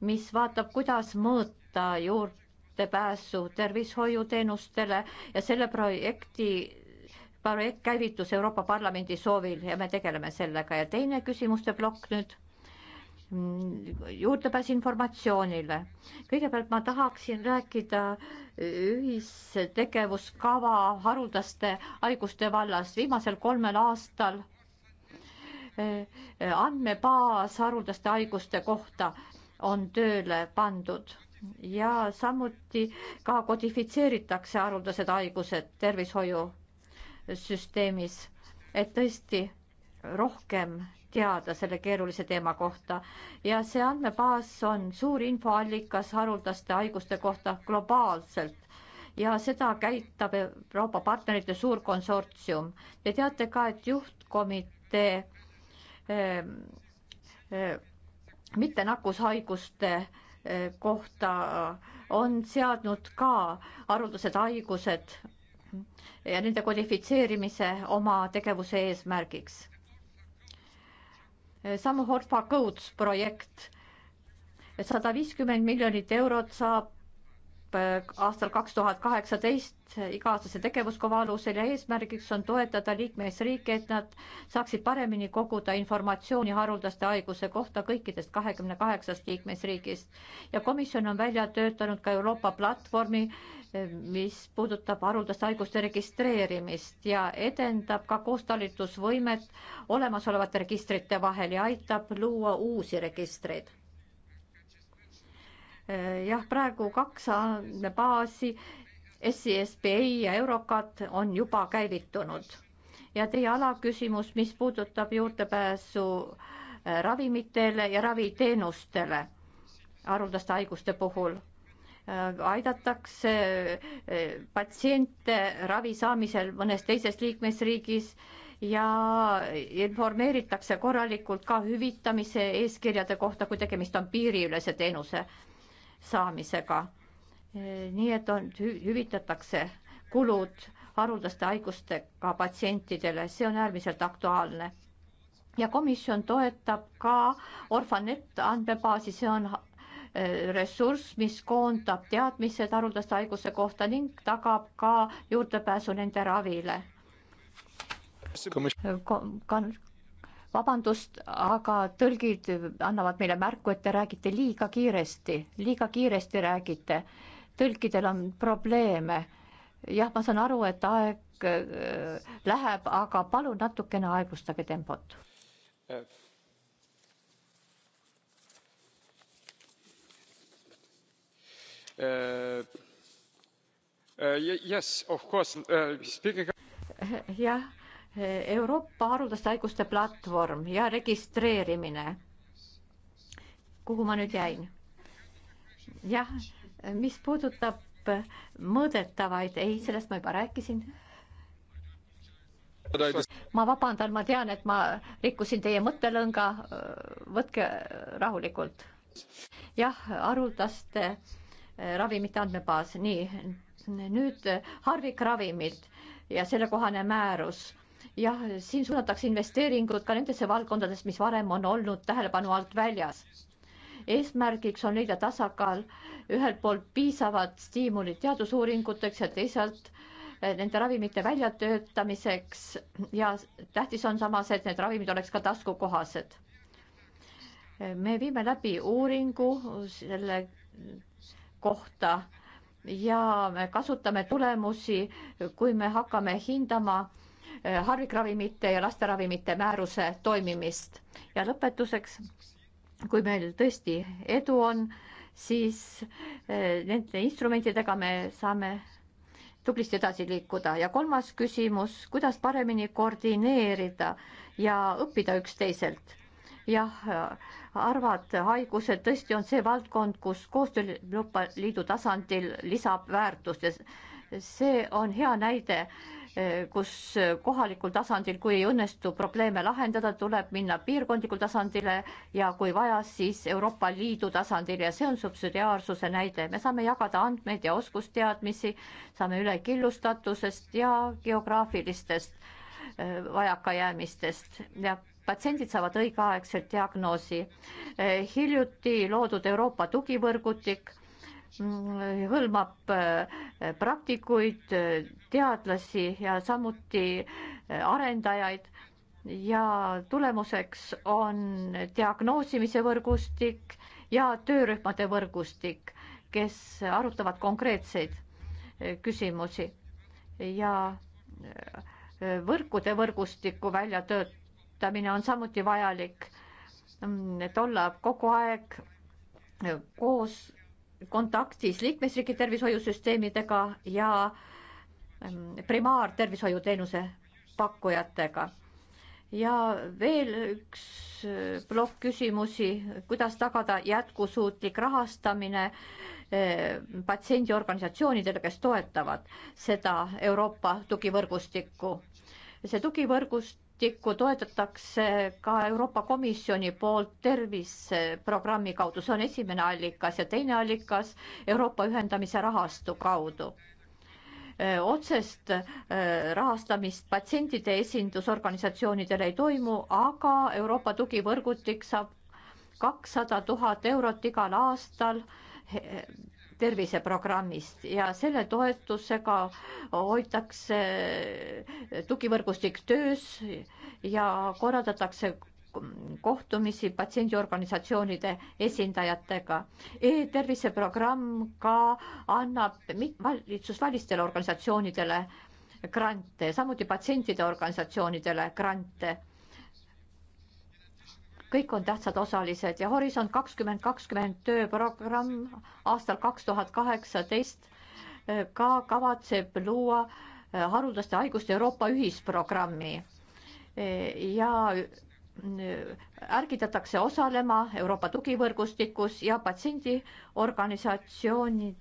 mis vaatab, kuidas mõõta juurde juurdepääsu tervishoiuteenustele ja selle projekti projekt käivitus Euroopa Parlamendi soovil ja me tegeleme sellega ja teine küsimuste plokk nüüd mm, juurdepääs informatsioonile. kõigepealt ma tahaksin rääkida ühistegevuskava haruldaste haiguste vallas viimasel kolmel aastal e, andmebaas haruldaste haiguste kohta on tööle pandud ja samuti ka kodifitseeritakse haruldased haigused tervishoiusüsteemis, et tõesti rohkem teada selle keerulise teema kohta ja see andmebaas on suur infoallikas haruldaste haiguste kohta globaalselt ja seda käitab Euroopa partnerite suur konsortsium. Te teate ka, et juhtkomitee eh, eh, mitte nakkushaiguste kohta on seadnud ka haruldased haigused ja nende kodifitseerimise oma tegevuse eesmärgiks. samu Horfa Codes projekt sada viiskümmend miljonit eurot saab Äh, aastal kaks tuhat kaheksateist iga-aastase tegevuskava alusel ja eesmärgiks on toetada liikmesriike, et nad saaksid paremini koguda informatsiooni haruldaste haiguse kohta kõikidest kahekümne kaheksast liikmesriigist. ja komisjon on välja töötanud ka Euroopa platvormi, äh, mis puudutab haruldaste haiguste registreerimist ja edendab ka koostalitusvõimet olemasolevate registrite vahel ja aitab luua uusi registreid Eh, jah, praegu kaks andmebaasi, SISBA ja Eurocat on juba käivitunud ja teie alaküsimus, mis puudutab juurdepääsu eh, ravimitele ja raviteenustele haruldaste haiguste puhul eh, aidatakse patsiente ravi saamisel mõnes teises liikmesriigis ja informeeritakse korralikult ka hüvitamise eeskirjade kohta, kui tegemist on piiriülese teenuse saamisega. nii et on, hüvitatakse kulud haruldaste haigustega patsientidele, see on äärmiselt aktuaalne. ja komisjon toetab ka Orfanet andmebaasi, see on äh, ressurss, mis koondab teadmised haruldaste haiguse kohta ning tagab ka juurdepääsu nende ravile vabandust, aga tõlgid annavad meile märku, et te räägite liiga kiiresti, liiga kiiresti räägite. tõlkidel on probleeme. jah, ma saan aru, et aeg äh, läheb, aga palun natukene aeglustage tempot. Äh, äh, jah Euroopa haruldaste haiguste platvorm ja registreerimine. kuhu ma nüüd jäin? jah, mis puudutab mõõdetavaid, ei, sellest ma juba rääkisin. ma vabandan, ma tean, et ma rikkusin teie mõttelõnga. võtke rahulikult. jah, haruldaste eh, ravimite andmebaas, nii nüüd harvikravimid ja sellekohane määrus jah, siin suunatakse investeeringud ka nendesse valdkondadesse, mis varem on olnud tähelepanu alt väljas. eesmärgiks on leida tasakaal ühelt poolt piisavad stiimulid teadusuuringuteks ja teisalt eh, nende ravimite väljatöötamiseks ja tähtis on samas, et need ravimid oleks ka taskukohased. me viime läbi uuringu selle kohta ja me kasutame tulemusi, kui me hakkame hindama Eh, harvikravimite ja lasteravimite määruse toimimist. ja lõpetuseks, kui meil tõesti edu on, siis eh, nende instrumentidega me saame tublisti edasi liikuda ja kolmas küsimus, kuidas paremini koordineerida ja õppida üksteiselt. jah, harvad haigused tõesti on see valdkond, kus koostöö Euroopa Liidu tasandil lisab väärtust ja see on hea näide Eh, kus eh, kohalikul tasandil, kui ei õnnestu probleeme lahendada, tuleb minna piirkondlikul tasandile ja kui vaja, siis Euroopa Liidu tasandil ja see on subsidiaarsuse näide. me saame jagada andmeid ja oskusteadmisi, saame üle killustatusest ja geograafilistest eh, vajakajäämistest ja patsiendid saavad õigeaegselt diagnoosi. hiljuti loodud Euroopa tugivõrgutik hõlmab äh, praktikuid, äh, teadlasi ja samuti äh, arendajaid ja tulemuseks on diagnoosimise võrgustik ja töörühmade võrgustik, kes arutavad konkreetseid küsimusi ja võrkude võrgustiku väljatöötamine on samuti vajalik, mm, et olla kogu aeg koos kontaktis liikmesriigi tervishoiusüsteemidega ja ähm, primaartervishoiuteenuse pakkujatega. ja veel üks äh, plokk küsimusi, kuidas tagada jätkusuutlik rahastamine äh, patsiendiorganisatsioonidele, kes toetavad seda Euroopa tugivõrgustikku. see tugivõrgust raamistikku toetatakse ka Euroopa Komisjoni poolt terviseprogrammi kaudu, see on esimene allikas ja teine allikas Euroopa ühendamise rahastu kaudu otsest rahastamist patsientide esindusorganisatsioonidele ei toimu, aga Euroopa tugivõrgutik saab kakssada tuhat eurot igal aastal terviseprogrammist ja selle toetusega hoitakse tugivõrgustik töös ja korraldatakse kohtumisi patsiendiorganisatsioonide esindajatega e. e-tervise programm ka annab valitsusvälistele organisatsioonidele grante, samuti patsientide organisatsioonidele grante kõik on tähtsad osalised ja Horisont kakskümmend kakskümmend tööprogramm aastal kaks tuhat kaheksateist eh, ka kavatseb luua eh, haruldaste haiguste Euroopa ühisprogrammi eh, ja ärgitatakse osalema Euroopa tugivõrgustikus ja patsiendiorganisatsioonid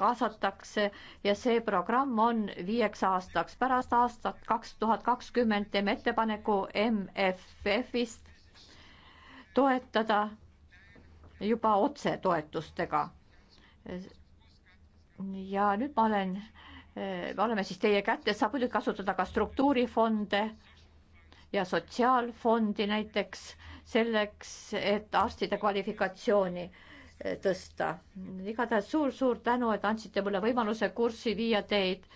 kaasatakse ja see programm on viieks aastaks. pärast aastat kaks tuhat kakskümmend teeme ettepaneku MFF-ist toetada juba otsetoetustega. ja nüüd ma olen, me oleme siis teie kätes, saab muidugi kasutada ka struktuurifonde ja sotsiaalfondi näiteks selleks, et arstide kvalifikatsiooni tõsta. igatahes suur-suur tänu, et andsite mulle võimaluse kurssi viia teid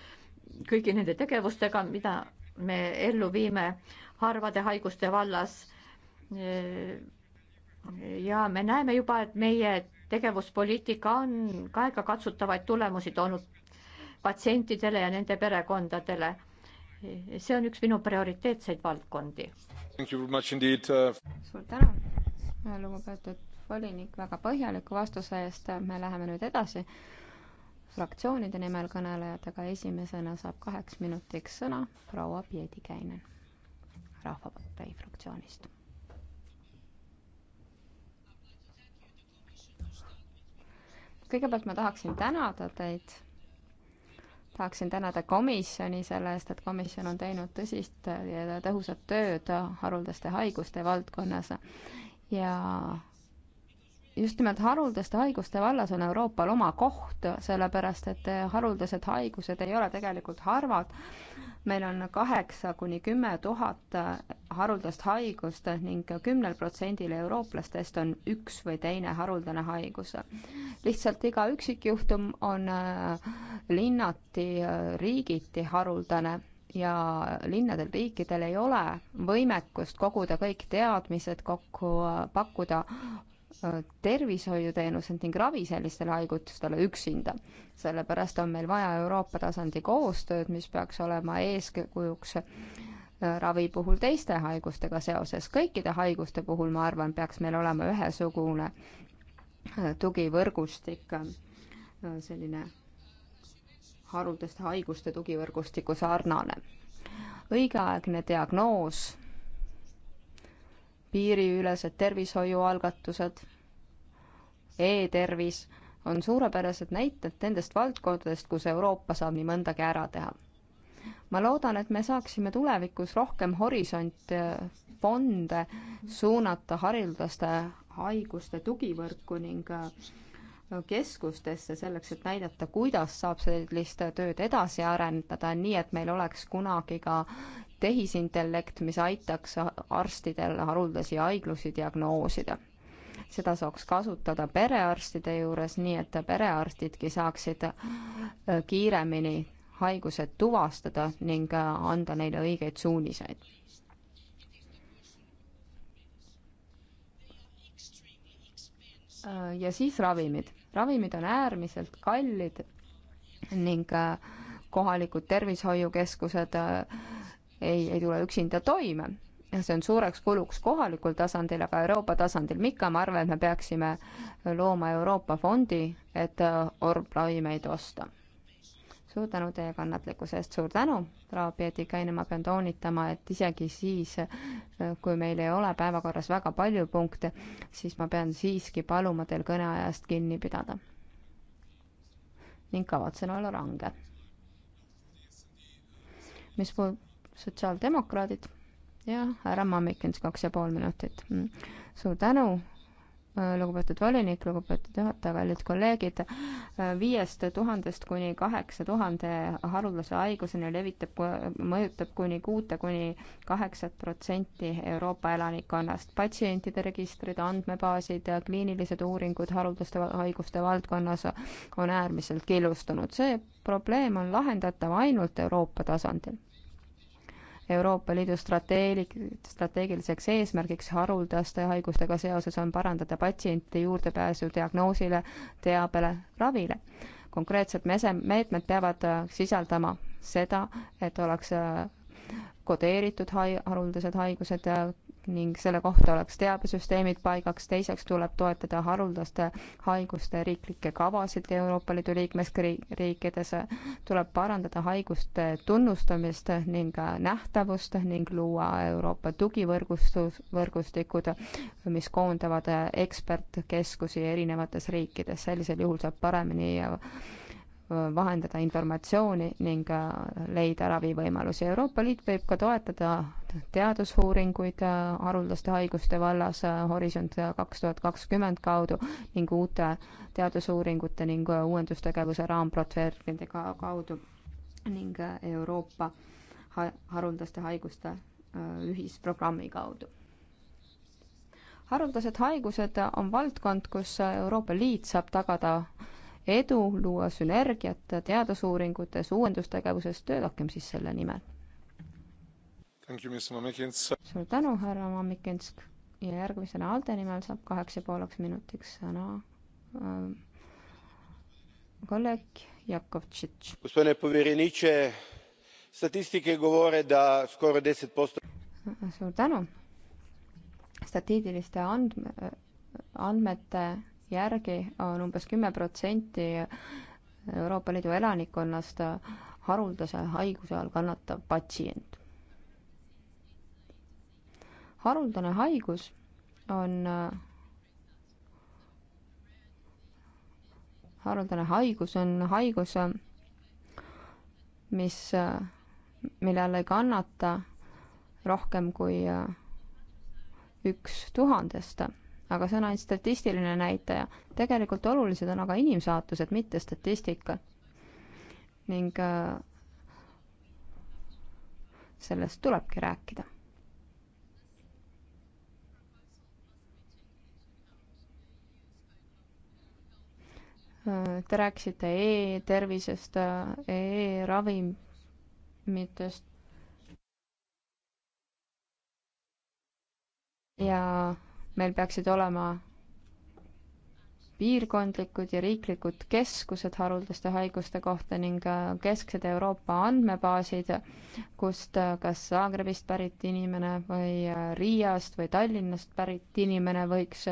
kõigi nende tegevustega, mida me ellu viime harvade haiguste vallas ja me näeme juba, et meie tegevuspoliitika on kaegakatsutavaid tulemusi toonud patsientidele ja nende perekondadele. see on üks minu prioriteetseid valdkondi. Uh, suur tänu, lugupeetud volinik, väga põhjaliku vastuse eest. me läheme nüüd edasi fraktsioonide nimel kõnelejatega. esimesena saab kaheks minutiks sõna proua Pietikäinen Rahvapartei fraktsioonist kõigepealt ma tahaksin tänada teid, tahaksin tänada komisjoni selle eest, et komisjon on teinud tõsist ja tõhusat tööd haruldaste haiguste valdkonnas ja just nimelt haruldaste haiguste vallas on Euroopal oma koht, sellepärast et haruldased haigused ei ole tegelikult harvad. meil on kaheksa kuni kümme tuhat haruldast haigust ning kümnel protsendil eurooplastest on üks või teine haruldane haigus. lihtsalt iga üksikjuhtum on äh, linnati, äh, riigiti haruldane ja linnadel, riikidel ei ole võimekust koguda kõik teadmised kokku, äh, pakkuda Äh, tervishoiuteenused ning ravi sellistele haigustele üksinda. sellepärast on meil vaja Euroopa tasandi koostööd, mis peaks olema eeskujuks äh, ravi puhul teiste haigustega seoses. kõikide haiguste puhul, ma arvan, peaks meil olema ühesugune äh, tugivõrgustik, selline haruldaste haiguste tugivõrgustiku sarnane. õigeaegne diagnoos piiriülesed tervishoiualgatused e, e-tervis on suurepärased näited nendest valdkondadest, kus Euroopa saab nii mõndagi ära teha. ma loodan, et me saaksime tulevikus rohkem horisonte, fonde suunata haruldaste haiguste tugivõrku ning äh, keskustesse selleks, et näidata, kuidas saab sellist tööd edasi arendada, nii et meil oleks kunagi ka tehisintellekt, mis aitaks arstidel haruldasi haiglusi diagnoosida. seda saaks kasutada perearstide juures, nii et perearstidki saaksid äh, kiiremini haigused tuvastada ning äh, anda neile õigeid suuniseid. Äh, ja siis ravimid. ravimid on äärmiselt kallid ning kohalikud tervishoiukeskused ei, ei tule üksinda toime. see on suureks kuluks kohalikul tasandil, aga Euroopa tasandil mitte, ma arvan, et me peaksime looma Euroopa fondi, et äh, orblaimeid osta. suur tänu teie kannatlikkuse eest, suur tänu, proua Pietikaine, ma pean toonitama, et isegi siis, äh, kui meil ei ole päevakorras väga palju punkte, siis ma pean siiski paluma teil kõneajast kinni pidada. ning kavatsen olla range. mis puudutab sotsiaaldemokraadid ja härra Mammikens, kaks ja pool minutit. Mm. suur tänu, äh, lugupeetud volinik, lugupeetud juhataja, kallid kolleegid. Äh, viiest tuhandest kuni kaheksa tuhande haruldase haiguseni levitab, mõjutab kuni kuute kuni kaheksat protsenti Euroopa elanikkonnast. patsientide registrid, andmebaasid, kliinilised uuringud haruldaste haiguste valdkonnas on äärmiselt killustunud. see probleem on lahendatav ainult Euroopa tasandil Euroopa Liidu strateegilik, strateegiliseks eesmärgiks haruldaste haigustega seoses on parandada patsientide juurdepääsu diagnoosile, teabele, ravile. konkreetsed mese-, meetmed peavad äh, sisaldama seda, et oleks äh, kodeeritud hai-, haruldased haigused äh, ning selle kohta oleks teabesüsteemid paigaks, teiseks tuleb toetada haruldaste haiguste riiklikke kavasid Euroopa Liidu liikmesriikides, tuleb parandada haiguste tunnustamist ning nähtavust ning luua Euroopa tugivõrgustus, võrgustikud, mis koondavad ekspertkeskusi erinevates riikides, sellisel juhul saab paremini vahendada informatsiooni ning äh, leida ravivõimalusi. Euroopa Liit võib ka toetada teadusuuringuid äh, haruldaste haiguste vallas äh, Horisont kaks tuhat kakskümmend kaudu ning uute teadusuuringute ning uuendustegevuse raamprotsesside kaudu ning Euroopa haruldaste haiguste ühisprogrammi kaudu. haruldased haigused on valdkond, kus Euroopa Liit saab tagada edu, luua sünergiat teadusuuringutes, uuendustegevuses, töötakem siis selle nimel. suur tänu, härra Mammikensk ja järgmisena Alde nimel saab kaheks ja pooleks minutiks sõna äh, kolleeg Jakovtšitš. suur tänu. statistiliste andme, äh, andmete järgi on umbes kümme protsenti Euroopa Liidu elanikkonnast haruldase haiguse all kannatav patsient. haruldane haigus on haruldane haigus on haigus, mis, mille all ei kannata rohkem kui üks tuhandest aga see on ainult statistiline näitaja. tegelikult olulised on aga inimsaatused, mitte statistika. ning äh, sellest tulebki rääkida. Äh, te rääkisite e-tervisest e, e-ravimitest ja meil peaksid olema piirkondlikud ja riiklikud keskused haruldaste haiguste kohta ning äh, kesksed Euroopa andmebaasid, kust äh, kas Zagrebist pärit inimene või äh, Riiast või Tallinnast pärit inimene võiks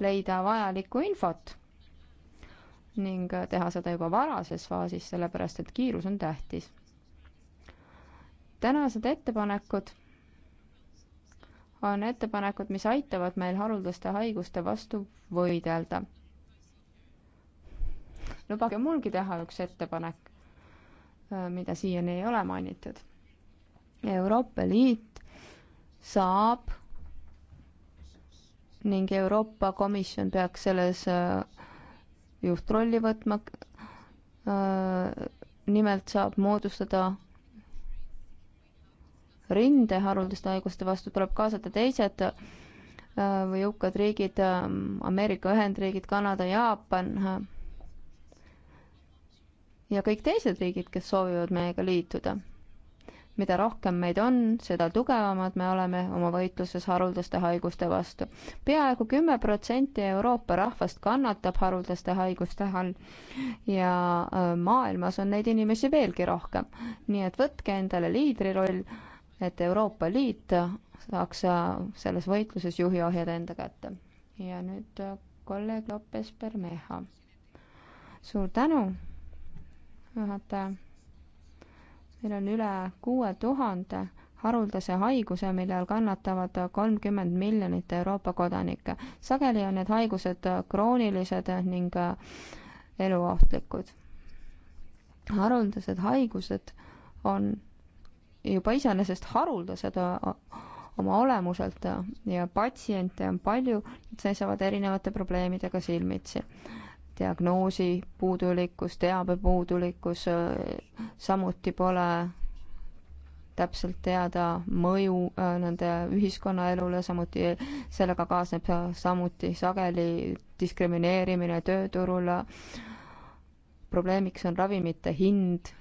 leida vajalikku infot ning teha seda juba varases faasis, sellepärast et kiirus on tähtis. tänased ettepanekud on ettepanekud, mis aitavad meil haruldaste haiguste vastu võidelda. lubage mulgi teha üks ettepanek, äh, mida siiani ei ole mainitud. Euroopa Liit saab ning Euroopa Komisjon peaks selles äh, juhtrolli võtma. Äh, nimelt saab moodustada rinde haruldaste haiguste vastu, tuleb kaasata teised äh, või jõukad riigid, äh, Ameerika Ühendriigid, Kanada, Jaapan äh, ja kõik teised riigid, kes soovivad meiega liituda. mida rohkem meid on, seda tugevamad me oleme oma võitluses haruldaste haiguste vastu. peaaegu kümme protsenti Euroopa rahvast kannatab haruldaste haiguste all ja maailmas on neid inimesi veelgi rohkem. nii et võtke endale liidriroll et Euroopa Liit saaks äh, selles võitluses juhi ohjad enda kätte. ja nüüd äh, kolleeg Lopes Bermeja. suur tänu, juhataja. meil on üle kuue tuhande haruldase haiguse, mille all kannatavad kolmkümmend miljonit Euroopa kodanikke. sageli on need haigused kroonilised ning äh, eluohtlikud. haruldased haigused on juba iseenesest haruldased oma olemuselt ja patsiente on palju, nad seisavad erinevate probleemidega silmitsi. diagnoosi puudulikkus, teabe puudulikkus, samuti pole täpselt teada mõju äh, nende ühiskonnaelule, samuti sellega kaasneb samuti sageli diskrimineerimine tööturul. probleemiks on ravimite hind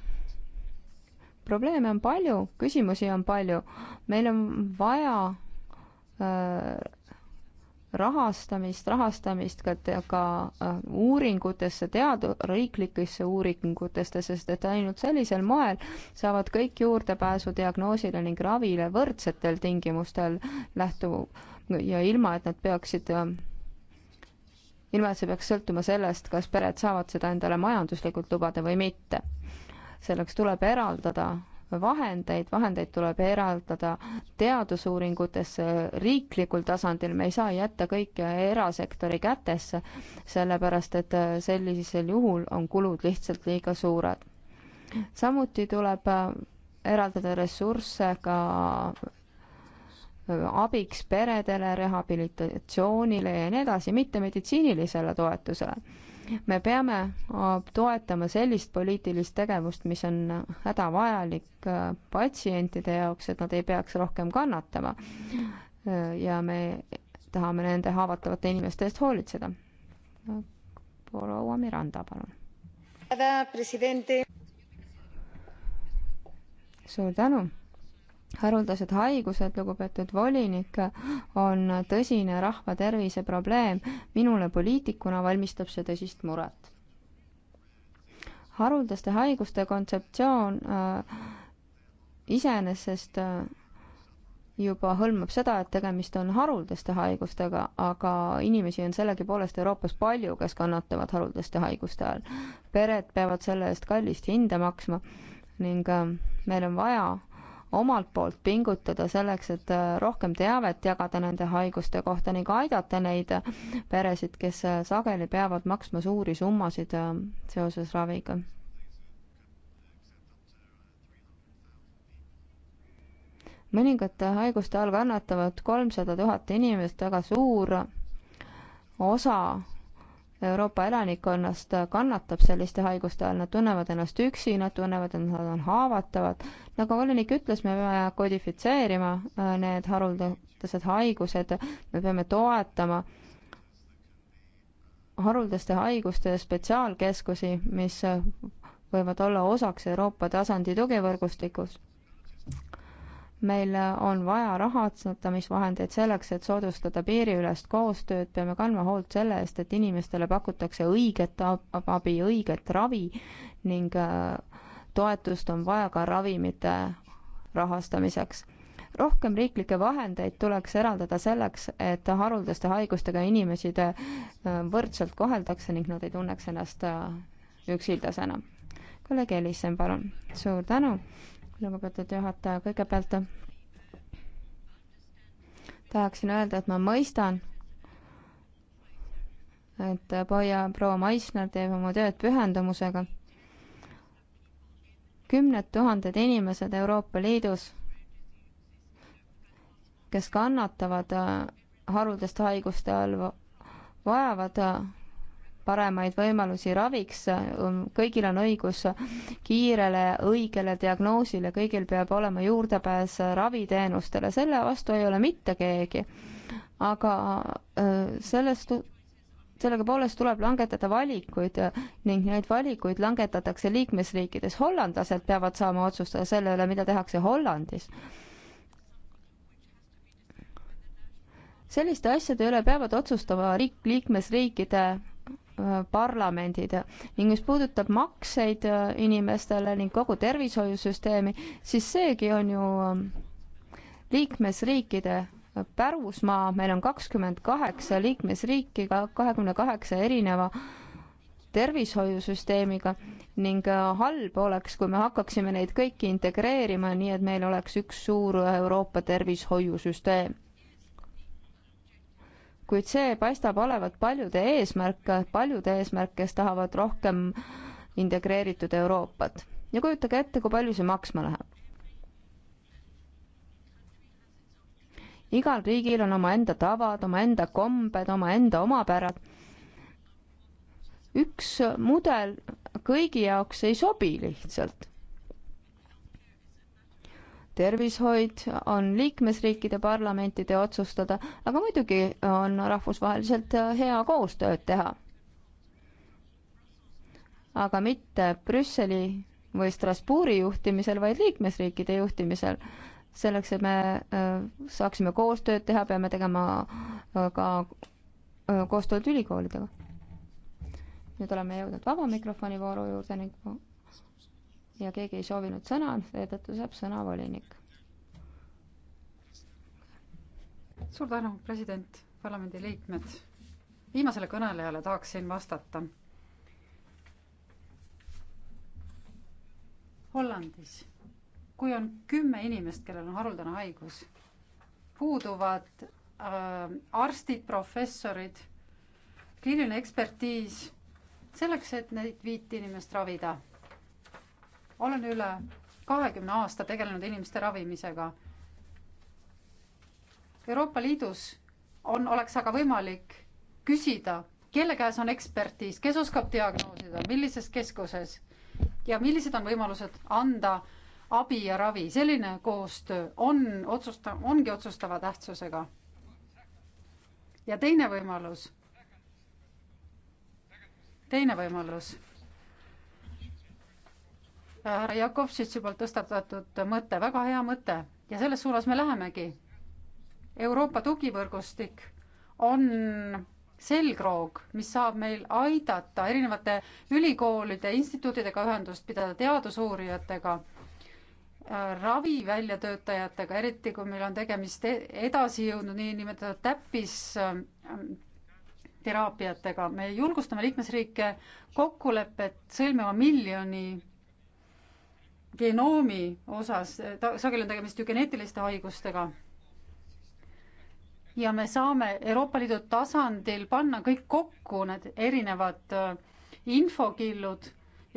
probleeme on palju, küsimusi on palju, meil on vaja äh, rahastamist, rahastamist ka, ka äh, uuringutesse, teadu-, riiklikesse uuringutesse, sest et ainult sellisel moel saavad kõik juurdepääsu diagnoosile ning ravile võrdsetel tingimustel lähtu- ja ilma, et nad peaksid äh, ilma, et see peaks sõltuma sellest, kas pered saavad seda endale majanduslikult lubada või mitte selleks tuleb eraldada vahendeid, vahendeid tuleb eraldada teadusuuringutesse riiklikul tasandil, me ei saa jätta kõike erasektori kätesse, sellepärast et äh, sellisel juhul on kulud lihtsalt liiga suured. samuti tuleb äh, eraldada ressursse ka abiks peredele, rehabilitatsioonile ja nii edasi, mitte meditsiinilisele toetusele. me peame toetama sellist poliitilist tegevust, mis on hädavajalik patsientide jaoks, et nad ei peaks rohkem kannatama. ja me tahame nende haavatavate inimeste eest hoolitseda. proua Miranda, palun. suur tänu haruldased haigused, lugupeetud volinik, on tõsine rahva tervise probleem. minule poliitikuna valmistab see tõsist muret. haruldaste haiguste kontseptsioon äh, iseenesest äh, juba hõlmab seda, et tegemist on haruldaste haigustega, aga inimesi on sellegipoolest Euroopas palju, kes kannatavad haruldaste haiguste all. pered peavad selle eest kallist hinda maksma ning äh, meil on vaja omalt poolt pingutada selleks, et äh, rohkem teavet jagada nende haiguste kohta ning aidata neid peresid, kes äh, sageli peavad maksma suuri summasid äh, seoses raviga. mõningate haiguste all kannatavad kolmsada tuhat inimest, väga suur osa Euroopa elanikkonnast kannatab selliste haiguste all, nad tunnevad ennast üksi, nad tunnevad, et nad on haavatavad. nagu volinik ütles, me peame kodifitseerima äh, need haruldased haigused, me peame toetama haruldaste haiguste spetsiaalkeskusi, mis võivad olla osaks Euroopa tasandi tugevõrgustikust meil on vaja rahastamisvahendeid selleks, et soodustada piiriülest koostööd, peame kandma hoolt selle eest, et inimestele pakutakse õiget abi, õiget ravi ning äh, toetust on vaja ka ravimite rahastamiseks. rohkem riiklikke vahendeid tuleks eraldada selleks, et haruldaste haigustega inimesi äh, võrdselt koheldakse ning nad ei tunneks ennast äh, üksildasena. kolleeg Elissen, palun. suur tänu lugupeetud juhataja, kõigepealt tahaksin öelda, et ma mõistan, et Poia proua Maisner teeb oma tööd pühendumusega. kümned tuhanded inimesed Euroopa Liidus, kes kannatavad äh, haruldast haiguste all, vajavad äh, paremaid võimalusi raviks, um, kõigil on õigus kiirele õigele diagnoosile, kõigil peab olema juurdepääs raviteenustele, selle vastu ei ole mitte keegi. aga äh, sellest sellegipoolest tuleb langetada valikuid ning neid valikuid langetatakse liikmesriikides. hollandlased peavad saama otsustada selle üle, mida tehakse Hollandis. selliste asjade üle peavad otsustama riik, liikmesriikide Äh, parlamendid ning mis puudutab makseid äh, inimestele ning kogu tervishoiusüsteemi, siis seegi on ju ähm, liikmesriikide äh, pärusmaa, meil on kakskümmend kaheksa liikmesriiki ka kahekümne kaheksa erineva tervishoiusüsteemiga ning halb oleks, kui me hakkaksime neid kõiki integreerima, nii et meil oleks üks suur Euroopa tervishoiusüsteem kuid see paistab olevat paljude eesmärk, paljude eesmärk, kes tahavad rohkem integreeritud Euroopat. ja kujutage ette, kui palju see maksma läheb. igal riigil on omaenda tavad, omaenda kombed, omaenda omapärad. üks mudel kõigi jaoks ei sobi lihtsalt tervishoid on liikmesriikide parlamentide otsustada, aga muidugi on rahvusvaheliselt äh, hea koostööd teha. aga mitte Brüsseli või Strasbourgi juhtimisel, vaid liikmesriikide juhtimisel. selleks, et me äh, saaksime koostööd teha, peame tegema äh, ka koostööd ülikoolidega. nüüd oleme jõudnud vaba mikrofoni vooru juurde ning ja keegi ei soovinud sõna, seetõttu saab sõna volinik. suur tänu, president, parlamendiliikmed. viimasele kõnelejale tahaksin vastata. Hollandis, kui on kümme inimest, kellel on haruldane haigus, puuduvad äh, arstid, professorid, kliiniline ekspertiis selleks, et neid viit inimest ravida olen üle kahekümne aasta tegelenud inimeste ravimisega. Euroopa Liidus on, oleks aga võimalik küsida, kelle käes on ekspertiis, kes oskab diagnoosida, millises keskuses ja millised on võimalused anda abi ja ravi, selline koostöö on otsusta-, ongi otsustava tähtsusega. ja teine võimalus, teine võimalus härra Jakovtšitši poolt tõstatatud mõte, väga hea mõte ja selles suunas me lähemegi. Euroopa tugivõrgustik on selgroog, mis saab meil aidata erinevate ülikoolide, instituutidega ühendust pidada, teadusuurijatega, raviväljatöötajatega, eriti kui meil on tegemist e-, edasi jõudnud niinimetatud täppisteraapiatega. Ähm, me julgustame liikmesriike kokkulepet sõlmima miljoni genoomi osas, ta, sageli on tegemist ju geneetiliste haigustega. ja me saame Euroopa Liidu tasandil panna kõik kokku need erinevad äh, infokillud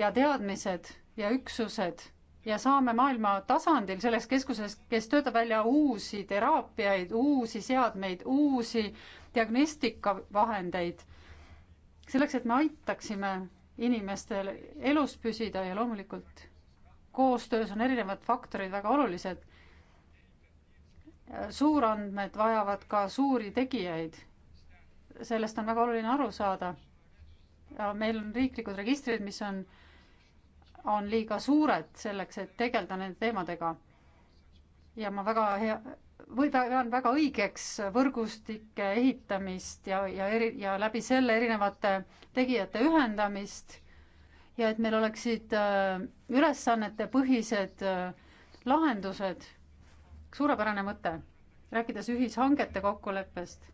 ja teadmised ja üksused ja saame maailma tasandil selles keskuses, kes töötab välja uusi teraapiaid, uusi seadmeid, uusi diagnostikavahendeid, selleks, et me aitaksime inimestel elus püsida ja loomulikult koostöös on erinevad faktorid väga olulised. suurandmed vajavad ka suuri tegijaid. sellest on väga oluline aru saada. meil on riiklikud registrid, mis on, on liiga suured selleks, et tegeleda nende teemadega. ja ma väga hea, või pean väga õigeks võrgustike ehitamist ja, ja eri, ja läbi selle erinevate tegijate ühendamist ja et meil oleksid äh, ülesannetepõhised äh, lahendused. suurepärane mõte, rääkides ühishangete kokkuleppest.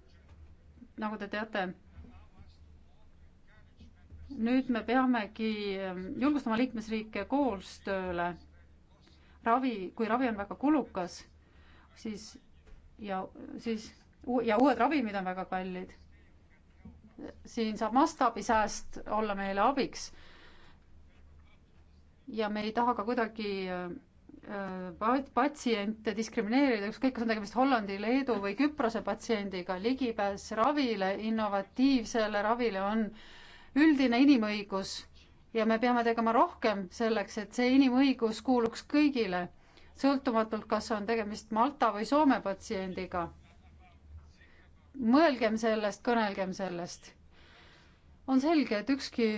nagu te teate, nüüd me peamegi ähm, julgustama liikmesriike koostööle. ravi, kui ravi on väga kulukas, siis ja siis ja uued ravimid on väga kallid. siin saab mastaabisääst olla meile abiks ja me ei taha ka kuidagi äh, äh, patsiente diskrimineerida, ükskõik, kas on tegemist Hollandi, Leedu või Küprose patsiendiga, ligipääs ravile, innovatiivsele ravile on üldine inimõigus ja me peame tegema rohkem selleks, et see inimõigus kuuluks kõigile, sõltumatult, kas on tegemist Malta või Soome patsiendiga. mõelgem sellest, kõnelgem sellest. on selge, et ükski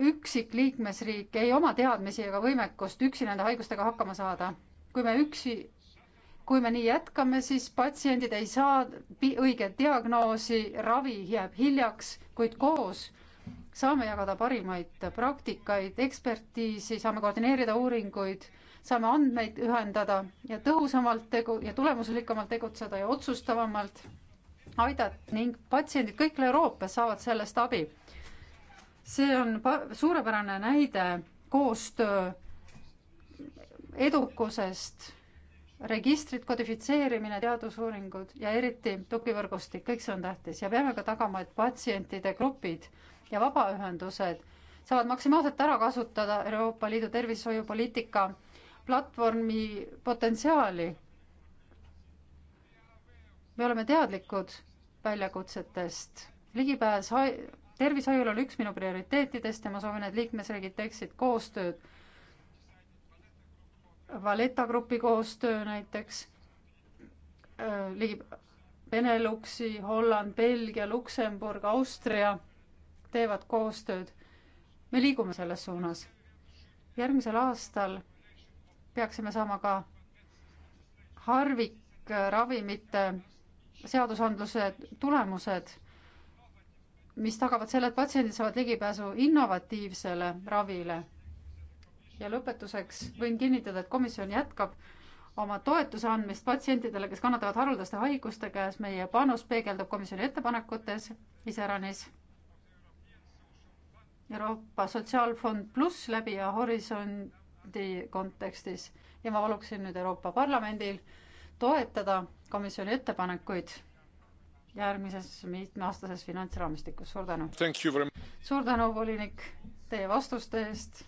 üksik liikmesriik ei oma teadmisi ega võimekust üksi nende haigustega hakkama saada. kui me üksi, kui me nii jätkame, siis patsiendid ei saa õiget diagnoosi, ravi jääb hiljaks, kuid koos saame jagada parimaid praktikaid, ekspertiisi, saame koordineerida uuringuid, saame andmeid ühendada ja tõhusamalt tegu- ja tulemuslikumalt tegutseda ja otsustavamalt aidata ning patsiendid kõikjal Euroopas saavad sellest abi see on suurepärane näide koostöö edukusest, registrid, kodifitseerimine, teadusuuringud ja eriti tugivõrgustik, kõik see on tähtis ja peame ka tagama, et patsientide grupid ja vabaühendused saavad maksimaalselt ära kasutada Euroopa Liidu tervishoiupoliitika platvormi potentsiaali. me oleme teadlikud väljakutsetest ligipääs, ligipääs tervishoiul oli üks minu prioriteetidest ja ma soovin, et liikmesriigid teeksid koostööd. Valeta grupi koostöö näiteks, ligi Beneluxi, Holland, Belgia, Luksemburg, Austria teevad koostööd. me liigume selles suunas. järgmisel aastal peaksime saama ka harvikravimite seadusandluse tulemused mis tagavad selle, et patsiendid saavad ligipääsu innovatiivsele ravile. ja lõpetuseks võin kinnitada, et komisjon jätkab oma toetuse andmist patsientidele, kes kannatavad haruldaste haiguste käes. meie panus peegeldub komisjoni ettepanekutes iseäranis. Euroopa Sotsiaalfond pluss läbi ja Horisondi kontekstis ja ma paluksin nüüd Euroopa Parlamendil toetada komisjoni ettepanekuid järgmises mitmeaastases finantsraamistikus. suur tänu! suur tänu, volinik, teie vastuste eest.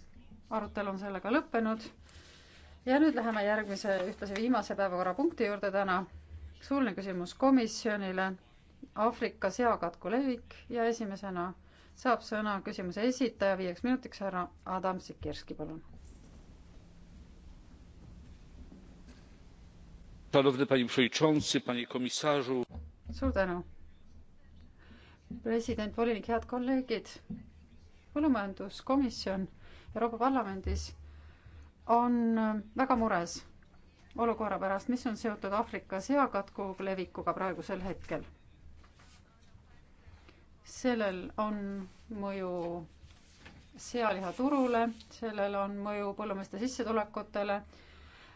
arutelu on sellega lõppenud. ja nüüd läheme järgmise, ühtlasi viimase päevakorrapunkti juurde täna. suuline küsimus komisjonile. Aafrika seakatku levik ja esimesena saab sõna küsimuse esitaja viieks minutiks, härra Adam Sikirski, palun. Szanowny Panie Przewodniczący, Panie Komisarzu suur tänu. president, volinik, head kolleegid. põllumajanduskomisjon Euroopa Parlamendis on väga mures olukorra pärast, mis on seotud Aafrika seakatku levikuga praegusel hetkel. sellel on mõju sealihaturule, sellel on mõju põllumeeste sissetulekutele,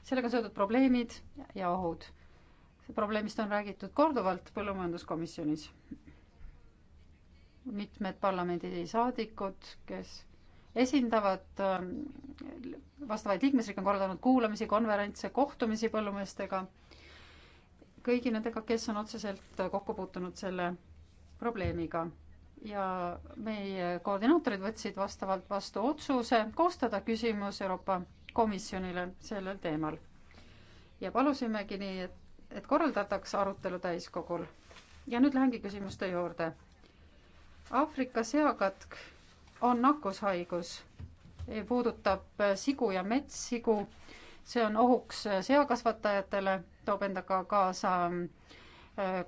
sellega on seotud probleemid ja ohud probleemist on räägitud korduvalt põllumajanduskomisjonis. mitmed parlamendisaadikud, kes esindavad ähm, vastavaid liikmesriike, on korraldanud kuulamisi, konverentse, kohtumisi põllumeestega, kõigi nendega, kes on otseselt kokku puutunud selle probleemiga. ja meie koordinaatorid võtsid vastavalt vastu otsuse koostada küsimus Euroopa Komisjonile sellel teemal. ja palusimegi nii, et et korraldatakse arutelu täiskogul. ja nüüd lähengi küsimuste juurde. Aafrika seakatk on nakkushaigus, puudutab sigu ja metssigu, see on ohuks seakasvatajatele, toob endaga kaasa äh,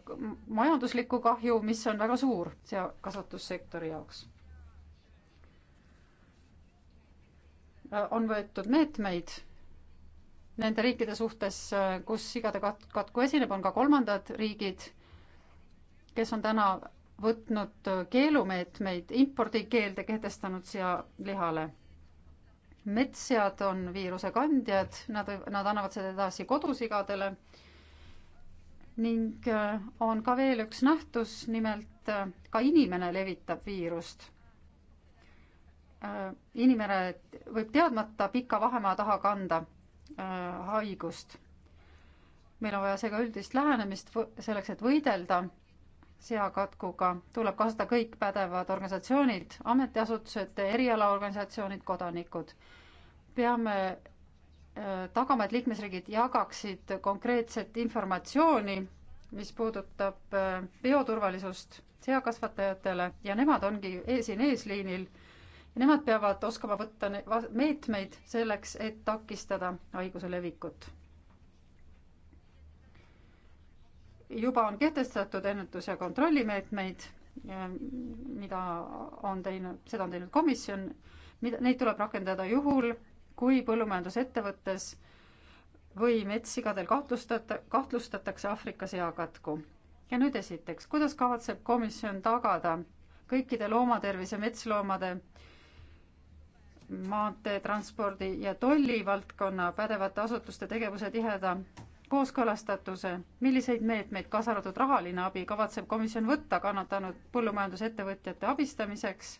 majanduslikku kahju, mis on väga suur seakasvatussektori jaoks. Äh, on võetud meetmeid nende riikide suhtes, kus sigade kat-, katku esineb, on ka kolmandad riigid, kes on täna võtnud keelumeetmeid, impordikeelde kehtestanud sealihale. metssead on viiruse kandjad, nad, nad annavad seda edasi kodusigadele ning äh, on ka veel üks nähtus, nimelt äh, ka inimene levitab viirust. Äh, inimene võib teadmata pika vahemaa taha kanda Äh, haigust. meil on vaja seega üldist lähenemist selleks, et võidelda seakatkuga, tuleb kaasata kõik pädevad organisatsioonid, ametiasutused, erialaorganisatsioonid, kodanikud. peame äh, tagama, et liikmesriigid jagaksid konkreetset informatsiooni, mis puudutab äh, bioturvalisust seakasvatajatele ja nemad ongi e-, siin eesliinil ja nemad peavad oskama võtta meetmeid selleks, et takistada haiguse levikut. juba on kehtestatud ennetus- ja kontrollimeetmeid, mida on teinud, seda on teinud komisjon, mida, neid tuleb rakendada juhul, kui põllumajandusettevõttes või metssigadel kahtlustata, kahtlustatakse Aafrika seakatku. ja nüüd esiteks, kuidas kavatseb komisjon tagada kõikide loomatervise metsloomade äh, maanteetranspordi ja tollivaldkonna pädevate asutuste tegevuse tiheda kooskõlastatuse, milliseid meetmeid, kaasa arvatud rahaline abi, kavatseb komisjon võtta kannatanud põllumajandusettevõtjate abistamiseks?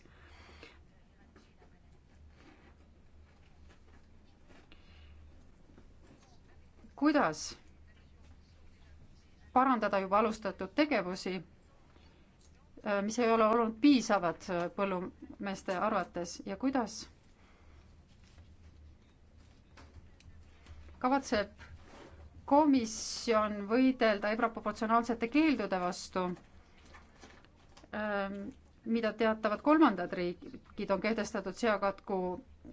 kuidas parandada juba alustatud tegevusi, mis ei ole olnud piisavad põllumeeste arvates ja kuidas kavatseb komisjon võidelda ebaproportsionaalsete keeldude vastu, ähm, mida teatavad kolmandad riigid on kehtestatud seakatku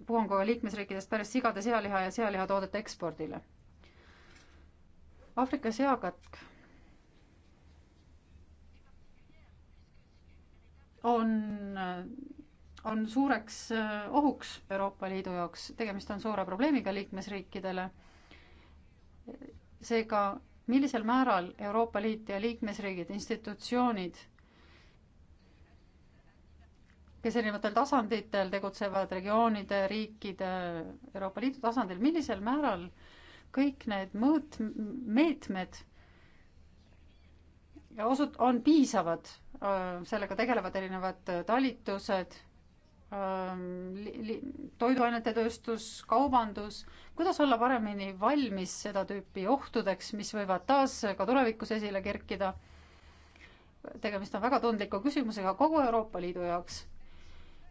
puhanguga liikmesriikidest päris sigade sealiha ja sealihatoodete ekspordile. Aafrika seakatk on, on suureks äh, ohuks Euroopa Liidu jaoks, tegemist on suure probleemiga liikmesriikidele seega, millisel määral Euroopa Liit ja liikmesriigid, institutsioonid, kes erinevatel tasanditel tegutsevad, regioonide, riikide, Euroopa Liidu tasandil, millisel määral kõik need mõõt-, meetmed ja osut-, on piisavad, äh, sellega tegelevad erinevad talitused Ähm, toiduainetetööstus, kaubandus, kuidas olla paremini valmis seda tüüpi ohtudeks, mis võivad taas ka tulevikus esile kerkida? tegemist on väga tundliku küsimusega kogu Euroopa Liidu jaoks.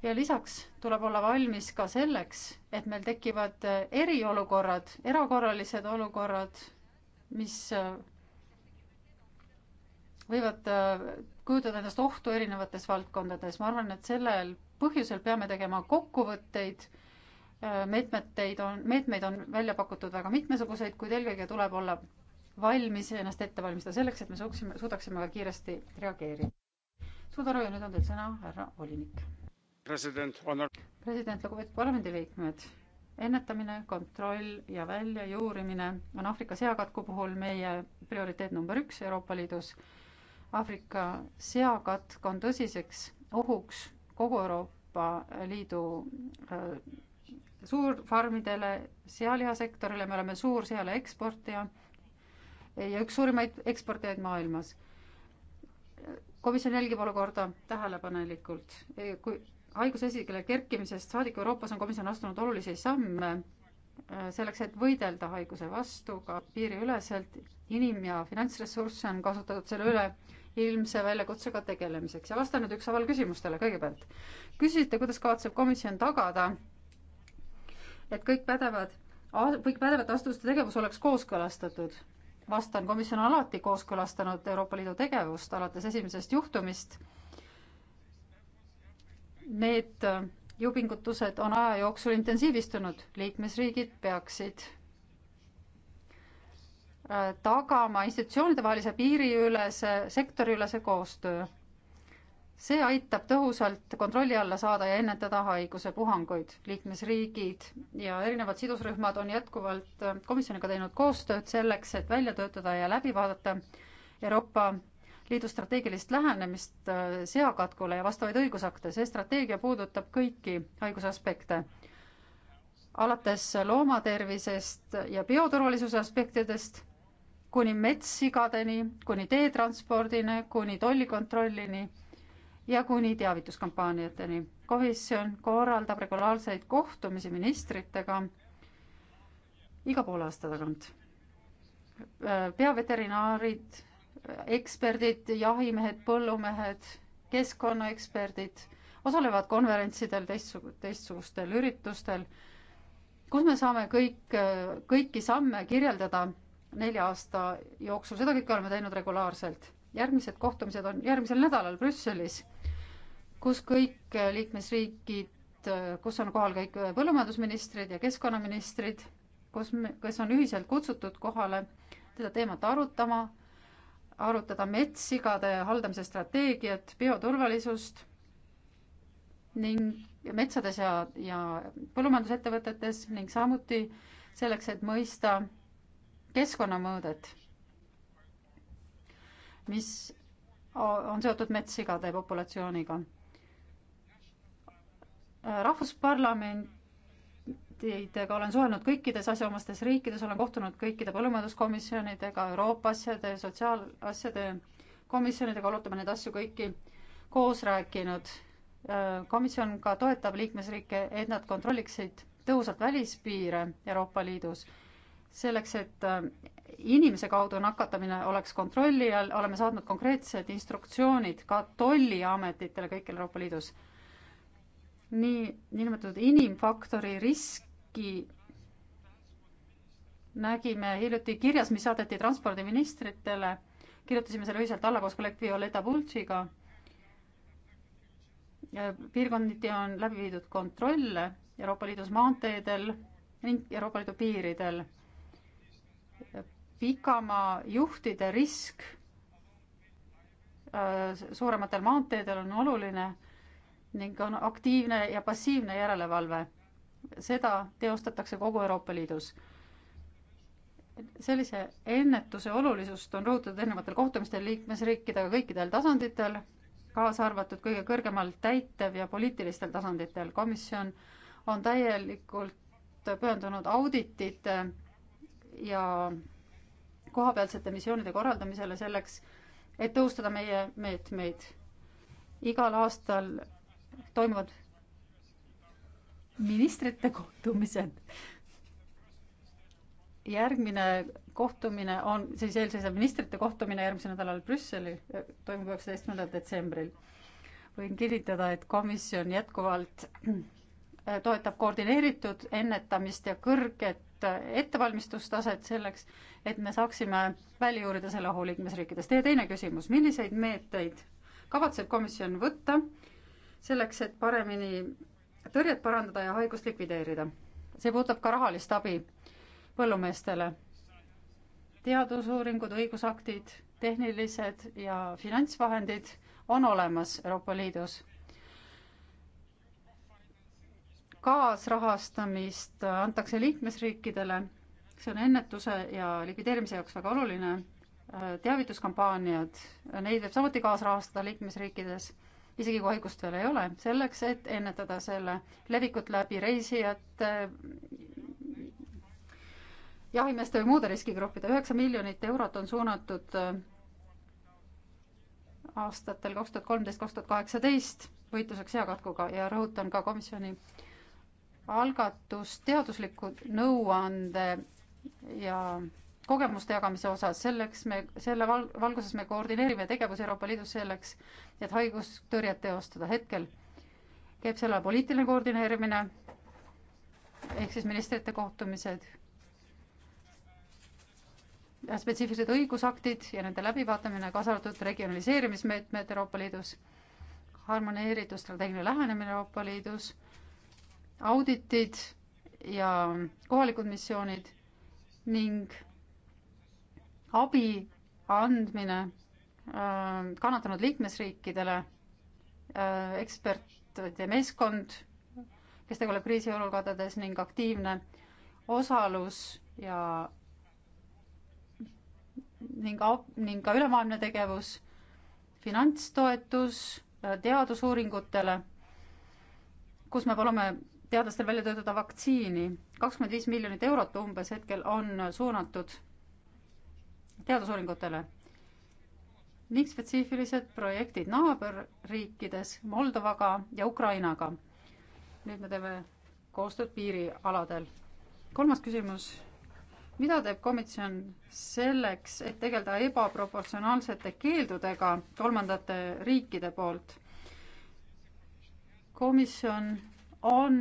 ja lisaks tuleb olla valmis ka selleks, et meil tekivad eriolukorrad, erakorralised olukorrad, mis äh, võivad äh, kujutada endast ohtu erinevates valdkondades, ma arvan, et sellel põhjusel peame tegema kokkuvõtteid, äh, meetmeteid on, meetmeid on välja pakutud väga mitmesuguseid, kuid eelkõige tuleb olla valmis ennast ette valmistada selleks, et me suuksime, suudaksime ka kiiresti reageerida. suur tänu ja nüüd on teil sõna, härra volinik. president, president, lugupeetud parlamendiliikmed, ennetamine, kontroll ja väljajuurimine on Aafrika seakatku puhul meie prioriteet number üks Euroopa Liidus. Aafrika seakatk on tõsiseks ohuks kogu Euroopa Liidu äh, suurfarmidele, sealihasektorile, me oleme suur seale eksportija ja üks suurimaid eksportijaid maailmas. komisjon jälgib olukorda tähelepanelikult. kui haiguse esile kerkimisest saadik Euroopas on komisjon astunud olulisi samme äh, selleks, et võidelda haiguse vastu ka piiriüleselt, inim- ja finantsressursse on kasutatud selle üle ilmse väljakutsega tegelemiseks ja vastan nüüd ükshaaval küsimustele kõigepealt. küsisite, kuidas kavatseb komisjon tagada, et kõik pädevad, kõik pädevate asutuste tegevus oleks kooskõlastatud. vastan, komisjon on alati kooskõlastanud Euroopa Liidu tegevust alates esimesest juhtumist. Need jõupingutused on aja jooksul intensiivistunud, liikmesriigid peaksid Äh, tagama institutsioonide vahelise piiriülese, sektoriülese koostöö. see aitab tõhusalt kontrolli alla saada ja ennetada haiguse puhanguid. liikmesriigid ja erinevad sidusrühmad on jätkuvalt komisjoniga teinud koostööd selleks, et välja töötada ja läbi vaadata Euroopa Liidu strateegilist lähenemist äh, seakatkule ja vastavaid õigusakte. see strateegia puudutab kõiki haiguse aspekte alates loomatervisest ja bioturvalisuse aspektidest kuni metssigadeni, kuni teetranspordini, kuni tollikontrollini ja kuni teavituskampaaniateni. komisjon korraldab regulaarseid kohtumisi ministritega iga poole aasta tagant. peaveterinaarid, eksperdid, jahimehed, põllumehed, keskkonnaeksperdid osalevad konverentsidel, teistsugu-, teistsugustel üritustel, kus me saame kõik, kõiki samme kirjeldada nelja aasta jooksul, seda kõike oleme teinud regulaarselt. järgmised kohtumised on järgmisel nädalal Brüsselis, kus kõik liikmesriigid, kus on kohal kõik põllumajandusministrid ja keskkonnaministrid, kus, kes on ühiselt kutsutud kohale seda teemat arutama, arutada metssigade haldamise strateegiat, bioturvalisust ning metsades ja, ja põllumajandusettevõtetes ning samuti selleks, et mõista keskkonnamõõdet, mis on seotud metssigade populatsiooniga. rahvusparlamentidega olen suhelnud kõikides asjaomastes riikides, olen kohtunud kõikide põllumajanduskomisjonidega, Euroopa asjade, sotsiaalasjade komisjonidega, olutame neid asju kõiki koos rääkinud. komisjon ka toetab liikmesriike, et nad kontrolliksid tõhusalt välispiire Euroopa Liidus selleks, et äh, inimese kaudu nakatamine oleks kontrolli all, oleme saatnud konkreetsed instruktsioonid ka tolliametitele kõikjal Euroopa Liidus. nii, niinimetatud inimfaktori riski nägime hiljuti kirjas, mis saadeti transpordiministritele, kirjutasime selle ühiselt alla koos kolleeg Violeta Bultšiga piirkonniti on läbi viidud kontrolle Euroopa Liidus maanteedel ning Euroopa Liidu piiridel pikamaa juhtide risk äh, suurematel maanteedel on oluline ning on aktiivne ja passiivne järelevalve. seda teostatakse kogu Euroopa Liidus. sellise ennetuse olulisust on rõhutatud erinevatel kohtumistel liikmesriikidega kõikidel tasanditel, kaasa arvatud kõige kõrgemal täitev ja poliitilistel tasanditel. komisjon on täielikult pühendunud auditite ja kohapealsete missioonide korraldamisele selleks, et tõhustada meie meetmeid. igal aastal toimuvad ministrite kohtumised. järgmine kohtumine on siis eelseisev ministrite kohtumine järgmisel nädalal Brüsseli, toimub üheksateistkümnendal detsembril. võin kinnitada, et komisjon jätkuvalt toetab koordineeritud ennetamist ja kõrget ettevalmistustaset selleks, et me saaksime välja uurida selle ohu liikmesriikides. Teie teine küsimus, milliseid meetmeid kavatseb komisjon võtta selleks, et paremini tõrjet parandada ja haigust likvideerida? see puudutab ka rahalist abi põllumeestele. teadusuuringud, õigusaktid, tehnilised ja finantsvahendid on olemas Euroopa Liidus kaasrahastamist antakse liikmesriikidele, see on ennetuse ja likvideerimise jaoks väga oluline, äh, teavituskampaaniad, äh, neid võib samuti kaasrahastada liikmesriikides, isegi kui haigust veel ei ole, selleks, et ennetada selle levikut läbi reisijate, jahimeeste või muude riskigruppide, üheksa miljonit eurot on suunatud äh, aastatel kaks tuhat kolmteist, kaks tuhat kaheksateist võitluseks seakatkuga ja rõhutan ka komisjoni algatust teadusliku nõuande ja kogemuste jagamise osas, selleks me, selle val-, valguses me koordineerime tegevusi Euroopa Liidus selleks, et haigustõrjet teostada. hetkel käib selle poliitiline koordineerimine ehk siis ministrite kohtumised ja spetsiifilised õigusaktid ja nende läbivaatamine, kaasa arvatud regionaliseerimismeetmed Euroopa Liidus, harmoneeritud strateegiline lähenemine Euroopa Liidus auditid ja kohalikud missioonid ning abi andmine äh, kannatanud liikmesriikidele, äh, ekspertide meeskond, kes tegeleb kriisiolukordades ning aktiivne osalus ja ning, ning ka ülemaailmne tegevus, finantstoetus äh, teadusuuringutele, kus me palume teadlastel välja töötada vaktsiini. kakskümmend viis miljonit eurot umbes hetkel on suunatud teadusuuringutele ning spetsiifilised projektid naaberriikides Moldovaga ja Ukrainaga. nüüd me teeme koostööd piirialadel. kolmas küsimus. mida teeb komisjon selleks, et tegeleda ebaproportsionaalsete keeldudega kolmandate riikide poolt? komisjon on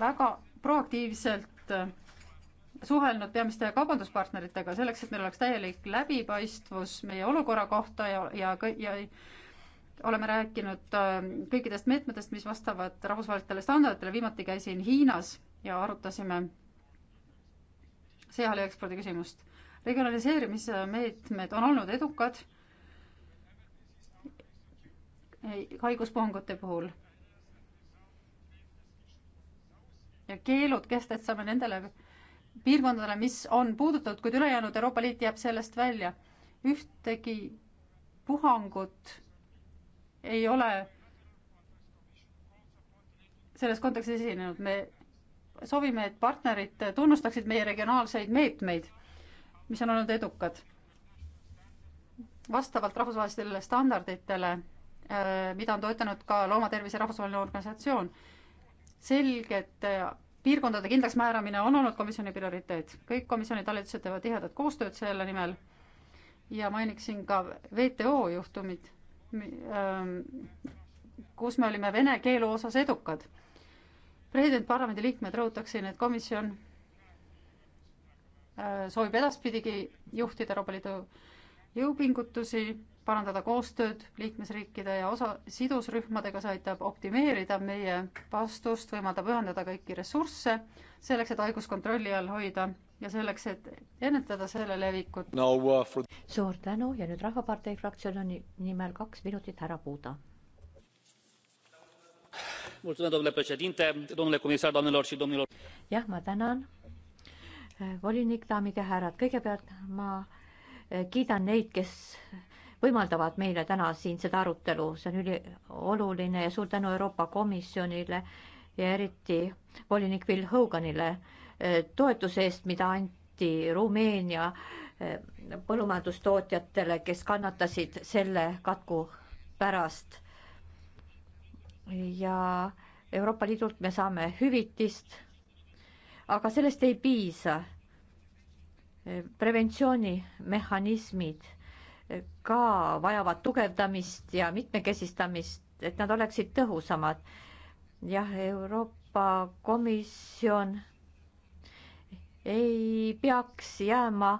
väga proaktiivselt suhelnud peamiste kaubanduspartneritega selleks, et meil oleks täielik läbipaistvus meie olukorra kohta ja, ja, ja oleme rääkinud äh, kõikidest meetmetest, mis vastavad rahvusvahelistele standarditele, viimati käisin Hiinas ja arutasime sealiha ekspordi küsimust. regionaliseerimise meetmed on olnud edukad haiguspuhangute puhul ja keelud kehtestame nendele piirkondadele, mis on puudutatud, kuid ülejäänud Euroopa Liit jääb sellest välja. ühtegi puhangut ei ole selles kontekstis esinenud, me soovime, et partnerid tunnustaksid meie regionaalseid meetmeid, mis on olnud edukad. vastavalt rahvusvahelistele standarditele, äh, mida on toetanud ka Loomatervise Rahvusvaheline Organisatsioon, selged äh, piirkondade kindlaksmääramine on olnud komisjoni prioriteet. kõik komisjoni talitused teevad tihedat koostööd selle nimel ja mainiksin ka WTO juhtumit, ähm, kus me olime vene keelu osas edukad. president, parlamendiliikmed, rõhutaksin, et komisjon äh, soovib edaspidigi juhtida Euroopa Liidu jõupingutusi parandada koostööd liikmesriikide ja osa, sidusrühmadega, see aitab optimeerida meie vastust, võimaldab ühendada kõiki ressursse selleks, et haigus kontrolli all hoida ja selleks, et ennetada selle levikut no,. Uh, for... suur tänu ja nüüd Rahvapartei fraktsiooni nimel kaks minutit, härra Puuda. jah, ma tänan. volinik, daamid ja härrad, kõigepealt ma eh, kiidan neid, kes võimaldavad meile täna siin seda arutelu, see on ülioluline ja suur tänu Euroopa Komisjonile ja eriti volinik Bill Hoganile eh, toetuse eest, mida anti Rumeenia eh, põllumajandustootjatele, kes kannatasid selle katku pärast. ja Euroopa Liidult me saame hüvitist, aga sellest ei piisa eh, preventsioonimehhanismid ka vajavad tugevdamist ja mitmekesistamist, et nad oleksid tõhusamad. jah, Euroopa Komisjon ei peaks jääma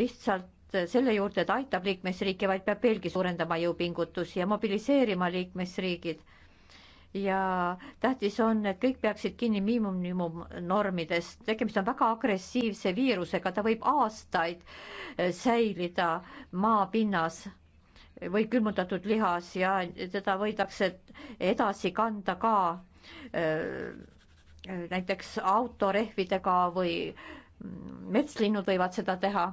lihtsalt selle juurde, et aitab liikmesriike, vaid peab veelgi suurendama jõupingutusi ja mobiliseerima liikmesriigid ja tähtis on, et kõik peaksid kinni miinimumnormidest, tegemist on väga agressiivse viirusega, ta võib aastaid eh, säilida maapinnas või külmutatud lihas ja teda võidakse edasi kanda ka eh, näiteks autorehvidega või mm, metslinnud võivad seda teha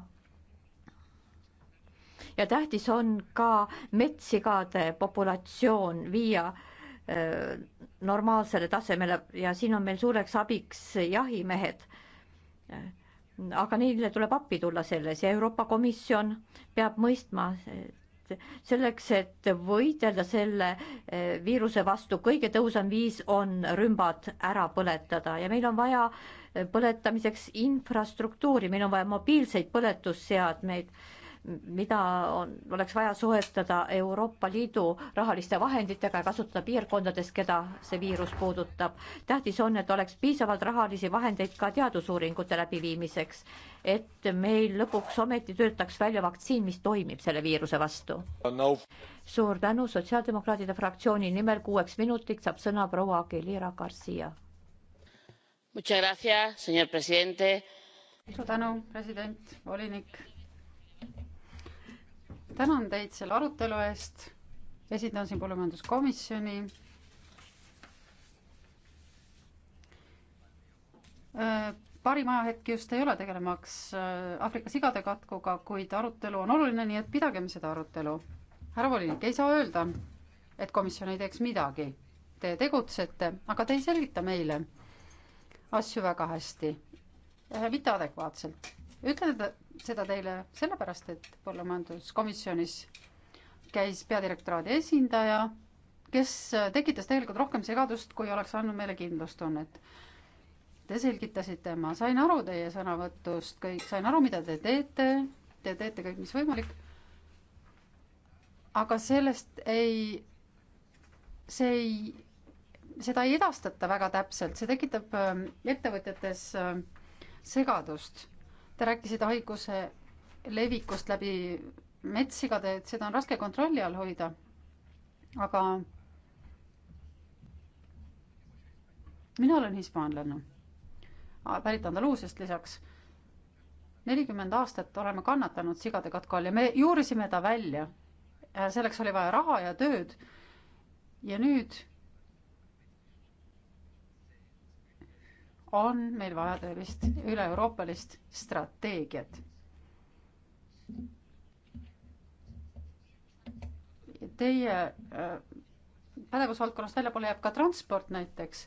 ja tähtis on ka metssigade populatsioon viia normaalsele tasemele ja siin on meil suureks abiks jahimehed. aga neile tuleb appi tulla selles ja Euroopa Komisjon peab mõistma selleks, et võidelda selle eh, viiruse vastu, kõige tõhusam viis on rümbad ära põletada ja meil on vaja eh, põletamiseks infrastruktuuri, meil on vaja mobiilseid põletusseadmeid mida on, oleks vaja soetada Euroopa Liidu rahaliste vahenditega ja kasutada piirkondades, keda see viirus puudutab. tähtis on, et oleks piisavalt rahalisi vahendeid ka teadusuuringute läbiviimiseks, et meil lõpuks ometi töötaks välja vaktsiin, mis toimib selle viiruse vastu no.. suur tänu, Sotsiaaldemokraatide fraktsiooni nimel kuueks minutiks saab sõna proua Aguilera Garcia. suur tänu, president, volinik tänan teid selle arutelu eest. esindan siin põllumajanduskomisjoni. Äh, parim ajahetk just ei ole tegelemaks äh, Aafrika sigade katkuga, kuid arutelu on oluline, nii et pidagem seda arutelu. härra volinik, ei saa öelda, et komisjon ei teeks midagi. Te tegutsete, aga te ei selgita meile asju väga hästi, äh, mitte adekvaatselt. ütlete, seda teile sellepärast, et põllumajanduskomisjonis käis peadirektoraadi esindaja, kes tekitas tegelikult rohkem segadust, kui oleks andnud meile kindlustunnet. Te selgitasite, ma sain aru teie sõnavõtust kõik, sain aru, mida te teete, te teete kõik, mis võimalik. aga sellest ei, see ei, seda ei edastata väga täpselt, see tekitab ähm, ettevõtjates ähm, segadust Te rääkisite haiguse levikust läbi metssigade, et seda on raske kontrolli all hoida. aga mina olen hispaanlane, pärit Andaluusiast lisaks. nelikümmend aastat oleme kannatanud sigade katku all ja me juurisime ta välja. selleks oli vaja raha ja tööd. ja nüüd on meil vaja tõelist üle-euroopalist strateegiat. Teie äh, pädevusvaldkonnast väljapoole jääb ka transport näiteks.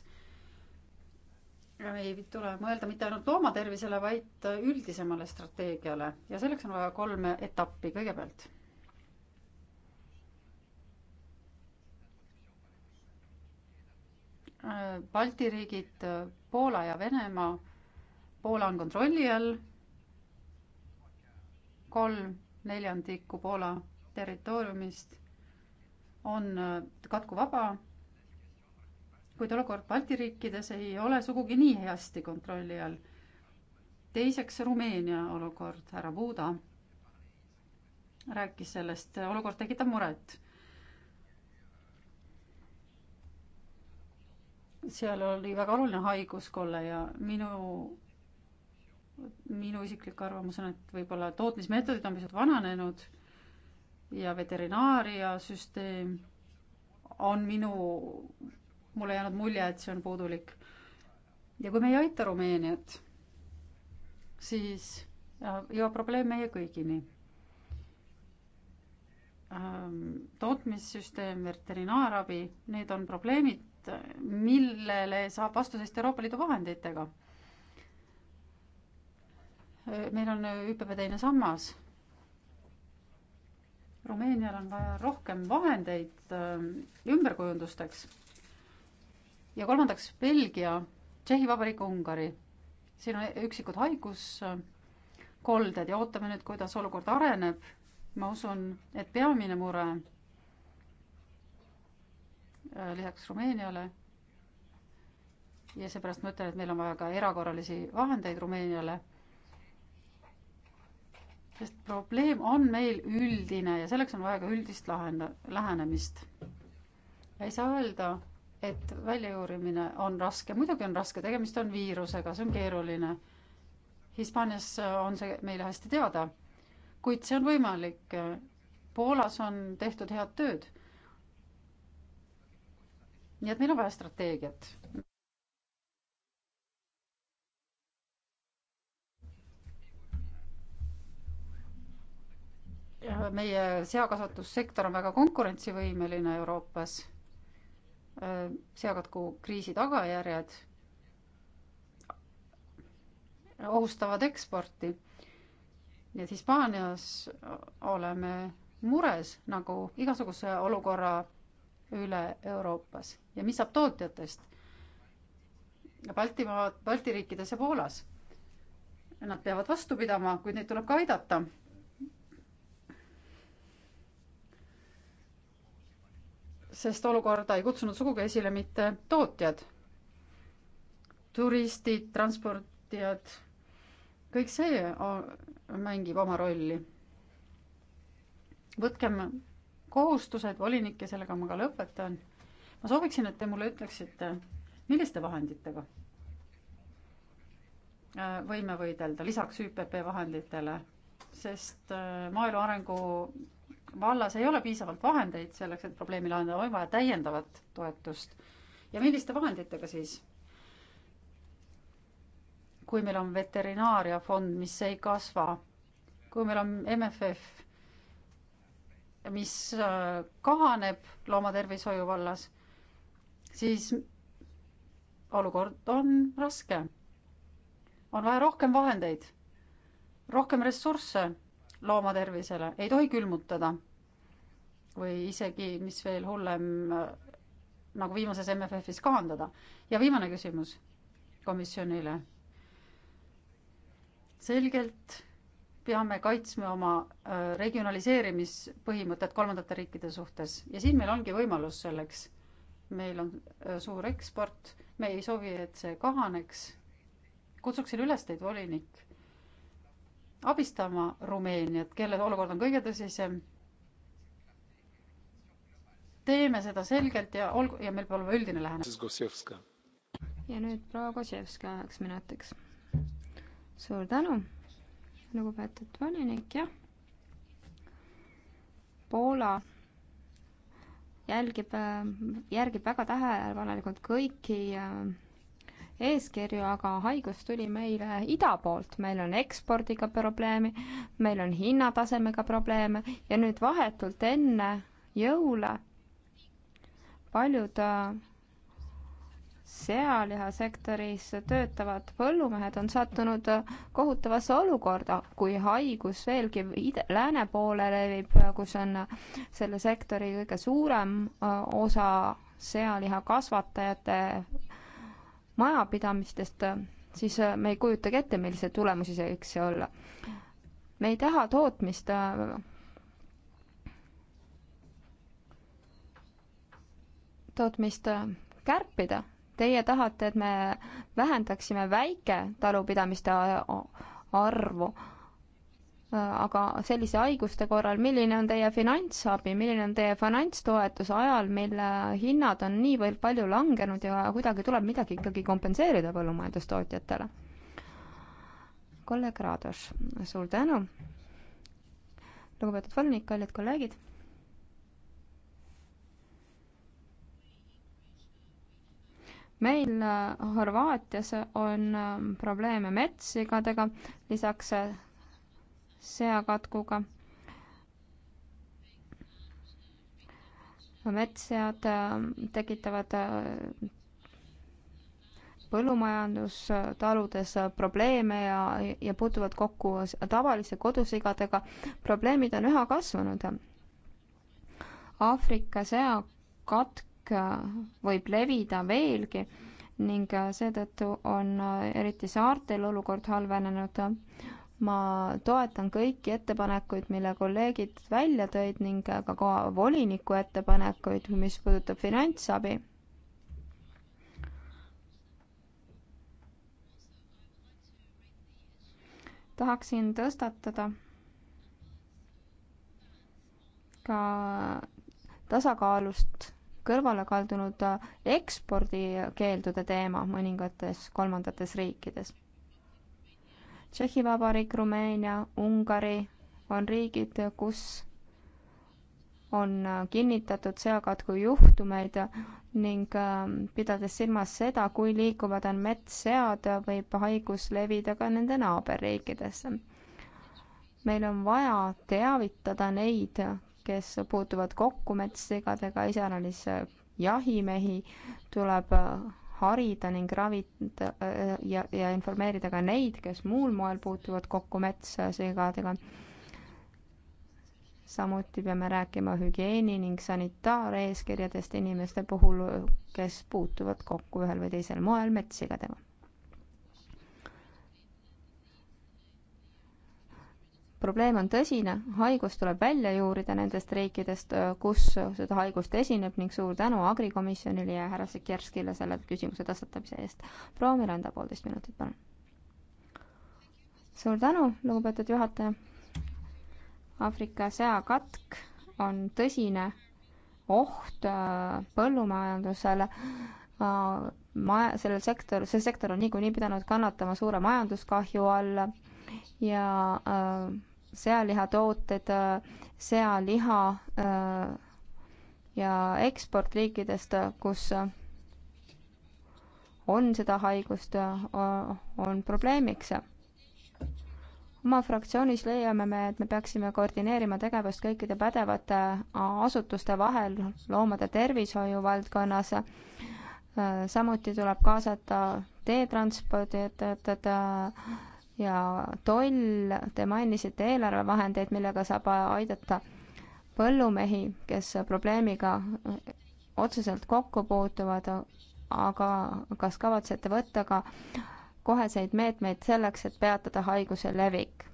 ei tule mõelda mitte ainult loomatervisele, vaid üldisemale strateegiale ja selleks on vaja kolme etappi kõigepealt Balti riigid, Poola ja Venemaa. Poola on kontrolli all. kolm neljandikku Poola territooriumist on äh, katkuvaba, kuid olukord Balti riikides ei ole sugugi nii heasti kontrolli all. teiseks Rumeenia olukord, härra Buda rääkis sellest, olukord tekitab muret. seal oli väga oluline haiguskolle ja minu, minu isiklik arvamus on, et võib-olla tootmismeetodid on pisut vananenud ja veterinaariasüsteem on minu, mulle jäänud mulje, et see on puudulik. ja kui me ei aita Rumeeniat, siis äh, jõuab probleem meie kõigini. Ähm, tootmissüsteem, veterinaarabi, need on probleemid millele saab vastu seista Euroopa Liidu vahenditega. meil on ÜPP teine sammas. Rumeenial on vaja rohkem vahendeid äh, ümberkujundusteks. ja kolmandaks Belgia, Tšehhi Vabariik, Ungari. siin on üksikud haiguskolded ja ootame nüüd, kuidas olukord areneb. ma usun, et peamine mure Äh, lisaks Rumeeniale. ja seepärast ma ütlen, et meil on vaja ka erakorralisi vahendeid Rumeeniale. sest probleem on meil üldine ja selleks on vaja ka üldist lahenda, lähenemist. ei saa öelda, et väljajuurimine on raske, muidugi on raske, tegemist on viirusega, see on keeruline. Hispaanias on see meile hästi teada, kuid see on võimalik. Poolas on tehtud head tööd nii et meil on vaja strateegiat. meie seakasvatussektor on väga konkurentsivõimeline Euroopas. Äh, seakatku kriisi tagajärjed ohustavad eksporti. nii et Hispaanias oleme mures nagu igasuguse olukorra üle Euroopas ja mis saab tootjatest? Baltimaa, Balti riikides ja Poolas. Nad peavad vastu pidama, kuid neid tuleb ka aidata. sest olukorda ei kutsunud sugugi esile mitte tootjad, turistid, transportijad, kõik see mängib oma rolli. võtkem kohustused, volinik, ja sellega ma ka lõpetan. ma sooviksin, et te mulle ütleksite, milliste vahenditega võime võidelda lisaks ÜPP vahenditele, sest äh, maaelu arengu vallas ei ole piisavalt vahendeid selleks, et probleemi lahendada, on vaja täiendavat toetust. ja milliste vahenditega siis? kui meil on veterinaariafond, mis ei kasva, kui meil on MFF mis äh, kahaneb loomatervishoiu vallas, siis olukord on raske. on vaja rohkem vahendeid, rohkem ressursse loomatervisele, ei tohi külmutada. või isegi, mis veel hullem, äh, nagu viimases MFF-is kahandada. ja viimane küsimus komisjonile. selgelt peame kaitsma oma äh, regionaliseerimispõhimõtet kolmandate riikide suhtes ja siin meil ongi võimalus selleks. meil on äh, suur eksport, me ei soovi, et see kahaneks. kutsuksin üles teid, volinik, abistama Rumeeniat, kelle olukord on kõige tõsisem. teeme seda selgelt ja olgu, ja meil peab olema üldine lähenemine. ja nüüd proua Kozjevska üheks minutiks. suur tänu lugupeetud volinik, jah. Poola jälgib, järgib väga tähelepanelikult kõiki äh, eeskirju, aga haigus tuli meile ida poolt, meil on ekspordiga probleemi, meil on hinnatasemega probleeme ja nüüd vahetult enne jõule paljud äh, sealihasektoris töötavad põllumehed on sattunud kohutavasse olukorda, kui haigus veelgi lääne poole levib, kus on selle sektori kõige suurem äh, osa sealihakasvatajate majapidamistest, siis äh, me ei kujutagi ette, milliseid tulemusi see võiks olla. me ei taha tootmist äh, tootmist kärpida, Teie tahate, et me vähendaksime väiketalupidamiste arvu, aga sellise haiguste korral, milline on teie finantsabi, milline on teie finantstoetus ajal, mil hinnad on niivõrd palju langenud ja kuidagi tuleb midagi ikkagi kompenseerida põllumajandustootjatele? kolleeg Raados, suur tänu! lugupeetud volinik, kallid kolleegid! meil äh, Horvaatias on ähm, probleeme metssigadega, lisaks äh, seakatkuga. metssead ähm, tekitavad äh, põllumajandustaludes probleeme ja, ja puutuvad kokku tavalise kodusigadega. probleemid on üha kasvanud. Aafrika seakatk levik äh, võib levida veelgi ning äh, seetõttu on äh, eriti saartel olukord halvenenud. ma toetan kõiki ettepanekuid, mille kolleegid välja tõid ning ka voliniku ettepanekuid, mis puudutab finantsabi. tahaksin tõstatada ka tasakaalust kõrvale kaldunud äh, ekspordikeeldude teema mõningates kolmandates riikides. Tšehhi Vabariik, Rumeenia, Ungari on riigid, kus on äh, kinnitatud seakatku juhtumeid ning ähm, pidades silmas seda, kui liikuvad on metssead, võib haigus levida ka nende naaberriikidesse. meil on vaja teavitada neid, kes puutuvad kokku metssegadega, iseäranis jahimehi, tuleb äh, harida ning ravida äh, ja, ja informeerida ka neid, kes muul moel puutuvad kokku metssegadega. samuti peame rääkima hügieeni ning sanitaareeskirjadest inimeste puhul, kes puutuvad kokku ühel või teisel moel metssegadega probleem on tõsine, haigus tuleb välja juurida nendest riikidest, äh, kus seda haigust esineb ning suur tänu Agrikomisjonile ja härra Sikerskile selle küsimuse tõstatamise eest. proua Miranda, poolteist minutit, palun. suur tänu, lugupeetud juhataja. Aafrika seakatk on tõsine oht äh, põllumajandusele äh, ma-, sellel sektor, see sektor on niikuinii pidanud kannatama suure majanduskahju all ja äh, sealihatooted, sealiha ja eksport riikidest, kus on seda haigust, on probleemiks. oma fraktsioonis leiame me, et me peaksime koordineerima tegevust kõikide pädevate asutuste vahel loomade tervishoiu valdkonnas. samuti tuleb kaasata teetranspordi, et, et, et ja toll, te mainisite eelarvevahendeid, millega saab aidata põllumehi, kes probleemiga otseselt kokku puutuvad, aga kas kavatsete võtta ka koheseid meetmeid selleks, et peatada haiguse levik?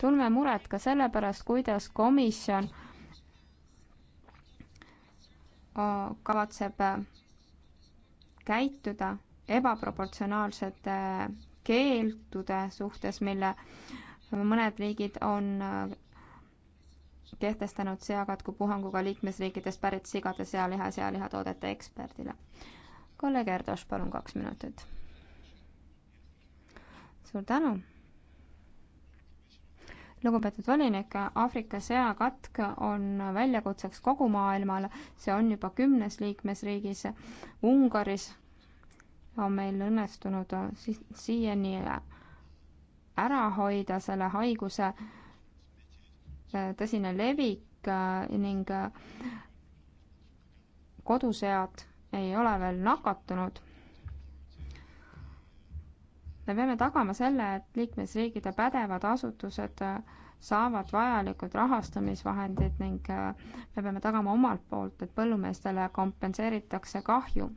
tunneme muret ka selle pärast, kuidas komisjon äh, kavatseb käituda ebaproportsionaalsete keeldude suhtes, mille mõned riigid on äh, kehtestanud seakatku puhanguga liikmesriikidest pärit sigade sealiha ja sealihatoodete eksperdile. kolleeg Erdos, palun kaks minutit. suur tänu. lugupeetud volinik, Aafrika seakatk on väljakutseks kogu maailmale, see on juba kümnes liikmesriigis, Ungaris on meil õnnestunud siiani ära hoida selle haiguse äh, tõsine levik äh, ning äh, kodusead ei ole veel nakatunud. me peame tagama selle, et liikmesriigide pädevad asutused saavad vajalikud rahastamisvahendid ning me peame tagama omalt poolt, et põllumeestele kompenseeritakse kahju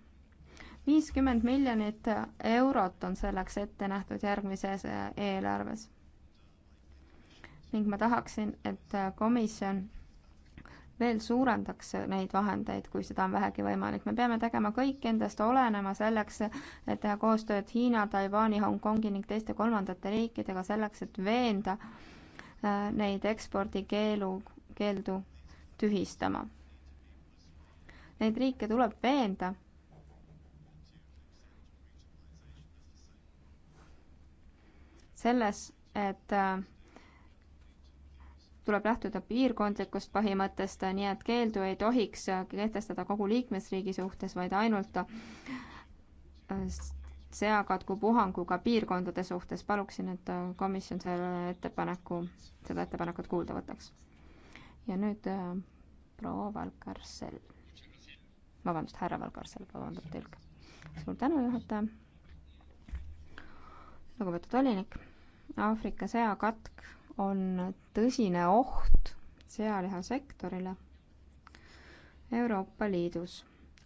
viiskümmend miljonit eurot on selleks ette nähtud järgmises eh, eelarves. ning ma tahaksin, et eh, komisjon veel suurendaks neid vahendeid, kui seda on vähegi võimalik. me peame tegema kõik endast olenema selleks, et teha koostööd Hiina, Taiwan'i, Hongkongi ning teiste kolmandate riikidega selleks, et veenda eh, neid ekspordikeelu, keeldu tühistama. Neid riike tuleb veenda selles, et äh, tuleb lähtuda piirkondlikust põhimõttest, nii et keeldu ei tohiks kehtestada kogu liikmesriigi suhtes, vaid ainult äh, seakatku puhanguga piirkondade suhtes. paluksin, et äh, komisjon selle ettepaneku, seda ettepanekut kuulda võtaks. ja nüüd proua Valkarsel, vabandust, härra Valkarsel, vabandab tõlk. suur tänu, juhataja. lugupeetud volinik Aafrika seakatk on tõsine oht sealihasektorile Euroopa Liidus,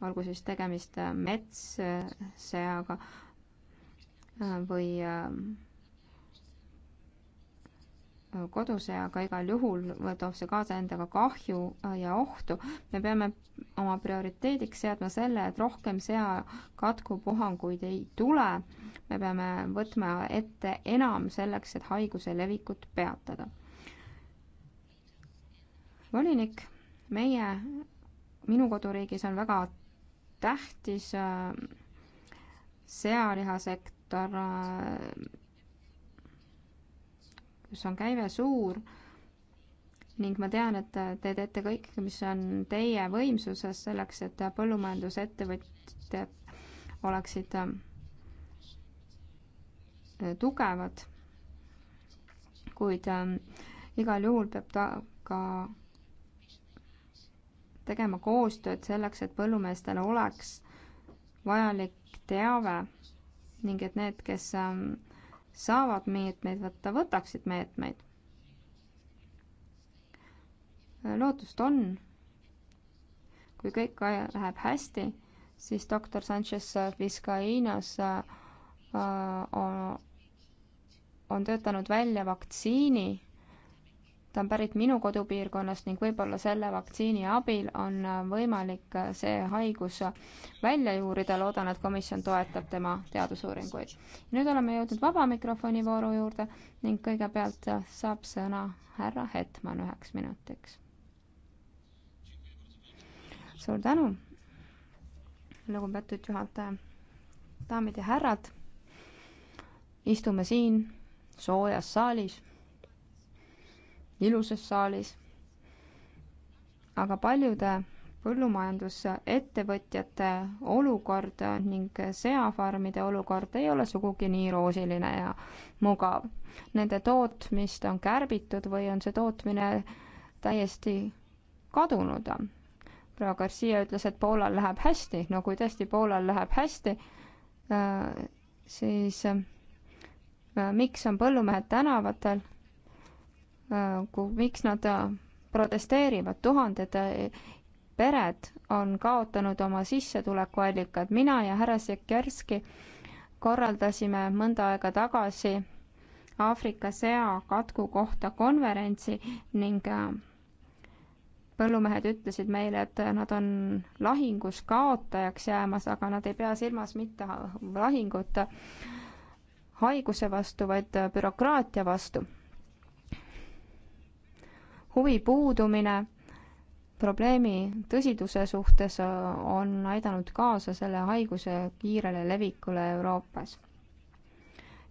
olgu siis tegemist metsseaga äh, või ähm, koduse, aga igal juhul toob see kaasa endaga kahju äh, ja ohtu. me peame oma prioriteediks seadma selle, et rohkem seakatkupuhanguid ei tule. me peame võtma ette enam selleks, et haiguse levikut peatada. volinik, meie, minu koduriigis on väga tähtis äh, sealihasektor äh, kus on käive suur ning ma tean, et te teete kõik, mis on teie võimsuses selleks, et põllumajandusettevõtjad oleksid äh, tugevad, kuid äh, igal juhul peab ta ka tegema koostööd selleks, et põllumeestel oleks vajalik teave ning et need, kes äh, saavad meetmeid võtta, võtaksid meetmeid. lootust on. kui kõik läheb hästi, siis doktor Sanchez Vizcainas äh, äh, on, on töötanud välja vaktsiini ta on pärit minu kodupiirkonnast ning võib-olla selle vaktsiini abil on võimalik see haigus välja juurida. loodan, et komisjon toetab tema teadusuuringuid. nüüd oleme jõudnud vaba mikrofoni vooru juurde ning kõigepealt saab sõna härra Hetman üheks minutiks. suur tänu, lugupeetud juhataja. daamid ja härrad, istume siin soojas saalis ilusas saalis. aga paljude põllumajandusettevõtjate olukord ning seafarmide olukord ei ole sugugi nii roosiline ja mugav. Nende tootmist on kärbitud või on see tootmine täiesti kadunud. proua Garcia ütles, et Poolal läheb hästi, no kui tõesti Poolal läheb hästi, äh, siis äh, miks on põllumehed tänavatel Nagu, miks nad äh, protesteerivad, tuhanded äh, pered on kaotanud oma sissetulekuallikad, mina ja härra Sekerski korraldasime mõnda aega tagasi Aafrika seakatku kohta konverentsi ning äh, põllumehed ütlesid meile, et nad on lahingus kaotajaks jäämas, aga nad ei pea silmas mitte lahingut haiguse vastu, vaid bürokraatia vastu huvi puudumine probleemi tõsiduse suhtes äh, on aidanud kaasa selle haiguse kiirele levikule Euroopas.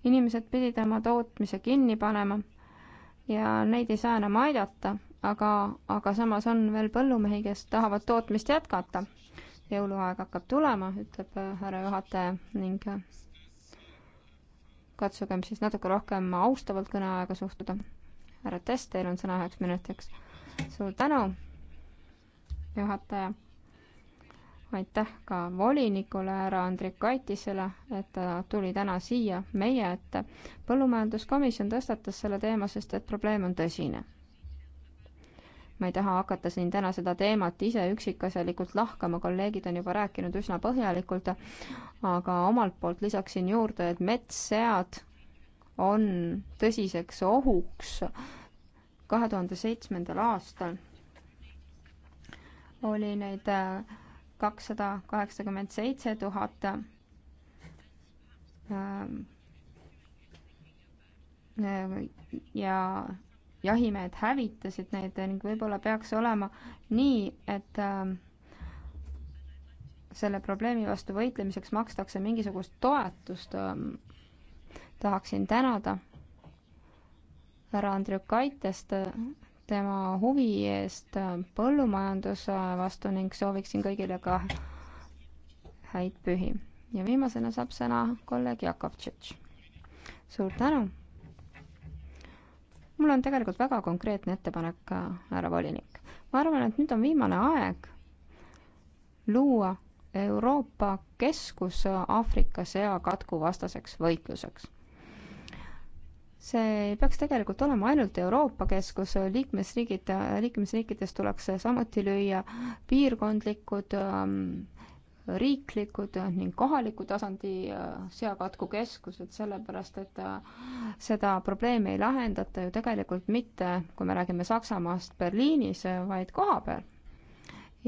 inimesed pidid oma tootmise kinni panema ja neid ei saa enam aidata, aga, aga samas on veel põllumehi, kes tahavad tootmist jätkata. jõuluaeg hakkab tulema, ütleb äh, härra juhataja ning äh, katsugem siis natuke rohkem austavalt kõneaega suhtuda härra Test, teil on sõna üheks minutiks. suur tänu, juhataja. aitäh ka volinikule härra Andrik Aitisele, et ta tuli täna siia meie ette. põllumajanduskomisjon tõstatas selle teema, sest et probleem on tõsine ma ei taha hakata siin täna seda teemat ise üksikasjalikult lahkama, kolleegid on juba rääkinud üsna põhjalikult, aga omalt poolt lisaksin juurde, et metssead on tõsiseks ohuks. kahe tuhande seitsmendal aastal oli neid äh, kakssada kaheksakümmend seitse tuhat äh, ja jahimehed hävitasid neid ning võib-olla peaks olema nii, et äh, selle probleemi vastu võitlemiseks makstakse mingisugust toetust ähm, tahaksin tänada härra Andriukaitest tema huvi eest põllumajanduse vastu ning sooviksin kõigile ka häid pühi. ja viimasena saab sõna kolleeg Jakovtšitš. suur tänu. mul on tegelikult väga konkreetne ettepanek, härra volinik. ma arvan, et nüüd on viimane aeg luua Euroopa Keskus Aafrika seakatku vastaseks võitluseks see ei peaks tegelikult olema ainult Euroopa keskus, liikmesriigid, liikmesriikides tuleks samuti lüüa piirkondlikud ähm, riiklikud ning kohaliku tasandi äh, seakatkukeskused, sellepärast et äh, seda probleemi ei lahendata ju tegelikult mitte, kui me räägime Saksamaast Berliinis, vaid koha peal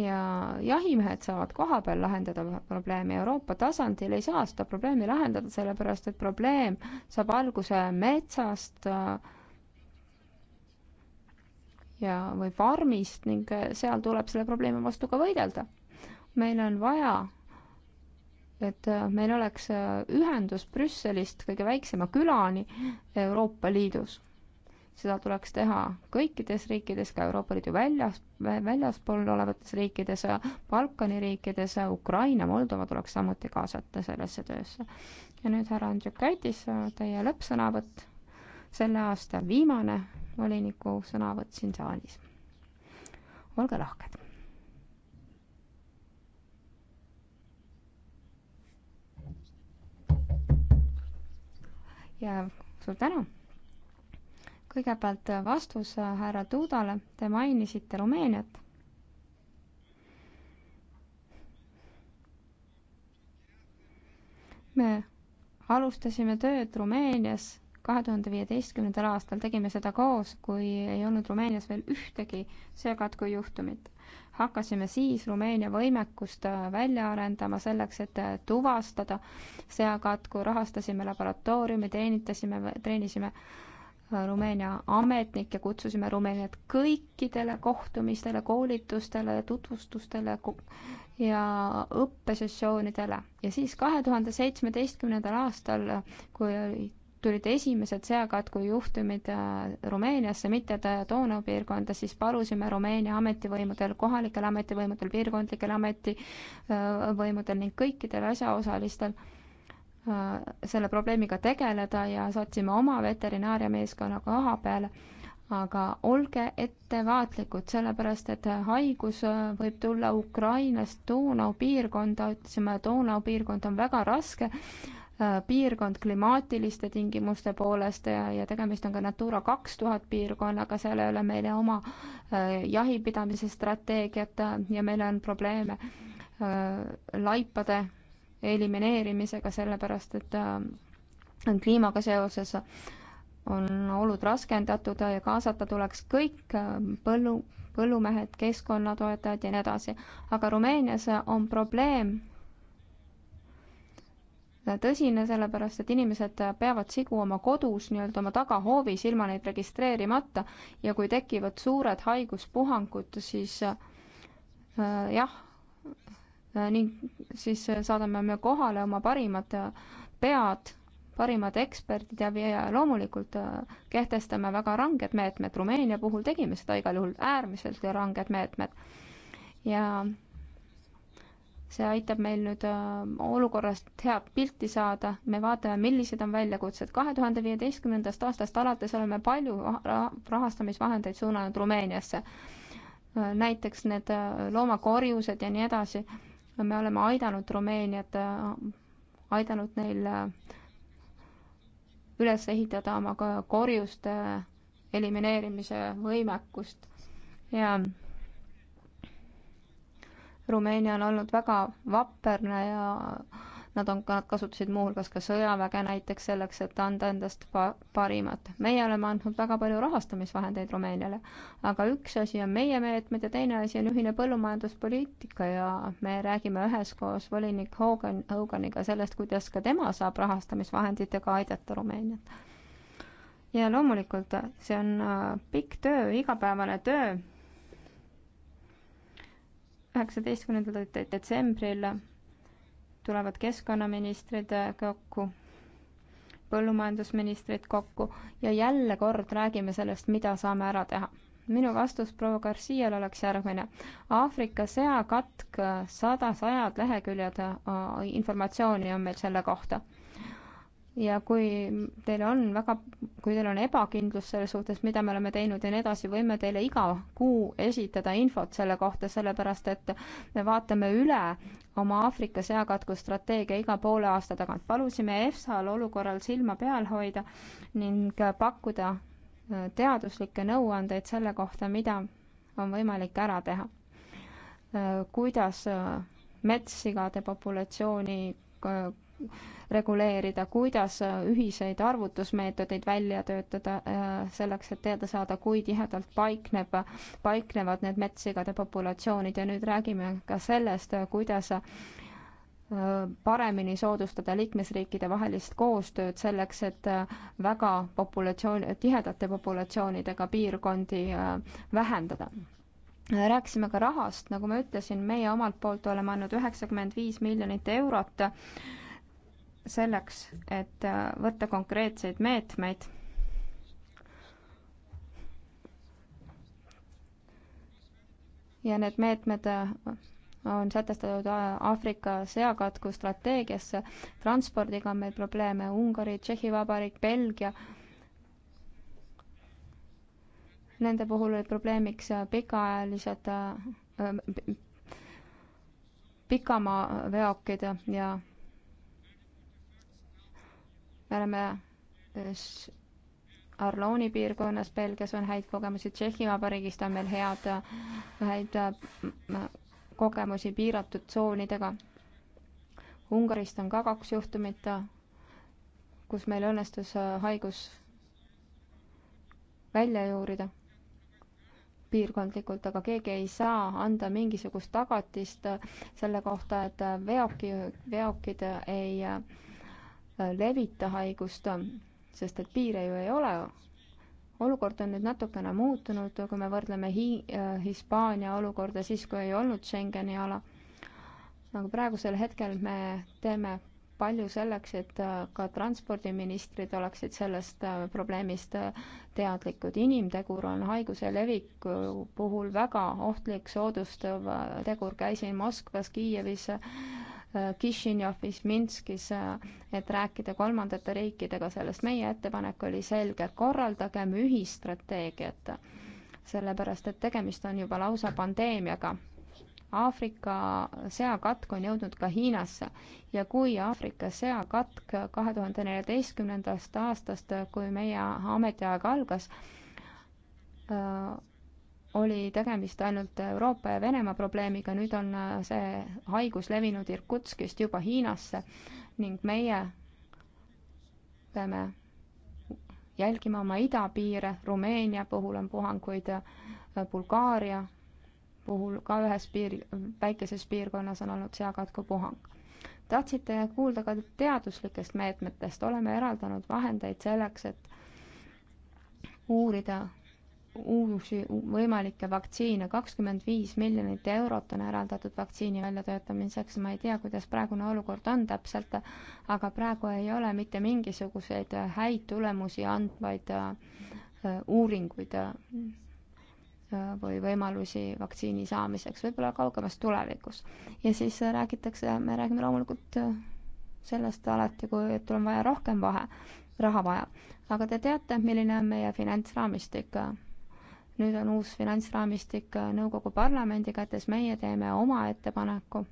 ja jahimehed saavad kohapeal lahendada probleemi, Euroopa tasandil ei saa seda probleemi lahendada, sellepärast et probleem saab alguse metsast äh, ja, või farmist ning äh, seal tuleb selle probleemi vastu ka võidelda. meil on vaja et äh, meil oleks ühendus Brüsselist kõige väiksema külani Euroopa Liidus seda tuleks teha kõikides riikides, ka Euroopa Liidu väljas, väljaspool olevates riikides, Balkani riikides, Ukraina, Moldova tuleks samuti kaasata sellesse töösse. ja nüüd härra Andriukaitis, teie lõppsõnavõtt, selle aasta viimane voliniku sõnavõtt siin saalis. olge lahked. ja suur tänu kõigepealt vastus härra Tuudale, te mainisite Rumeeniat. me alustasime tööd Rumeenias kahe tuhande viieteistkümnendal aastal, tegime seda koos, kui ei olnud Rumeenias veel ühtegi seakatkujuhtumit. hakkasime siis Rumeenia võimekust välja arendama selleks, et tuvastada seakatku, rahastasime laboratooriumi, teenitasime, treenisime äh, Rumeenia ametnikke, kutsusime Rumeeniat kõikidele kohtumistele, koolitustele, tutvustustele ja õppesessioonidele. ja siis kahe tuhande seitsmeteistkümnendal aastal, kui tulid esimesed seakatku juhtumid äh, Rumeeniasse, mitte äh, Donau piirkonda, siis palusime Rumeenia ametivõimudel, kohalikel ametivõimudel, piirkondlikel ametivõimudel ning kõikidel asjaosalistel Äh, selle probleemiga tegeleda ja sotsime oma veterinaariameeskonna koha peale, aga olge ettevaatlikud, sellepärast et haigus äh, võib tulla Ukrainast Donau piirkonda, ütlesime, Donau piirkond on väga raske äh, piirkond klimaatiliste tingimuste poolest ja, ja tegemist on ka Natura kaks tuhat piirkonnaga, seal ei ole meile oma jahipidamise strateegiat ja meil on probleeme laipade elimineerimisega, sellepärast et äh, kliimaga seoses on olud raskendatud ja kaasata tuleks kõik äh, põllu, põllumehed, keskkonnatoetajad ja nii edasi. aga Rumeenias on probleem tõsine, sellepärast et inimesed peavad sigu oma kodus, nii-öelda oma tagahoovis, ilma neid registreerimata ja kui tekivad suured haiguspuhangud, siis äh, jah, Äh, ning siis äh, saadame me kohale oma parimad äh, pead, parimad eksperdid ja, ja loomulikult kehtestame väga ranged meetmed. Rumeenia puhul tegime seda igal juhul, äärmiselt ranged meetmed. ja see aitab meil nüüd olukorrast head pilti saada, me vaatame, millised on väljakutsed. kahe tuhande viieteistkümnendast aastast alates oleme palju rahastamisvahendeid suunanud Rumeeniasse. näiteks need loomakorjused ja nii edasi me oleme aidanud Rumeeniat, äh, aidanud neil äh, üles ehitada oma korjuste elimineerimise võimekust ja Rumeenia on olnud väga vapperne ja Nad on, nad kasutasid muuhulgas ka sõjaväge näiteks selleks, et anda endast pa-, parimat. meie oleme andnud väga palju rahastamisvahendeid Rumeeniale, aga üks asi on meie meetmed ja teine asi on ühine põllumajanduspoliitika ja me räägime üheskoos volinik Hogan, Hoganiga sellest, kuidas ka tema saab rahastamisvahenditega aidata Rumeeniat. ja loomulikult see on äh, pikk töö, igapäevane töö, üheksateistkümnendal detsembril tulevad keskkonnaministrid äh, kokku, põllumajandusministrid kokku ja jälle kord räägime sellest, mida saame ära teha. minu vastus proua Garcial oleks järgmine. Aafrika seakatk, äh, sada, sajad leheküljed äh, informatsiooni on meil selle kohta ja kui teil on väga, kui teil on ebakindlus selle suhtes, mida me oleme teinud ja nii edasi, võime teile iga kuu esitada infot selle kohta, sellepärast et me vaatame üle oma Aafrika seakatkusstrateegia iga poole aasta tagant. palusime EFSA-l olukorral silma peal hoida ning pakkuda äh, teaduslikke nõuandeid selle kohta, mida on võimalik ära teha. Äh, kuidas äh, metssigade populatsiooni reguleerida, kuidas ühiseid arvutusmeetodeid välja töötada äh, selleks, et teada saada, kui tihedalt paikneb, paiknevad need metssigade populatsioonid ja nüüd räägime ka sellest, kuidas äh, paremini soodustada liikmesriikide vahelist koostööd selleks, et äh, väga populatsioon, tihedate populatsioonidega piirkondi vähendada rääkisime ka rahast, nagu ma ütlesin, meie omalt poolt oleme andnud üheksakümmend viis miljonit eurot selleks, et äh, võtta konkreetseid meetmeid ja need meetmed äh, on sätestatud äh, Aafrika seakatku strateegiasse. transpordiga on meil probleeme Ungari, Tšehhi Vabariik, Belgia. Nende puhul olid probleemiks pikaajalised, pikamaa veokid ja me oleme äh, Arlooni piirkonnas Belgias on häid kogemusi, Tšehhi Vabariigist on meil head, häid äh, kogemusi piiratud tsoonidega. Ungarist on ka kaks juhtumit, kus meil õnnestus äh, haigus välja juurida piirkondlikult, aga keegi ei saa anda mingisugust tagatist selle kohta, et veoki, veokid ei Äh, levita haigust, sest et piire ju ei ole. olukord on nüüd natukene muutunud, kui me võrdleme Hi-, äh, Hispaania olukorda siis, kui ei olnud Schengeni ala. aga praegusel hetkel me teeme palju selleks, et äh, ka transpordiministrid oleksid sellest probleemist teadlikud. inimtegur on haiguse leviku puhul väga ohtlik soodustav tegur. käisin Moskvas, Kiievis Äh, Kišinjovis, Minskis, äh, et rääkida kolmandate riikidega sellest. meie ettepanek oli selge, korraldagem ühistrateegiat, sellepärast et tegemist on juba lausa pandeemiaga. Aafrika seakatk on jõudnud ka Hiinasse ja kui Aafrika seakatk kahe tuhande neljateistkümnendast aastast, kui meie ametiaeg algas, äh, oli tegemist ainult Euroopa ja Venemaa probleemiga, nüüd on äh, see haigus levinud Irkutskist juba Hiinasse ning meie peame jälgima oma idapiire, Rumeenia puhul on puhanguid, äh, Bulgaaria puhul ka ühes piir, väikeses piirkonnas on olnud seakatkupuhang. tahtsite kuulda ka teaduslikest meetmetest, oleme eraldanud vahendeid selleks, et uurida uusi võimalikke vaktsiine, kakskümmend viis miljonit eurot on eraldatud vaktsiini väljatöötamiseks, ma ei tea, kuidas praegune olukord on täpselt, aga praegu ei ole mitte mingisuguseid häid tulemusi andvaid äh, uuringuid äh, või võimalusi vaktsiini saamiseks, võib-olla kaugemas tulevikus. ja siis räägitakse, me räägime loomulikult äh, sellest alati, kui, et on vaja rohkem vahe, raha vaja. aga te teate, milline on meie finantsraamistik nüüd on uus finantsraamistik äh, nõukogu parlamendi kätes, meie teeme oma ettepaneku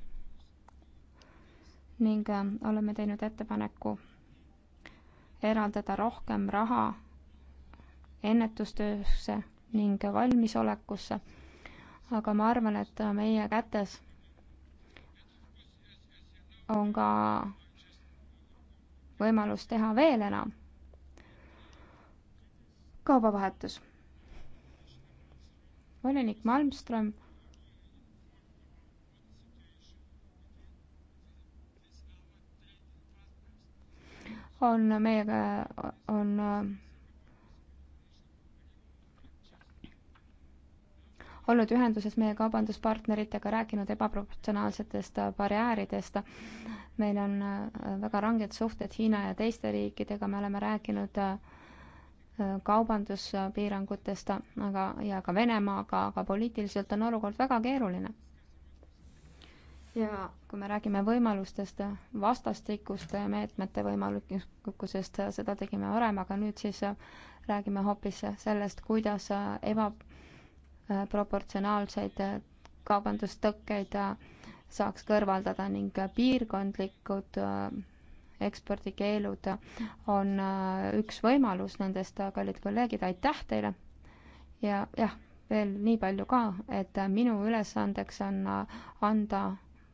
ning äh, oleme teinud ettepaneku eraldada rohkem raha ennetustöösse ning valmisolekusse. aga ma arvan, et äh, meie kätes on ka võimalus teha veel enam. kaubavahetus volinik Malmström on meiega, on olnud ühenduses meie kaubanduspartneritega, rääkinud ebaproportsionaalsetest barjääridest. meil on äh, väga ranged suhted Hiina ja teiste riikidega, me oleme rääkinud äh, kaubanduspiirangutest, aga, ja ka Venemaaga, aga poliitiliselt on olukord väga keeruline. ja kui me räägime võimalustest, vastastikuste meetmete võimalikkusest, seda tegime varem, aga nüüd siis räägime hoopis sellest, kuidas ebaproportsionaalseid kaubandustõkkeid saaks kõrvaldada ning piirkondlikud ekspordikeelud on äh, üks võimalus nendest, äh, kallid kolleegid, aitäh teile ja jah, veel nii palju ka, et äh, minu ülesandeks on anda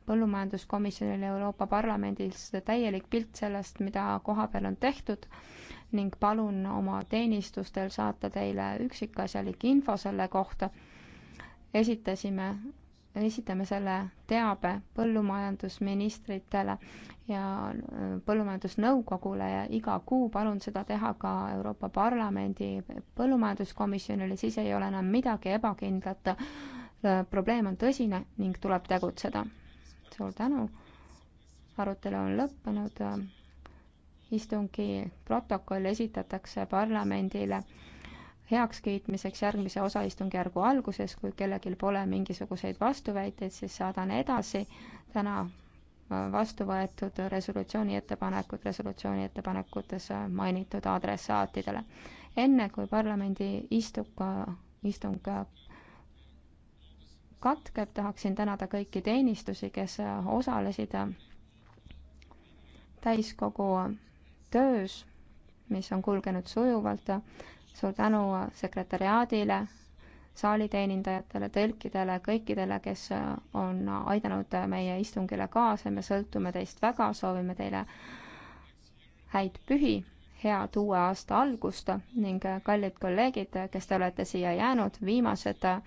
põllumajanduskomisjonile Euroopa Parlamendis täielik pilt sellest, mida koha peal on tehtud ning palun oma teenistustel saata teile üksikasjalik info selle kohta. esitasime esitame selle teabe põllumajandusministritele ja äh, põllumajandusnõukogule ja iga kuu palun seda teha ka Euroopa Parlamendi põllumajanduskomisjonile, siis ei ole enam midagi ebakindlat. Äh, probleem on tõsine ning tuleb tegutseda. suur tänu. arutelu on lõppenud. Äh, istungi protokoll esitatakse parlamendile heakskiitmiseks järgmise osaistungjärgu alguses, kui kellelgi pole mingisuguseid vastuväiteid, siis saadan edasi täna äh, vastu võetud resolutsiooni ettepanekud resolutsiooni ettepanekutes äh, mainitud adressaatidele. enne kui parlamendi istuka, äh, istung katkeb, tahaksin tänada kõiki teenistusi, kes osalesid täiskogu töös, mis on kulgenud sujuvalt suur tänu sekretäriaadile, saaliteenindajatele, tõlkidele, kõikidele, kes on aidanud meie istungile kaasa, me sõltume teist väga, soovime teile häid pühi, head uue aasta algust ning kallid kolleegid, kes te olete siia jäänud, viimased äh,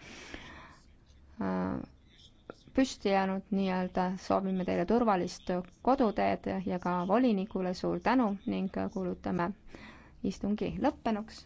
püsti jäänud nii-öelda, soovime teile turvalist koduteed ja ka volinikule suur tänu ning kuulutame istungi lõppenuks